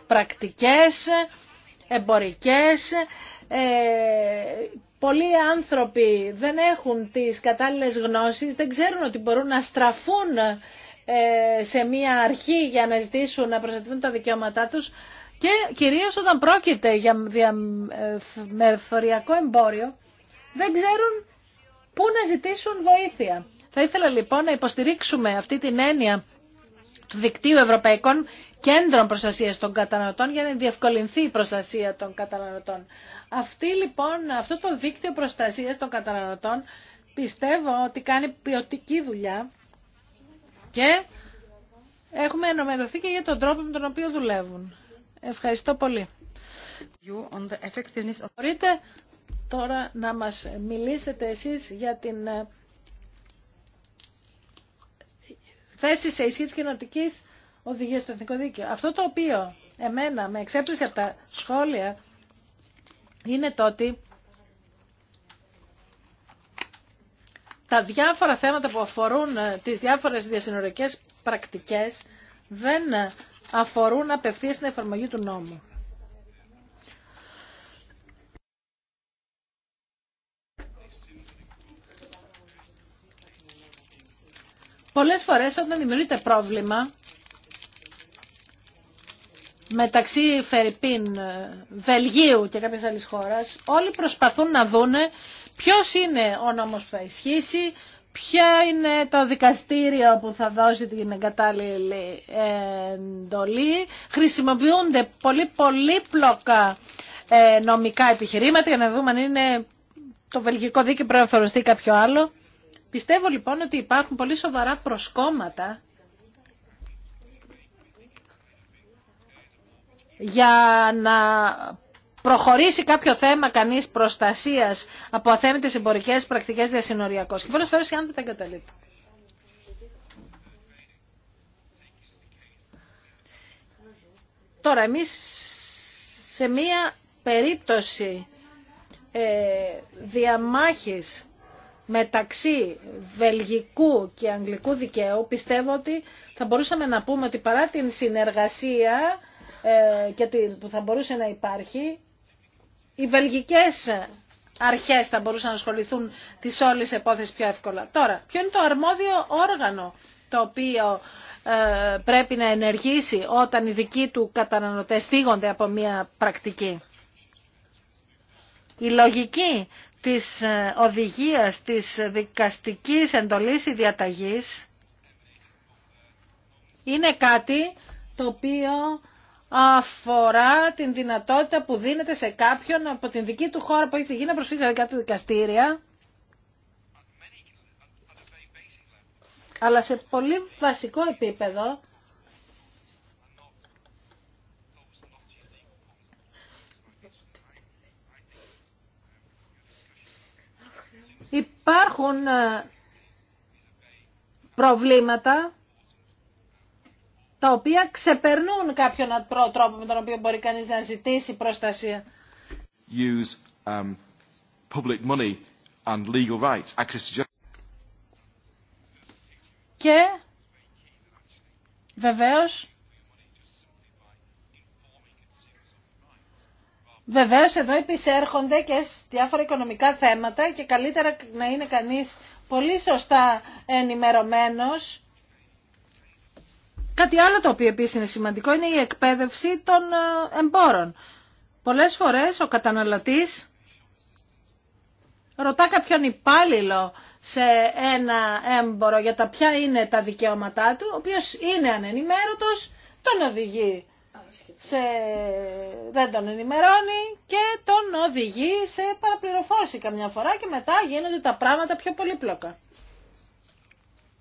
πρακτικές, εμπορικές, ε, πολλοί άνθρωποι δεν έχουν τις κατάλληλες γνώσεις, δεν ξέρουν ότι μπορούν να στραφούν ε, σε μία αρχή για να ζητήσουν να προστατεύουν τα δικαιώματά τους, και κυρίως όταν πρόκειται για ε, μερφοριακό εμπόριο, δεν ξέρουν πού να ζητήσουν βοήθεια. Θα ήθελα λοιπόν να υποστηρίξουμε αυτή την έννοια του δικτύου Ευρωπαϊκών Κέντρων Προστασίας των Καταναλωτών για να διευκολυνθεί η προστασία των καταναλωτών. Αυτή, λοιπόν, αυτό το δίκτυο προστασίας των καταναλωτών πιστεύω ότι κάνει ποιοτική δουλειά και έχουμε ενωμερωθεί και για τον τρόπο με τον οποίο δουλεύουν. Ευχαριστώ πολύ. Μπορείτε τώρα να μας μιλήσετε εσείς για την ε, θέση σε ισχύ της κοινοτικής οδηγίας του Αυτό το οποίο εμένα με εξέπλησε από τα σχόλια είναι το ότι τα διάφορα θέματα που αφορούν ε, τις διάφορες διασυνορικές πρακτικές δεν ε, αφορούν απευθείας στην εφαρμογή του νόμου. Πολλές φορές όταν δημιουργείται πρόβλημα μεταξύ Φερρυπίν, ε, Βελγίου και κάποιες άλλες χώρες, όλοι προσπαθούν να δούνε ποιος είναι ο νόμος που θα ισχύσει, Ποια είναι το δικαστήριο που θα δώσει την εγκατάλληλη εντολή. Χρησιμοποιούνται πολύ πολύπλοκα ε, νομικά επιχειρήματα για να δούμε αν είναι το βελγικό δίκαιο πρέπει να κάποιο άλλο. Πιστεύω λοιπόν ότι υπάρχουν πολύ σοβαρά προσκόμματα για να προχωρήσει κάποιο θέμα κανείς προστασίας από αθέμητες εμπορικές πρακτικές διασυνοριακώς. Και πολλές φορές οι άνθρωποι τα Τώρα εμείς σε μία περίπτωση ε, διαμάχης μεταξύ βελγικού και αγγλικού δικαίου πιστεύω ότι θα μπορούσαμε να πούμε ότι παρά την συνεργασία ε, και που θα μπορούσε να υπάρχει οι βελγικές αρχές θα μπορούσαν να ασχοληθούν τις όλες επόθεσεις πιο εύκολα. Τώρα, ποιο είναι το αρμόδιο όργανο το οποίο ε, πρέπει να ενεργήσει όταν οι δικοί του καταναλωτές στίγονται από μια πρακτική. Η λογική της ε, οδηγίας της δικαστικής εντολής ή διαταγής είναι κάτι το οποίο αφορά την δυνατότητα που δίνεται σε κάποιον από την δική του χώρα που έχει γίνει να προσφύγει δικά του δικαστήρια. Αλλά σε πολύ βασικό επίπεδο υπάρχουν ε, προβλήματα τα οποία ξεπερνούν κάποιον τρόπο με τον οποίο μπορεί κανείς να ζητήσει προστασία. Use, um, and legal Και βεβαίως Βεβαίω εδώ επισέρχονται και διάφορα οικονομικά θέματα και καλύτερα να είναι κανείς πολύ σωστά ενημερωμένος Κάτι άλλο το οποίο επίσης είναι σημαντικό είναι η εκπαίδευση των ε, εμπόρων. Πολλές φορές ο καταναλωτής ρωτά κάποιον υπάλληλο σε ένα έμπορο για τα ποια είναι τα δικαιώματά του, ο οποίος είναι ανενημέρωτος, τον οδηγεί σε... δεν τον ενημερώνει και τον οδηγεί σε παραπληροφόρηση καμιά φορά και μετά γίνονται τα πράγματα πιο πολύπλοκα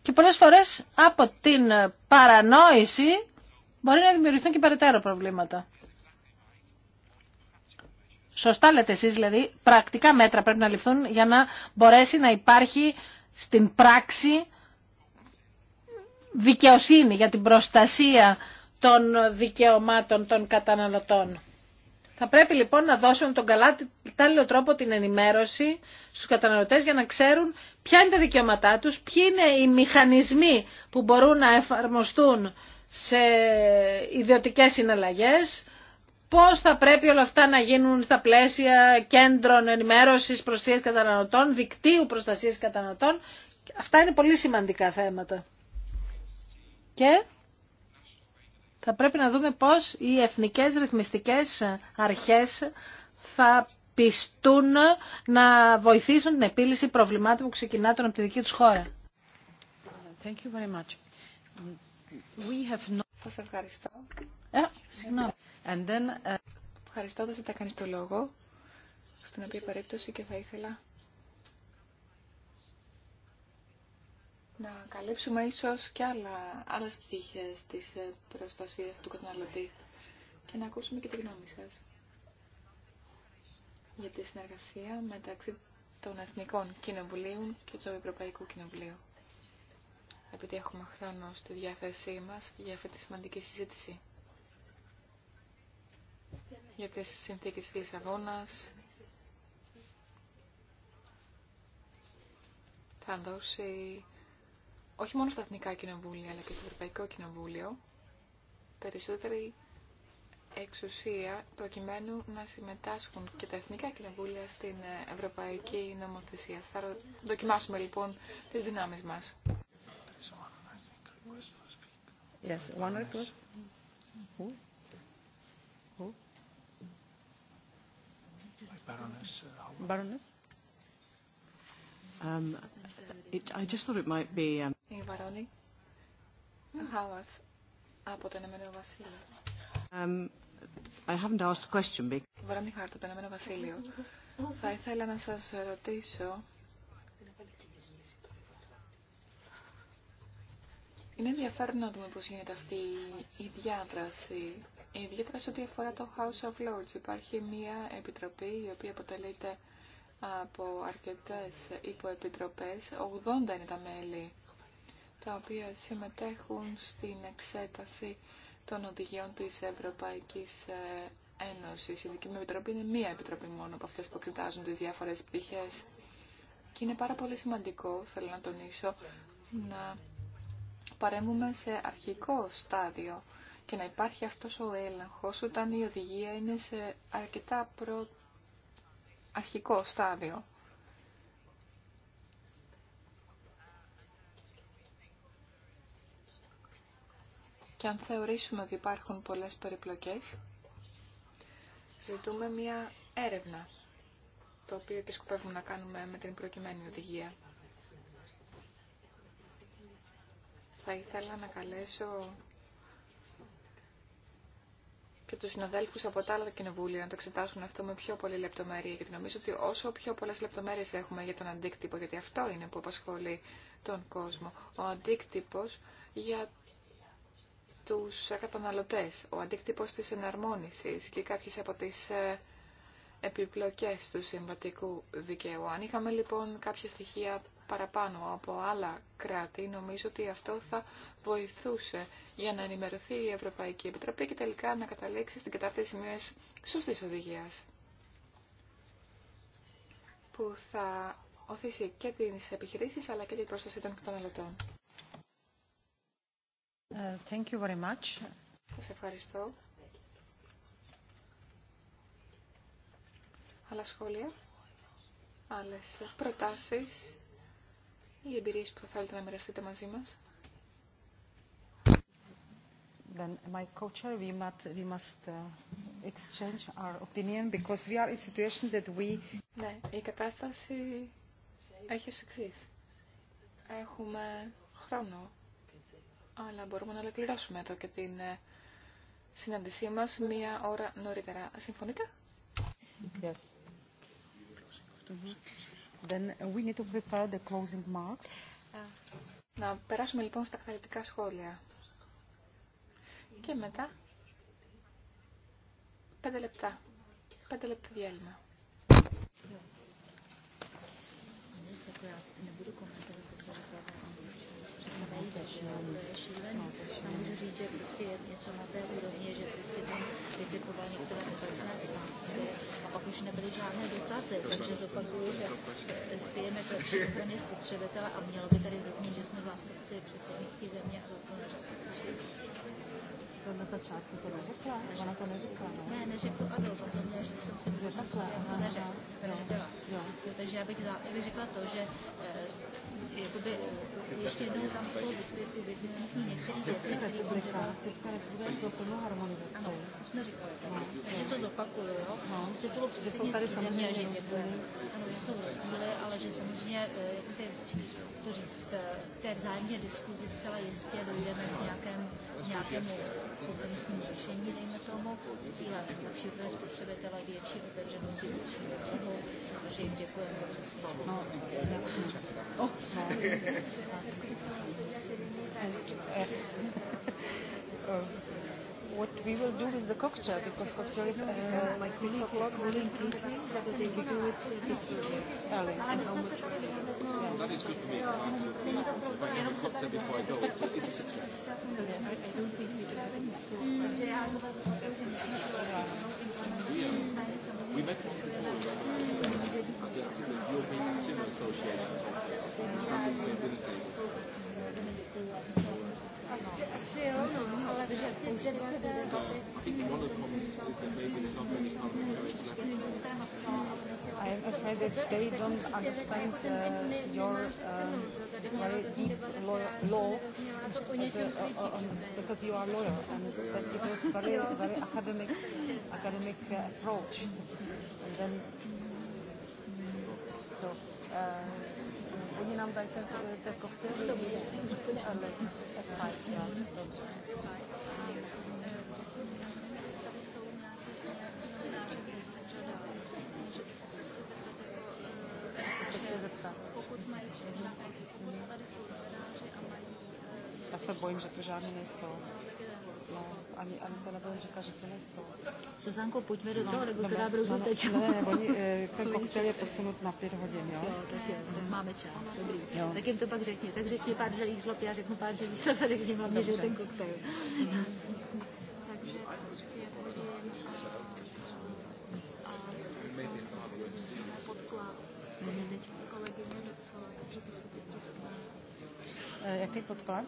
και πολλές φορές από την παρανόηση μπορεί να δημιουργηθούν και περαιτέρω προβλήματα. Σωστά λέτε εσείς, δηλαδή, πρακτικά μέτρα πρέπει να ληφθούν για να μπορέσει να υπάρχει στην πράξη δικαιοσύνη για την προστασία των δικαιωμάτων των καταναλωτών. Θα πρέπει λοιπόν να δώσουν τον τέλειο τρόπο την ενημέρωση στους καταναλωτές για να ξέρουν ποια είναι τα δικαιώματά τους, ποιοι είναι οι μηχανισμοί που μπορούν να εφαρμοστούν σε ιδιωτικές συναλλαγές, πώς θα πρέπει όλα αυτά να γίνουν στα πλαίσια κέντρων ενημέρωσης προστασίας καταναλωτών, δικτύου προστασίας καταναλωτών. Αυτά είναι πολύ σημαντικά θέματα. Και θα πρέπει να δούμε πώς οι εθνικές ρυθμιστικές αρχές θα πιστούν να βοηθήσουν την επίλυση προβλημάτων που ξεκινάτων από τη δική τους χώρα. Thank you very much. We have Σας ευχαριστώ. Ε, And then, uh... Ευχαριστώ, δεν θα τα κάνεις το λόγο, στην οποία περίπτωση και θα ήθελα να καλύψουμε ίσως και άλλα, άλλες πτυχές της ε, προστασίας του καταναλωτή και να ακούσουμε και τη γνώμη σας για τη συνεργασία μεταξύ των Εθνικών Κοινοβουλίων και του Ευρωπαϊκού Κοινοβουλίου. Επειδή έχουμε χρόνο στη διάθεσή μας για αυτή τη σημαντική συζήτηση για τις συνθήκες της Λισαβόνας, θα δώσει όχι μόνο στα Εθνικά Κοινοβούλια αλλά και στο Ευρωπαϊκό Κοινοβούλιο περισσότερη εξουσία προκειμένου να συμμετάσχουν και τα Εθνικά Κοινοβούλια στην ε, Ευρωπαϊκή Νομοθεσία. Θα δοκιμάσουμε λοιπόν τις δυνάμεις μας. Yes, one two. Who? Who? Baroness. Uh, Baroness. Um, It, I just thought it might be, um... Η Βαρόνη mm. Χάουαρτ από το Ενωμένο Βασίλειο. Um, I haven't asked a question because... Βαρόνη Χάουαρτ από το Ενωμένο Βασίλειο. Θα ήθελα να σας ρωτήσω Είναι ενδιαφέρον να δούμε πώς γίνεται αυτή η διάδραση. Η διάδραση ό,τι αφορά το House of Lords. Υπάρχει μια επιτροπή η οποία αποτελείται από αρκετές υποεπιτροπές, 80 είναι τα μέλη τα οποία συμμετέχουν στην εξέταση των οδηγιών της Ευρωπαϊκής ε, Ένωσης. Η δική μου επιτροπή είναι μία επιτροπή μόνο από αυτές που εξετάζουν τις διάφορες πτυχές. Και είναι πάρα πολύ σημαντικό, θέλω να τονίσω, να παρέμβουμε σε αρχικό στάδιο και να υπάρχει αυτός ο έλεγχος όταν η οδηγία είναι σε αρκετά πρώτη αρχικό στάδιο. Και αν θεωρήσουμε ότι υπάρχουν πολλές περιπλοκές, ζητούμε μία έρευνα, το οποίο και σκοπεύουμε να κάνουμε με την προκειμένη οδηγία. Θα ήθελα να καλέσω και του συναδέλφου από τα άλλα κοινοβούλια να το εξετάσουν αυτό με πιο πολλή λεπτομέρεια, γιατί νομίζω ότι όσο πιο πολλέ λεπτομέρειε έχουμε για τον αντίκτυπο, γιατί αυτό είναι που απασχολεί τον κόσμο, ο αντίκτυπο για τους καταναλωτέ, ο αντίκτυπο της εναρμόνισης και κάποιε από τις ε, επιπλοκές του συμβατικού δικαίου. Αν είχαμε λοιπόν κάποια στοιχεία παραπάνω από άλλα κράτη, νομίζω ότι αυτό θα βοηθούσε για να ενημερωθεί η Ευρωπαϊκή Επιτροπή και τελικά να καταλήξει στην κατάρτιση μια σωστή οδηγία. που θα οθήσει και τις επιχειρήσεις αλλά και την πρόσταση των καταναλωτών. Ε, thank you very much. Σας ευχαριστώ. Άλλα σχόλια, άλλες προτάσεις οι εμπειρίες που θα θέλετε να μοιραστείτε μαζί μας. Then my culture, we must, we must uh, exchange our opinion because we are in situation that we... Ναι, η κατάσταση έχει ως εξής. Έχουμε χρόνο, αλλά μπορούμε να ολοκληρώσουμε εδώ και την ε, συνάντησή μας μία ώρα νωρίτερα. Συμφωνείτε? Yes. Mm -hmm. Να περάσουμε λοιπόν στα καταληπτικά σχόλια. Και μετά, πέντε λεπτά. Πέντε λεπτά διάλειμμα. Můžu říct, že prostě je něco na té úrovni, že prostě tam kritikování, některé obecné otázky a pak už nebyly žádné dotazy, takže zopakuju, že spějeme k lepší obraně spotřebitele a mělo by tady zaznít, že jsme zástupci předsednictví země a za to na začátku to to protože jsem se to Takže já bych, řekla to, že jakoby ještě jednou tam z toho vypnutí které to jsme říkali. Takže to zopakuju, jo. No, z že jsou tady samozřejmě rozdíly. Ano, že jsou ale že samozřejmě, jak si to říct. V té vzájemné diskuzi zcela jistě dojdeme k nějakému, nějakému kompromisnímu řešení, dejme tomu, s cílem lepší pro spotřebitele, větší otevřenosti vnitřního trhu, takže jim děkujeme za přesvědčení what we will do with the cocktail, because cocktail is uh, like six o'clock calling catering, whether they do it early. That is good for me. If I get a cocktail before I go, it's a, it's a success. I we do. We met once before. The European Consumer Association conference. Yeah. Yeah. I afraid that they don't understand uh, your very law because you are lawyer and that it was very, very academic, academic approach. And then, so, uh, Já se bojím, že to žádné nejsou. No, ani, ani se nebojím říkat, že to nejsou. Zuzanko, pojďme do toho, nebo se dá brzo teď. Ne, oni, ten koktel je posunut na pět hodin, jo? Jo, tak je, tak máme čas. Dobrý. Tak jim to pak řekni. Tak řekni pár želých žlob, já řeknu pár želých žlob, a hlavně, že je ten koktel. jaký podklad?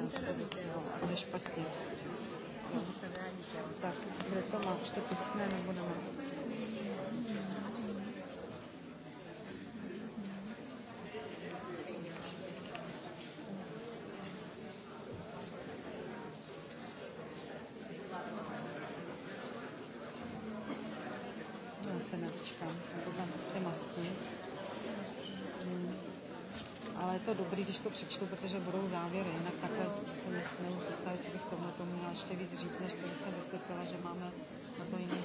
Είναι μια πραγματική πραγματική πραγματική πραγματική πραγματική πραγματική πραγματική πραγματική πραγματική πραγματική πραγματική je to dobrý, když to přečtu, protože budou závěry, jinak takhle se nesmím sestavit, co bych tomhle tomu měla ještě víc říct, než to jsem vysvětlila, že máme na to jiný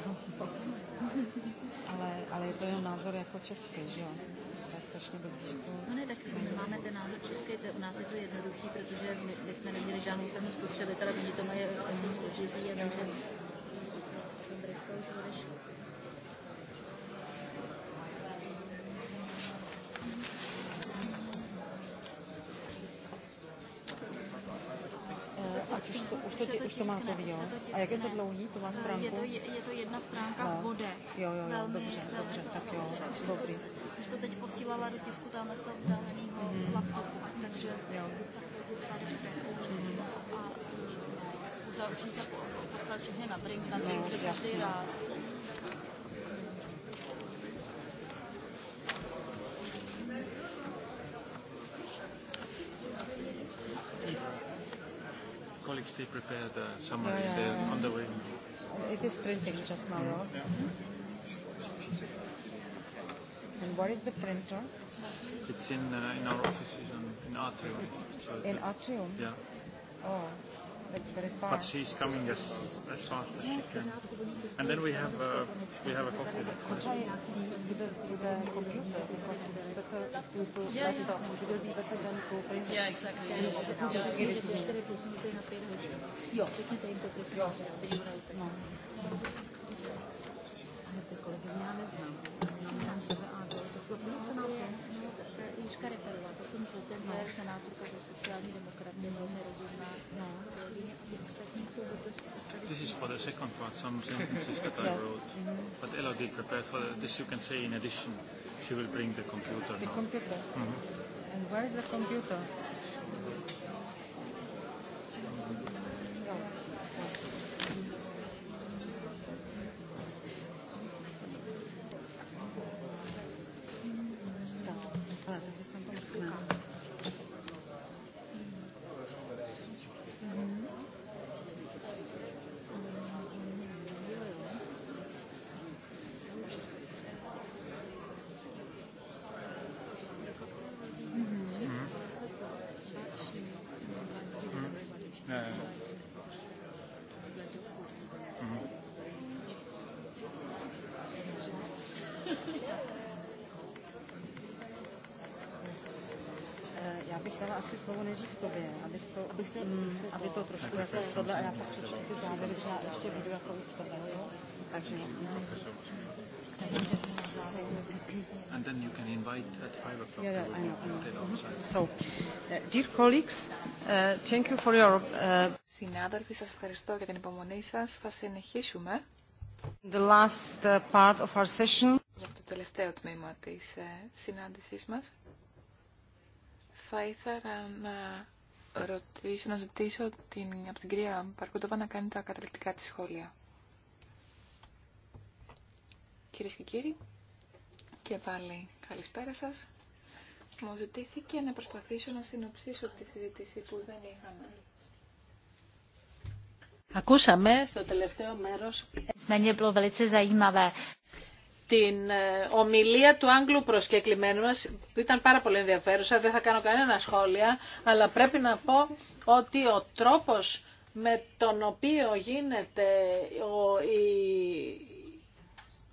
ale, ale je to jenom názor jako český, že jo? je dobrý, No ne, tak my máme ten názor český, to, u nás je to jednoduchý, protože my, my jsme neměli žádnou firmu spotřebitele, oni to mají složitý, jenom už to máte, jo? A jak je to dlouhý, to má stránku? Je to, je to jedna stránka v bode. Jo, jo, jo, dobře, dobře, tak jo, dobrý. Což to teď posílala do tisku tamhle z toho vzdáleného laptopu, takže jo. A uzavřít a poslat všechny na drink, na drink, no, rád. colleagues prepared. uh the summary yeah, on the way. It is printing just now. And what is the printer? It's in uh, in our offices in, in Atrium. So in Atrium? Yeah. Oh. But she's coming as, as fast as she can. And then we have a, we have a cocktail. Yeah, yeah. yeah exactly. Yeah knížka referovat s tím soutem senátorka za sociální demokraty velmi rozumná. No. This is for the second part, some sentences that I wrote. But Elodie prepared for this. You can say in addition, she will bring the computer. The computer. And where is the computer? aby se, aby se, aby to trošku jako tohle, já pak přečtu závěr, ještě budu jako už tohle, jo? Takže, And then you can invite at five o'clock. Yeah, yeah, I know. I know. So, uh, dear colleagues, uh, thank you for your. Συνάδελφοι, σας ευχαριστώ για την υπομονή σας. Θα συνεχίσουμε. The last uh, part of our session. Για το τελευταίο τμήμα της uh, συνάντησής μας. Θα ήθελα να ρωτήσω, να ζητήσω την, από την κυρία Παρκοντόβα να κάνει τα καταληκτικά της σχόλια. Κυρίε και κύριοι, και πάλι καλησπέρα σας. Μου ζητήθηκε να προσπαθήσω να συνοψίσω τη συζήτηση που δεν είχαμε. Ακούσαμε στο τελευταίο μέρος την ε, ομιλία του Άγγλου προσκεκλημένου μας, ήταν πάρα πολύ ενδιαφέρουσα, δεν θα κάνω κανένα σχόλια, αλλά πρέπει να πω ότι ο τρόπος με τον οποίο γίνεται ο, η,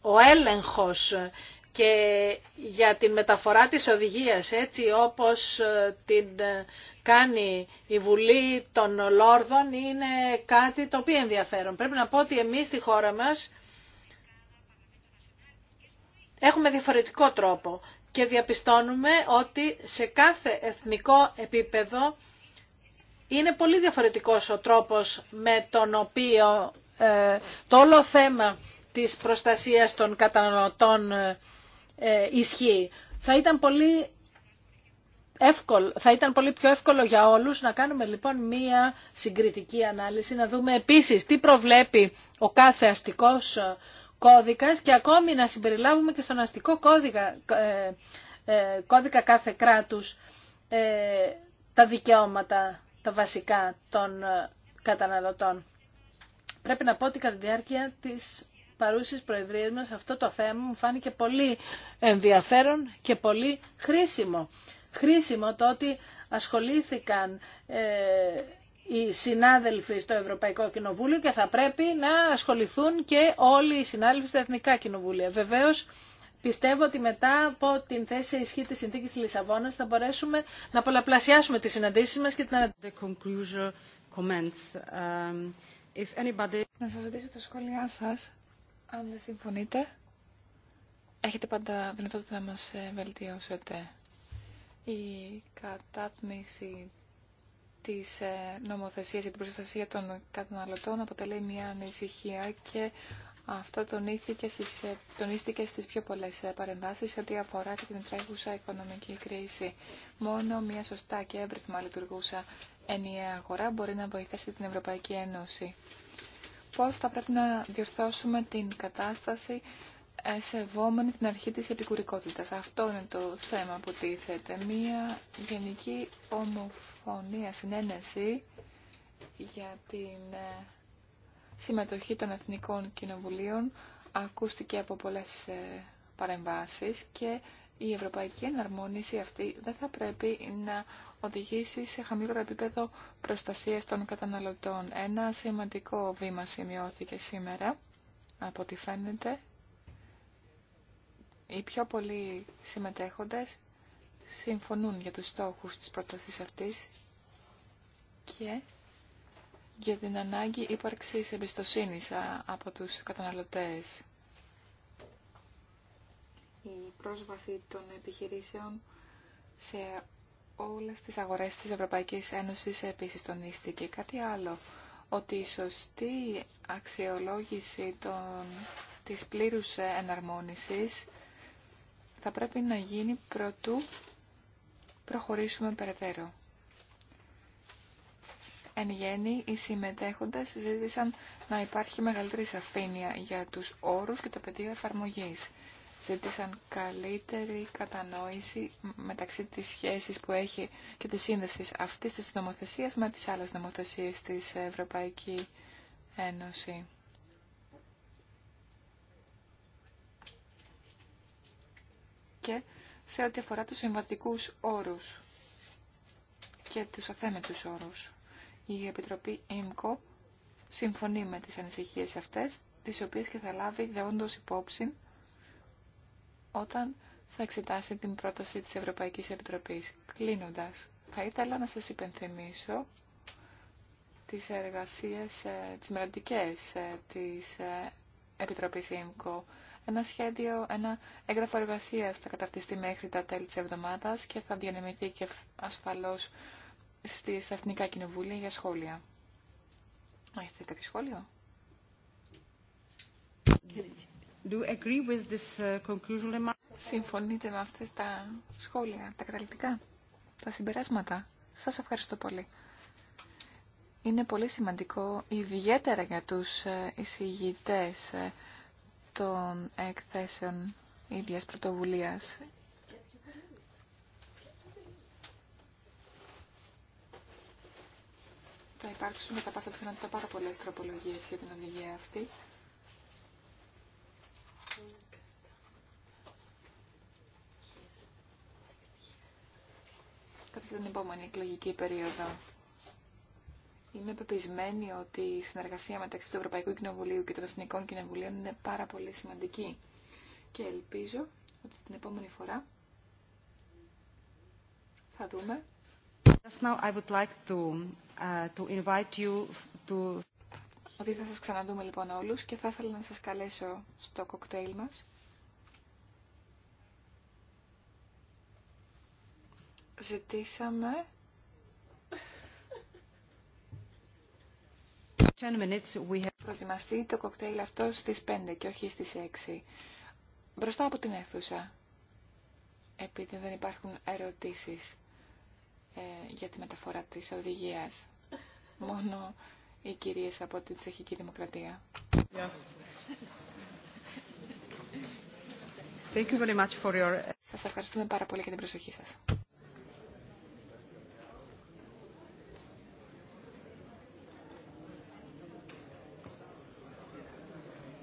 ο έλεγχος και για την μεταφορά της οδηγίας, έτσι όπως ε, την ε, κάνει η Βουλή των Λόρδων, είναι κάτι το οποίο ενδιαφέρον. Πρέπει να πω ότι εμείς στη χώρα μας έχουμε διαφορετικό τρόπο και διαπιστώνουμε ότι σε κάθε εθνικό επίπεδο είναι πολύ διαφορετικός ο τρόπος με τον οποίο ε, το όλο θέμα της προστασίας των καταναλωτών ε, ε, ισχύει. Θα ήταν πολύ εύκολο, θα ήταν πολύ πιο εύκολο για όλους να κάνουμε λοιπόν μία συγκριτική ανάλυση, να δούμε επίσης τι προβλέπει ο κάθε αστικός κώδικας και ακόμη να συμπεριλάβουμε και στον αστικό κώδικα, ε, ε, κώδικα κάθε κράτους ε, τα δικαιώματα, τα βασικά των καταναλωτών. Πρέπει να πω ότι κατά τη διάρκεια της παρούσης προεδρίας μας αυτό το θέμα μου φάνηκε πολύ ενδιαφέρον και πολύ χρήσιμο. Χρήσιμο το ότι ασχολήθηκαν οι συνάδελφοι στο Ευρωπαϊκό Κοινοβούλιο και θα πρέπει να ασχοληθούν και όλοι οι συνάδελφοι στα Εθνικά Κοινοβούλια. Βεβαίως, Πιστεύω ότι μετά από την θέση ισχύ της συνθήκης Λισαβόνας θα μπορέσουμε να πολλαπλασιάσουμε τις συναντήσεις μας και την um, anybody... Να σας ζητήσω τα σχόλιά σας, αν δεν συμφωνείτε. Έχετε πάντα δυνατότητα να μας ε, βελτιώσετε. Η κατάτμιση της ε, νομοθεσίας για την προστασία των καταναλωτών αποτελεί μια ανησυχία και αυτό τονίστηκε στις, ε, στις πιο πολλές ε, παρεμβάσεις ό,τι αφορά και την τρέχουσα οικονομική κρίση. Μόνο μια σωστά και έμπριθμα λειτουργούσα ενιαία αγορά μπορεί να βοηθήσει την Ευρωπαϊκή Ένωση. Πώς θα πρέπει να διορθώσουμε την κατάσταση ε, σεβόμενη την αρχή της επικουρικότητας. Αυτό είναι το θέμα που τίθεται. Μία γενική ομοφωνία, συνένεση για την ε, συμμετοχή των Εθνικών Κοινοβουλίων ακούστηκε από πολλές ε, παρεμβάσεις και η ευρωπαϊκή εναρμόνιση αυτή δεν θα πρέπει να οδηγήσει σε χαμηλότερο επίπεδο προστασίας των καταναλωτών. Ένα σημαντικό βήμα σημειώθηκε σήμερα, από ό,τι φαίνεται, οι πιο πολλοί συμμετέχοντες συμφωνούν για τους στόχους της πρότασης αυτής και για την ανάγκη ύπαρξης εμπιστοσύνης από τους καταναλωτές. Η πρόσβαση των επιχειρήσεων σε όλες τις αγορές της Ευρωπαϊκής Ένωσης επίσης τονίστηκε. Κάτι άλλο, ότι η σωστή αξιολόγηση των, της πλήρους εναρμόνισης θα πρέπει να γίνει προτού προχωρήσουμε περαιτέρω. Εν γέννη, οι συμμετέχοντες ζήτησαν να υπάρχει μεγαλύτερη σαφήνεια για τους όρους και το πεδίο εφαρμογής. Ζήτησαν καλύτερη κατανόηση μεταξύ της σχέσης που έχει και της σύνδεσης αυτής της νομοθεσίας με τις άλλες νομοθεσίες της Ευρωπαϊκή Ένωση. σε ό,τι αφορά τους συμβατικούς όρους και τους αθέμετους όρους. Η Επιτροπή ΕΜΚΟ συμφωνεί με τις ανησυχίες αυτές, τις οποίες και θα λάβει δεόντως υπόψη όταν θα εξετάσει την πρόταση της Ευρωπαϊκής Επιτροπής. Κλείνοντας, θα ήθελα να σας υπενθυμίσω τις εργασίες, ε, τις μελλοντικές ε, της ε, Επιτροπής ΕΜΚΟ ένα σχέδιο, ένα έγγραφο εργασία θα καταρτιστεί μέχρι τα τέλη τη εβδομάδα και θα διανεμηθεί και ασφαλώ στη Εθνικά Κοινοβούλια για σχόλια. Έχετε κάποιο σχόλιο? Do agree with this uh, Συμφωνείτε με αυτές τα σχόλια, τα καταληκτικά, τα συμπεράσματα. Σας ευχαριστώ πολύ. Είναι πολύ σημαντικό, ιδιαίτερα για τους ε, εισηγητές ε, των εκθέσεων ίδιας πρωτοβουλίας. Θα υπάρξουν κατά πάσα πιθανότητα πάρα πολλές τροπολογίες για την οδηγία αυτή. Κατά την επόμενη εκλογική περίοδο. Είμαι πεπισμένη ότι η συνεργασία μεταξύ του Ευρωπαϊκού Κοινοβουλίου και των Εθνικών Κοινοβουλίων είναι πάρα πολύ σημαντική και ελπίζω ότι την επόμενη φορά θα δούμε. Ότι θα σας ξαναδούμε λοιπόν όλους και θα ήθελα να σας καλέσω στο κοκτέιλ μας. Ζητήσαμε Προετοιμαστεί το κοκτέιλ αυτό στις 5 και όχι στις 6. Μπροστά από την αίθουσα. Επειδή δεν υπάρχουν ερωτήσεις ε, για τη μεταφορά της οδηγίας. Μόνο οι κυρίες από την Τσεχική Δημοκρατία. Yeah. Σας ευχαριστούμε πάρα πολύ για την προσοχή σας.